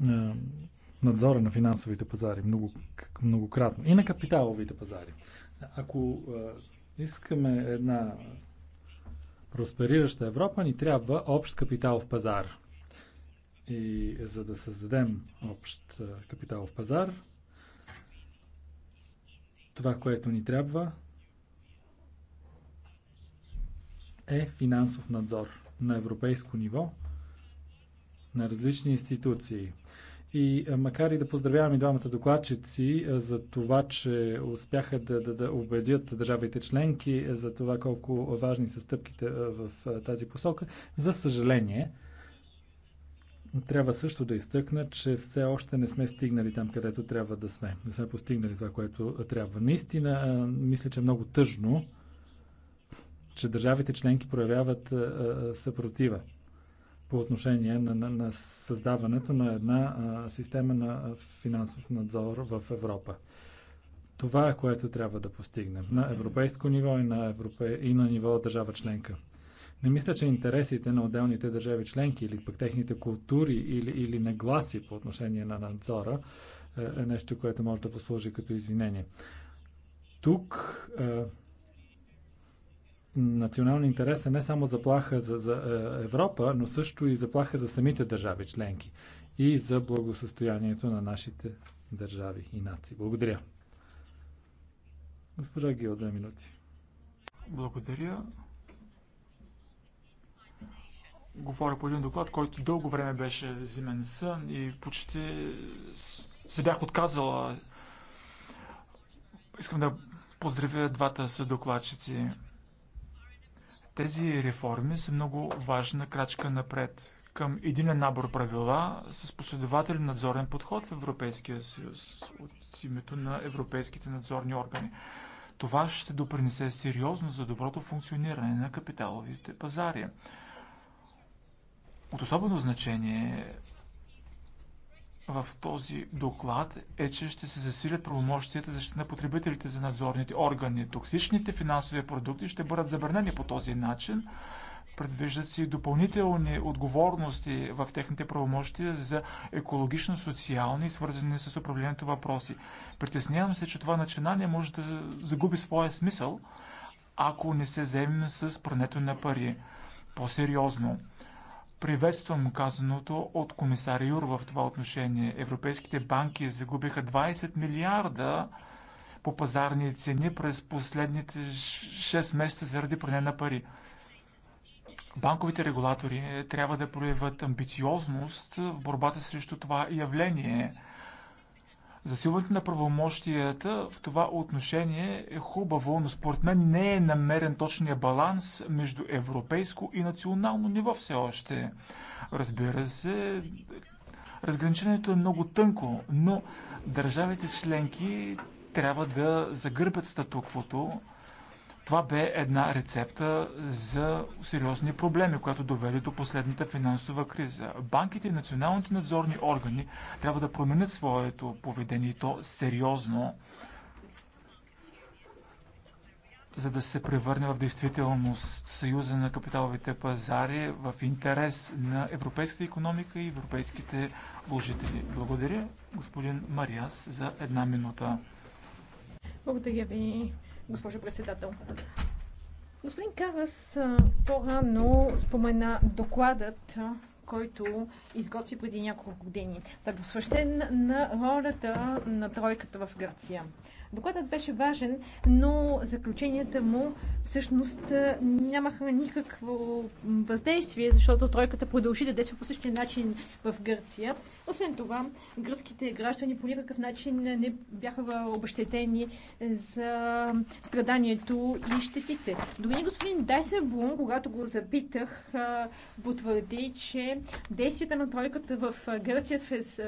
а, надзора на финансовите пазари. Много, многократно. И на капиталовите пазари. Ако а, искаме една просперираща Европа, ни трябва общ капитал в пазар. И за да създадем общ капитал в пазар, това, което ни трябва, е финансов надзор на европейско ниво на различни институции. И е, макар и да поздравявам и двамата докладчици е, за това, че успяха да, да, да убедят държавите членки е, за това колко важни са стъпките в тази посока, за съжаление, трябва също да изтъкна, че все още не сме стигнали там, където трябва да сме. Не сме постигнали това, което трябва. Наистина, мисля, че е много тъжно, че държавите членки проявяват съпротива по отношение на, на, на създаването на една система на финансов надзор в Европа. Това е което трябва да постигнем на европейско ниво и на, европе... и на ниво държава членка. Не мисля, че интересите на отделните държави членки или пък техните култури или, или нагласи по отношение на надзора е, е нещо, което може да послужи като извинение. Тук е, национални интерес е не само заплаха за, за е, Европа, но също и заплаха за самите държави членки и за благосъстоянието на нашите държави и нации. Благодаря. Госпожа Гил, две минути. Благодаря. Говоря по един доклад, който дълго време беше зимен сън и почти се бях отказала. Искам да поздравя двата съдокладчици. Тези реформи са много важна крачка напред към един набор правила с последователен надзорен подход в Европейския съюз от името на европейските надзорни органи. Това ще допринесе сериозно за доброто функциониране на капиталовите пазари. От особено значение е в този доклад е, че ще се засилят правомощията за защита на потребителите за надзорните органи. Токсичните финансови продукти ще бъдат забранени по този начин. Предвиждат се и допълнителни отговорности в техните правомощия за екологично, социални и свързани с управлението въпроси. Притеснявам се, че това начинание може да загуби своя смисъл, ако не се заемем с прането на пари. По-сериозно Приветствам казаното от комисар Юр в това отношение. Европейските банки загубиха 20 милиарда по пазарни цени през последните 6 месеца заради пране на пари. Банковите регулатори трябва да проявят амбициозност в борбата срещу това явление – Засилването на правомощията в това отношение е хубаво, но според мен не е намерен точния баланс между европейско и национално ниво все още. Разбира се, разграничението е много тънко, но държавите членки трябва да загърбят статуквото това бе една рецепта за сериозни проблеми, която доведе до последната финансова криза. Банките и националните надзорни органи трябва да променят своето поведение и то сериозно, за да се превърне в действителност Съюза на капиталовите пазари в интерес на европейската економика и европейските вложители. Благодаря господин Мариас за една минута. Благодаря ви, госпожо председател. Господин Карас по-рано спомена докладът, който изготви преди няколко години. Той е посвещен на ролята на тройката в Гърция. Докладът беше важен, но заключенията му всъщност нямаха никакво въздействие, защото тройката продължи да действа по същия начин в Гърция освен това, гръцките граждани по никакъв начин не бяха обещетени за страданието и щетите. Дори господин Дайсенблум, когато го запитах, потвърди, че действията на тройката в Гърция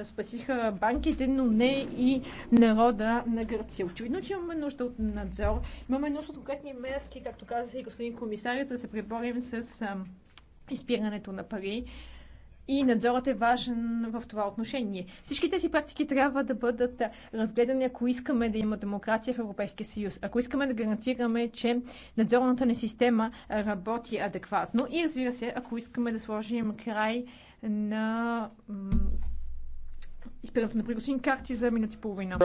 спасиха банките, но не и народа на Гърция. Очевидно, че имаме нужда от надзор, имаме нужда от конкретни мерки, както каза и господин комисарят, да се преборим с изпирането на пари и надзорът е важен в това отношение. Всички тези практики трябва да бъдат разгледани, ако искаме да има демокрация в Европейския съюз, ако искаме да гарантираме, че надзорната ни система работи адекватно и разбира се, ако искаме да сложим край на изпирането на пригласени карти за минути и половина.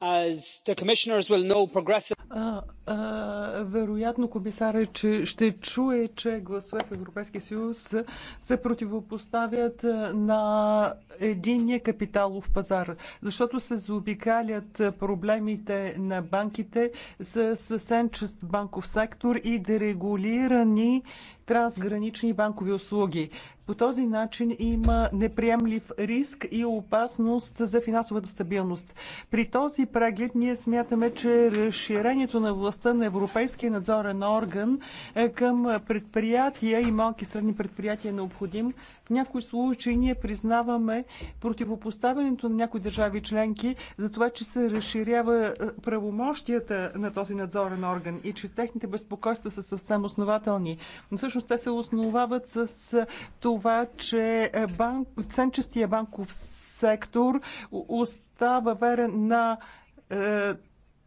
As the commissioners will know, progressive... вероятно комисарът че ще чуе, че гласове в Европейския съюз се противопоставят на единния капиталов пазар, защото се заобикалят проблемите на банките с съсенчест банков сектор и дерегулирани трансгранични банкови услуги. По този начин има неприемлив риск и опасност за финансовата стабилност. При този преглед ние смятаме, че разширението на властта на Европейския надзорен орган е, към предприятия и малки и средни предприятия е необходим. В някои случаи ние признаваме противопоставянето на някои държави членки за това, че се разширява е, правомощията на този надзорен орган и че техните безпокойства са съвсем основателни. Но всъщност те се основават с е, това, че банк, ценчестия банков сектор властта верен на е,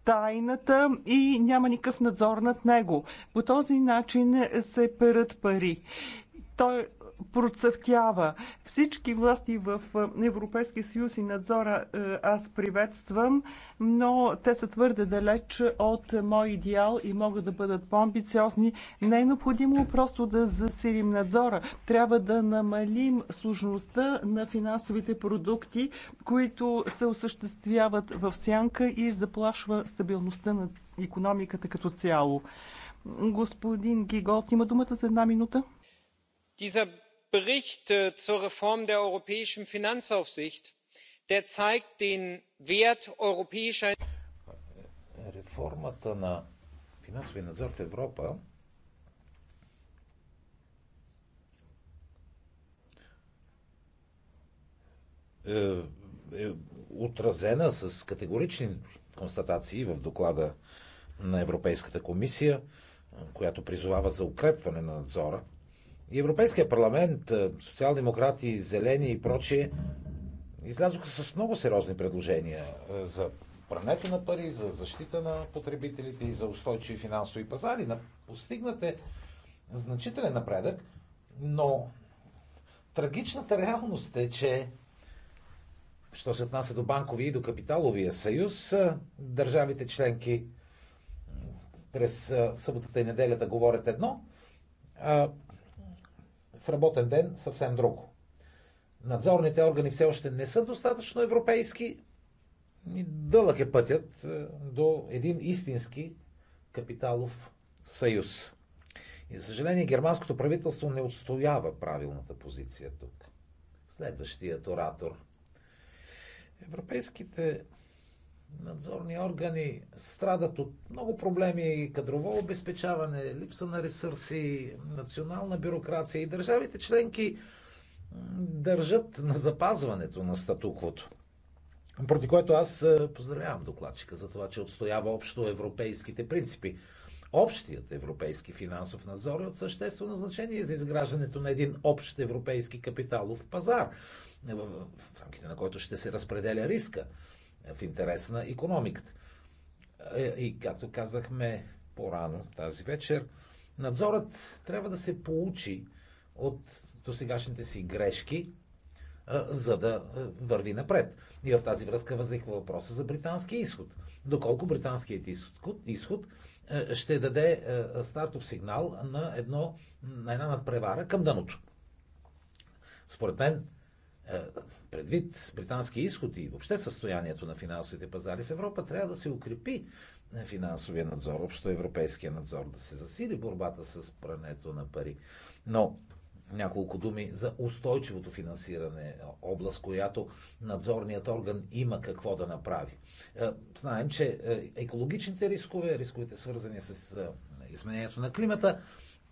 тайната и няма никакъв надзор над него. По този начин се перат пари. Той процъфтява. Всички власти в Европейския съюз и надзора аз приветствам, но те са твърде далеч от мой идеал и могат да бъдат по-амбициозни. Не е необходимо просто да засилим надзора. Трябва да намалим сложността на финансовите продукти, които се осъществяват в сянка и заплашва стабилността на економиката като цяло. Господин Гигот има думата за една минута bericht zur reform der europäischen finanzaufsicht zeigt den wert europäischer реформата на финансовия надзор в Европа е отразена с категорични констатации в доклада на Европейската комисия, която призовава за укрепване на надзора Европейския парламент, е, социал-демократи, зелени и прочие, излязоха с много сериозни предложения е, за прането на пари, за защита на потребителите и за устойчиви финансови пазари. Постигнате значителен напредък, но трагичната реалност е, че що се отнася до банковия и до капиталовия съюз, е, държавите членки през съботата и неделята говорят едно, а в работен ден съвсем друго. Надзорните органи все още не са достатъчно европейски. И дълъг е пътят е, до един истински капиталов съюз. И за съжаление, германското правителство не отстоява правилната позиция тук. Следващият оратор. Европейските надзорни органи страдат от много проблеми кадрово обезпечаване, липса на ресурси, национална бюрокрация и държавите членки държат на запазването на статуквото. Проти което аз е, поздравявам докладчика за това, че отстоява общо европейските принципи. Общият европейски финансов надзор е от съществено значение за изграждането на един общ европейски капиталов пазар, в рамките на който ще се разпределя риска в интерес на економиката. Е, и както казахме по-рано тази вечер, надзорът трябва да се получи от досегашните си грешки, е, за да е, върви напред. И в тази връзка възниква въпроса за британския изход. Доколко британският изход, изход ще даде стартов сигнал на, едно, на една надпревара към дъното. Според мен, е, предвид британски изход и въобще състоянието на финансовите пазари в Европа, трябва да се укрепи е, финансовия надзор, общо европейския надзор, да се засили борбата с прането на пари. Но няколко думи за устойчивото финансиране, е, област, която надзорният орган има какво да направи. Знаем, че екологичните рискове, рисковете свързани с изменението на климата,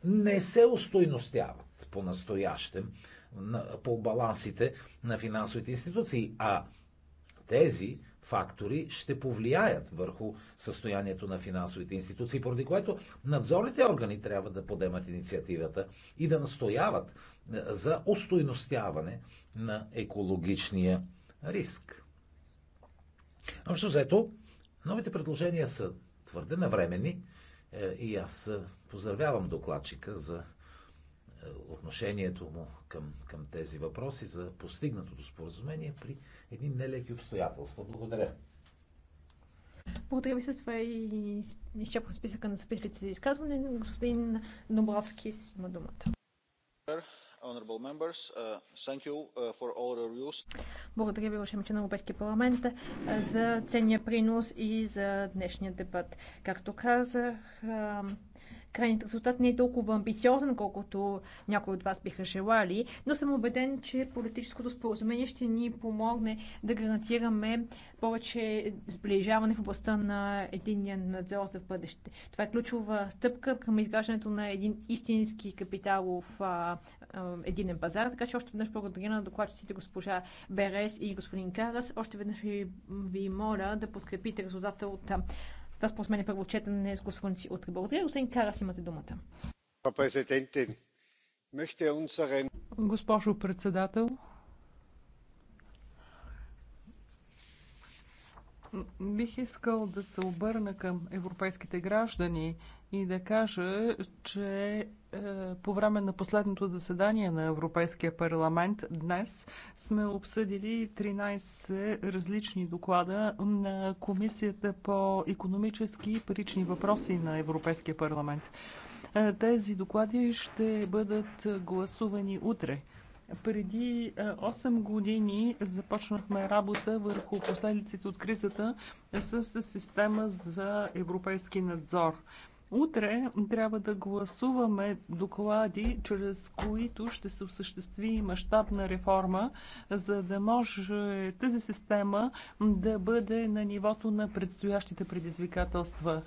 не се устойностяват по-настоящем по балансите на финансовите институции. А тези фактори ще повлияят върху състоянието на финансовите институции, поради което надзорните органи трябва да подемат инициативата и да настояват е, за устойностяване на екологичния риск. Общо взето, новите предложения са твърде навремени е, и аз е, поздравявам докладчика за отношението му към, към тези въпроси за постигнатото споразумение при едни нелеки обстоятелства. Благодаря. Благодаря ви с това и изчерпах списъка на записалите за изказване. Господин Добровски има думата. Uh, uh, Благодаря ви, уважаеми на Европейския парламент, uh, за ценния принос и за днешния дебат. Както казах, крайният резултат не е толкова амбициозен, колкото някои от вас биха желали, но съм убеден, че политическото споразумение ще ни помогне да гарантираме повече сближаване в областта на единния надзор за в бъдеще. Това е ключова стъпка към изграждането на един истински капиталов а, а, единен пазар, така че още веднъж благодаря на докладчиците госпожа Берес и господин Карас. Още веднъж ви, ви моля да подкрепите резултата от това според мен е първо четене с гласуването си утре. Благодаря. Господин Карас, имате думата. Госпожо председател, Бих искал да се обърна към европейските граждани и да кажа, че е, по време на последното заседание на Европейския парламент днес сме обсъдили 13 различни доклада на Комисията по економически и парични въпроси на Европейския парламент. Е, тези доклади ще бъдат гласувани утре. Преди 8 е, години започнахме работа върху последиците от кризата с система за европейски надзор. Утре трябва да гласуваме доклади, чрез които ще се осъществи мащабна реформа, за да може тази система да бъде на нивото на предстоящите предизвикателства.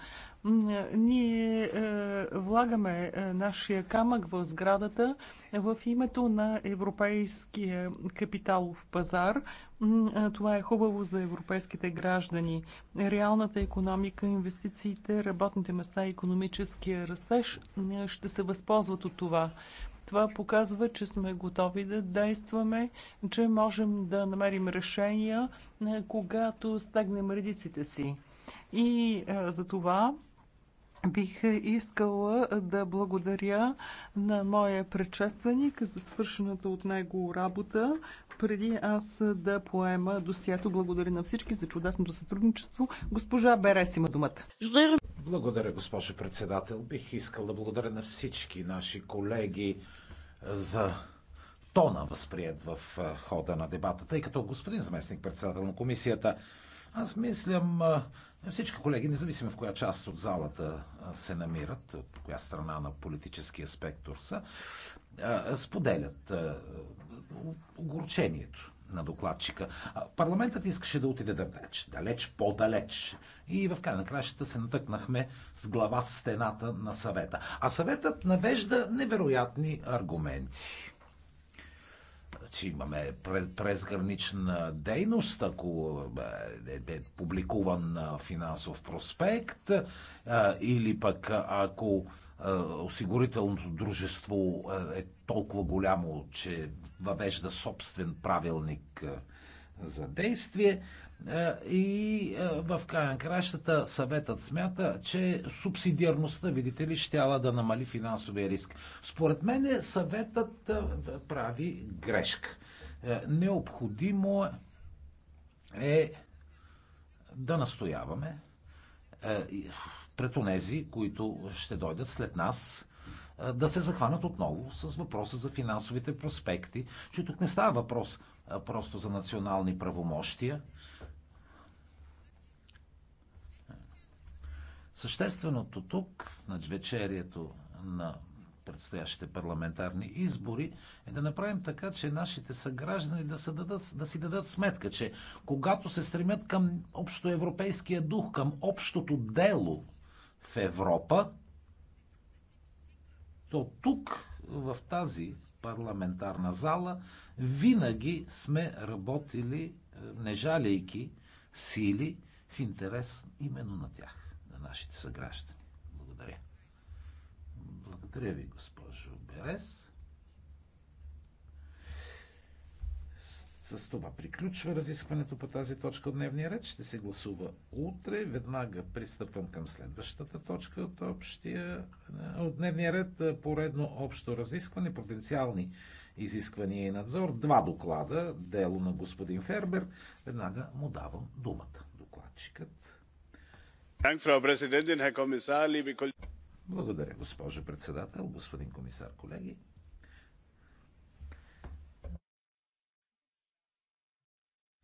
Ние е, влагаме е, нашия камък в сградата в името на европейския капиталов пазар, това е хубаво за европейските граждани. Реалната економика, инвестициите, работните места и економическия растеж ще се възползват от това. Това показва, че сме готови да действаме, че можем да намерим решения, когато стегнем редиците си. И за това Бих искала да благодаря на моя предшественик за свършената от него работа. Преди аз да поема досието, благодаря на всички за чудесното сътрудничество. Госпожа Берес има думата. Благодаря, госпожо председател. Бих искал да благодаря на всички наши колеги за тона възприят в хода на дебата, тъй като господин заместник председател на комисията аз мислям, всички колеги, независимо в коя част от залата се намират, по коя страна на политическия спектър са, споделят огорчението на докладчика. Парламентът искаше да отиде далеч, далеч по-далеч. И в край на кращата се натъкнахме с глава в стената на съвета. А съветът навежда невероятни аргументи че имаме презгранична дейност, ако е, е, е публикуван финансов проспект или пък ако осигурителното дружество е толкова голямо, че въвежда собствен правилник за действие. Е, и е, в крайна на кращата съветът смята, че субсидиарността, видите ли, щяла да намали финансовия риск. Според мен е, съветът прави грешка. Необходимо е да настояваме пред онези, които ще дойдат след нас, да се захванат отново с въпроса за финансовите проспекти, че тук не става въпрос просто за национални правомощия, Същественото тук, на вечерието на предстоящите парламентарни избори, е да направим така, че нашите съграждани да, са дадат, да си дадат сметка, че когато се стремят към общоевропейския дух, към общото дело в Европа, то тук, в тази парламентарна зала, винаги сме работили, е, не жалейки сили в интерес именно на тях нашите съграждани. Благодаря. Благодаря ви, госпожо Берес. С, с това приключва разискването по тази точка от дневния ред. Ще се гласува утре. Веднага пристъпвам към следващата точка от, общия, от дневния ред. Поредно общо разискване, потенциални изисквания и надзор. Два доклада, дело на господин Фербер. Веднага му давам думата. Докладчикът благодаря, госпожо председател, господин комисар, колеги.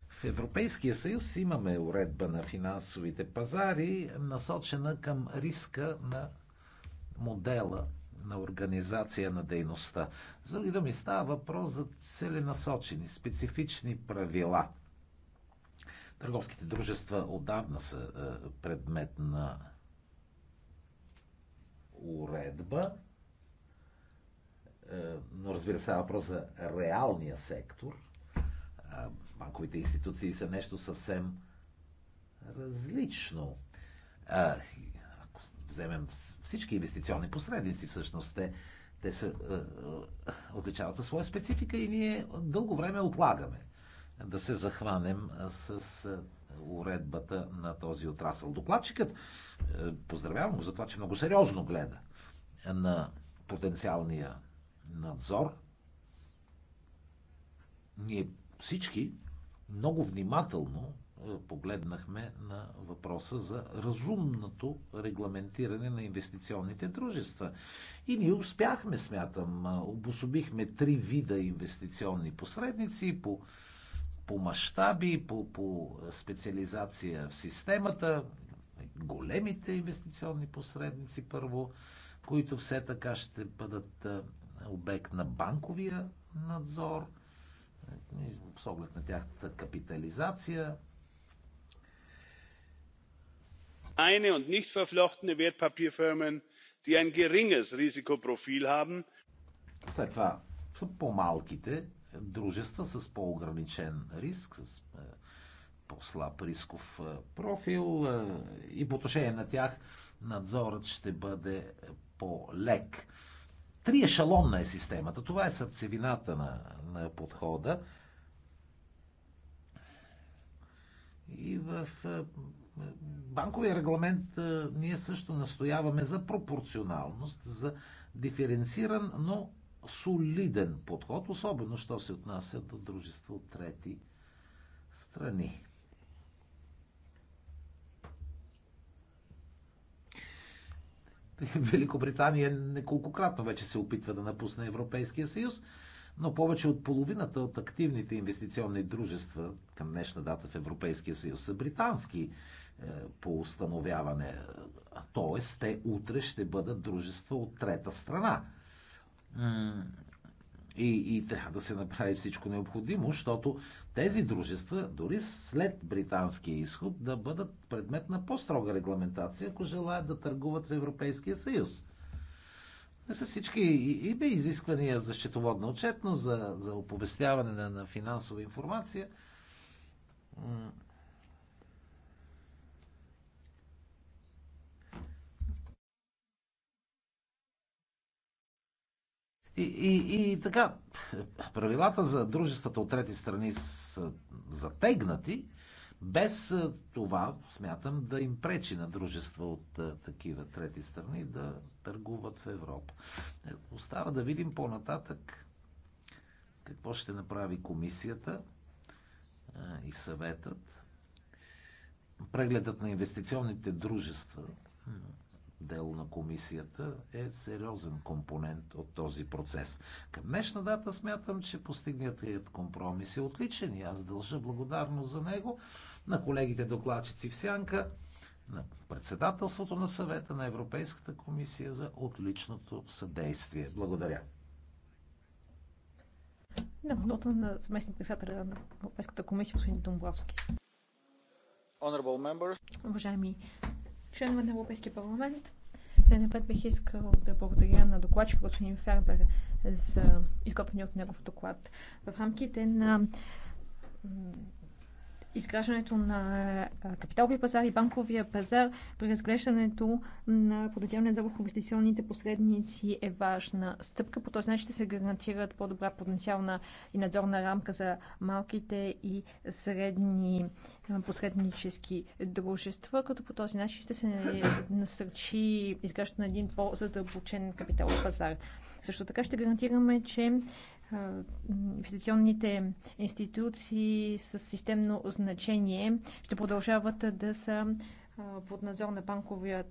В Европейския съюз имаме уредба на финансовите пазари, насочена към риска на модела на организация на дейността. За други думи, става въпрос за целенасочени, специфични правила – Търговските дружества отдавна са е, предмет на уредба, е, но разбира се, въпрос за реалния сектор. Е, банковите институции са нещо съвсем различно. Ако вземем всички инвестиционни посредници, всъщност те, те се отличават със своя специфика и ние дълго време отлагаме да се захванем с уредбата на този отрасъл. Докладчикът, е, поздравявам го за това, че много сериозно гледа на потенциалния надзор. Ние всички много внимателно е, погледнахме на въпроса за разумното регламентиране на инвестиционните дружества. И ние успяхме, смятам, е, обособихме три вида инвестиционни посредници по по мащаби, по, по специализация в системата, големите инвестиционни посредници първо, които все така ще бъдат обект на банковия надзор, с оглед на тяхната капитализация. Eine und nicht verflochtene Wertpapierfirmen, die ein geringes Risikoprofil haben. След това са по-малките дружества с по-ограничен риск, с е, по-слаб рисков е, профил е, и по отношение на тях надзорът ще бъде по-лек. Три ешалонна е системата. Това е сърцевината на, на подхода. И в банковия регламент ние също настояваме за пропорционалност, за диференциран, но солиден подход, особено що се отнася до дружество от трети страни. Великобритания неколкократно вече се опитва да напусне Европейския съюз, но повече от половината от активните инвестиционни дружества към днешна дата в Европейския съюз са британски е, по установяване. Тоест, те утре ще бъдат дружества от трета страна. И, и трябва да се направи всичко необходимо, защото тези дружества, дори след британския изход, да бъдат предмет на по-строга регламентация, ако желаят да търгуват в Европейския съюз. Не са всички и, и изисквания за счетоводна отчетност, за, за оповестяване на, на финансова информация. И, и, и така, правилата за дружествата от трети страни са затегнати, без е, това, смятам, да им пречи на дружества от е, такива трети страни да търгуват в Европа. Е, остава да видим по-нататък какво ще направи комисията и съветът. Прегледът на инвестиционните дружества дело на комисията е сериозен компонент от този процес. Към днешна дата смятам, че постигнатият компромис е отличен и аз дължа благодарност за него на колегите докладчици в Сянка, на председателството на съвета на Европейската комисия за отличното съдействие. Благодаря. На минута на заместник председателя на Европейската комисия, господин Домбровски. Уважаеми членове на Европейския парламент. Най-напред бих искал да благодаря на докладчика господин Фербер за изготвения от негов доклад. В рамките на изграждането на капиталовия пазар и банковия пазар при разглеждането на потенциалния за инвестиционните посредници е важна стъпка. По този начин ще се гарантират по-добра потенциална и надзорна рамка за малките и средни посреднически дружества, като по този начин ще се насърчи изграждането на един по-задълбочен капиталов пазар. Също така ще гарантираме, че инвестиционните институции с системно значение ще продължават да са под надзор на банковия,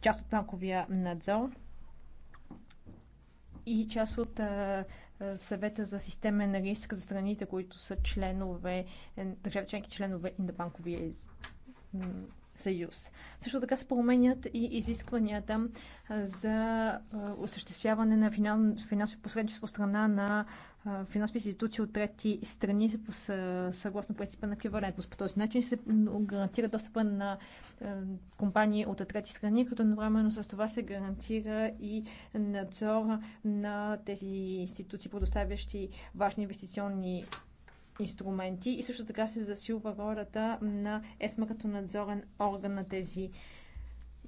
част от банковия надзор и част от съвета за системен риск за страните, които са членове, държави членки членове и на банковия съюз. Също така се променят и изискванията за осъществяване на финансово посредничество страна на финансови институции от трети страни съгласно принципа на еквивалентност. По този начин се гарантира достъпа на компании от трети страни, като едновременно с това се гарантира и надзор на тези институции, предоставящи важни инвестиционни инструменти и също така се засилва ролята на ЕСМА като надзорен орган на тези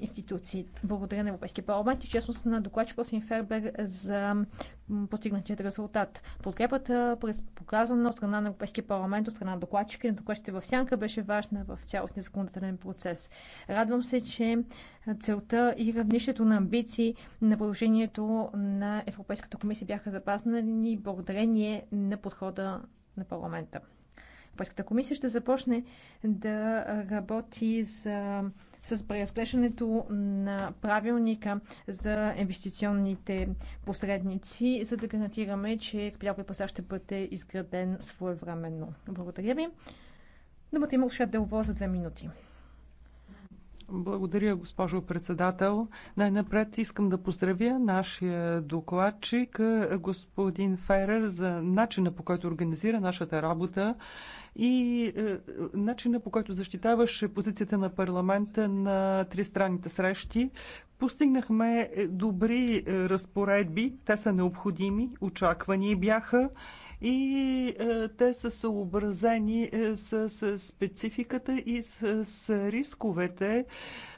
институции. Благодаря на Европейския парламент и честност на докладчик Осин Фербер за постигнатият резултат. Подкрепата през показана от страна на Европейския парламент, от страна на докладчика и на докладчите в Сянка беше важна в цялостния законодателен процес. Радвам се, че целта и равнището на амбиции на продължението на Европейската комисия бяха запазнани благодарение на подхода на парламента. Европейската комисия ще започне да работи за, с преразглеждането на правилника за инвестиционните посредници, за да гарантираме, че капиталовия пазар ще бъде изграден своевременно. Благодаря ви. Думата има Ушат Делво за две минути. Благодаря, госпожо председател. Най-напред искам да поздравя нашия докладчик, е, господин Ферер, за начина по който организира нашата работа и е, начина по който защитаваше позицията на парламента на тристранните срещи. Постигнахме е, добри е, разпоредби, те са необходими, очаквани бяха и е, те са съобразени е, с спецификата и с рисковете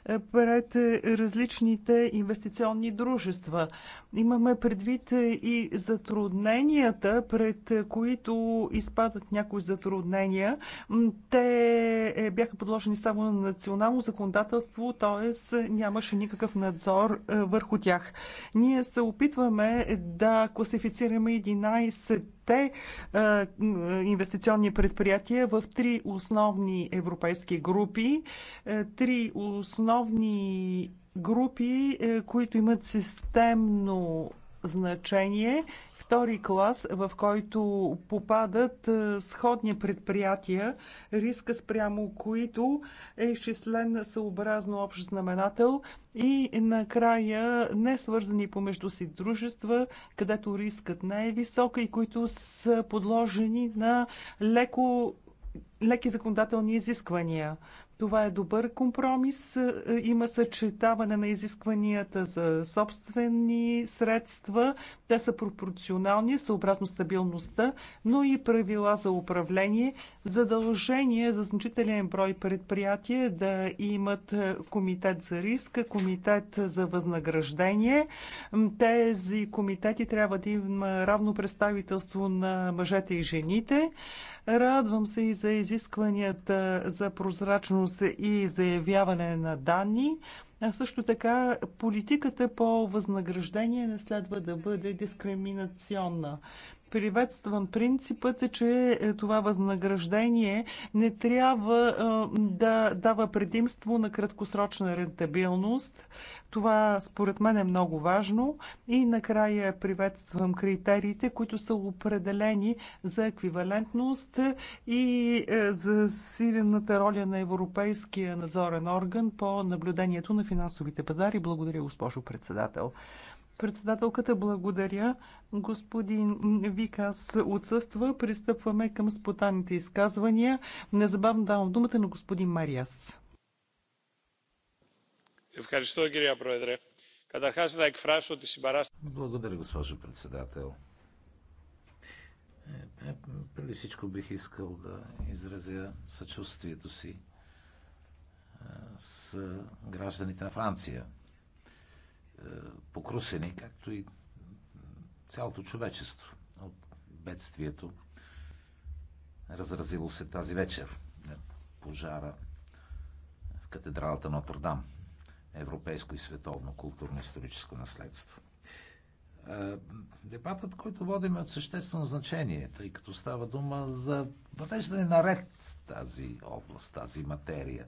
е, пред различните инвестиционни дружества. Имаме предвид и затрудненията, пред които изпадат някои затруднения. Те е, бяха подложени само на национално законодателство, т.е. нямаше никакъв надзор е, върху тях. Ние се опитваме да класифицираме 11 те е, инвестиционни предприятия в три основни европейски групи, три основни групи, е, които имат системно значение. Втори клас, в който попадат е, сходни предприятия, риска спрямо които е изчислен съобразно общ знаменател и накрая не свързани помежду си дружества, където рискът не е висок и които са подложени на леко леки законодателни изисквания. Това е добър компромис. Е, е, има съчетаване на изискванията за собствени средства. Те са пропорционални, съобразно стабилността, но и правила за управление. Задължение за значителен брой предприятия е да имат комитет за риск, комитет за възнаграждение. Тези комитети трябва да има равно представителство на мъжете и жените. Радвам се и за изискванията за прозрачност и заявяване на данни. А също така политиката по възнаграждение не следва да бъде дискриминационна приветствам принципът, е, че това възнаграждение не трябва е, да дава предимство на краткосрочна рентабилност. Това според мен е много важно и накрая приветствам критериите, които са определени за еквивалентност и е, за силената роля на Европейския надзорен орган по наблюдението на финансовите пазари. Благодаря, госпожо председател. Председателката благодаря. Господин Викас отсъства. Пристъпваме към спотаните изказвания. Незабавно давам думата на господин Мариас. Е благодаря, госпожо председател. Е, е, преди всичко бих искал да изразя съчувствието си с гражданите на Франция – покрусени, както и цялото човечество от бедствието, разразило се тази вечер на пожара в катедралата Нотр-Дам, европейско и световно културно-историческо наследство. Дебатът, който водим е от съществено значение, тъй като става дума за въвеждане на ред в тази област, тази материя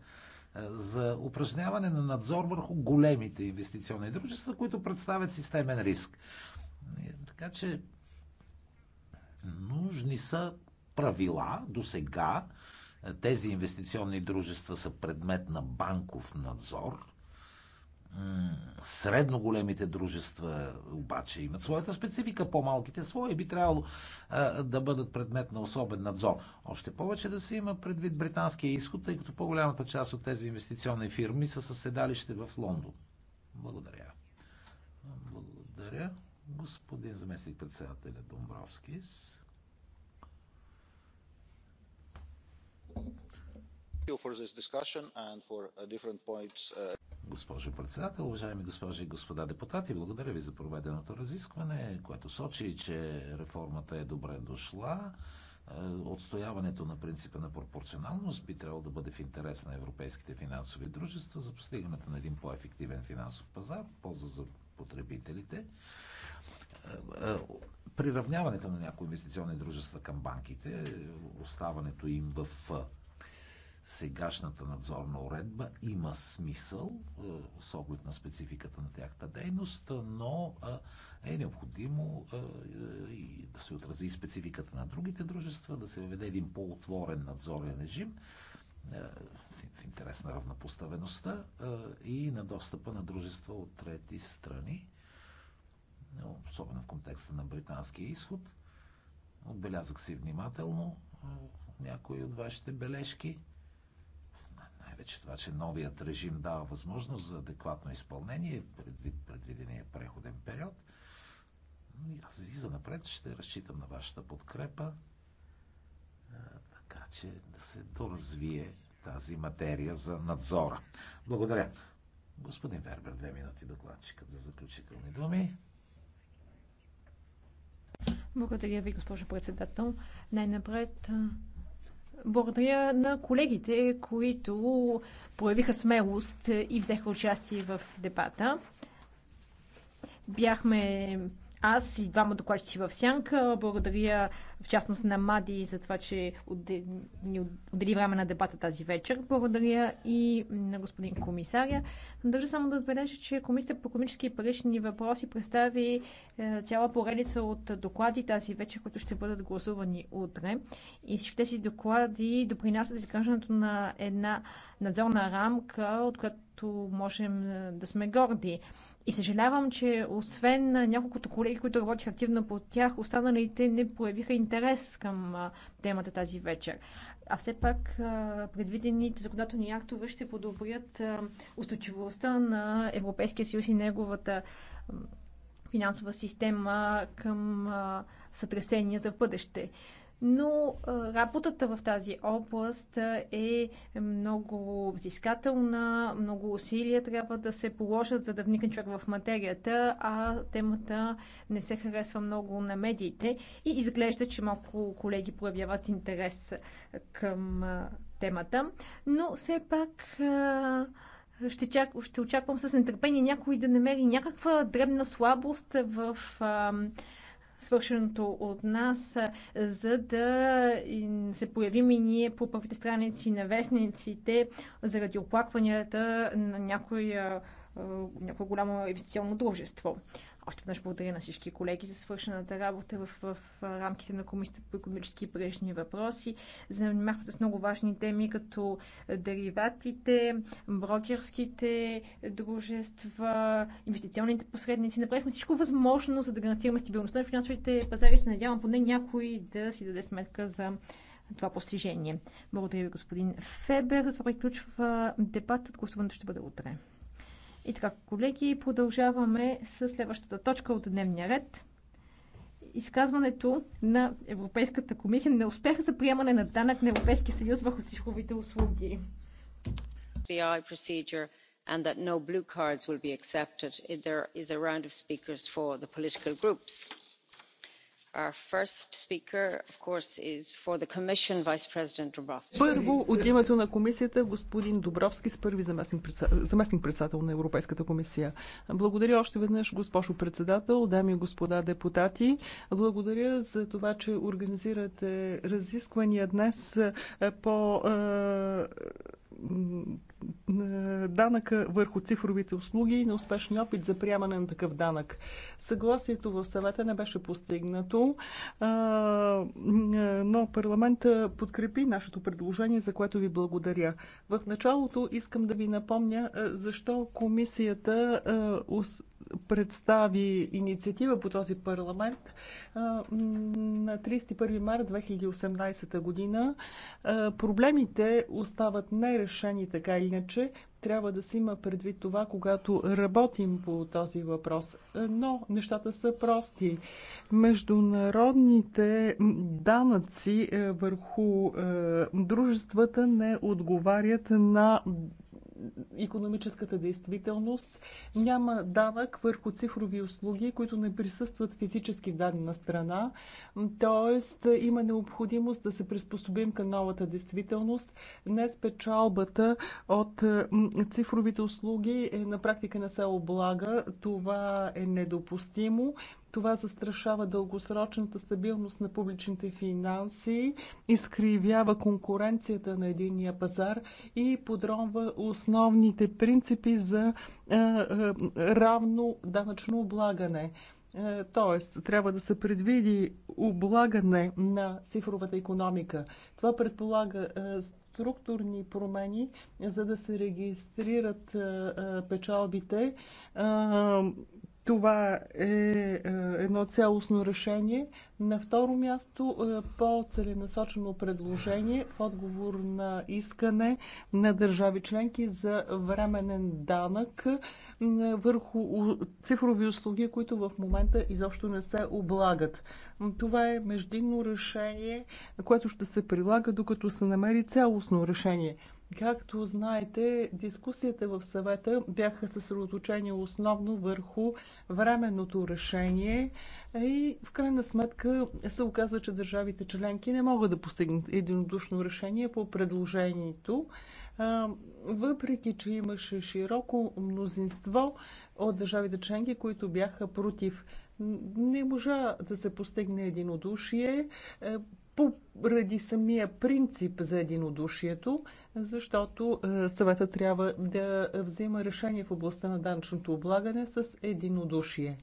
за упражняване на надзор върху големите инвестиционни дружества, които представят системен риск. Е, така че нужни са правила до сега. Тези инвестиционни дружества са предмет на банков надзор, Средно големите дружества обаче имат своята специфика, по-малките свои би трябвало а, да бъдат предмет на особен надзор. Още повече да се има предвид британския изход, тъй като по-голямата част от тези инвестиционни фирми са със седалище в Лондон. Благодаря. Благодаря. Господин заместник председателя Домбровскис. Uh, uh, Госпожо председател, уважаеми госпожи и господа депутати, благодаря ви за проведеното разискване, което сочи, че реформата е добре дошла. Е, отстояването на принципа на пропорционалност би трябвало да бъде в интерес на европейските финансови дружества за постигането на един по-ефективен финансов пазар, полза за потребителите. Е, е, приравняването на някои инвестиционни дружества към банките, оставането им в сегашната надзорна уредба има смисъл е, с оглед на спецификата на тяхта дейност, но е, е необходимо е, да се отрази и спецификата на другите дружества, да се въведе един по-отворен надзорен режим в интерес на равнопоставеността и на достъпа на дружества от трети страни, особено в контекста на британския изход. Отбелязах си внимателно някои от вашите бележки е, че това, че новият режим дава възможност за адекватно изпълнение предвид предвидения преходен период. И аз и за напред ще разчитам на вашата подкрепа, така че да се доразвие тази материя за надзора. Благодаря. Господин Вербер, две минути докладчикът за заключителни думи. Благодаря ви, госпожо председател. Най-напред благодаря на колегите, които проявиха смелост и взеха участие в дебата. Бяхме аз и двама докладчици в сянка. Благодаря в частност на Мади за това, че ни отдели време на дебата тази вечер. Благодаря и на господин комисаря. Държа само да отбележа, че Комисията по економически и парични въпроси представи е, цяла поредица от доклади тази вечер, които ще бъдат гласувани утре. И всички тези доклади допринасят за изграждането на една надзорна рамка, от която можем е, да сме горди. И съжалявам, че освен няколкото колеги, които работиха активно по тях, останалите не появиха интерес към темата тази вечер. А все пак предвидените законодателни актове ще подобрят устойчивостта на Европейския съюз и неговата финансова система към сътресения за в бъдеще но работата в тази област е много взискателна, много усилия трябва да се положат, за да вникне човек в материята, а темата не се харесва много на медиите и изглежда, че малко колеги проявяват интерес към темата, но все пак ще, чак, ще очаквам с нетърпение някой да намери някаква дребна слабост в а, свършеното от нас, за да се появим и ние по първите страници на вестниците заради оплакванията на някой, някое голямо инвестиционно дружество. Още веднъж благодаря на всички колеги за свършената работа в, в, в рамките на Комисията по економически и прежни въпроси. Занимахме с много важни теми, като дериватите, брокерските дружества, инвестиционните посредници. Направихме всичко възможно, за да гарантираме стабилността на финансовите пазари. Се надявам поне някой да си даде сметка за това постижение. Благодаря ви, господин Фебер. За това приключва дебатът. Гласуването ще бъде утре. И така, колеги, продължаваме с следващата точка от дневния ред. Изказването на Европейската комисия не успеха за приемане на данък на Европейския съюз върху цифровите услуги. And that no blue cards will be accepted. There is a round of speakers for the political groups. Първо от името на комисията господин Добровски с първи заместник председател на Европейската комисия. Благодаря още веднъж госпожо председател, дами и господа депутати. Благодаря за това, че организирате разисквания днес по данъка върху цифровите услуги и неуспешни опит за приемане на такъв данък. Съгласието в съвета не беше постигнато, но парламента подкрепи нашето предложение, за което ви благодаря. В началото искам да ви напомня защо комисията представи инициатива по този парламент на 31 марта 2018 година. Проблемите остават нерешени решени така или иначе. Трябва да се има предвид това, когато работим по този въпрос. Но нещата са прости. Международните данъци е, върху е, дружествата не отговарят на економическата действителност. Няма данък върху цифрови услуги, които не присъстват физически в дадена страна. Тоест има необходимост да се приспособим към новата действителност. Днес печалбата от цифровите услуги е на практика на село блага, Това е недопустимо. Това застрашава дългосрочната стабилност на публичните финанси, изкривява конкуренцията на единния пазар и подронва основните принципи за е, е, равно данъчно облагане. Е, тоест, трябва да се предвиди облагане на цифровата економика. Това предполага структурни промени, за да се регистрират печалбите това е, е едно цялостно решение. На второ място, е, по-целенасочено предложение в отговор на искане на държави членки за временен данък върху цифрови услуги, които в момента изобщо не се облагат. Това е междинно решение, което ще се прилага, докато се намери цялостно решение. Както знаете, дискусията в съвета бяха съсредоточени основно върху временното решение и в крайна сметка се оказа, че държавите членки не могат да постигнат единодушно решение по предложението, въпреки че имаше широко мнозинство от държавите членки, които бяха против. Не можа да се постигне единодушие поради самия принцип за единодушието, защото е, съвета трябва да взема решение в областта на данъчното облагане с единодушие.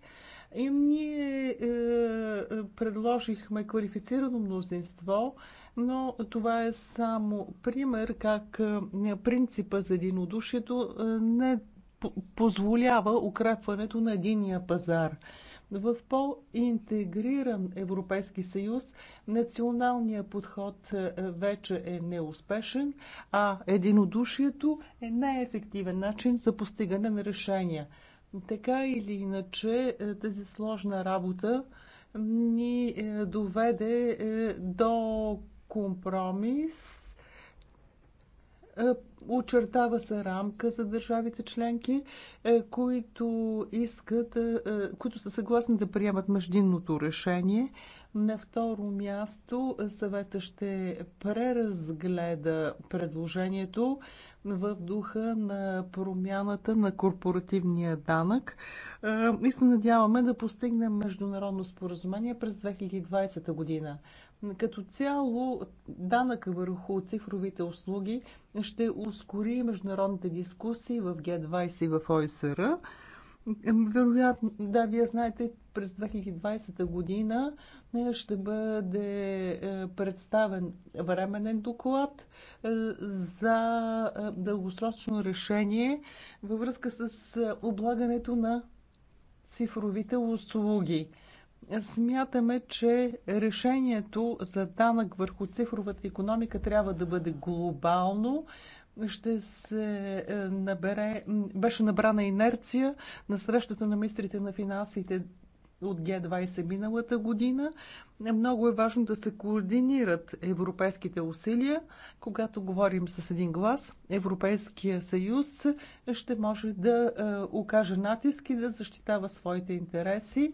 И ние е, е предложихме квалифицирано мнозинство, но това е само пример как е, принципа за единодушието не позволява укрепването на единия пазар в по-интегриран Европейски съюз националният подход е, вече е неуспешен, а единодушието е най-ефективен начин за постигане на решения. Така или иначе, е, тази сложна работа ни е, доведе до компромис е, очертава се рамка за държавите членки, е, които искат, е, които са съгласни да приемат междинното решение. На второ място съвета ще преразгледа предложението в духа на промяната на корпоративния данък и се надяваме да постигнем международно споразумение през 2020 година. Като цяло данък върху цифровите услуги ще ускори международните дискусии в Г20 и в ОСР. Вероятно, да, вие знаете, през 2020 година е, ще бъде е, представен временен доклад е, за дългосрочно решение във връзка с облагането на цифровите услуги смятаме, че решението за данък върху цифровата економика трябва да бъде глобално. Ще се е, набере, беше набрана инерция на срещата на министрите на финансите от Г20 миналата година. Много е важно да се координират европейските усилия. Когато говорим с един глас, Европейския съюз ще може да е, окаже натиск и да защитава своите интереси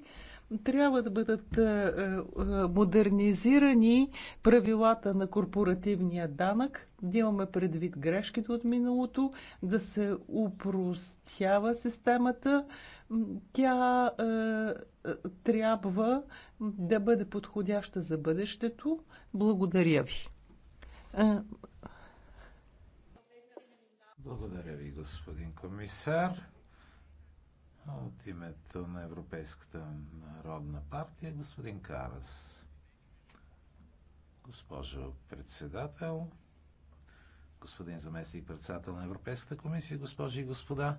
трябва да бъдат е, е, модернизирани правилата на корпоративния данък, да имаме предвид грешките от миналото, да се упростява системата. Тя е, трябва да бъде подходяща за бъдещето. Благодаря ви. Е, Благодаря ви, господин комисар. От името на Европейската народна партия господин Карас. Госпожо председател, господин заместник председател на Европейската комисия, госпожи и господа.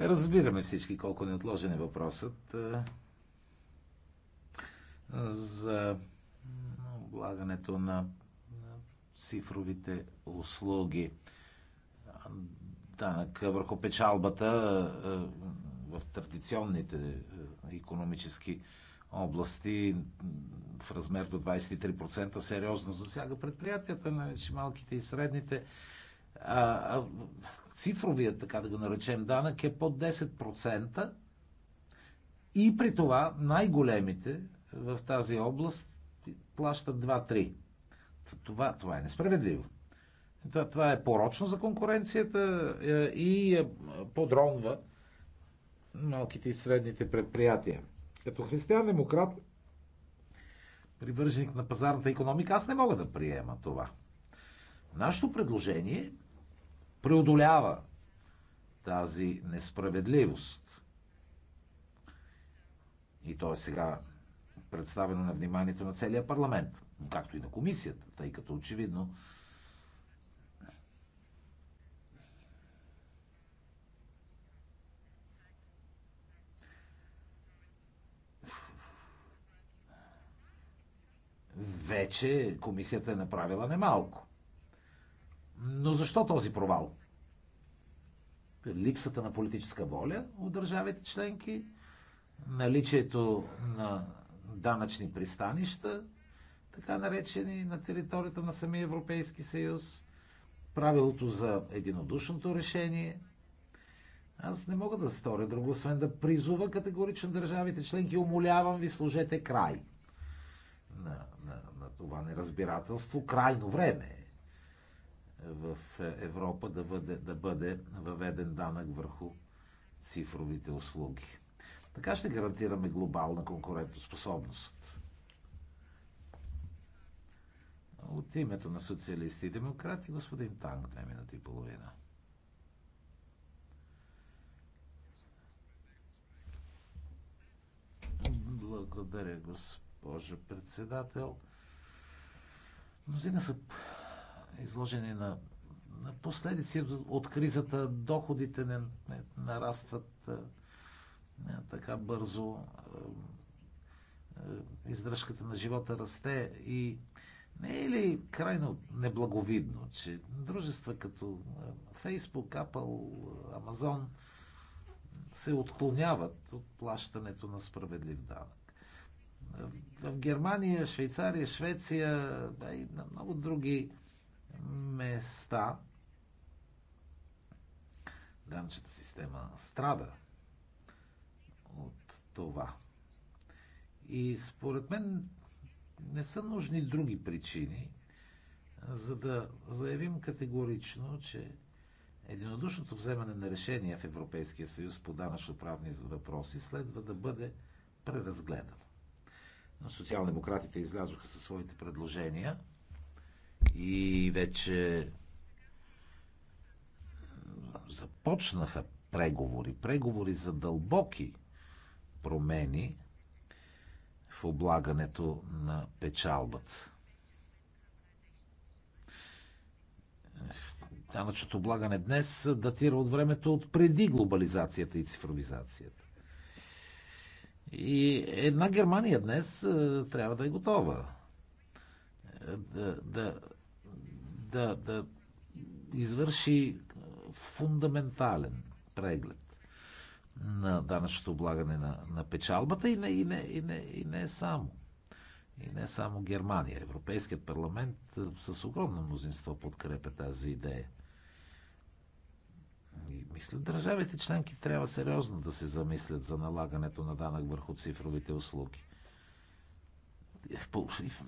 Разбираме всички колко неотложен е въпросът е, за облагането на цифровите услуги данък върху печалбата е, е, в традиционните економически области в размер до 23% сериозно засяга предприятията, най-вече малките и средните. А, а, цифровият, така да го наречем, данък е под 10%. И при това най-големите в тази област плащат 2-3. Това, това е несправедливо. Това е порочно за конкуренцията е, и е, подронва малките и средните предприятия. Като християн-демократ, привърженик на пазарната економика, аз не мога да приема това. Нашето предложение преодолява тази несправедливост. И то е сега представено на вниманието на целия парламент, както и на комисията, тъй като очевидно Вече комисията е направила немалко. Но защо този провал? Липсата на политическа воля от държавите членки, наличието на данъчни пристанища, така наречени на територията на самия Европейски съюз, правилото за единодушното решение. Аз не мога да сторя друго, освен да призова категорично държавите членки. Умолявам ви, служете край на това неразбирателство. Крайно време е в Европа да бъде, да бъде въведен данък върху цифровите услуги. Така ще гарантираме глобална конкурентоспособност. От името на социалисти и демократи, господин Танк, две минути и половина. Благодаря, госпожо председател. Мнозина са изложени на, на последици от кризата. Доходите не, не нарастват не, е, така бързо. Е, е, издръжката на живота расте и не е ли крайно неблаговидно, че дружества като Facebook, Apple, Amazon се отклоняват от плащането на справедлив данък? в Германия, Швейцария, Швеция да и на много други места данъчната система страда от това. И според мен не са нужни други причини, за да заявим категорично, че единодушното вземане на решения в Европейския съюз по данъчно-правни въпроси следва да бъде преразгледано. Социал-демократите излязоха със своите предложения и вече започнаха преговори. Преговори за дълбоки промени в облагането на печалбата. Данъчното облагане днес датира от времето от преди глобализацията и цифровизацията. И една Германия днес е, трябва да е готова е, да, да, да, да извърши фундаментален преглед на данъчното облагане на, на печалбата и не, и, не, и, не, и не само. И не само Германия. Европейският парламент е, с огромно мнозинство подкрепя тази идея. И мисля, държавите членки трябва сериозно да се замислят за налагането на данък върху цифровите услуги.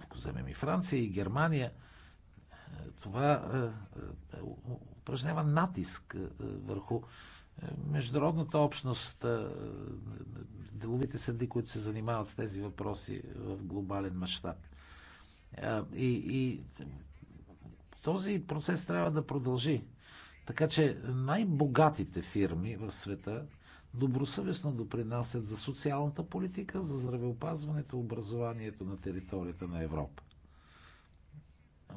Ако вземем и Франция, и Германия, това е, е, е, упражнява натиск върху международната общност, деловите съди, които се занимават с тези въпроси в глобален мащаб. И, и този процес трябва да продължи. Така че най-богатите фирми в света добросъвестно допринасят за социалната политика, за здравеопазването, образованието на територията на Европа.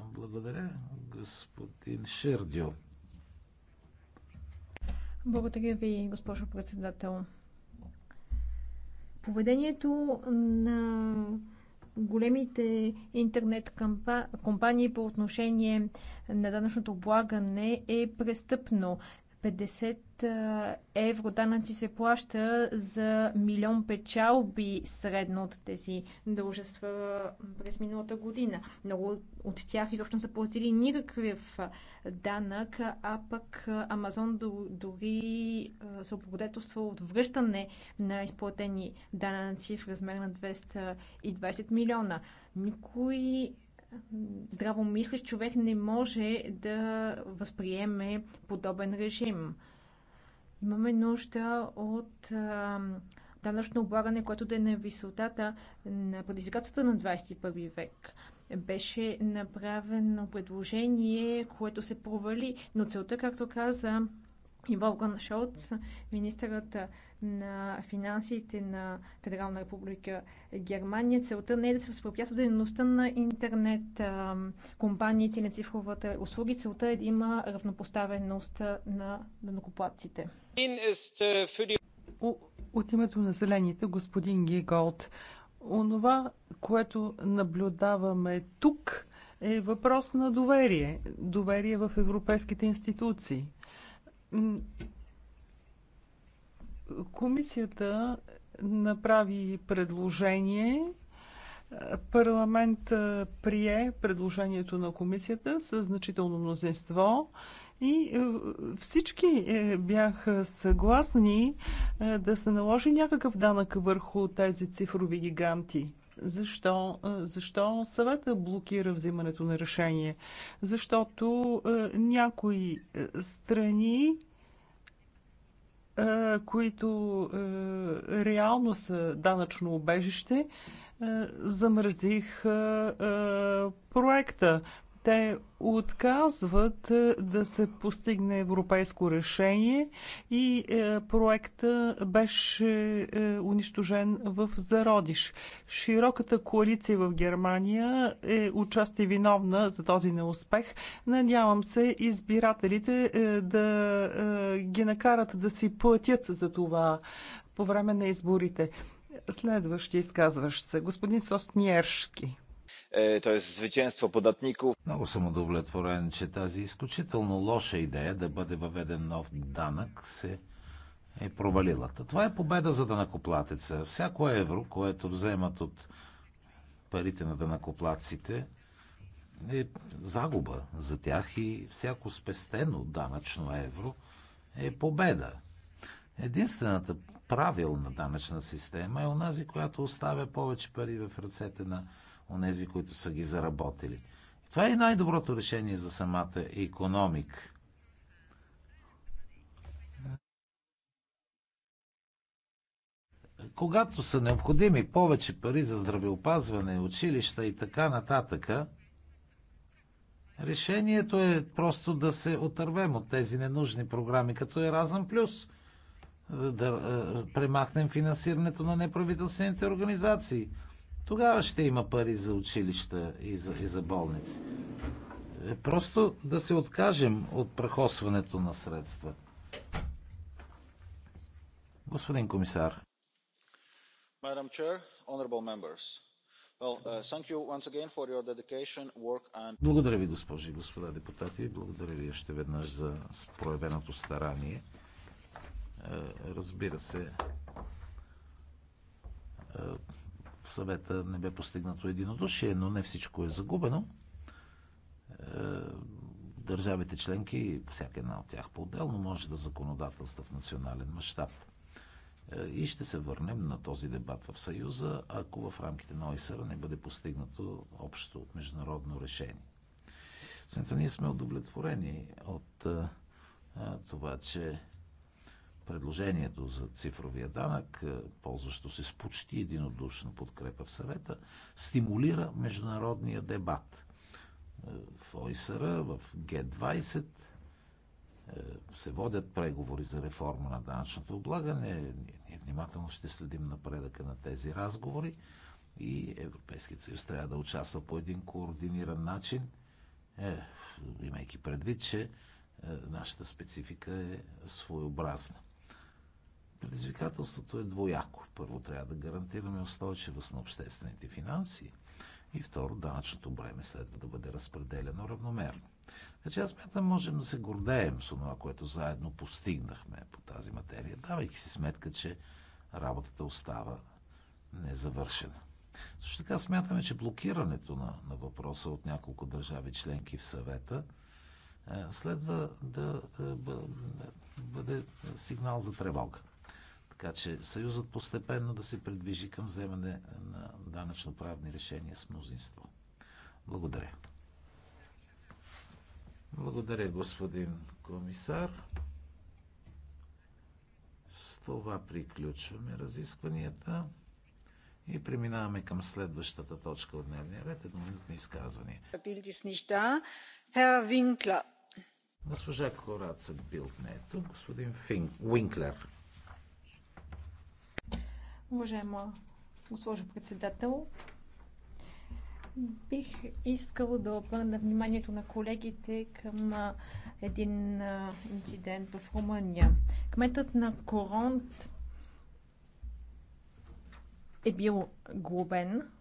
Благодаря, господин Шердио. Благодаря ви, госпожо председател. Поведението на големите интернет компании по отношение на данъчното облагане е престъпно. 50 евро данъци се плаща за милион печалби средно от тези дружества през миналата година. Много от тях изобщо не са платили никакъв данък, а пък Амазон дори се облагодетелства от връщане на изплатени данъци в размер на 220 милиона. Никой здравомислящ човек не може да възприеме подобен режим. Имаме нужда от данъчно облагане, което да е на висотата на предизвикателствата на 21 век. Беше направено предложение, което се провали, но целта, както каза и Волган Шолц, министърът на финансите на Федерална република Германия. Целта не е да се възпрепятства дейността на интернет компаниите на цифровата услуги. Целта е да има равнопоставеност на данокоплатците. От името на зелените, господин Гиголд, онова, което наблюдаваме тук, е въпрос на доверие. Доверие в европейските институции. Комисията направи предложение. Парламент прие предложението на комисията с значително мнозинство и всички е, бяха съгласни да се наложи някакъв данък върху тези цифрови гиганти. Защо? Защо съвета блокира взимането на решение? Защото някои страни които реално са данъчно обежище, замразих проекта. Те отказват е, да се постигне европейско решение и е, проекта беше е, унищожен в зародиш. Широката коалиция в Германия е участи виновна за този неуспех. Надявам се избирателите да ги накарат да си платят за това по време на изборите. Следващи изказващ се, господин Сосниершки to jest zwycięstwo podatników. Много съм удовлетворен, че тази изключително лоша идея да бъде въведен нов данък се е провалила. Това е победа за данакоплатеца. Всяко евро, което вземат от парите на данакоплатците, е загуба за тях и всяко спестено данъчно евро е победа. Единствената правилна данъчна система е онази, която оставя повече пари в ръцете на онези, които са ги заработили. И това е най-доброто решение за самата економика. Когато са необходими повече пари за здравеопазване, училища и така нататък, решението е просто да се отървем от тези ненужни програми, като Еразъм Плюс – да премахнем финансирането на неправителствените организации. Тогава ще има пари за училища и за, и за болници. Е, просто да се откажем от прахосването на средства. Господин комисар. Madam Chair, honorable members. Well, uh, thank you once again for your dedication, work and... Благодаря ви, госпожи и господа депутати. Благодаря ви още веднъж за проявеното старание. Е, разбира се, е, в съвета не бе постигнато единодушие, но не всичко е загубено. Е, държавите членки, всяка една от тях по-отделно, може да законодателства в национален мащаб. Е, и ще се върнем на този дебат в Съюза, ако в рамките на ОИСР не бъде постигнато общо международно решение. Освен ние сме удовлетворени от е, това, че предложението за цифровия данък, е, ползващо се с почти единодушна подкрепа в съвета, стимулира международния дебат. Е, в ОИСР, в Г20 е, се водят преговори за реформа на данъчното облагане. Ние внимателно ще следим напредъка на тези разговори и Европейският съюз трябва да участва по един координиран начин, имайки предвид, че нашата специфика е своеобразна. Предизвикателството е двояко. Първо трябва да гарантираме устойчивост на обществените финанси и второ данъчното бреме следва да бъде разпределено равномерно. Значи аз мятам, можем да се гордеем с това, което заедно постигнахме по тази материя, давайки си сметка, че работата остава незавършена. Също така смятаме, че блокирането на, на въпроса от няколко държави членки в съвета е, следва да е, бъде сигнал за тревога. Така че Съюзът постепенно да се придвижи към вземане на данъчно-правни решения с мнозинство. Благодаря. Благодаря, господин комисар. С това приключваме разискванията и преминаваме към следващата точка от дневния ред. Едноминутни изказване. Госпожа Кораца Билт не е тук. Господин Финк, Уинклер. Уважаема госпожо председател, бих искала да обърна вниманието на колегите към един инцидент в Румъния. Кметът на Коронт е бил глобен.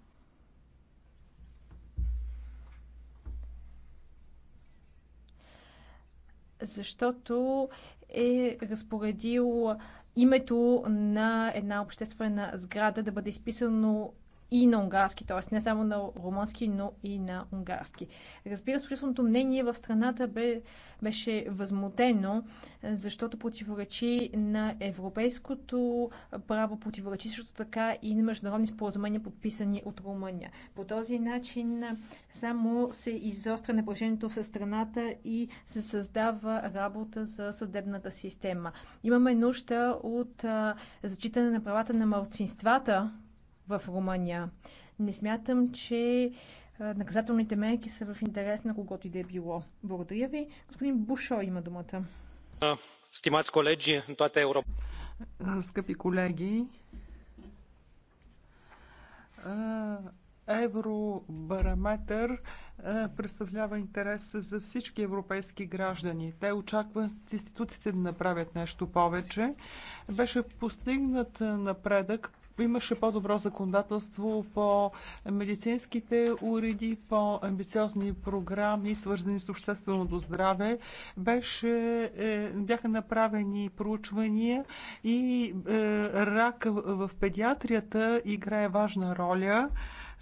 Защото е разпоредил името на една обществена сграда да бъде изписано и на унгарски, т.е. не само на румънски, но и на унгарски. Разбира се, общественото мнение в страната бе, беше възмутено, защото противоречи на европейското право, противоречи също така и на международни споразумения, подписани от Румъния. По този начин само се изостря напрежението в страната и се създава работа за съдебната система. Имаме нужда от зачитане на правата на малцинствата в Румъния. Не смятам, че наказателните мерки са в интерес на когото и да е било. Благодаря ви. Господин Бушо има думата. Стимати колеги în Европа. Скъпи колеги, Евробараметър представлява интерес за всички европейски граждани. Те очакват институциите да направят нещо повече. Беше постигнат напредък имаше по-добро законодателство по медицинските уреди, по амбициозни програми, свързани с общественото здраве. Беше, е, бяха направени проучвания и е, рак в педиатрията играе важна роля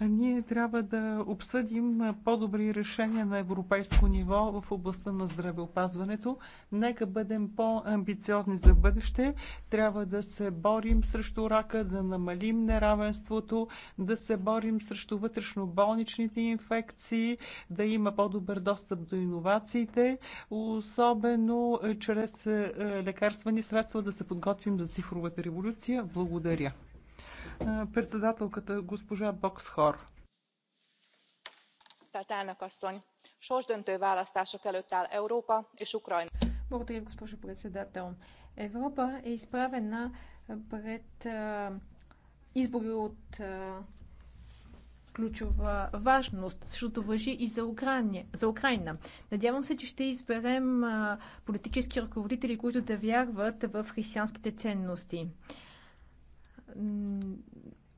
ние трябва да обсъдим по-добри решения на европейско ниво в областта на здравеопазването. Нека бъдем по-амбициозни за бъдеще. Трябва да се борим срещу рака, да намалим неравенството, да се борим срещу вътрешно болничните инфекции, да има по-добър достъп до иновациите, особено е, чрез е, лекарствени средства да се подготвим за цифровата революция. Благодаря председателката госпожа Боксхор. Благодаря, госпожо председател. Европа е изправена пред избори от ключова важност. защото въжи и за, за Украина. Надявам се, че ще изберем политически ръководители, които да вярват в християнските ценности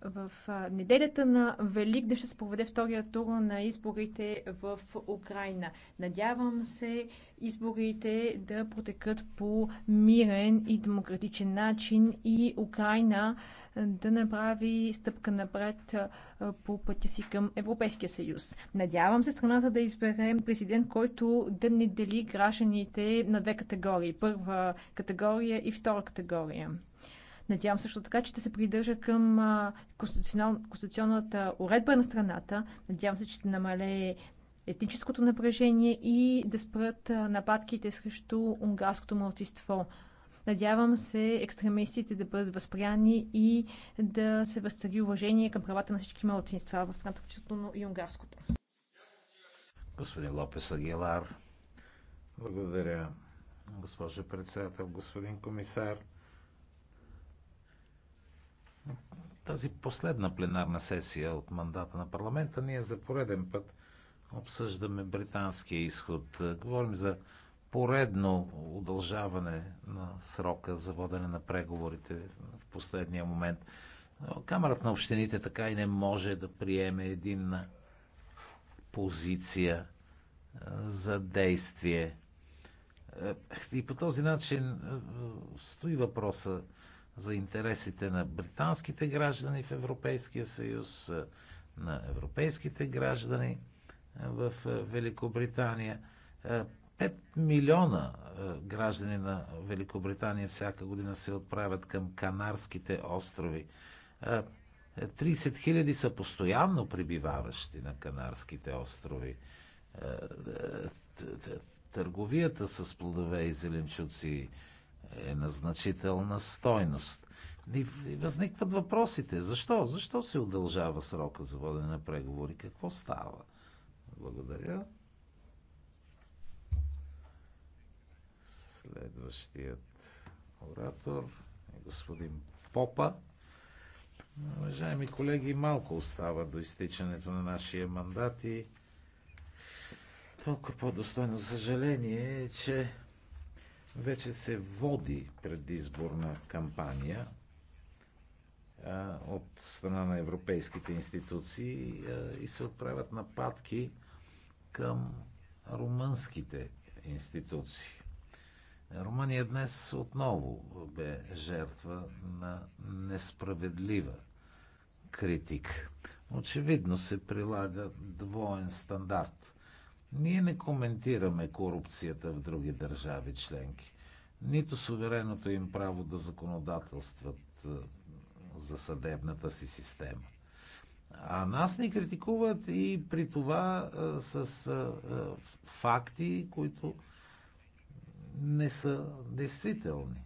в неделята на Велик да ще се проведе втория тур на изборите в Украина. Надявам се изборите да протекат по мирен и демократичен начин и Украина да направи стъпка напред по пътя си към Европейския съюз. Надявам се страната да избере президент, който да не дели гражданите на две категории. Първа категория и втора категория. Надявам също така, че ще се придържа към конституционната уредба на страната. Надявам се, че ще намалее етническото напрежение и да спрат нападките срещу унгарското младсинство. Надявам се екстремистите да бъдат възприяни и да се възцари уважение към правата на всички малцинства в страната, включително и унгарското. Господин Лопес Агилар, благодаря, госпожо председател, господин комисар. тази последна пленарна сесия от мандата на парламента ние за пореден път обсъждаме британския изход. Говорим за поредно удължаване на срока за водене на преговорите в последния момент. Камерата на общините така и не може да приеме един позиция за действие. Е, и по този начин стои въпроса за интересите на британските граждани в Европейския съюз, на европейските граждани в Великобритания. 5 милиона граждани на Великобритания всяка година се отправят към Канарските острови. 30 хиляди са постоянно прибиваващи на Канарските острови. Търговията с плодове и зеленчуци, е на значителна стойност. И, възникват въпросите. Защо? Защо се удължава срока за водене на преговори? Какво става? Благодаря. Следващият оратор е господин Попа. Уважаеми колеги, малко остава до изтичането на нашия мандат и толкова по-достойно съжаление е, че вече се води предизборна кампания а, от страна на европейските институции а, и се отправят нападки към румънските институции. Румъния днес отново бе жертва на несправедлива критик. Очевидно се прилага двоен стандарт ние не коментираме корупцията в други държави членки, нито сувереното им право да законодателстват е, за съдебната си система. А нас ни критикуват и при това е, с е, факти, които не са действителни.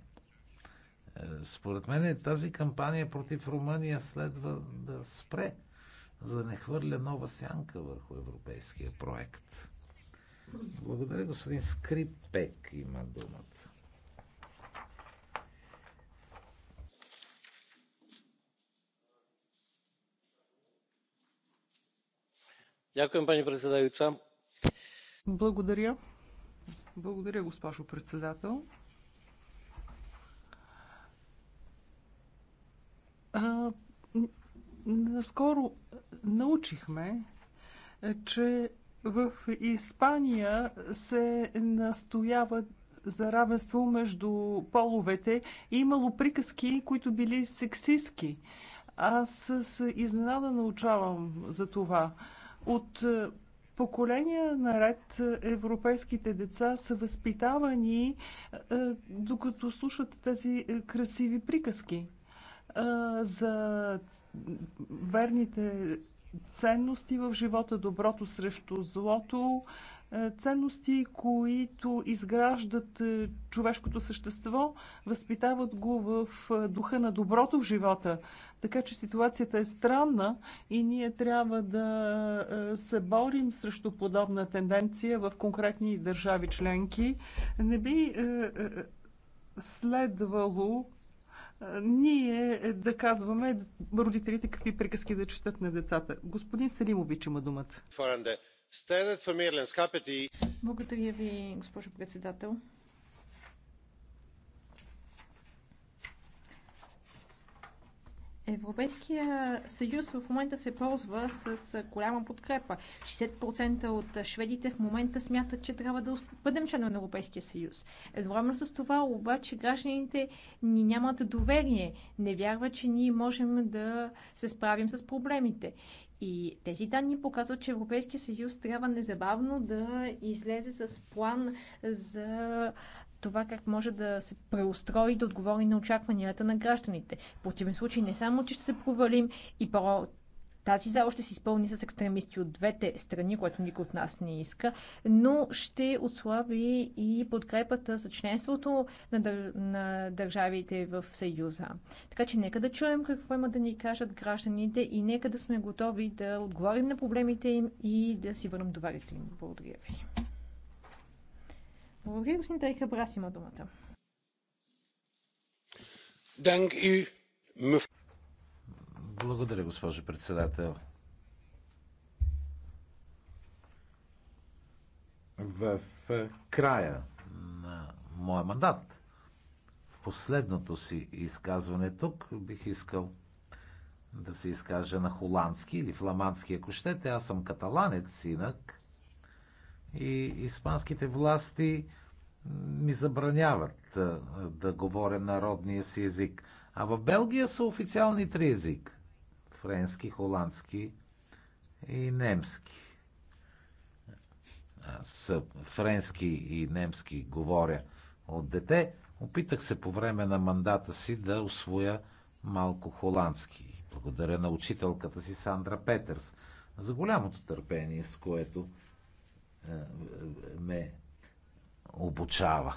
Според мен тази кампания против Румъния следва да спре, за да не хвърля нова сянка върху европейския проект. Благодаря, господин Скрипек има думата. пани předsedající благодаря. Благодаря, госпожо председател. А, наскоро научихме, че в Испания се настоява за равенство между половете. Имало приказки, които били сексистки. Аз с изненада научавам за това. От е, поколения наред европейските деца са възпитавани, е, докато слушат тези е, красиви приказки за верните ценности в живота, доброто срещу злото, е, ценности, които изграждат е, човешкото същество, възпитават го в е, духа на доброто в живота. Така че ситуацията е странна и ние трябва да се борим срещу подобна тенденция в конкретни държави членки. Не би следвало ние е, да казваме родителите какви приказки да четат на децата. Господин Селимович има думата. Благодаря ви, госпожо председател. Европейския съюз в момента се ползва с голяма подкрепа. 60% от шведите в момента смятат, че трябва да бъдем членове на Европейския съюз. Едновременно с това обаче гражданите ни нямат доверие, не вярват, че ние можем да се справим с проблемите. И тези данни показват, че Европейския съюз трябва незабавно да излезе с план за това как може да се преустрои, да отговори на очакванията на гражданите. В противен случай не само, че ще се провалим и по тази зала ще се изпълни с екстремисти от двете страни, което никой от нас не иска, но ще отслаби и подкрепата за членството на, дър... на държавите в Съюза. Така че нека да чуем какво има да ни кажат гражданите и нека да сме готови да отговорим на проблемите им и да си върнем доверието им. Благодаря ви. Благодаря, господин Тайка Брас има думата. Благодаря, госпожо председател. В края на моя мандат, в последното си изказване тук, бих искал да се изкажа на холандски или фламандски, ако щете. Аз съм каталанец, инак и испанските власти ми забраняват да говоря народния си език. А в Белгия са официални три език. Френски, холандски и немски. С френски и немски говоря от дете. Опитах се по време на мандата си да освоя малко холандски. Благодаря на учителката си Сандра Петърс за голямото търпение, с което ме обучава.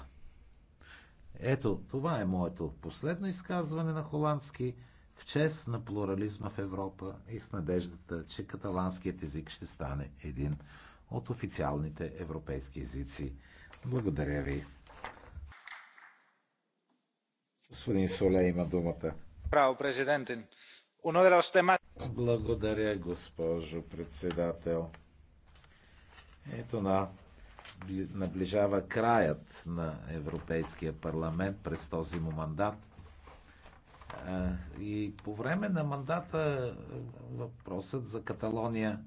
Ето, това е моето последно изказване на холандски в чест на плурализма в Европа и с надеждата, че каталанският език ще стане един от официалните европейски езици. Благодаря ви. Господин Соле има думата. Право, президентен. Благодаря, госпожо председател. Ето на наближава краят на Европейския парламент през този му мандат. И по време на мандата въпросът за Каталония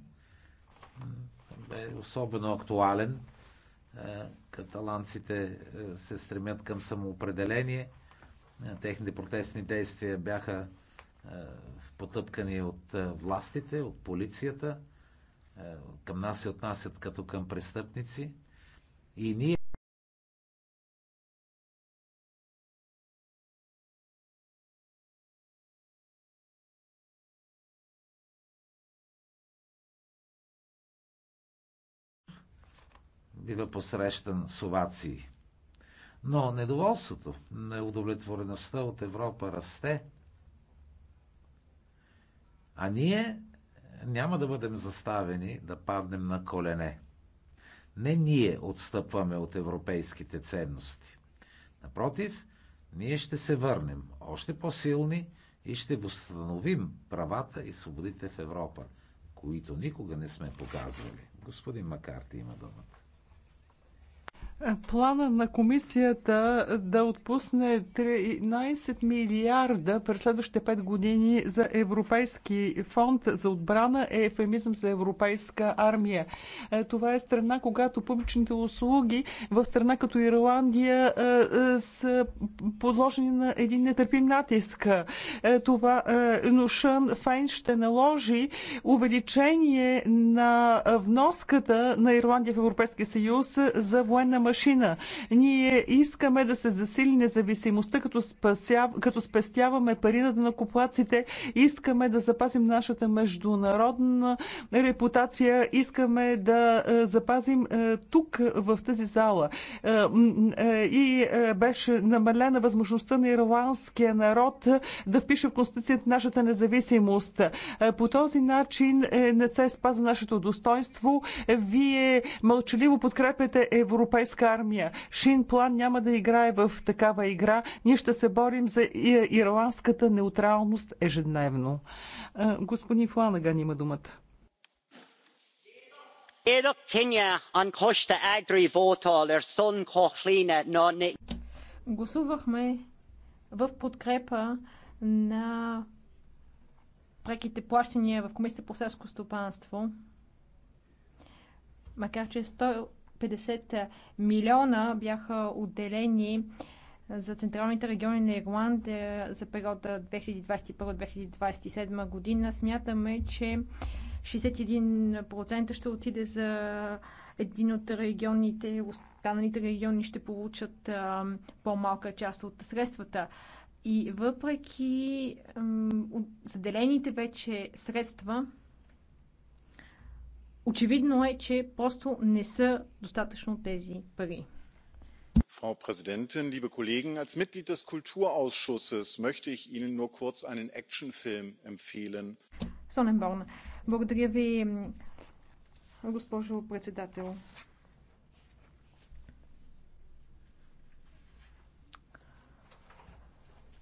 е особено актуален. Каталанците се стремят към самоопределение. Техните протестни действия бяха потъпкани от властите, от полицията – е, към нас се отнасят като към престъпници и ние бива посрещан с овации. Но недоволството, неудовлетвореността от Европа расте, а ние няма да бъдем заставени да паднем на колене. Не ние отстъпваме от европейските ценности. Напротив, ние ще се върнем още по-силни и ще възстановим правата и свободите в Европа, които никога не сме показвали. Господин Макарти има думата. Плана на комисията да отпусне 13 милиарда през следващите 5 години за Европейски фонд за отбрана е ефемизъм за Европейска армия. Е, това е страна, когато публичните услуги в страна като Ирландия е, е, са подложени на един нетърпим натиск. Това Нушан Файн ще наложи увеличение на вноската на Ирландия в Европейския съюз за военна машина машина. Ние искаме да се засили независимостта, като, спасяв, като спестяваме пари на накоплаците. Искаме да запазим нашата международна репутация. Искаме да е, запазим е, тук, в тази зала. Е, и беше намалена възможността на ирландския народ да впише в Конституцията нашата независимост. По този начин не се спазва нашето достоинство. Вие мълчаливо подкрепяте европейска армия. Шин План няма да играе в такава игра. Ние ще се борим за ирландската неутралност ежедневно. Господин Фланаган има думата. Er Гласувахме в подкрепа на преките плащания в Комисията по селско стопанство, макар че 100 е 50 милиона бяха отделени за централните региони на Ирландия е, за периода 2021-2027 година. Смятаме, че 61% ще отиде за един от регионите, останалите региони ще получат е, по-малка част от средствата. И въпреки заделените вече средства, Очевидно е, че просто не са достатъчно тези пари. Frau Präsidentin, liebe Kollegen! Als Mitglied des Kulturausschusses möchte ich Ihnen nur kurz einen Actionfilm empfehlen. Sonnenborn, Благодаря ви, госпожо председател.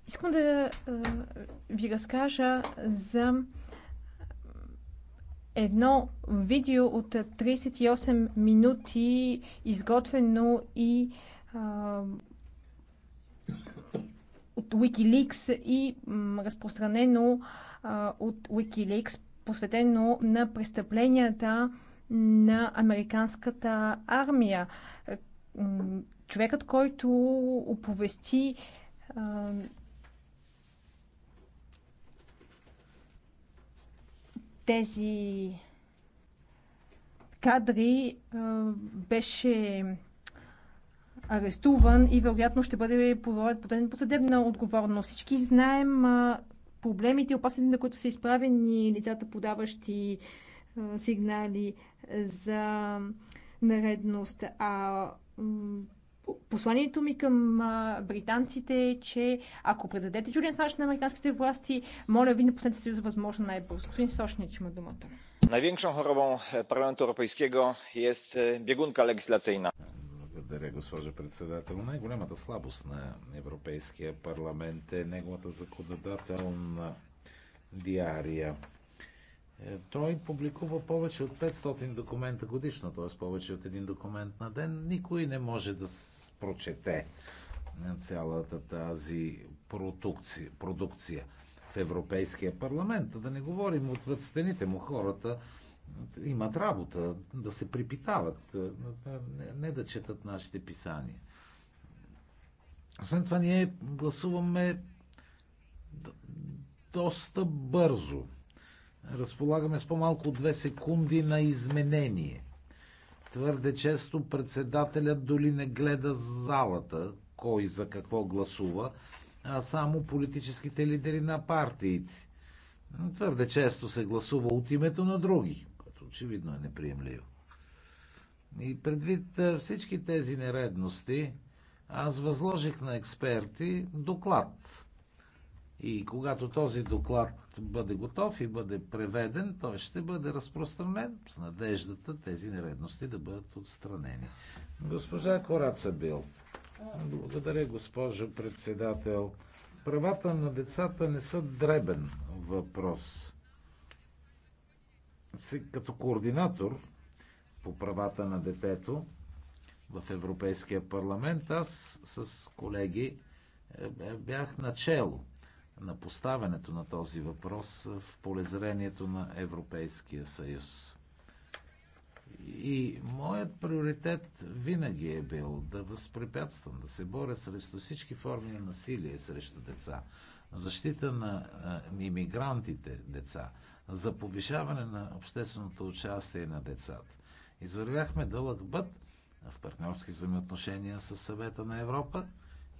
Искам да ви разкажа за едно видео от 38 минути, изготвено и а, от Wikileaks и м, разпространено а, от Wikileaks, посветено на престъпленията на американската армия. Човекът, който оповести тези кадри беше арестуван и вероятно ще бъде подаден по съдебна отговорност. Всички знаем проблемите и опасните, на които са изправени лицата, подаващи сигнали за наредност. А Посланието ми към британците е, че ако предадете Джулиан Санч на американските власти, моля ви, напуснете съюз възможно най-бързо. Господин Сошнич има думата. Największą chorobą Parlamentu Europejskiego jest biegunka legislacyjna. Благодаря, госпожа председател. Най-голямата слабост на Европейския парламент е неговата законодателна диария. Е, той публикува повече от 500 документа годишно, т.е. повече от един документ на ден. Никой не може да прочете цялата тази продукция, продукция в Европейския парламент. Да не говорим отвъд стените му хората имат работа, да се припитават, е, не да четат нашите писания. Освен това, ние гласуваме доста бързо разполагаме с по-малко от две секунди на изменение. Твърде често председателят доли не гледа залата, кой за какво гласува, а само политическите лидери на партиите. Твърде често се гласува от името на други, което очевидно е неприемливо. И предвид всички тези нередности, аз възложих на експерти доклад и когато този доклад бъде готов и бъде преведен, той ще бъде разпространен с надеждата тези нередности да бъдат отстранени. Госпожа Кораца Билт. Благодаря, госпожо председател. Правата на децата не са дребен въпрос. Като координатор по правата на детето в Европейския парламент, аз с колеги е, бях начало на поставянето на този въпрос в полезрението на Европейския съюз. И моят приоритет винаги е бил да възпрепятствам, да се боря срещу всички форми на насилие срещу деца, защита на иммигрантите деца, за повишаване на общественото участие на децата. Извървяхме дълъг път в партньорски взаимоотношения с съвета на Европа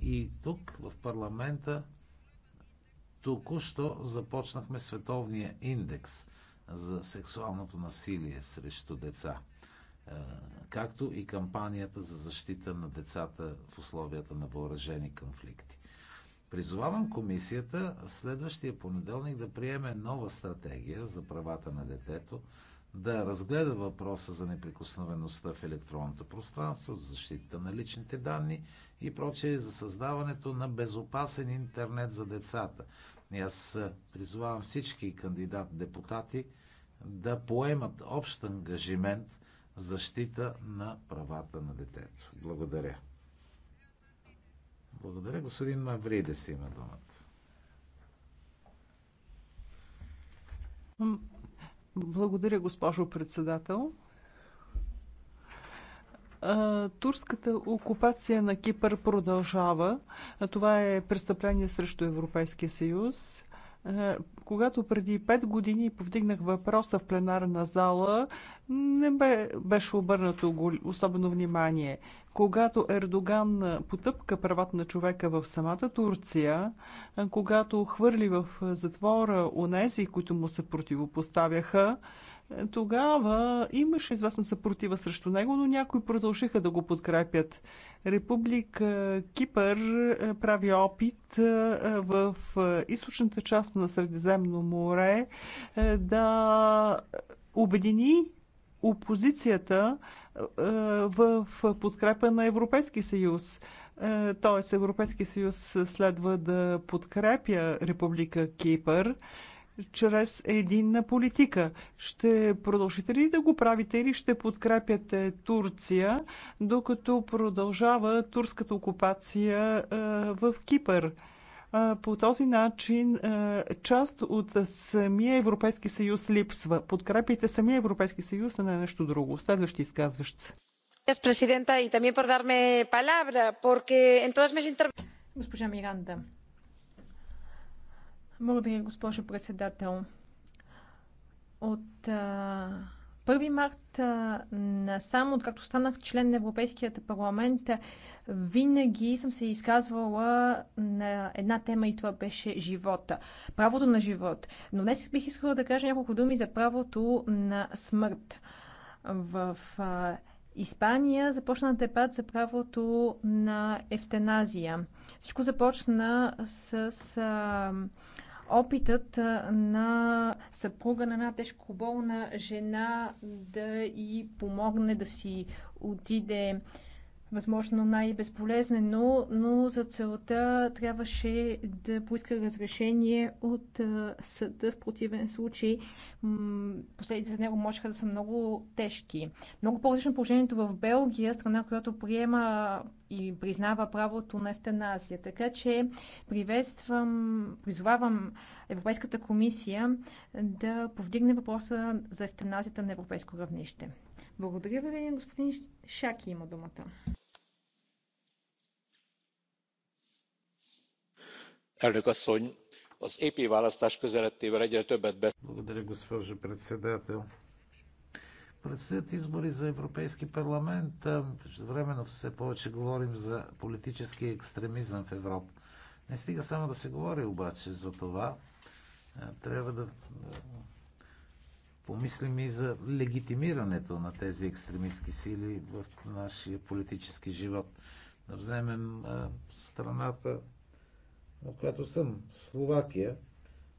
и тук в парламента Току-що започнахме световния индекс за сексуалното насилие срещу деца, е, както и кампанията за защита на децата в условията на въоръжени конфликти. Призовавам комисията следващия понеделник да приеме нова стратегия за правата на детето, да разгледа въпроса за неприкосновеността в електронното пространство, за защита на личните данни и прочее за създаването на безопасен интернет за децата. И аз е, призовавам всички кандидат-депутати да поемат общ ангажимент в защита на правата на детето. Благодаря. Благодаря. Господин Мавридес има думата. Благодаря, госпожо председател. Турската окупация на Кипър продължава. Това е престъпление срещу Европейския съюз. Когато преди 5 години повдигнах въпроса в пленарна зала, не бе, беше обърнато особено внимание когато Ердоган потъпка правата на човека в самата Турция, когато хвърли в затвора онези, които му се противопоставяха, тогава имаше известна съпротива срещу него, но някои продължиха да го подкрепят. Република Кипър прави опит в източната част на Средиземно море да обедини опозицията е, в подкрепа на Европейски съюз. Е, тоест Европейски съюз следва да подкрепя Република Кипър чрез единна политика. Ще продължите ли да го правите или ще подкрепяте Турция, докато продължава турската окупация е, в Кипър? По този начин част от самия Европейски съюз липсва. Подкрепите самия Европейски съюз, на нещо друго. Следващи изказващ се. Госпожа Миранда. Благодаря, госпожо председател. От Първи март насам, откакто станах член на Европейския парламент, винаги съм се изказвала на една тема и това беше живота. Правото на живот. Но днес бих искала да кажа няколко думи за правото на смърт. В Испания започна дебат за правото на Ефтеназия. Всичко започна с опитът на съпруга на една тежко болна жена да й помогне да си отиде възможно най-безполезнено, но за целта трябваше да поиска разрешение от съда. В противен случай последиците за него можеха да са много тежки. Много по-различно е положението в Белгия, страна, която приема и признава правото на евтаназия. Така че приветствам, призовавам Европейската комисия да повдигне въпроса за евтаназията на европейско равнище. Благодаря ви, господин Шаки има думата. E Благодаря, госпожо председател. ep избори за Европейски парламент. Времено все повече говорим за екстремизъм в Европа. Не стига само да се говори обаче за това. Трябва да помислим и за легитимирането на тези екстремистски сили в нашия политически живот. Да вземем страната от която съм, Словакия,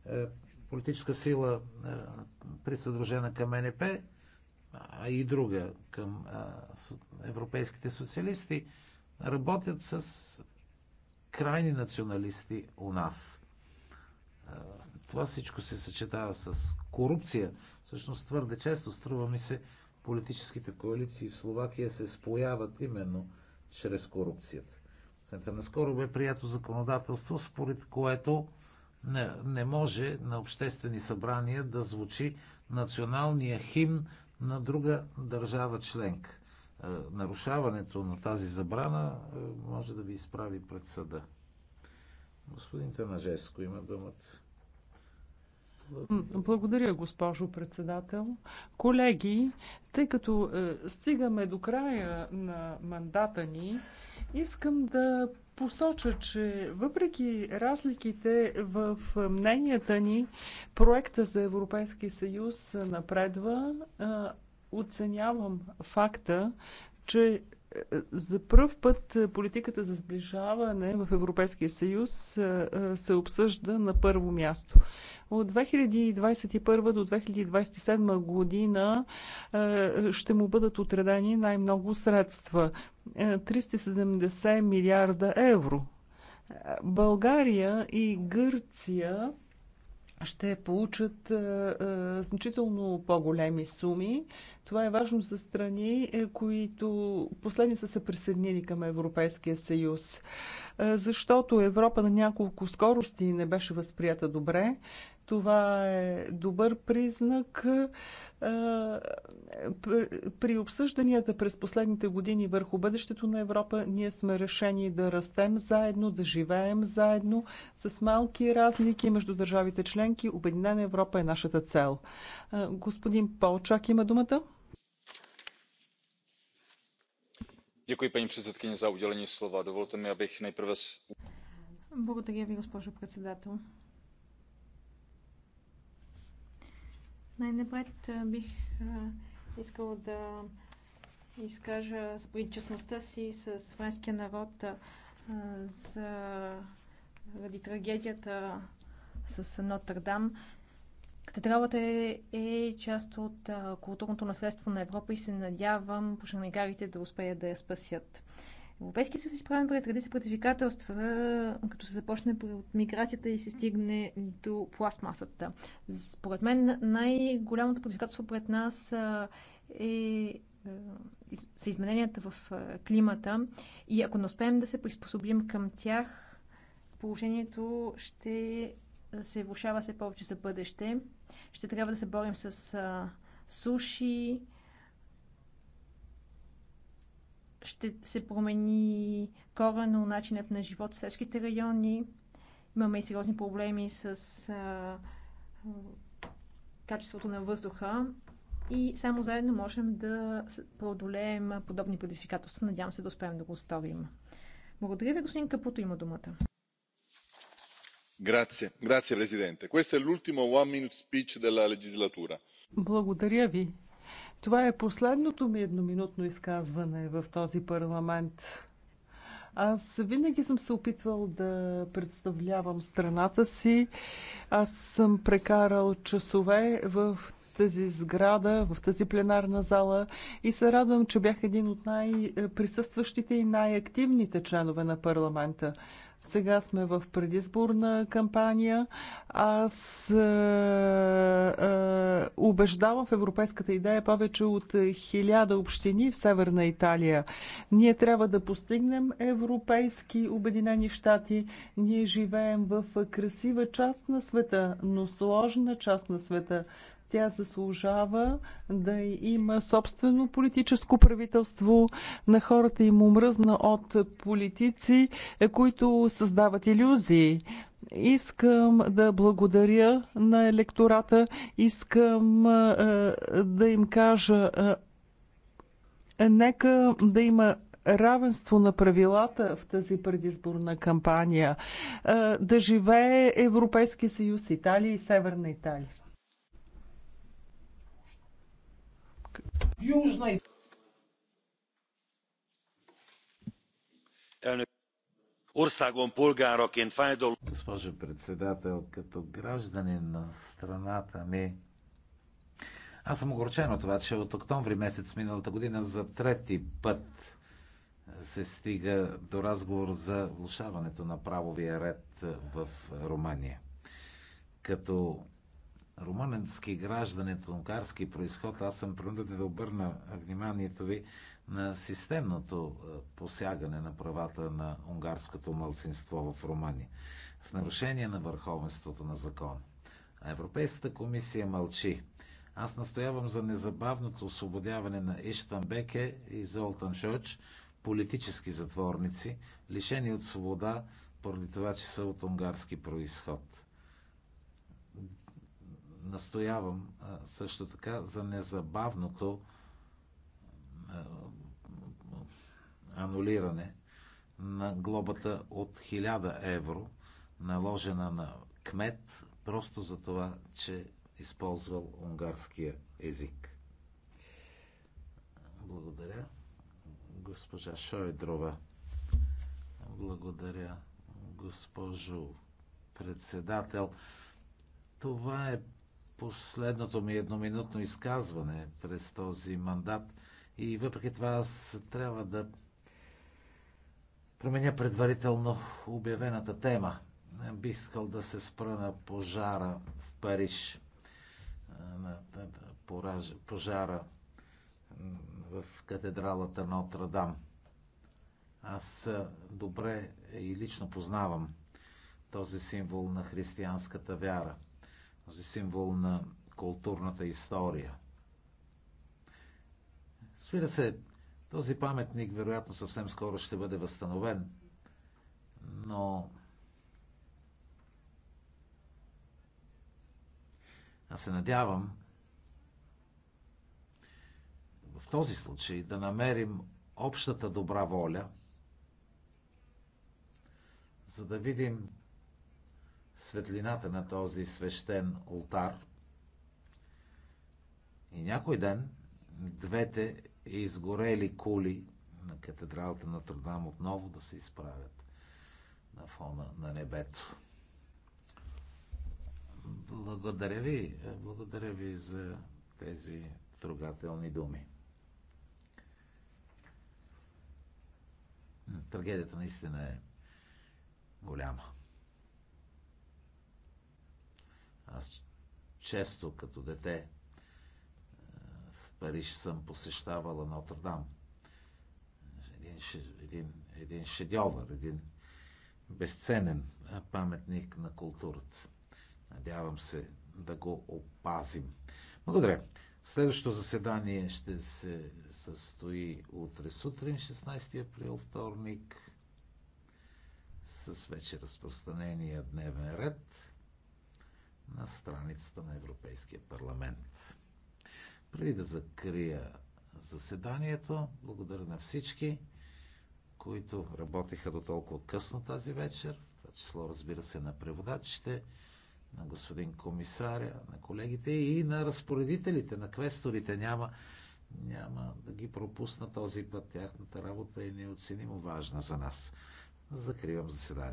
е, политическа сила е, присъдружена към НП, а и друга към е, европейските социалисти, работят с крайни националисти у нас. Това всичко се съчетава с корупция. Всъщност твърде често, струва ми се, политическите коалиции в Словакия се спояват именно чрез корупцията. Наскоро бе прието законодателство, според което не, не може на обществени събрания да звучи националния химн на друга държава членка. Е, нарушаването на тази забрана е, може да ви изправи пред съда. Господин Танажеско има думата. Благодаря, госпожо председател. Колеги, тъй като е, стигаме до края на мандата ни, Искам да посоча, че въпреки разликите в мненията ни, проекта за Европейски съюз напредва. Оценявам факта, че за първ път е, политиката за сближаване в Европейския съюз е, е, се обсъжда на първо място. От 2021 до 2027 година ще му бъдат отредени най-много средства 370 милиарда евро. България и Гърция ще получат е, е, значително по-големи суми. Това е важно за страни, е, които последни са се присъединили към Европейския съюз, защото Европа на няколко скорости не беше възприята добре. Това е добър признак. При обсъжданията през последните години върху бъдещето на Европа ние сме решени да растем заедно, да живеем заедно, с малки разлики между държавите членки. Обединена Европа е нашата цел. Господин Полчак има думата. Děkuji, paní předsedkyně, za udělení slova. Dovolte mi, abych nejprve... Благодаря ви, госпожо председател. Най-напред бих искала да изкажа съпричастността си с френския народ ради трагедията с Нотърдам. Катедралата е, е част от а, културното наследство на Европа и се надявам пошамигарите да успеят да я спасят. Европейския съюз е изправен пред редица предизвикателства, като се започне от миграцията и се стигне до пластмасата. Според мен най-голямото предизвикателство пред нас е са измененията в климата и ако не успеем да се приспособим към тях, положението ще се влушава все повече за бъдеще. Ще трябва да се борим с суши, ще се промени корено начинът на живот в селските райони. Имаме и сериозни проблеми с а, качеството на въздуха и само заедно можем да преодолеем подобни предизвикателства. Надявам се да успеем да го оставим. Благодаря ви, господин Капуто. Има думата. Grazie, grazie Presidente. Questo è l'ultimo one minute speech della legislatura. Благодаря ви. Това е последното ми едноминутно изказване в този парламент. Аз винаги съм се опитвал да представлявам страната си. Аз съм прекарал часове в тази сграда, в тази пленарна зала и се радвам, че бях един от най-присъстващите и най-активните членове на парламента. Сега сме в предизборна кампания. Аз а, е, а, е, убеждавам в европейската идея повече от хиляда общини в Северна Италия. Ние трябва да постигнем европейски обединени щати. Ние живеем в красива част на света, но сложна част на света. Тя заслужава да има собствено политическо правителство. На хората им омръзна от политици, е, които създават иллюзии. Искам да благодаря на електората, искам е, да им кажа, е, нека да има равенство на правилата в тази предизборна кампания. Да живее Европейски съюз, Италия и Северна Италия. Южна Госпожо председател, като гражданин на страната ми, аз съм огорчен от това, че от октомври месец миналата година за трети път се стига до разговор за влушаването на правовия ред в Румъния. Като румънски гражданин от унгарски происход, аз съм принуден да обърна вниманието ви на системното е, посягане на правата на унгарското мълцинство в Румъния в нарушение на върховенството на закона. А Европейската комисия мълчи. Аз настоявам за незабавното освободяване на Иштан Беке и Золтан Шоч, политически затворници, лишени от свобода поради това, че са от унгарски происход настоявам също така за незабавното анулиране на глобата от 1000 евро, наложена на кмет, просто за това, че използвал унгарския език. Благодаря. Госпожа Шойдрова. Благодаря, госпожо председател. Това е последното ми едноминутно изказване през този мандат и въпреки това аз трябва да променя предварително обявената тема. Бих искал да се спра на пожара в Париж, на пожара в катедралата на Отрадам. Аз добре и лично познавам този символ на християнската вяра – този символ на културната история. Спира се, този паметник вероятно съвсем скоро ще бъде възстановен, но аз се надявам в този случай да намерим общата добра воля, за да видим светлината на този свещен ултар. И някой ден двете изгорели кули на катедралата на Трудам отново да се изправят на фона на небето. Благодаря ви, благодаря ви за тези трогателни думи. Трагедията наистина е голяма. Аз често като дете е, в Париж съм посещавала Нотр-Дам. Един, един, един шедьовър, един безценен паметник на културата. Надявам се да го опазим. Благодаря. Следващото заседание ще се състои утре сутрин, 16 април, вторник, с вече разпространения дневен ред на страницата на Европейския парламент. Преди да закрия заседанието, благодаря на всички, които работиха до толкова късно тази вечер, това число разбира се на преводачите, на господин комисаря, на колегите и на разпоредителите, на квесторите. Няма, няма да ги пропусна този път. Тяхната работа е неоценимо важна за нас. Закривам заседанието.